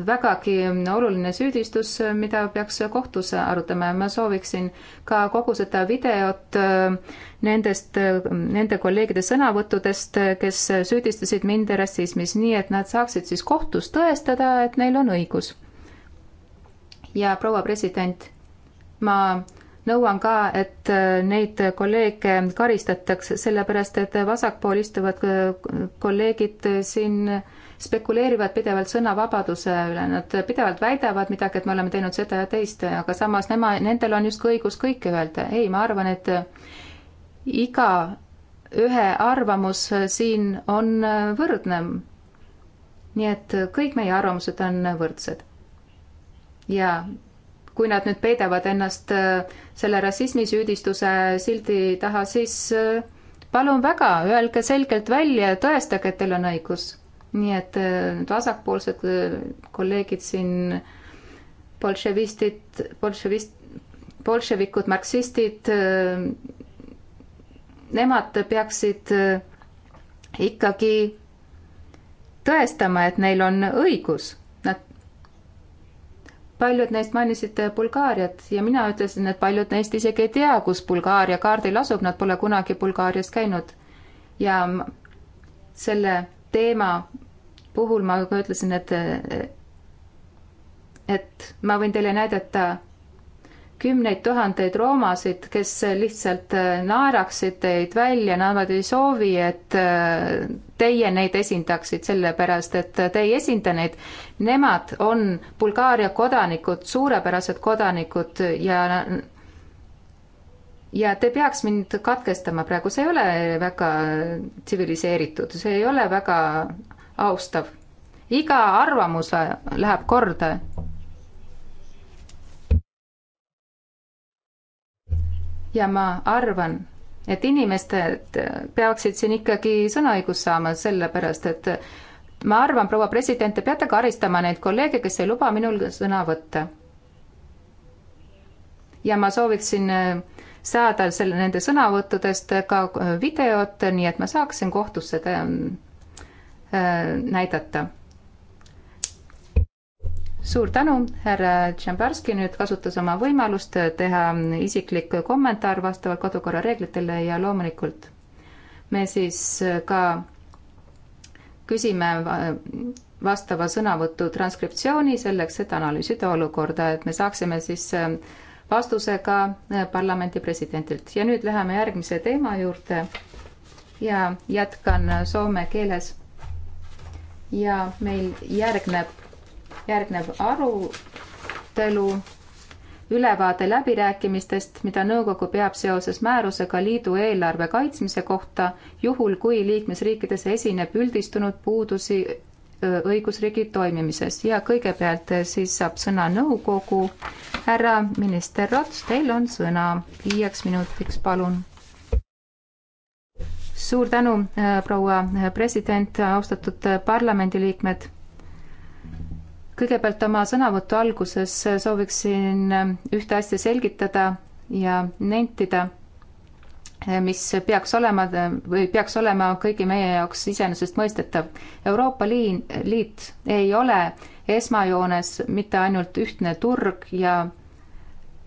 vägagi oluline süüdistus, mida peaks kohtus arutama ja ma sooviksin ka kogu seda videot äh, nendest, äh, nende kolleegide sõnavõttudest, kes süüdistasid mind rassismis, nii et nad saaksid siis kohtus tõestada, et neil on õigus. ja proua president, ma nõuan ka, et äh, neid kolleege karistataks, sellepärast et vasakpool istuvad kolleegid siin äh, spekuleerivad pidevalt sõnavabaduse üle, nad pidevalt väidavad midagi, et me oleme teinud seda ja teist, aga samas nema, nendel on justkui õigus kõike öelda. ei, ma arvan, et iga ühe arvamus siin on võrdne. nii et kõik meie arvamused on võrdsed. ja kui nad nüüd peidavad ennast äh, selle rassismisüüdistuse sildi taha, siis äh, palun väga, öelge selgelt välja ja tõestage, et teil on õigus nii et need äh, vasakpoolsed äh, kolleegid siin, bolševistid, bolševist, bolševikud, marksistid, äh, nemad peaksid ikkagi tõestama, et neil on õigus. Nad, paljud neist mainisid Bulgaariat ja mina ütlesin, et paljud neist isegi ei tea, kus Bulgaaria kaardil asub, nad pole kunagi Bulgaarias käinud. ja selle teema puhul ma ka ütlesin, et, et ma võin teile näidata kümneid tuhandeid roomasid, kes lihtsalt naeraksid teid välja, nad ei soovi, et teie neid esindaksite, sellepärast et te ei esinda neid. Nemad on Bulgaaria kodanikud, suurepärased kodanikud ja ja te peaks mind katkestama praegu, see ei ole väga tsiviliseeritud, see ei ole väga austav. iga arvamus läheb korda. ja ma arvan, et inimesed peaksid siin ikkagi sõnaõigust saama, sellepärast et ma arvan, proua president, te peate karistama neid kolleege, kes ei luba minul sõna võtta. ja ma sooviksin äh, saada selle, nende sõnavõttudest ka äh, videot, nii et ma saaksin kohtus seda äh, näidata. suur tänu, härra Tšambarski nüüd kasutas oma võimalust äh, teha isiklik kommentaar vastavalt kodukorra reeglitele ja loomulikult me siis ka küsime vastava sõnavõtu transkriptsiooni selleks, et analüüsida olukorda, et me saaksime siis vastusega äh, parlamendi presidendilt. ja nüüd läheme järgmise teema juurde ja jätkan äh, soome keeles. ja meil järgneb, järgneb arutelu ülevaade läbirääkimistest, mida nõukogu peab seoses määrusega liidu eelarve kaitsmise kohta, juhul kui liikmesriikides esineb üldistunud puudusi õigusriigi toimimises ja kõigepealt siis saab sõna nõukogu. härra minister Rots, teil on sõna viieks minutiks, palun. suur tänu, proua president, austatud parlamendiliikmed kõigepealt oma sõnavõtu alguses sooviksin ühte asja selgitada ja nentida mis peaks olema või peaks olema kõigi meie jaoks iseenesestmõistetav. Euroopa liin, Liit ei ole esmajoones mitte ainult ühtne turg ja,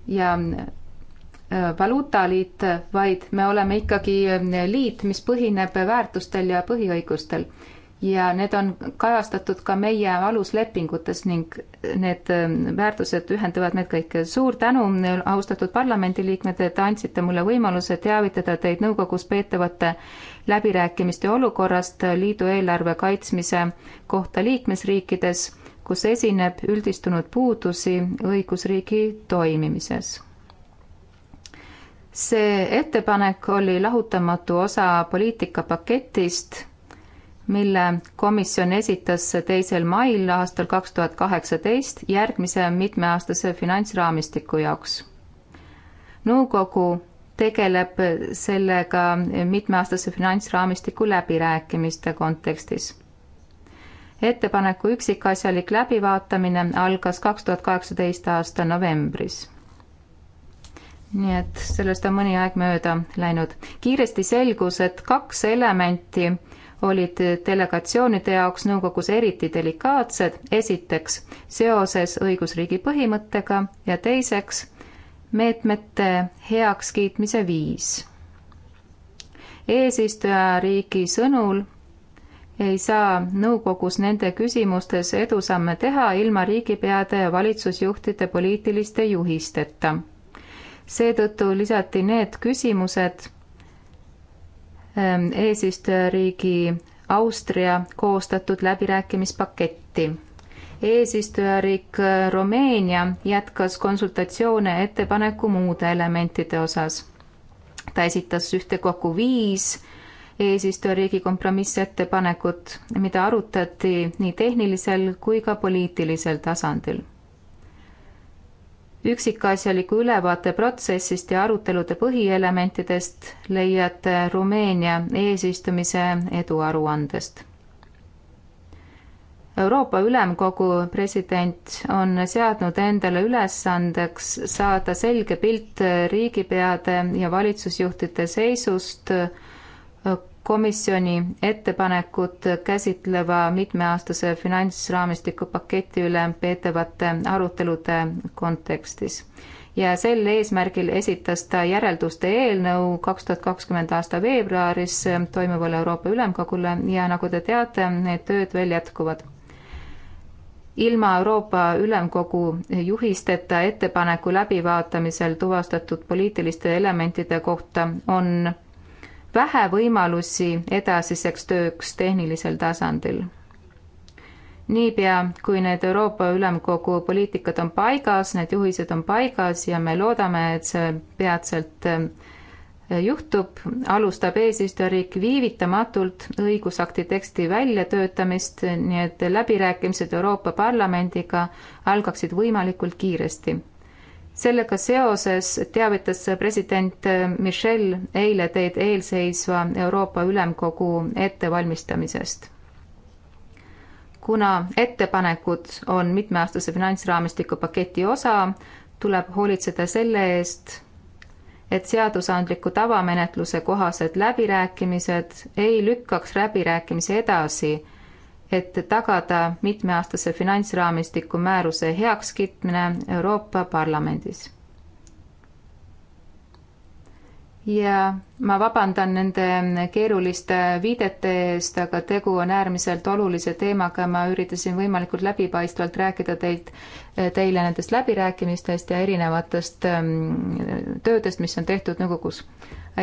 ja äh, valuutaliit, vaid me oleme ikkagi liit, mis põhineb väärtustel ja põhiõigustel ja need on kajastatud ka meie aluslepingutes ning need ähm, väärtused ühendavad meid kõiki. suur tänu, austatud parlamendiliikmed, et andsite mulle võimaluse teavitada teid nõukogus peetavate läbirääkimiste olukorrast liidu eelarve kaitsmise kohta liikmesriikides, kus esineb üldistunud puudusi õigusriigi toimimises see ettepanek oli lahutamatu osa poliitikapaketist mille komisjon esitas teisel mail aastal kaks tuhat kaheksateist järgmise mitmeaastase finantsraamistiku jaoks. nõukogu tegeleb sellega mitmeaastase finantsraamistiku läbirääkimiste kontekstis. ettepaneku üksikasjalik läbivaatamine algas kaks tuhat kaheksateist aasta novembris nii et sellest on mõni aeg mööda läinud. kiiresti selgus, et kaks elementi äh, olid delegatsioonide jaoks nõukogus eriti delikaatsed, esiteks seoses õigusriigi põhimõttega ja teiseks meetmete heakskiitmise viis. eesistujariigi sõnul ei saa nõukogus nende küsimustes edusamme teha ilma riigipeade ja valitsusjuhtide poliitiliste juhisteta. seetõttu lisati need küsimused, Ehm, eesistujariigi Austria koostatud läbirääkimispaketti. eesistujariik äh, Rumeenia jätkas konsultatsioone ettepaneku muude elementide osas. ta esitas ühtekokku viis eesistujariigi kompromissettepanekut, mida arutati nii tehnilisel kui ka poliitilisel tasandil üksikasjaliku ülevaate protsessist ja arutelude põhielementidest leiate Rumeenia eesistumise eduaruandest. Euroopa Ülemkogu president on seadnud endale ülesandeks saada selge pilt riigipeade ja valitsusjuhtide seisust komisjoni ettepanekut käsitleva mitmeaastase finantsraamistiku paketi üle peetavate arutelude kontekstis. ja sel eesmärgil esitas ta järelduste eelnõu kaks tuhat kakskümmend aasta veebruaris toimuvale Euroopa Ülemkogule ja nagu te teate, need tööd veel jätkuvad ilma Euroopa Ülemkogu juhisteta ettepaneku läbivaatamisel tuvastatud poliitiliste elementide kohta on vähe võimalusi edasiseks tööks tehnilisel tasandil. niipea, kui need Euroopa Ülemkogu poliitikad on paigas, need juhised on paigas ja me loodame, et see peatselt äh, juhtub, alustab eesistujariik viivitamatult õigusakti teksti väljatöötamist, nii et läbirääkimised Euroopa Parlamendiga algaksid võimalikult kiiresti sellega seoses teavitas president Michel eile teid eelseisva Euroopa Ülemkogu ettevalmistamisest. kuna ettepanekud on mitmeaastase finantsraamistiku paketi osa, tuleb hoolitseda selle eest, et seadusandliku tavamenetluse kohased läbirääkimised ei lükkaks läbirääkimisi edasi et tagada mitmeaastase finantsraamistiku määruse heakskiitmine Euroopa Parlamendis. ja ma vabandan nende keeruliste viidete eest, aga tegu on äärmiselt olulise teemaga, ma üritasin võimalikult läbipaistvalt rääkida teid, teile nendest läbirääkimistest ja erinevatest ähm, töödest, mis on tehtud nõukogus.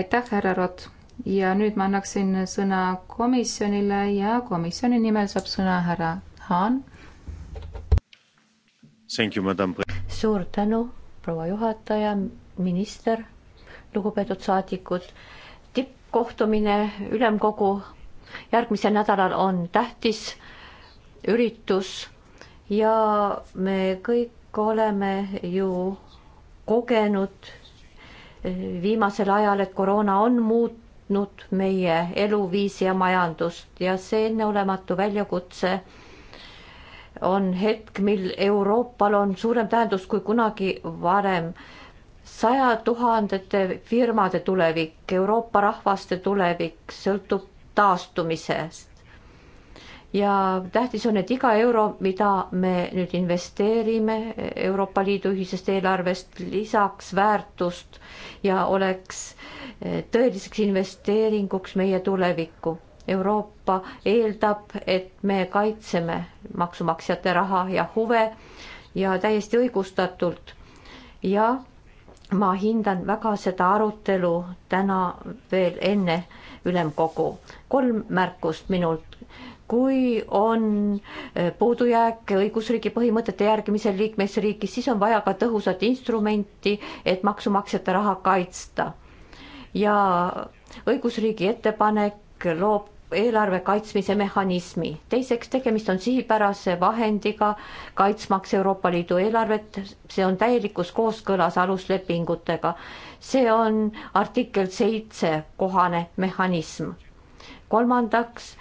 aitäh, härra Rott! ja nüüd ma annaksin sõna komisjonile ja komisjoni nimel saab sõna härra Haan. suur tänu, proua juhataja, minister, lugupeetud saadikud. tippkohtumine ülemkogu järgmisel nädalal on tähtis üritus ja me kõik oleme ju kogenud viimasel ajal, et koroona on muutnud muutnud meie eluviisi ja majandust ja see enneolematu väljakutse on hetk, mil Euroopal on suurem tähendus kui kunagi varem. saja tuhandete firmade tulevik, Euroopa rahvaste tulevik sõltub taastumisest. ja tähtis on, et iga euro, mida me nüüd investeerime Euroopa Liidu ühisest eelarvest, lisaks väärtust ja oleks tõeliseks investeeringuks meie tulevikku. Euroopa eeldab, et me kaitseme maksumaksjate raha ja huve ja täiesti õigustatult. ja ma hindan väga seda arutelu täna veel enne ülemkogu. kolm märkust minult. kui on äh, puudujääk õigusriigi põhimõtete järgimisel liikmesriigis, siis on vaja ka tõhusat instrumenti, et maksumaksjate raha kaitsta ja õigusriigi ettepanek loob eelarve kaitsmise mehhanismi. teiseks, tegemist on sihipärase vahendiga kaitsmaks Euroopa Liidu eelarvet, see on täielikus kooskõlas aluslepingutega. see on artikkel seitse kohane mehhanism. kolmandaks,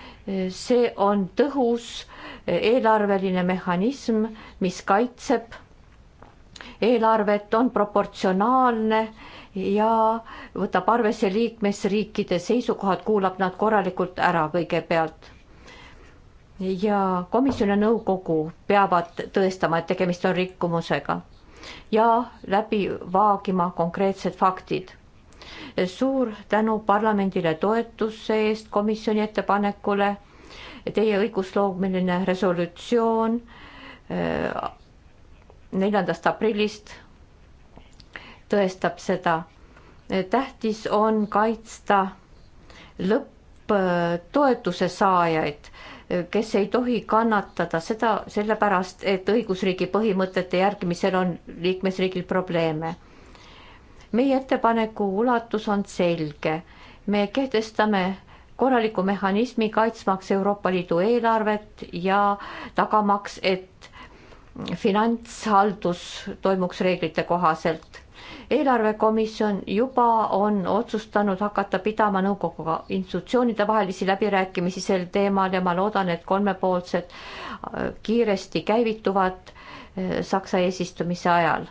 see on tõhus eelarveline mehhanism, mis kaitseb eelarvet, on proportsionaalne ja võtab arvesse liikmesriikide seisukohad, kuulab nad korralikult ära kõigepealt. ja komisjon ja nõukogu peavad tõestama, et tegemist on rikkumusega ja läbi vaagima konkreetsed faktid. suur tänu parlamendile toetuse eest komisjoni ettepanekule. Teie õigusloomeline resolutsioon eh, neljandast aprillist tõestab seda. tähtis on kaitsta lõpptoetuse saajaid, kes ei tohi kannatada seda sellepärast, et õigusriigi põhimõtete järgimisel on liikmesriigil probleeme. meie ettepaneku ulatus on selge. me kehtestame korraliku mehhanismi kaitsmaks Euroopa Liidu eelarvet ja tagamaks, et finantshaldus toimuks reeglite kohaselt eelarvekomisjon juba on otsustanud hakata pidama nõukoguga institutsioonide vahelisi läbirääkimisi sel teemal ja ma loodan, et kolmepoolsed äh, kiiresti käivituvad äh, Saksa eesistumise ajal.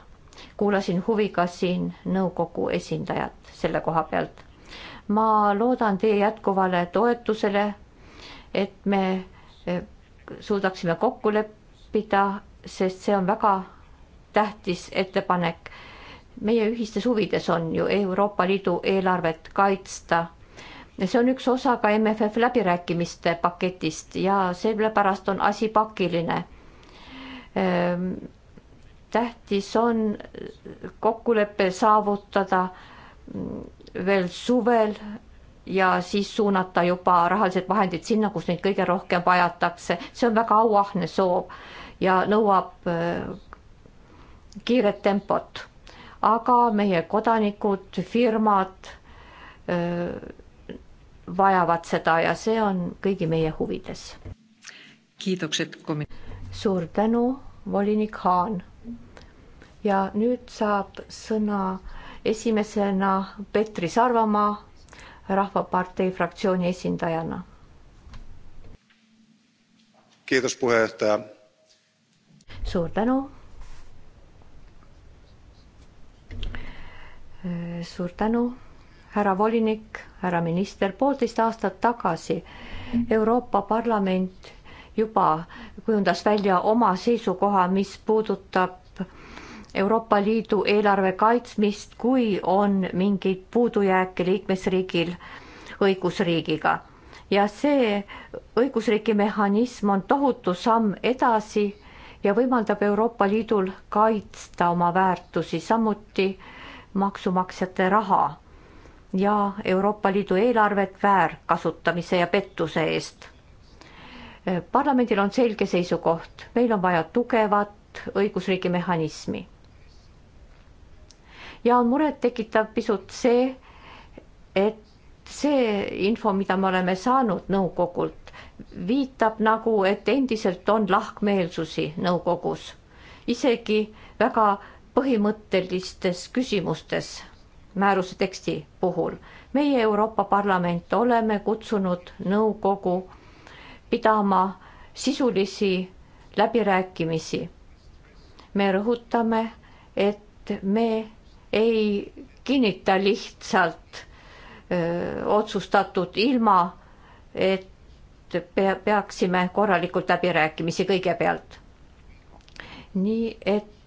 kuulasin huviga siin nõukogu esindajat selle koha pealt. ma loodan teie jätkuvale toetusele, et me äh, suudaksime kokku leppida, sest see on väga tähtis ettepanek meie ühistes huvides on ju Euroopa Liidu eelarvet kaitsta. see on üks osa ka MFF läbirääkimiste paketist ja sellepärast on asi pakiline. Ehm, tähtis on kokkulepe saavutada mm, veel suvel ja siis suunata juba rahalised vahendid sinna, kus neid kõige rohkem vajatakse. see on väga auahne soov ja nõuab ehm, kiiret tempot aga meie kodanikud, firmad öö, vajavad seda ja see on kõigi meie huvides. kiidukset komi-. suur tänu, volinik Haan. ja nüüd saab sõna esimesena Petri Sarvamaa Rahvapartei fraktsiooni esindajana. kiidus, puhuja. suur tänu Äh, suur tänu, härra volinik, härra minister, poolteist aastat tagasi Euroopa Parlament juba kujundas välja oma seisukoha, mis puudutab Euroopa Liidu eelarve kaitsmist, kui on mingeid puudujääke liikmesriigil õigusriigiga. ja see õigusriigi mehhanism on tohutu samm edasi ja võimaldab Euroopa Liidul kaitsta oma väärtusi, samuti maksumaksjate raha ja Euroopa Liidu eelarvet väärkasutamise ja pettuse eest. parlamendil on selge seisukoht, meil on vaja tugevat õigusriigi mehhanismi. ja on murettekitav pisut see, et see info, mida me oleme saanud nõukogult, viitab nagu, et endiselt on lahkmeelsusi nõukogus, isegi väga põhimõttelistes küsimustes määruse teksti puhul. meie Euroopa Parlament oleme kutsunud nõukogu pidama sisulisi läbirääkimisi. me rõhutame, et me ei kinnita lihtsalt öö, otsustatud ilma, et pea, peaksime korralikult läbirääkimisi kõigepealt. nii et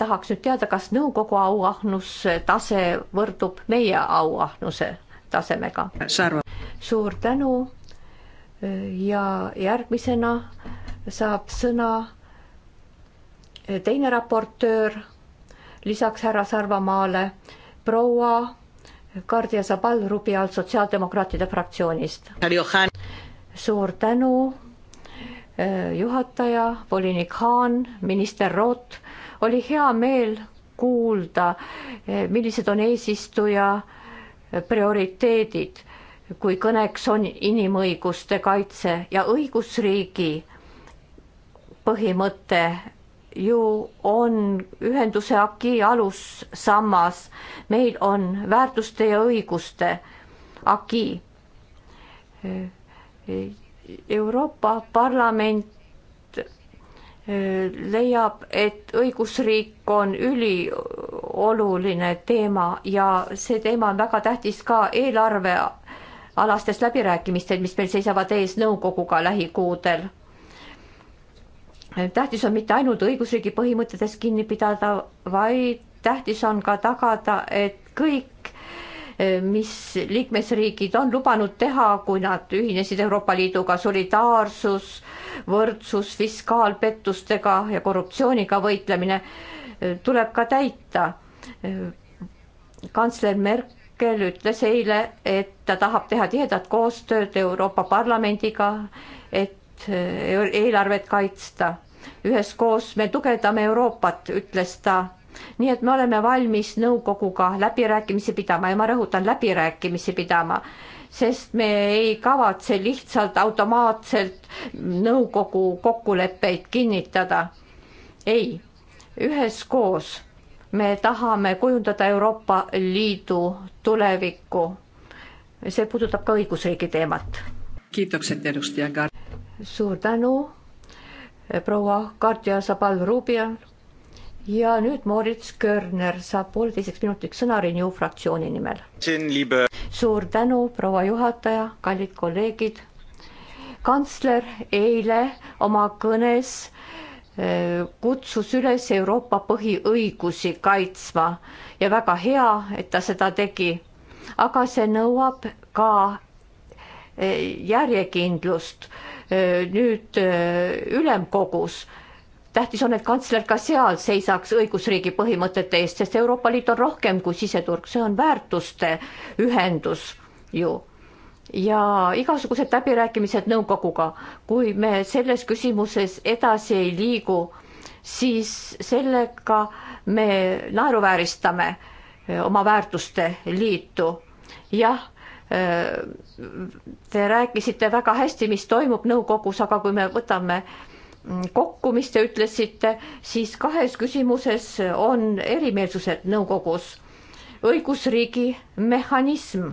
tahaks nüüd teada, kas nõukogu auahnuse tase võrdub meie auahnuse tasemega. suur tänu. ja järgmisena saab sõna teine raportöör lisaks härra Sarvamaale, proua Kardia Zabal Rubial Sotsiaaldemokraatide fraktsioonist. suur tänu, eh, juhataja, volinik Haan, minister Root oli hea meel kuulda, eh, millised on eesistuja eh, prioriteedid, kui kõneks on inimõiguste kaitse ja õigusriigi põhimõte ju on ühenduse aki alussammas, meil on väärtuste ja õiguste aki. Eh, Euroopa Parlament leiab, et õigusriik on ülioluline teema ja see teema on väga tähtis ka eelarve alastes läbirääkimistel, mis meil seisavad ees nõukoguga lähikuudel. tähtis on mitte ainult õigusriigi põhimõtetest kinni pidada, vaid tähtis on ka tagada, et kõik mis liikmesriigid on lubanud teha, kui nad ühinesid Euroopa Liiduga, solidaarsus, võrdsus fiskaalpettustega ja korruptsiooniga võitlemine eh, tuleb ka täita. kantsler Merkel ütles eile, et ta tahab teha tihedat koostööd Euroopa Parlamendiga, et eh, eelarvet kaitsta. üheskoos me tugevdame Euroopat, ütles ta nii et me oleme valmis nõukoguga läbirääkimisi pidama ja ma rõhutan läbirääkimisi pidama, sest me ei kavatse lihtsalt automaatselt nõukogu kokkuleppeid kinnitada. ei, üheskoos me tahame kujundada Euroopa Liidu tulevikku. see puudutab ka õigusriigi teemat. kiitokset, edustaja Kar-. suur tänu, proua Katja Sabal-Rubial ja nüüd Moritz Körner saab poolteiseks minutiks sõna Renew fraktsiooni nimel. suur tänu, proua juhataja, kallid kolleegid. kantsler eile oma kõnes eh, kutsus üles Euroopa põhiõigusi kaitsma ja väga hea, et ta seda tegi. aga see nõuab ka eh, järjekindlust eh, nüüd ülemkogus tähtis on, et kantsler ka seal seisaks õigusriigi põhimõtete eest, sest Euroopa Liit on rohkem kui siseturg, see on väärtuste ühendus ju ja igasugused läbirääkimised nõukoguga, kui me selles küsimuses edasi ei liigu, siis sellega me naeruvääristame eh, oma väärtuste liitu. jah, eh, te rääkisite väga hästi, mis toimub nõukogus, aga kui me võtame äh, kokku, mis te ütlesite, siis kahes küsimuses on erimeelsused nõukogus. õigusriigi mehhanism.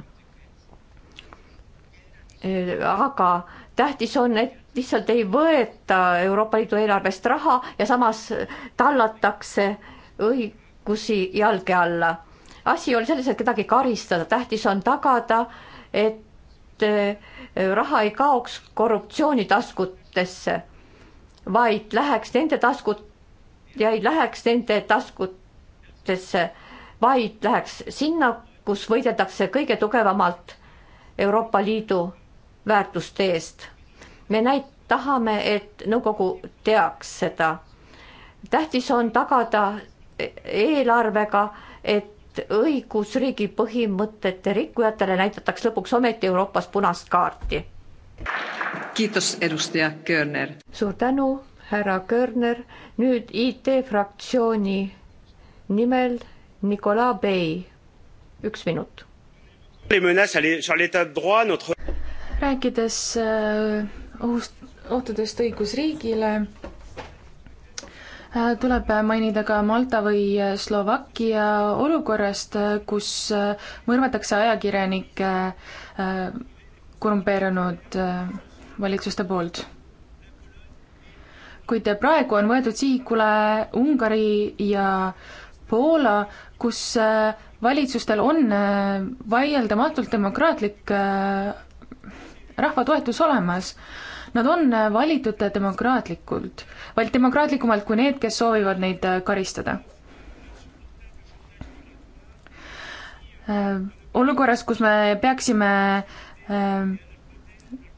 aga tähtis on, et lihtsalt ei võeta Euroopa Liidu eelarvest raha ja samas tallatakse õigusi jalge alla. asi ei ole selles, et kedagi karistada, tähtis on tagada, et eh, raha ei kaoks korruptsiooni taskutesse vaid läheks nende taskud ja ei läheks nende taskutesse, vaid läheks sinna, kus võideldakse kõige tugevamalt Euroopa Liidu väärtuste eest. me näit-, tahame, et nõukogu teaks seda. tähtis on tagada eelarvega, et õigusriigi põhimõtete rikkujatele näidataks lõpuks ometi Euroopas punast kaarti suur tänu, härra Körner. nüüd IT fraktsiooni nimel Nicolas Bey, üks minut. rääkides äh, ohust, ohtudest õigusriigile, äh, tuleb mainida ka Malta või äh, Slovakkia olukorrast, kus mõrvatakse ajakirjanikke korrumpeerunud äh, valitsuste poolt. kuid praegu on võetud sihikule Ungari ja Poola, kus äh, valitsustel on äh, vaieldamatult demokraatlik rahva toetus olemas. Nad on valitud demokraatlikult, vaid demokraatlikumalt kui need, kes soovivad neid karistada olukorras, kus me peaksime Ehm,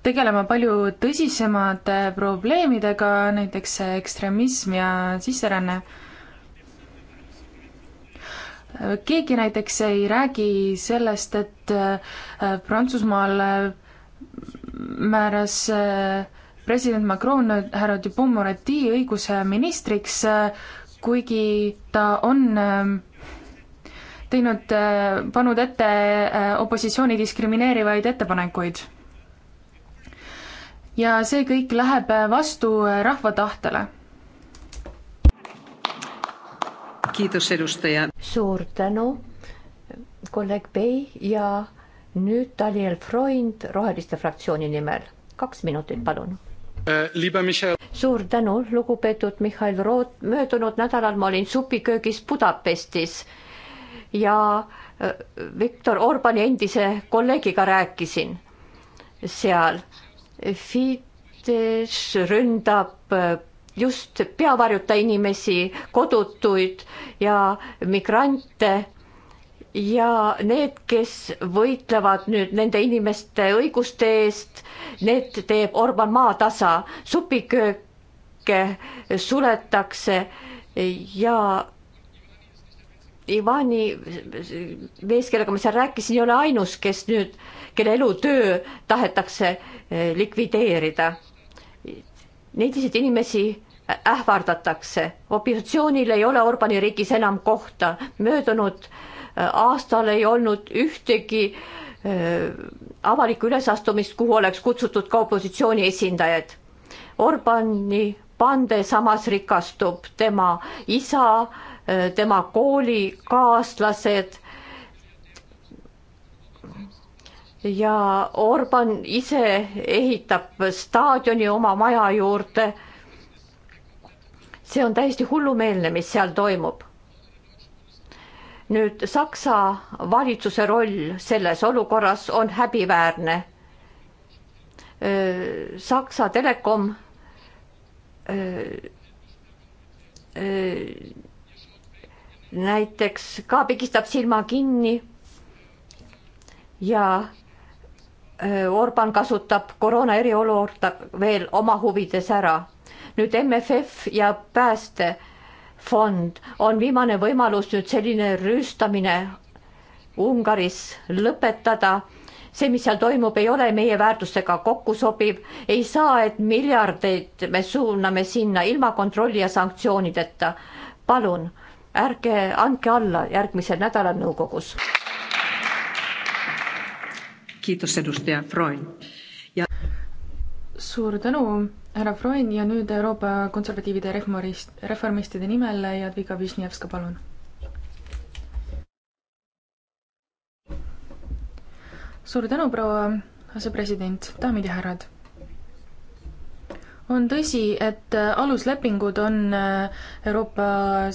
tegelema palju tõsisemate probleemidega, näiteks ekstremism ja sisseränne. keegi näiteks ei räägi sellest, et äh, Prantsusmaal äh, määras äh, president Macron härra Dupont-Moretti õiguse ministriks, kuigi ta on ähm, teinud, äh, pannud ette äh, opositsiooni diskrimineerivaid ettepanekuid. ja see kõik läheb äh, vastu rahva tahtele. suur tänu, kolleeg Bey ja nüüd Daniel Freund Roheliste fraktsiooni nimel, kaks minutit, palun suur tänu, lugupeetud Mihhail Root, möödunud nädalal ma olin supiköögis Budapestis ja äh, Viktor Orbani endise kolleegiga rääkisin seal. Fidesz ründab äh, just peavarjuta inimesi, kodutuid ja migrante ja need, kes võitlevad nüüd nende inimeste õiguste eest, need teeb Orban maatasa, supikööke suletakse ja Ivani mees, kellega ma seal rääkisin, ei ole ainus, kes nüüd, kelle elutöö tahetakse eh, likvideerida. Neidiseid inimesi ähvardatakse, opositsioonil ei ole Orbani riigis enam kohta, möödunud eh, aastal ei olnud ühtegi eh, avalikku ülesastumist, kuhu oleks kutsutud ka opositsiooni esindajaid. Orbani pande samas rikastub, tema isa äh, Äh, tema koolikaaslased ja Orban ise ehitab staadioni oma maja juurde. see on täiesti hullumeelne, mis seal toimub. nüüd Saksa valitsuse roll selles olukorras on häbiväärne. Äh, Saksa Telekom äh, näiteks ka pigistab silma kinni ja Orban kasutab koroona eriolukorda veel oma huvides ära. nüüd MFF ja päästefond on viimane võimalus nüüd selline rüüstamine Ungaris lõpetada. see, mis seal toimub, ei ole meie väärtustega kokku sobiv, ei saa, et miljardeid me suuname sinna ilma kontrolli ja sanktsioonideta. palun ärge andke alla järgmisel nädalal nõukogus. kiitos, edustaja Freund ja.... suur tänu, härra Freund ja nüüd Euroopa Konservatiivide Reformist, Reformistide nimel Jadviga Višnjevska, palun. suur tänu, proua asepresident, daamid ja härrad on tõsi, et äh, aluslepingud on äh, Euroopa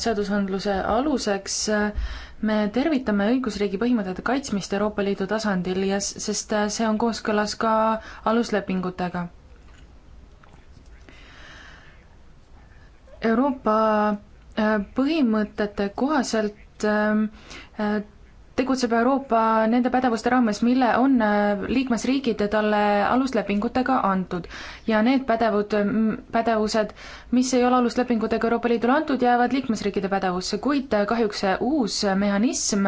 seadusandluse aluseks. me tervitame õigusriigi põhimõtete kaitsmist Euroopa Liidu tasandil ja sest äh, see on kooskõlas ka aluslepingutega. Euroopa põhimõtete kohaselt ähm, tegutseb Euroopa nende pädevuste raames, mille on äh, liikmesriigid talle aluslepingutega antud. ja need pädevud, pädevused, mis ei ole aluslepingutega Euroopa Liidule antud, jäävad liikmesriikide pädevusse, kuid äh, kahjuks see uus mehhanism,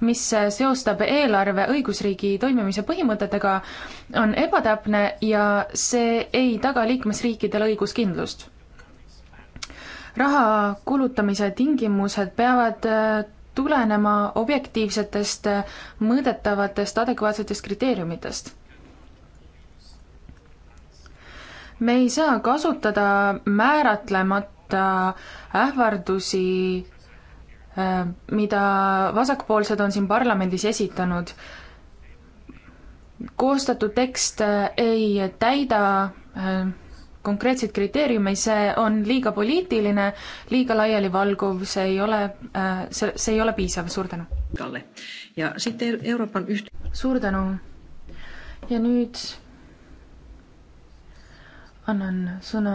mis seostab eelarve õigusriigi toimimise põhimõtetega, on ebatäpne ja see ei taga liikmesriikidele õiguskindlust raha kulutamise tingimused peavad äh, tulenema objektiivsetest mõõdetavatest adekvaatsetest kriteeriumitest. me ei saa kasutada määratlemata ähvardusi, äh, mida vasakpoolsed on siin parlamendis esitanud. koostatud tekst äh, ei täida äh, konkreetseid kriteeriume, see on liiga poliitiline, liiga laialivalguv, see ei ole, äh, see, see ei ole piisav, suur tänu. ja siit Euroopa üht-. suur tänu. ja nüüd annan sõna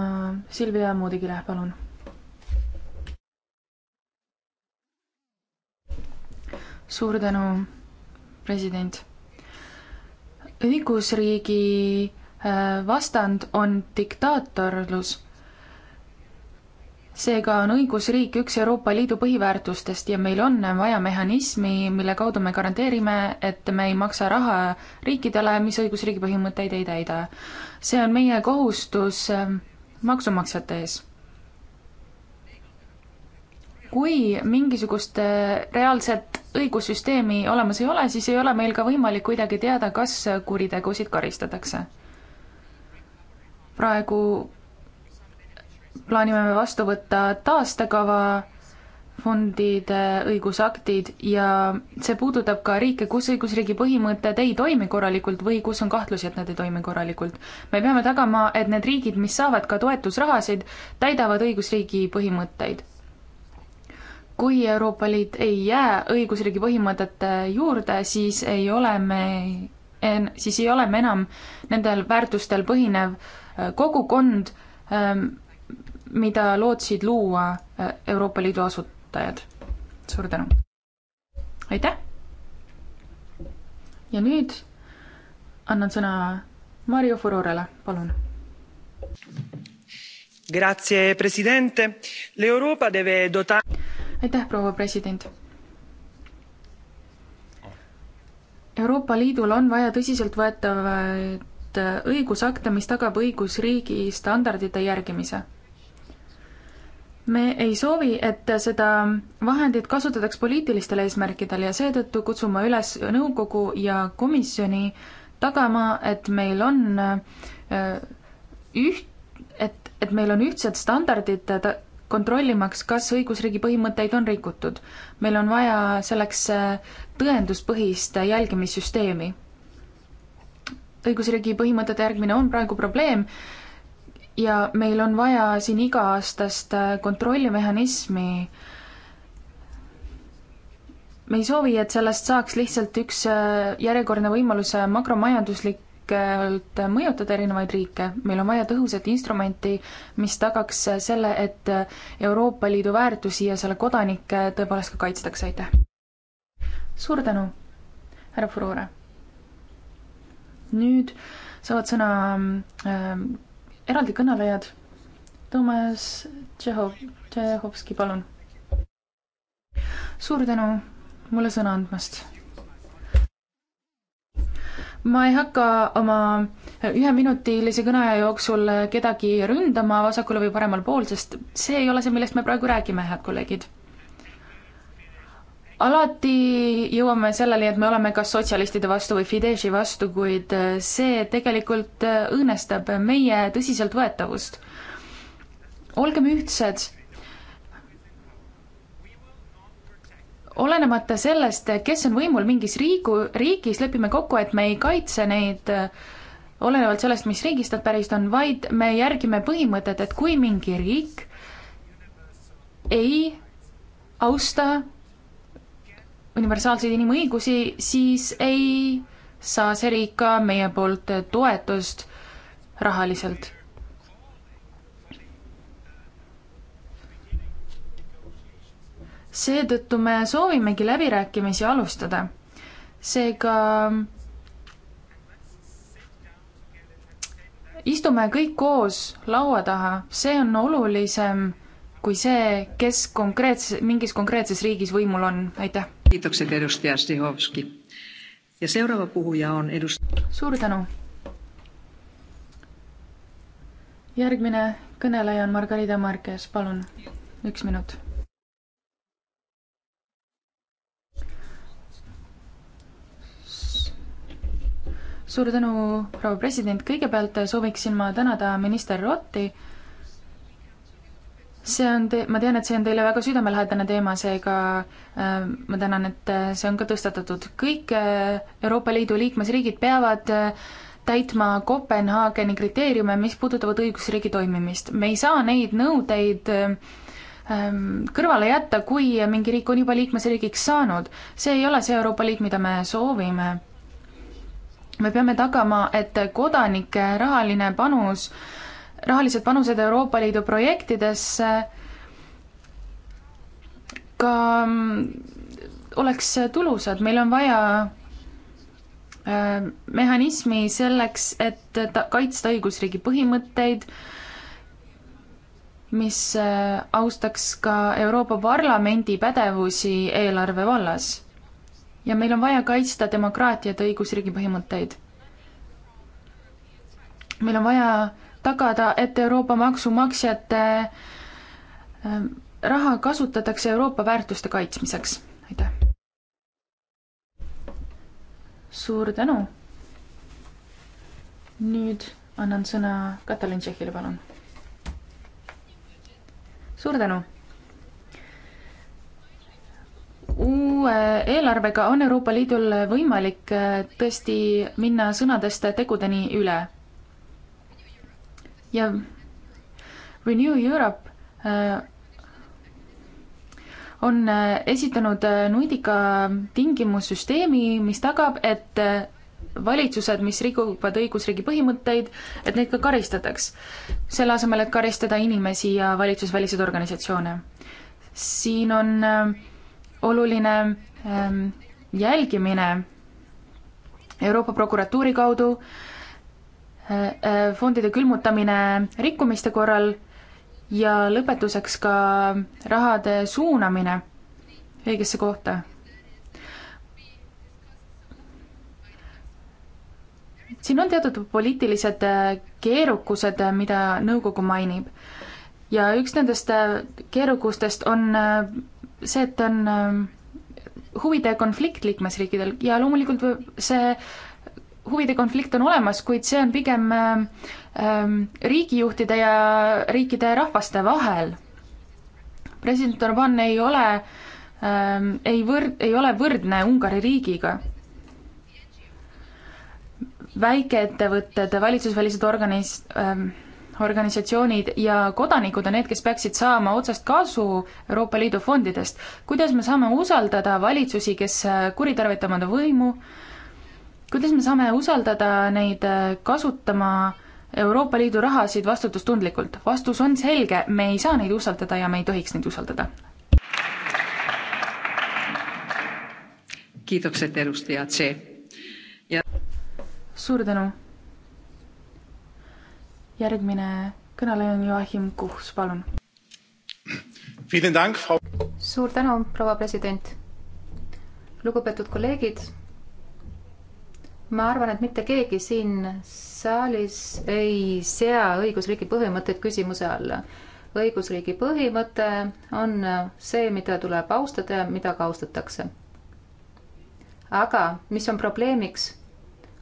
Silvia Moodikile, palun. suur tänu, president. õigusriigi vastand on diktaatorlus. seega on õigusriik üks Euroopa Liidu põhiväärtustest ja meil on vaja mehhanismi, mille kaudu me garanteerime, et me ei maksa raha riikidele, mis õigusriigi põhimõtteid ei täida. see on meie kohustus ähm, maksumaksjate ees kui mingisugust äh, reaalset õigussüsteemi olemas ei ole, siis ei ole meil ka võimalik kuidagi teada, kas kuritegusid karistatakse praegu plaanime me vastu võtta taastekava fondide õigusaktid ja see puudutab ka riike, kus õigusriigi põhimõtted ei toimi korralikult või kus on kahtlusi, et nad ei toimi korralikult. me peame tagama, et need riigid, mis saavad ka toetusrahasid, täidavad õigusriigi põhimõtteid. kui Euroopa Liit ei jää õigusriigi põhimõtete juurde, siis ei ole me, siis ei ole me enam nendel väärtustel põhinev äh, Äh, kogukond, ähm, mida lootsid luua äh, Euroopa Liidu asutajad. suur tänu! aitäh! ja nüüd annan sõna Mario Furorele, palun. Grazie, president. L'Euroopa deve dota-. aitäh, proua president. Euroopa Liidul on vaja tõsiseltvõetavat poolt äh, õigusakte, mis tagab õigusriigi standardite järgimise. me ei soovi, et seda vahendit kasutataks poliitilistel eesmärkidel ja seetõttu kutsume üles nõukogu ja komisjoni tagama, et meil on äh, üht, et, et meil on ühtsed standardid kontrollimaks, kas õigusriigi põhimõtteid on rikutud. meil on vaja selleks äh, tõenduspõhist jälgimissüsteemi õigusriigi põhimõtete järgmine on praegu probleem ja meil on vaja siin iga-aastast äh, kontrollimehhanismi. me ei soovi, et sellest saaks lihtsalt üks äh, järjekordne võimalus äh, makromajanduslikult mõjutada erinevaid riike. meil on vaja tõhusat instrumenti, mis tagaks selle, et Euroopa Liidu väärtusi ja selle kodanikke tõepoolest ka kaitstakse, aitäh! suur tänu, härra Furore! nüüd saavad sõna äh, eraldi kõnelejad. Toomas Tšehhov, Tšehhovski, palun. suur tänu mulle sõna andmast ma ei hakka oma üheminutilise kõneaja jooksul kedagi ründama vasakule või paremal pool, sest see ei ole see, millest me praegu räägime, head kolleegid alati jõuame selleni, et me oleme kas sotsialistide vastu või Fideszi vastu, kuid äh, see tegelikult äh, õõnestab meie tõsiseltvõetavust. olgem ühtsed. olenemata sellest, kes on võimul mingis riigu, riigis, lepime kokku, et me ei kaitse neid äh, olenevalt sellest, mis riigist nad pärist on, vaid me järgime põhimõtet, et kui mingi riik ei austa universaalseid inimõigusi, siis ei saa see riik ka meie poolt toetust rahaliselt. seetõttu me soovimegi läbirääkimisi alustada. seega istume kõik koos laua taha, see on olulisem kui see, kes konkreetses, mingis konkreetses riigis võimul on, aitäh kiitokset, edustaja Stihovski. ja seuraava puhuja on edust-. suur tänu. järgmine kõneleja on Margarita Marques, palun, üks minut. suur tänu, proua president, kõigepealt sooviksin ma tänada minister Rotti see on te-, ma tean, et see on teile väga südamelähedane teema, seega äh, ma tänan, et äh, see on ka tõstatatud. kõik äh, Euroopa Liidu liikmesriigid peavad äh, täitma Kopenhaageni kriteeriume, mis puudutavad õigusriigi toimimist. me ei saa neid nõudeid äh, ähm, kõrvale jätta, kui mingi riik on juba liikmesriigiks saanud. see ei ole see Euroopa Liit, mida me soovime. me peame tagama, et kodanike rahaline panus äh, rahalised panused Euroopa Liidu projektidesse ka mm, oleks tulusad, meil on vaja äh, mehhanismi selleks, et ta-, kaitsta õigusriigi põhimõtteid, mis äh, austaks ka Euroopa Parlamendi pädevusi eelarve vallas. ja meil on vaja kaitsta demokraatiat, õigusriigi põhimõtteid. meil on vaja tagada, et Euroopa maksumaksjate ähm, raha kasutatakse Euroopa väärtuste kaitsmiseks. aitäh! suur tänu! nüüd annan sõna Katalin Tšehhile, palun. suur tänu! uue eelarvega on Euroopa Liidul võimalik äh, tõesti minna sõnadest äh, tegudeni üle ja Renew Europe äh, on äh, esitanud äh, nutika tingimussüsteemi, mis tagab, et valitsused, mis rikuvad õigusriigi põhimõtteid, et neid ka karistataks. selle asemel, et karistada inimesi ja valitsusväliseid organisatsioone. siin on oluline ähm, jälgimine Euroopa prokuratuuri kaudu, Äh, äh, fondide külmutamine rikkumiste korral ja lõpetuseks ka rahade suunamine õigesse kohta. siin on teatud poliitilised äh, keerukused, mida nõukogu mainib. ja üks nendest keerukustest on see, et on huvide konflikt liikmesriikidel ja loomulikult see huvide konflikt on olemas, kuid see on pigem ähm, ähm, riigijuhtide ja riikide rahvaste vahel. president Orban ei ole, ähm, ei võrd-, ei ole võrdne Ungari riigiga. väikeettevõtted, valitsusvälised organis-, organisatsioonid ja kodanikud on need, kes peaksid saama otsest kasu Euroopa Liidu fondidest. kuidas me saame usaldada valitsusi, kes äh, kuritarvitavad võimu äh,, kuidas me saame usaldada neid äh, kasutama Euroopa Liidu rahasid vastutustundlikult? vastus on selge, me ei saa neid usaldada ja me ei tohiks neid usaldada. kiitokset, edustaja C ja.... suur tänu. järgmine kõneleja on Joachim Kuhs, palun. suur tänu, proua president. lugupeetud kolleegid ma arvan, et mitte keegi siin saalis ei sea õigusriigi põhimõtteid küsimuse alla. õigusriigi põhimõte on see, mida tuleb austada ja mida ka austatakse. aga mis on probleemiks,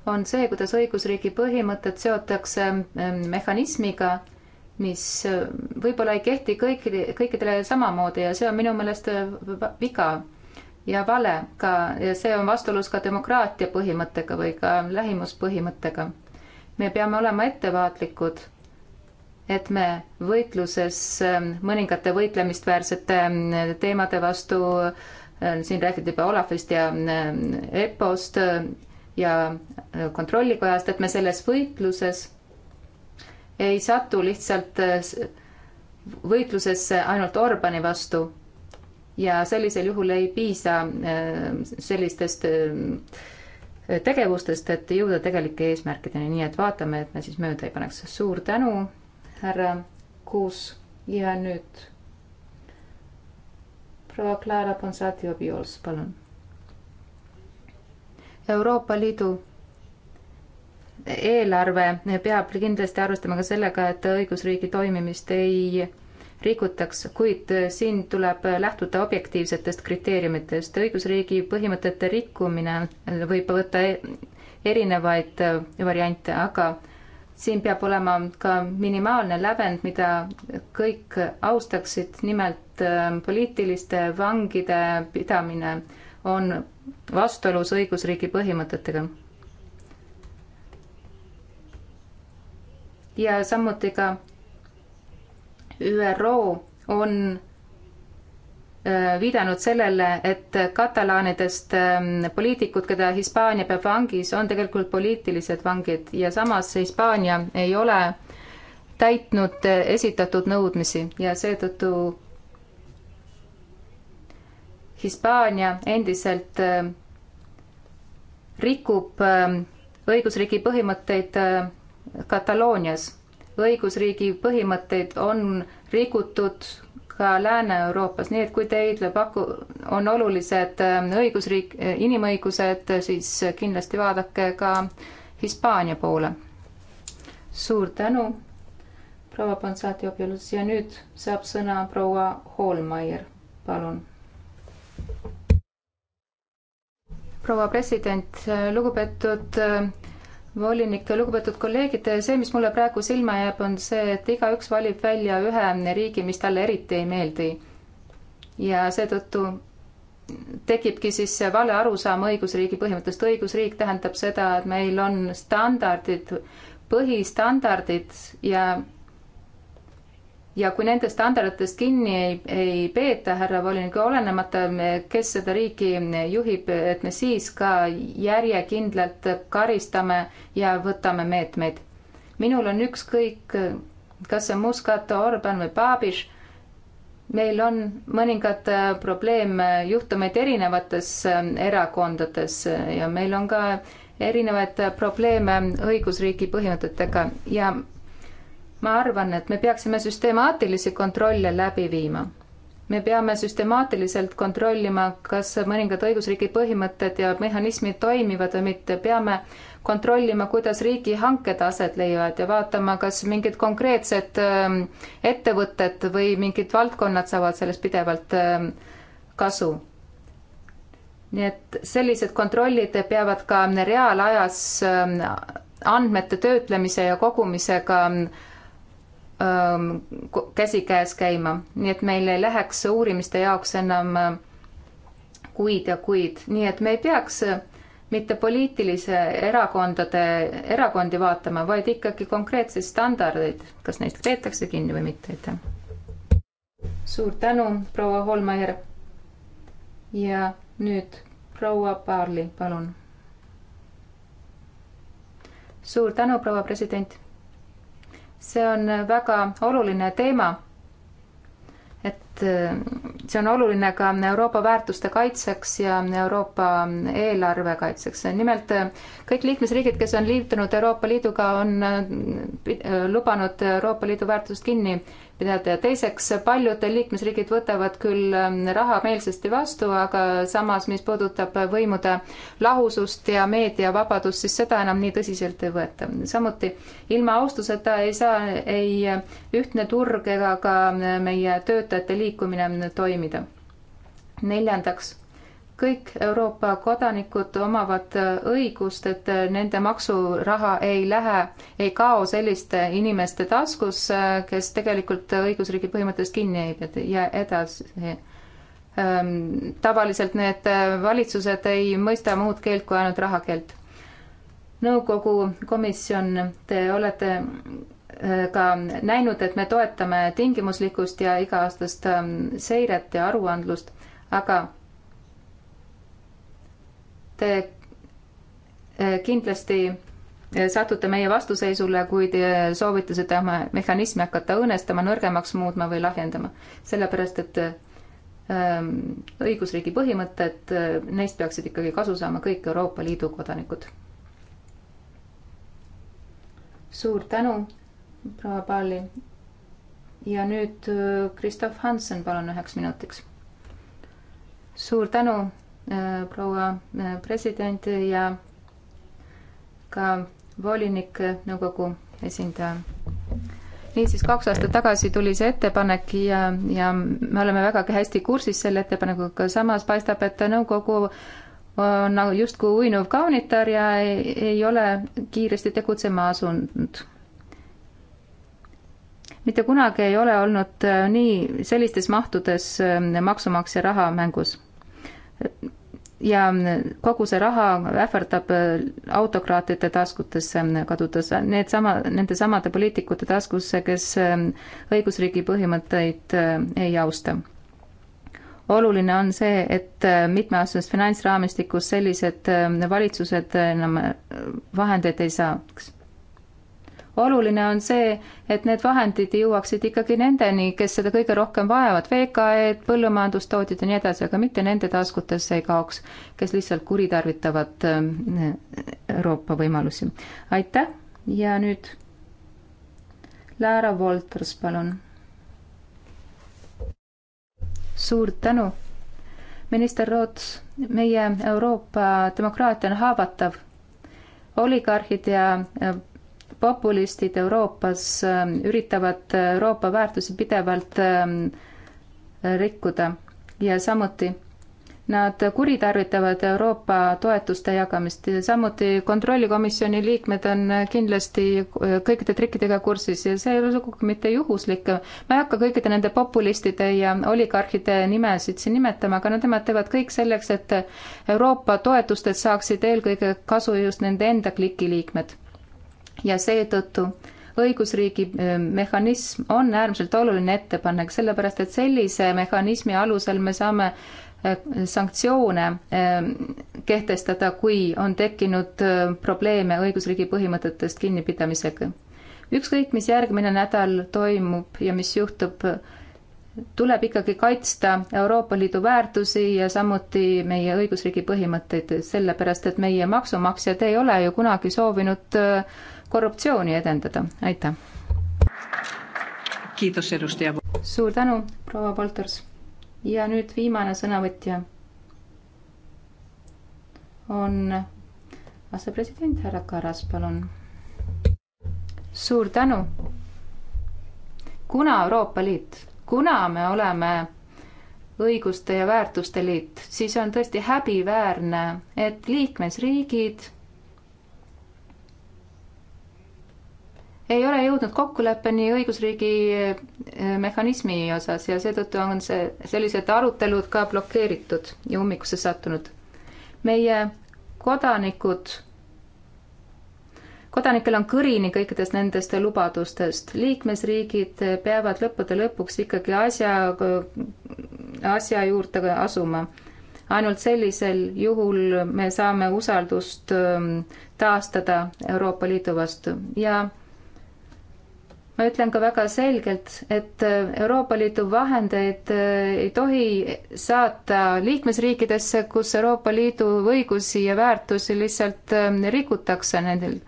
on see, kuidas õigusriigi põhimõtted seotakse ähm, mehhanismiga, mis äh, võib-olla ei kehti kõikidele, kõikidele samamoodi ja see on minu meelest äh, viga ja vale ka ja see on vastuolus ka demokraatia põhimõttega või ka lähimuspõhimõttega. me peame olema ettevaatlikud, et me võitluses ähm, mõningate võitlemistväärsete ähm, teemade vastu, äh, siin räägiti juba Olafist ja ähm, EPPO-st äh, ja äh, kontrollikojast, et me selles võitluses ei satu lihtsalt võitlusesse ainult Orbani vastu ja sellisel juhul ei piisa äh, sellistest äh, tegevustest, et jõuda tegelike eesmärkideni, nii et vaatame, et me siis mööda ei paneks. suur tänu, härra Kuus ja nüüd proua Clara Ponsatio Biols, palun. Euroopa Liidu eelarve peab kindlasti arvestama ka sellega, et õigusriigi toimimist ei rikutaks, kuid äh, siin tuleb äh, lähtuda objektiivsetest kriteeriumitest. õigusriigi põhimõtete rikkumine äh, võib võtta erinevaid variante, aga siin peab olema ka minimaalne lävend, mida kõik austaksid, nimelt poliitiliste vangide pidamine on vastuolus õigusriigi põhimõtetega. ja samuti ka ÜRO on äh, viidanud sellele, et katalaanidest ähm, poliitikud, keda Hispaania peab vangis, on tegelikult poliitilised vangid ja samas Hispaania ei ole täitnud äh, esitatud nõudmisi ja seetõttu Hispaania endiselt äh, rikub ähm, õigusriigi põhimõtteid Kataloonias õigusriigi põhimõtteid on rikutud ka Lääne-Euroopas, nii et kui teile paku-, on olulised ähm, õigusriik, inimõigused, siis kindlasti vaadake ka Hispaania poole. suur tänu, proua Ponsati Obiolus ja nüüd saab sõna proua Hoolmeier, palun. proua president, äh, lugupeetud äh, volinik, lugupeetud kolleegid, see, mis mulle praegu silma jääb, on see, et igaüks valib välja ühe riigi, mis talle eriti ei meeldi. ja seetõttu tekibki siis see vale arusaam õigusriigi põhimõttest. õigusriik tähendab seda, et meil on standardid, põhistandardid ja ja kui nendest standarditest kinni ei, ei peeta, härra volinik, olenemata, kes seda riiki juhib, et me siis ka järjekindlalt karistame ja võtame meetmeid. minul on ükskõik, kas see Muscat, Orban või Babiš, meil on mõningad äh, probleemjuhtumeid äh, erinevates äh, erakondades ja meil on ka erinevaid probleeme õigusriigi põhimõtetega ja ma arvan, et me peaksime süstemaatilisi kontrolle läbi viima. me peame süstemaatiliselt kontrollima, kas mõningad õigusriigi põhimõtted ja mehhanismid toimivad või mitte, peame kontrollima, kuidas riigihanked aset leiavad ja vaatama, kas mingid konkreetsed ähm, ettevõtted või mingid valdkonnad saavad sellest pidevalt ähm, kasu. nii et sellised kontrollid peavad ka reaalajas ähm, andmete töötlemise ja kogumisega Ähm, käsikäes käima, nii et meil ei läheks uurimiste jaoks enam äh, kuid ja kuid, nii et me ei peaks äh, mitte poliitilise erakondade, erakondi vaatama, vaid ikkagi konkreetseid standardeid, kas neist peetakse kinni või mitte, aitäh. suur tänu, proua Holmeier. ja nüüd proua Paarli, palun. suur tänu, proua president see on väga oluline teema. et äh, see on oluline ka Euroopa väärtuste kaitseks ja Euroopa eelarve kaitseks. nimelt äh, kõik liikmesriigid, kes on liitunud Euroopa Liiduga, on äh, lubanud Euroopa Liidu väärtust kinni pidada ja teiseks, paljud liikmesriigid võtavad küll ähm, raha meelsasti vastu, aga samas, mis puudutab võimude lahusust ja meediavabadust, siis seda enam nii tõsiselt ei võeta. samuti ilma austuseta ei saa ei äh, ühtne turg ega ka äh, meie töötajate liikumine toimida. neljandaks kõik Euroopa kodanikud omavad õigust, et nende maksuraha ei lähe, ei kao selliste inimeste taskusse, kes tegelikult õigusriigi põhimõttest kinni ei pea ja edasi. Ähm, tavaliselt need valitsused ei mõista muud keelt kui ainult rahakeelt. nõukogu komisjon, te olete äh, ka näinud, et me toetame tingimuslikkust ja iga-aastast ähm, seiret ja aruandlust, aga te eh, kindlasti eh, satute meie vastuseisule, kui te soovite seda mehhanismi hakata õõnestama, nõrgemaks muutma või lahjendama. sellepärast, et ehm, õigusriigi põhimõtted, eh, neist peaksid ikkagi kasu saama kõik Euroopa Liidu kodanikud. suur tänu, proua Paali. ja nüüd Kristof Hansen, palun üheks minutiks. suur tänu Äh, proua äh, president ja ka volinik äh, nõukogu esindaja. niisiis, kaks aastat tagasi tuli see ettepanek ja, ja me oleme vägagi hästi kursis selle ettepanekuga, samas paistab, et nõukogu on nagu justkui uinuv kaunitar ja ei, ei ole kiiresti tegutsema asunud mitte kunagi ei ole olnud nii sellistes mahtudes maksumaksja raha mängus ja kogu see raha ähvardab äh, autokraatide taskutesse äh, kadudes, need sama, nende samade poliitikute taskusse, kes äh, õigusriigi põhimõtteid ei austa. oluline on see, et mitmeaastases finantsraamistikus sellised valitsused enam vahendeid ei saaks oluline on see, et need vahendid jõuaksid ikkagi nendeni, kes seda kõige rohkem vajavad, VKE-d, põllumajandustootjad ja nii edasi, aga mitte nende taskutesse ei kaoks, kes lihtsalt kuritarvitavad äh, Euroopa võimalusi. aitäh ja nüüd Läära Wolters, palun. suur tänu. minister Roots, meie Euroopa demokraatia on haavatav. oligarhid ja äh, populistid Euroopas ähm, üritavad äh, Euroopa väärtusi pidevalt ähm, rikkuda ja samuti nad kuritarvitavad Euroopa toetuste jagamist, samuti kontrollikomisjoni liikmed on äh, kindlasti äh, kõikide trikkidega kursis ja see ei ole sugugi mitte juhuslik. ma ei hakka kõikide nende populistide ja oligarhide nimesid siin nimetama, aga nad, nemad teevad kõik selleks, et Euroopa toetustest saaksid eelkõige kasu just nende enda kliki liikmed ja seetõttu õigusriigi mehhanism on äärmiselt oluline ettepanek, sellepärast et sellise mehhanismi alusel me saame sanktsioone kehtestada, kui on tekkinud probleeme õigusriigi põhimõtetest kinnipidamisega. ükskõik, mis järgmine nädal toimub ja mis juhtub, tuleb ikkagi kaitsta Euroopa Liidu väärtusi ja samuti meie õigusriigi põhimõtteid, sellepärast et meie maksumaksjad ei ole ju kunagi soovinud korruptsiooni edendada, aitäh. suur tänu, proua Polters. ja nüüd viimane sõnavõtja on asepresident härra Karas, palun. suur tänu. kuna Euroopa Liit, kuna me oleme õiguste ja väärtuste liit, siis on tõesti häbiväärne, et liikmesriigid ei ole jõudnud kokkuleppeni õigusriigi eh, mehhanismi osas ja seetõttu on see, sellised arutelud ka blokeeritud ja ummikusse sattunud. meie kodanikud, kodanikel on kõrini kõikidest nendest lubadustest. liikmesriigid peavad lõppude lõpuks ikkagi asja, asja juurde asuma ainult sellisel juhul me saame usaldust ehm, taastada Euroopa Liidu vastu ja ma ütlen ka väga selgelt, et äh, Euroopa Liidu vahendeid äh, ei tohi saata liikmesriikidesse, kus Euroopa Liidu õigusi ja väärtusi lihtsalt ähm, rikutakse nendel,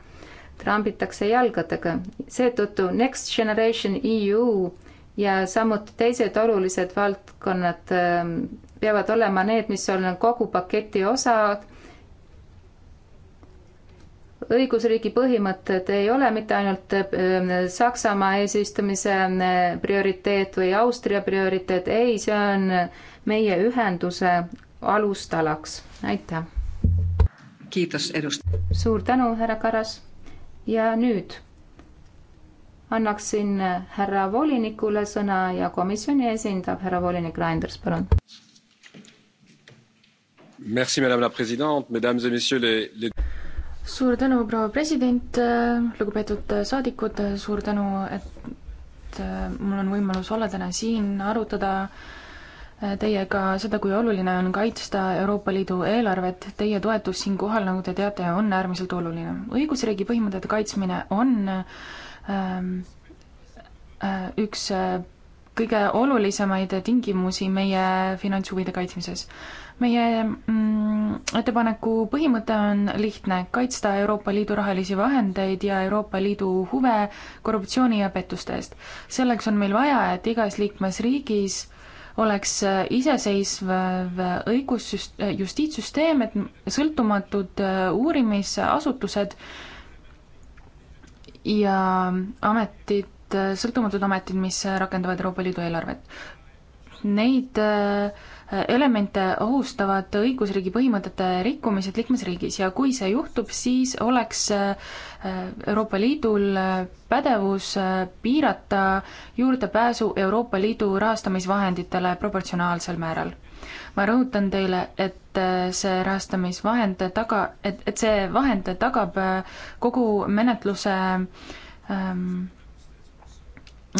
trambitakse jalgadega. seetõttu Next Generation EU ja samuti teised olulised valdkonnad ähm, peavad olema need, mis on kogu paketi osad õigusriigi põhimõtted ei ole mitte ainult ähm, Saksamaa eesistumise ähm, prioriteet või Austria prioriteet, ei, see on meie ühenduse alustalaks. aitäh. suur tänu, härra Karas. ja nüüd annaksin härra volinikule sõna ja komisjoni esindab härra volinik Rainders, palun. Merci, madame la présidente, mesdames et messieurs les, les suur tänu, proua president, lugupeetud saadikud, suur tänu, et mul on võimalus olla täna siin, arutada teiega seda, kui oluline on kaitsta Euroopa Liidu eelarvet. Teie toetus siinkohal, nagu te teate, on äärmiselt oluline. õigusriigi põhimõtete kaitsmine on ähm, äh, üks äh, kõige olulisemaid tingimusi meie finantshuvide kaitsmises meie mm, ettepaneku põhimõte on lihtne, kaitsta Euroopa Liidu rahalisi vahendeid ja Euroopa Liidu huve korruptsiooni ja pettuste eest. selleks on meil vaja, et igas liikmesriigis oleks iseseisv õigussüst-, justiitssüsteem, et sõltumatud äh, uurimisasutused ja ametid, äh, sõltumatud ametid, mis rakendavad Euroopa Liidu eelarvet. Neid äh, elemente ohustavad õigusriigi põhimõtete rikkumised liikmesriigis ja kui see juhtub, siis oleks äh, Euroopa Liidul äh, pädevus äh, piirata juurdepääsu Euroopa Liidu rahastamisvahenditele proportsionaalsel määral. ma rõhutan teile, et see rahastamisvahend taga, et, et see vahend tagab kogu menetluse ähm,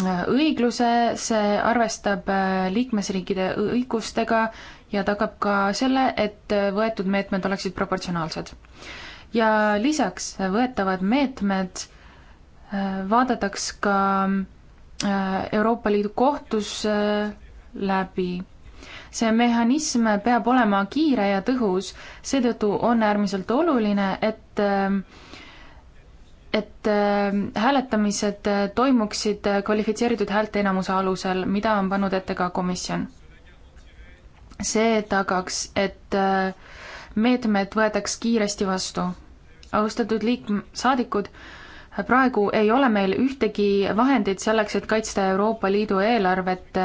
õigluse, see arvestab äh, liikmesriikide õigustega ja tagab ka selle, et äh, võetud meetmed oleksid proportsionaalsed. ja lisaks võetavad meetmed äh, vaadataks ka Euroopa Liidu kohtus läbi. see mehhanism peab olema kiire ja tõhus, seetõttu on äärmiselt oluline, et et ähm, hääletamised äh, toimuksid äh, kvalifitseeritud häälteenamuse alusel, mida on pannud ette ka komisjon. see tagaks, et äh, meetmed võetaks kiiresti vastu. austatud liik-, saadikud, praegu ei ole meil ühtegi vahendit selleks, et kaitsta Euroopa Liidu eelarvet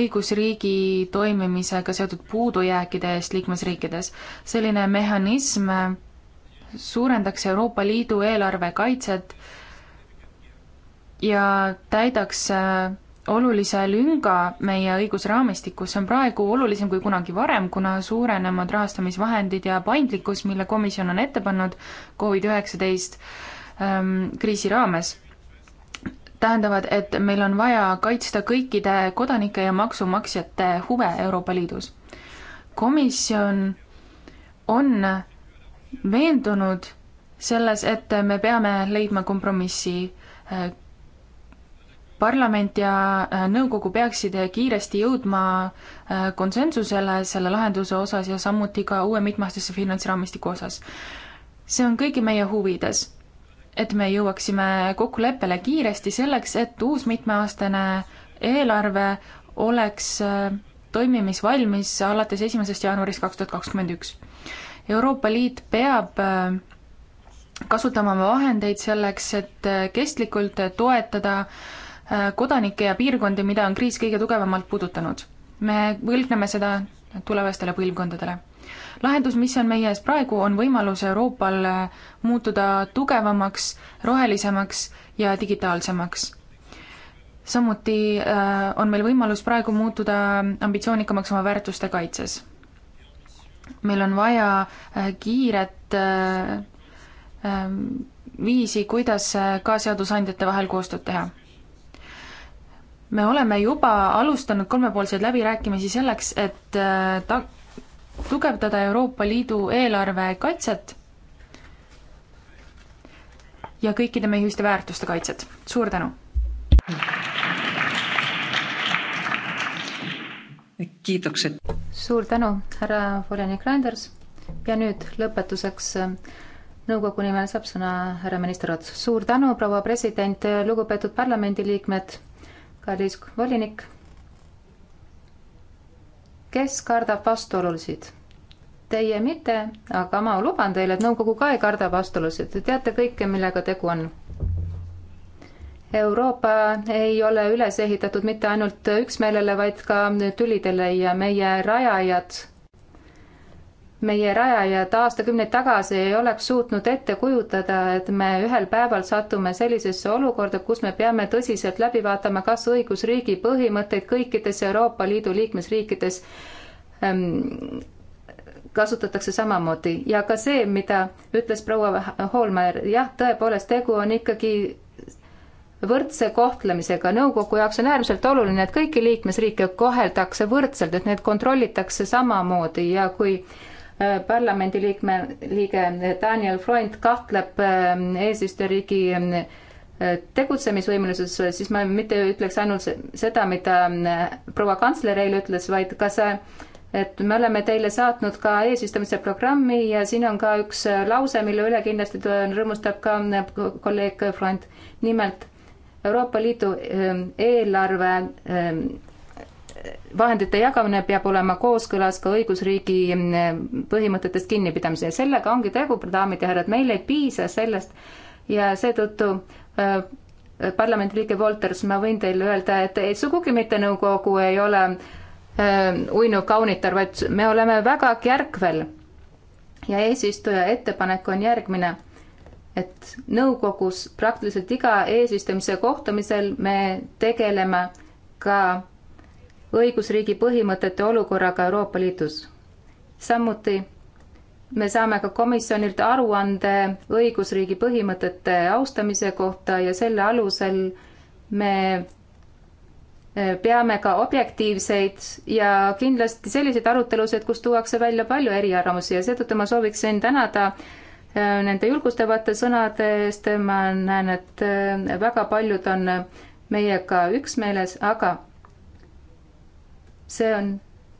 õigusriigi toimimisega seotud puudujääkide eest liikmesriikides. selline mehhanism suurendaks Euroopa Liidu eelarve kaitset ja täidaks äh, olulise lünga meie õigusraamistikus, see on praegu olulisem kui kunagi varem, kuna suurenevad rahastamisvahendid ja paindlikkus, mille komisjon on ette pannud Covid-19 ähm, kriisi raames, tähendavad, et meil on vaja kaitsta kõikide kodanike ja maksumaksjate huve Euroopa Liidus. komisjon on veendunud selles, et me peame leidma kompromissi. parlament ja äh, nõukogu peaksid kiiresti jõudma äh, konsensusele selle lahenduse osas ja samuti ka uue mitmeaastase finantsraamistiku osas. see on kõigi meie huvides, et me jõuaksime kokkuleppele kiiresti selleks, et uus mitmeaastane eelarve oleks äh, toimimisvalmis alates esimesest jaanuarist kaks tuhat kakskümmend üks Euroopa Liit peab äh, kasutama oma vahendeid selleks, et äh, kestlikult äh, toetada kodanikke ja piirkondi, mida on kriis kõige tugevamalt puudutanud. me võlgneme seda tulevastele põlvkondadele. lahendus, mis on meie ees praegu, on võimalus Euroopal muutuda tugevamaks, rohelisemaks ja digitaalsemaks. samuti on meil võimalus praegu muutuda ambitsioonikamaks oma väärtuste kaitses meil on vaja äh, kiiret äh, ähm, viisi, kuidas äh, ka seadusandjate vahel koostööd teha. me oleme juba alustanud kolmepoolseid läbirääkimisi selleks, et ta-, tugevdada Euroopa Liidu eelarve kaitset ja kõikide meie ühiste väärtuste kaitset. suur tänu! kiitokset. suur tänu, härra volinik Reinders ja nüüd lõpetuseks äh, nõukogu nimel saab sõna härra minister Ots. suur tänu, proua president, äh, lugupeetud parlamendiliikmed, kallis volinik. kes kardab vastuolulisid? Teie mitte, aga ma luban teile, et nõukogu ka ei karda vastuolulisid, te teate kõike, millega tegu on Euroopa ei ole üles ehitatud mitte ainult üksmeelele, vaid ka tülidele ja meie rajajad, meie rajajad aastakümneid tagasi ei oleks suutnud ette kujutada, et me ühel päeval satume sellisesse olukorda, kus me peame tõsiselt läbi vaatama, kas õigusriigi põhimõtteid kõikides Euroopa Liidu liikmesriikides ähm, kasutatakse samamoodi ja ka see, mida ütles proua Hoolmeier, jah, tõepoolest, tegu on ikkagi võrdse kohtlemisega. nõukogu jaoks on äärmiselt oluline, et kõiki liikmesriike koheldakse võrdselt, et neid kontrollitakse samamoodi ja kui äh, parlamendiliikme, liige Daniel Freund kahtleb äh, eesistujariigi äh, tegutsemisvõimelisuses, siis ma mitte ütleks ainult seda, mida proua kantsler eile ütles, vaid ka see, et me oleme teile saatnud ka eesistumise programmi ja siin on ka üks lause, mille üle kindlasti rõõmustab ka kolleeg Front. nimelt Euroopa Liidu ehm, eelarve ehm, vahendite jagamine peab olema kooskõlas ka õigusriigi ehm, põhimõtetest kinnipidamise ja sellega ongi tegu, daamid ja härrad, meil ei piisa sellest ja seetõttu parlamendiliige Wolters, ma võin teile öelda, et ei, sugugi mitte nõukogu ei ole uinuv kaunitar, vaid me oleme väga kärkvel. ja eesistuja ettepanek on järgmine et nõukogus praktiliselt iga eesistumise kohtumisel me tegeleme ka õigusriigi põhimõtete olukorraga Euroopa Liidus. samuti me saame ka komisjonilt aruande õigusriigi põhimõtete austamise kohta ja selle alusel me e, peame ka objektiivseid ja kindlasti selliseid arutelusid, kus tuuakse välja palju eriarvamusi ja seetõttu ma sooviksin tänada äh, nende julgustavate sõnade eest, ma näen, et äh, väga paljud on meiega üksmeeles, aga see on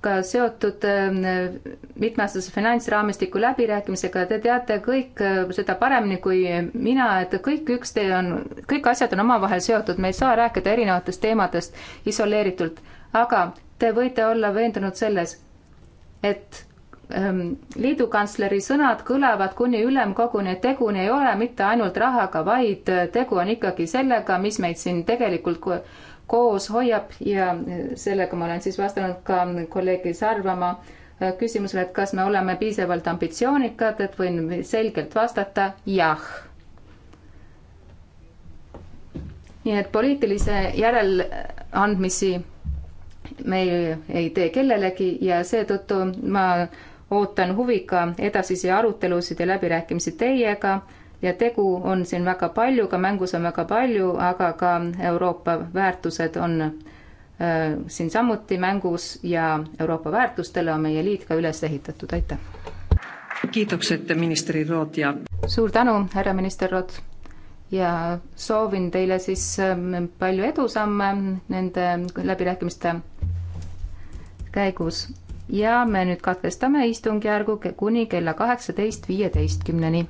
ka seotud äh, mitmeaastase finantsraamistiku läbirääkimisega, te teate kõik äh, seda paremini kui mina, et kõik üks tee on, kõik asjad on omavahel seotud, me ei saa rääkida erinevatest teemadest isoleeritult, aga te võite olla veendunud selles, et Ähm, liidu kantsleri sõnad kõlavad kuni ülemkoguni, et tegu ei ole mitte ainult rahaga, vaid äh, tegu on ikkagi sellega, mis meid siin tegelikult koos hoiab ja äh, sellega ma olen siis vastanud ka kolleegi Sarvamaa äh, küsimusele, et kas me oleme piisavalt ambitsioonikad, et võin selgelt vastata jah. nii et poliitilise järeleandmisi me ei, ei tee kellelegi ja seetõttu ma ootan huviga edasisi arutelusid ja läbirääkimisi teiega ja tegu on siin väga palju, ka mängus on väga palju, aga ka Euroopa väärtused on äh, siin samuti mängus ja Euroopa väärtustele on meie liit ka üles ehitatud, aitäh! kiitokset, minister Rood ja suur tänu, härra minister Rood! ja soovin teile siis äh, palju edusamme nende läbirääkimiste käigus ja me nüüd katkestame istungjärgu kuni kella kaheksateist viieteistkümneni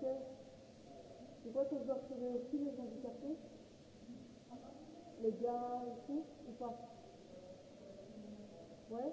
handicapés. Tu crois que je dois retrouver aussi les handicapés Les gars et tout, ou pas Ouais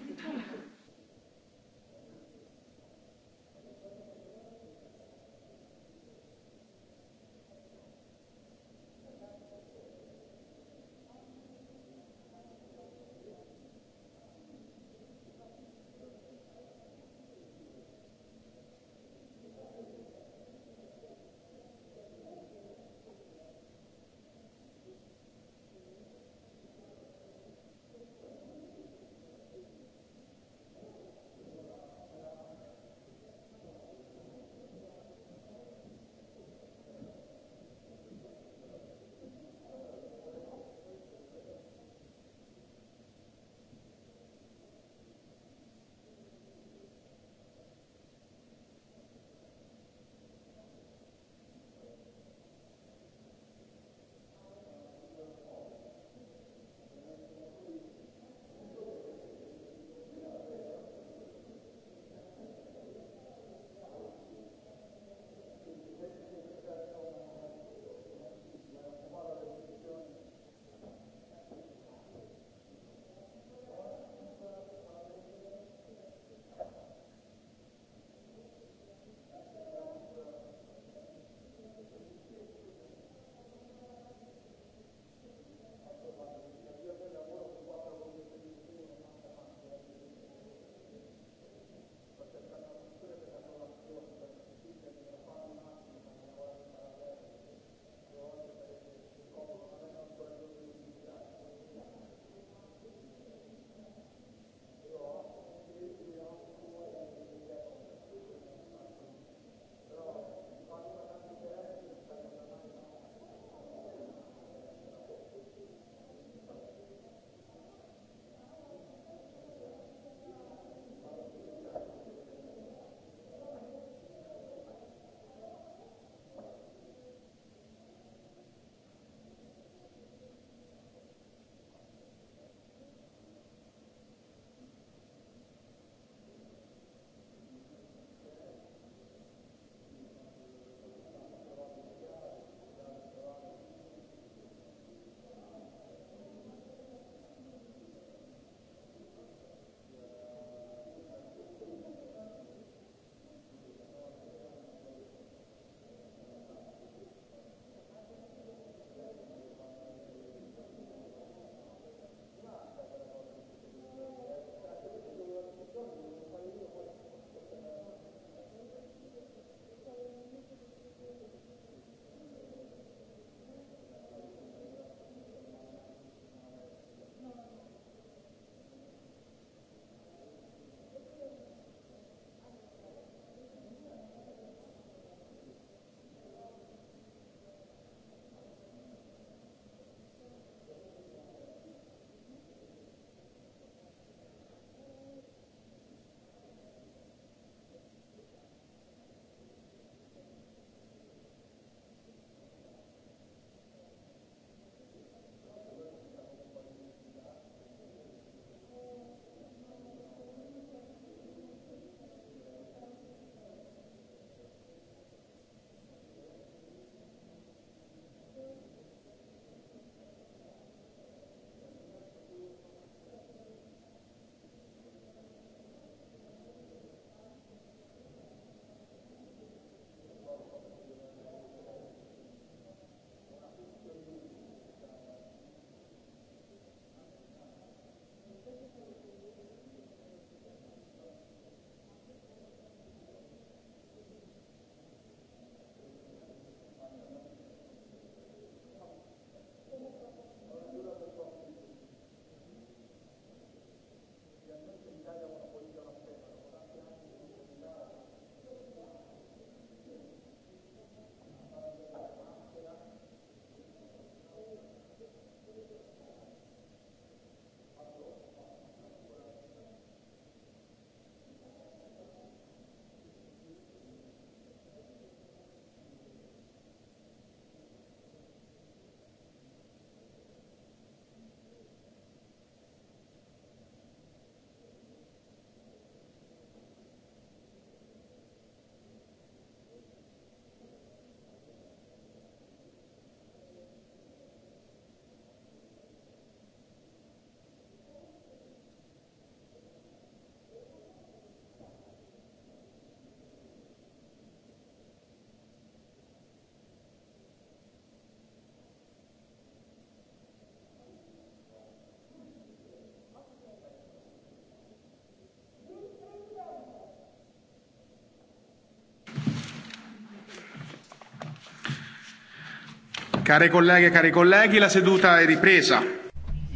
Care kolleege, cari colleghi, la seduta è ripresa.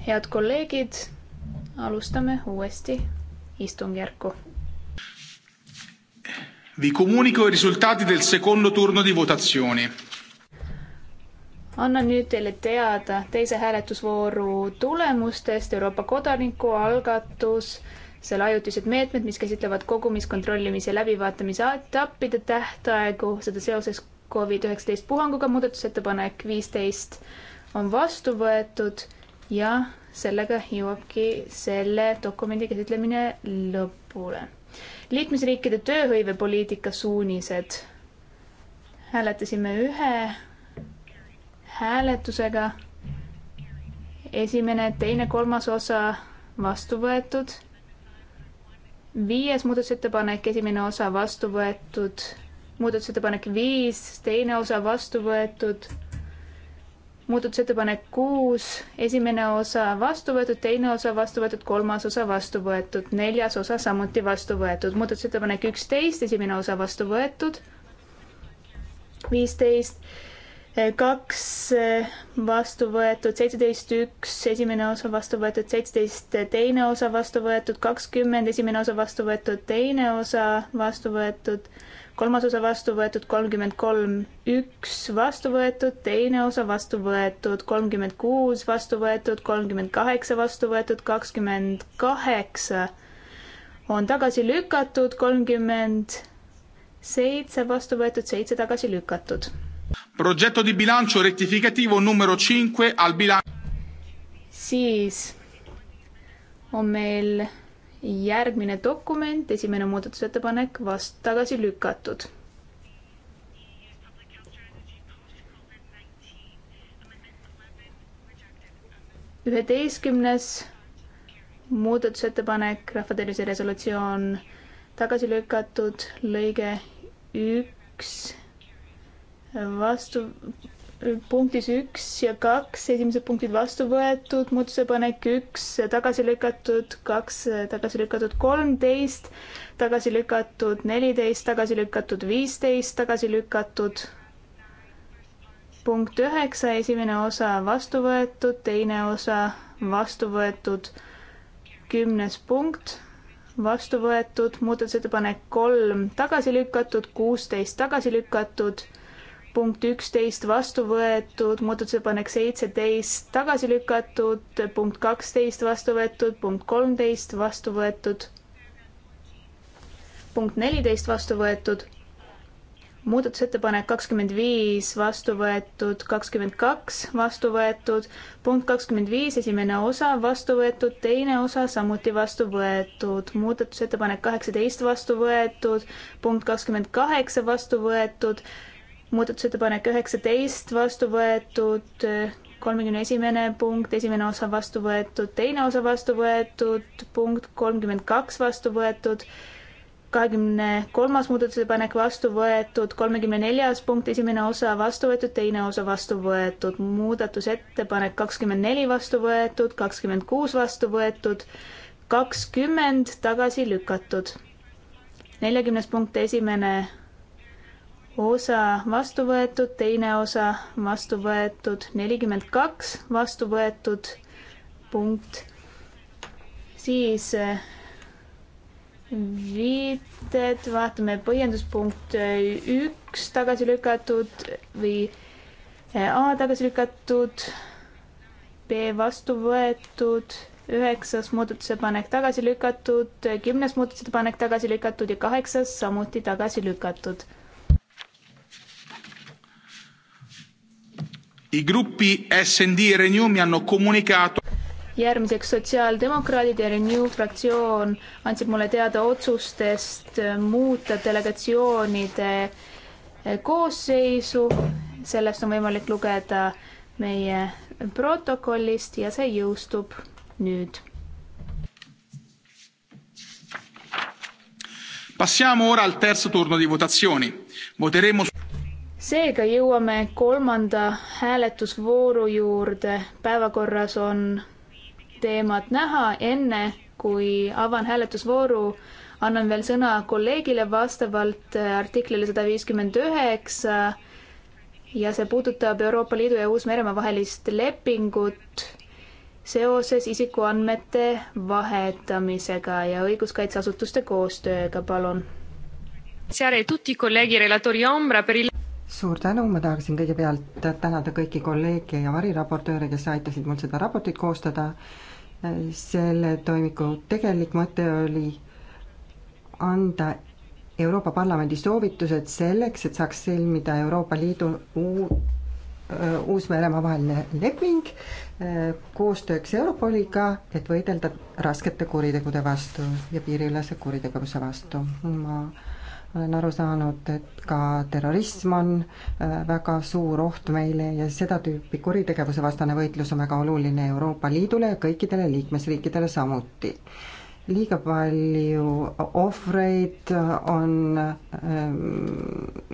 head kolleegid, alustame uuesti istungjärku. Vi comunico i risultati del secondo turno di votazioni. annan nüüd teile teada teise hääletusvooru tulemustest Euroopa kodanikualgatus seal ajutised meetmed, mis käsitlevad kogumiskontrollimise läbivaatamise etappide tähtaegu, seda seoses Covid-19 puhanguga, muudatusettepanek viisteist on vastu võetud ja sellega jõuabki selle dokumendi käsitlemine lõpule. liikmesriikide tööhõivepoliitika suunised. hääletasime ühe hääletusega. esimene, teine, kolmas osa vastu võetud viies muudatusettepanek, esimene osa vastu võetud, muudatusettepanek viis, teine osa vastu võetud. muudatusettepanek kuus, esimene osa vastu võetud, teine osa vastu võetud, kolmas osa vastu võetud, neljas osa samuti vastu võetud, muudatusettepanek üksteist, esimene osa vastu võetud, viisteist, kaks eh, vastu võetud, seitseteist, üks, esimene osa vastu võetud, seitseteist, eh, teine osa vastu võetud, kakskümmend, esimene osa vastu võetud, teine osa vastu võetud kolmas osa vastu võetud, kolmkümmend kolm üks vastu võetud, teine osa vastu võetud, kolmkümmend kuus vastu võetud, kolmkümmend kaheksa vastu võetud, kakskümmend kaheksa on tagasi lükatud, kolmkümmend seitse vastu võetud, seitse tagasi lükatud. Progetto di bilancio rettificativo numero cinque al bilan-. siis on meil järgmine dokument, esimene muudatusettepanek, vast tagasi lükatud. üheteistkümnes muudatusettepanek, rahvatervise resolutsioon tagasi lükatud, lõige üks vastu punktis üks ja kaks, esimesed punktid vastu võetud, muudatusepanek üks tagasi lükatud, kaks tagasi lükatud, kolmteist tagasi lükatud, neliteist tagasi lükatud, viisteist tagasi lükatud. punkt üheksa, esimene osa vastu võetud, teine osa vastu võetud, kümnes punkt vastu võetud, muudatusettepanek kolm tagasi lükatud, kuusteist tagasi lükatud punkt üksteist vastu võetud, muudatusettepanek seitseteist tagasi lükatud, punkt kaksteist vastu võetud, punkt kolmteist vastu võetud, punkt neliteist vastu võetud, muudatusettepanek kakskümmend viis vastu võetud, kakskümmend kaks vastu võetud, punkt kakskümmend viis esimene osa vastu võetud, teine osa samuti vastu võetud, muudatusettepanek kaheksateist vastu võetud, punkt kakskümmend kaheksa vastu võetud muudatusettepanek üheksateist vastu võetud, kolmekümne esimene punkt, esimene osa vastu võetud, teine osa vastu võetud, punkt kolmkümmend kaks vastu võetud, kahekümne kolmas muudatusettepanek vastu võetud, kolmekümne neljas punkt, esimene osa vastu võetud, teine osa vastu võetud, muudatusettepanek kakskümmend neli vastu võetud, kakskümmend kuus vastu võetud, kakskümmend tagasi lükatud. neljakümnes punkt, esimene osa vastu võetud, teine osa vastu võetud, nelikümmend kaks vastu võetud, punkt. siis äh, viited, vaatame põhjenduspunkt äh, üks tagasi lükatud või äh, A tagasi lükatud, B vastu võetud üheksas muudatusepanek tagasi lükatud, kümnes muudatusepanek tagasi lükatud ja kaheksas samuti tagasi lükatud. I gruppi SND e Renew mi hanno comunicato järgmiseks Sotsiaaldemokraadid ja Renew fraktsioon andsid mulle teada otsustest muuta delegatsioonide koosseisu. sellest on võimalik lugeda meie protokollist ja see jõustub nüüd. Passiamo ora al terzo turno di votazioni. Voteremo seega jõuame kolmanda hääletusvooru juurde. päevakorras on teemad näha, enne kui avan hääletusvooru, annan veel sõna kolleegile vastavalt artiklile sada viiskümmend üheksa ja see puudutab Euroopa Liidu ja Uus-Meremaa vahelist lepingut seoses isikuandmete vahetamisega ja õiguskaitseasutuste koostööga, palun suur tänu, ma tahaksin kõigepealt tänada kõiki kolleege ja variraportööre, kes aitasid mul seda raportit koostada. selle toimiku tegelik mõte oli anda Euroopa Parlamendi soovitused selleks, et saaks sõlmida Euroopa Liidu Uus-Meremaa vaheline leping koostööks Europoliga, et võidelda raskete kuritegude vastu ja piiriülese kuritegevuse vastu. ma olen aru saanud, et ka terrorism on äh, väga suur oht meile ja seda tüüpi kuritegevuse vastane võitlus on väga oluline Euroopa Liidule ja kõikidele liikmesriikidele samuti. liiga palju ohvreid on ähm,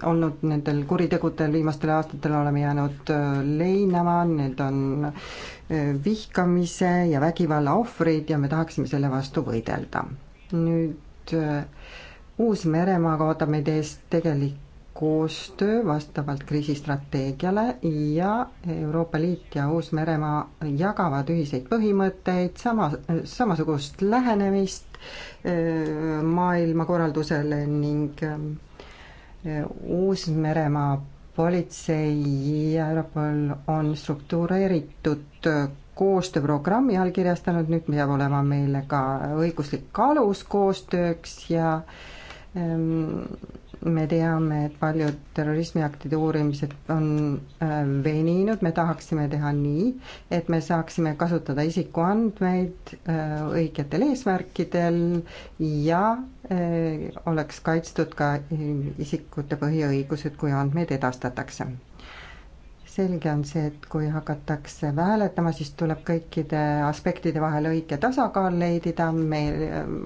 olnud nendel kuritegudel, viimastel aastatel oleme jäänud äh, leinama, need on äh, vihkamise ja vägivalla ohvrid ja me tahaksime selle vastu võidelda. nüüd äh, Uus-Meremaa kaotab meid ees tegelik koostöö vastavalt kriisistrateegiale ja Euroopa Liit ja Uus-Meremaa jagavad ühiseid põhimõtteid, sama, samasugust lähenemist äh, maailmakorraldusele ning äh, Uus-Meremaa politsei ja Europol on struktureeritud koostööprogrammi allkirjastanud, nüüd peab olema meile ka õiguslik alus koostööks ja äh, Ehm, me teame, et paljud terrorismiaktide uurimised on ehm, veninud, me tahaksime teha nii, et me saaksime kasutada isikuandmeid ehm, õigetel eesmärkidel ja oleks kaitstud ka isikute põhiõigused, kui andmeid edastatakse selge on see, et kui hakatakse hääletama, siis tuleb kõikide aspektide vahel õige tasakaal leidida, me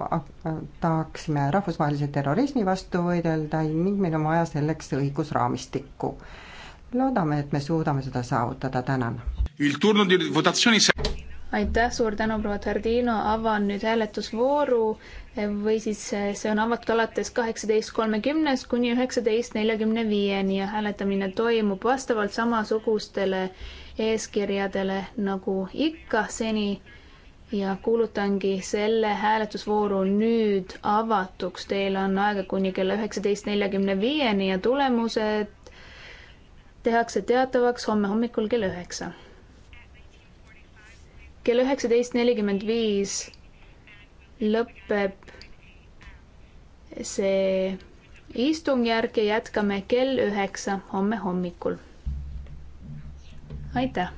äh, tahaksime rahvusvahelise terrorismi vastu võidelda ning meil on vaja selleks õigusraamistikku. loodame, et me suudame seda saavutada, tänan aitäh, suur tänu, proua Tardino, avan nüüd hääletusvooru või siis eh, see on avatud alates kaheksateist kolmekümnest kuni üheksateist neljakümne viieni ja hääletamine toimub vastavalt samasugustele eeskirjadele nagu ikka seni ja kuulutangi selle hääletusvooru nüüd avatuks. Teil on aega kuni kella üheksateist neljakümne viieni ja tulemused tehakse teatavaks homme hommikul kell üheksa kell üheksateist nelikümmend viis lõpeb see istungjärk ja jätkame kell üheksa homme hommikul. aitäh!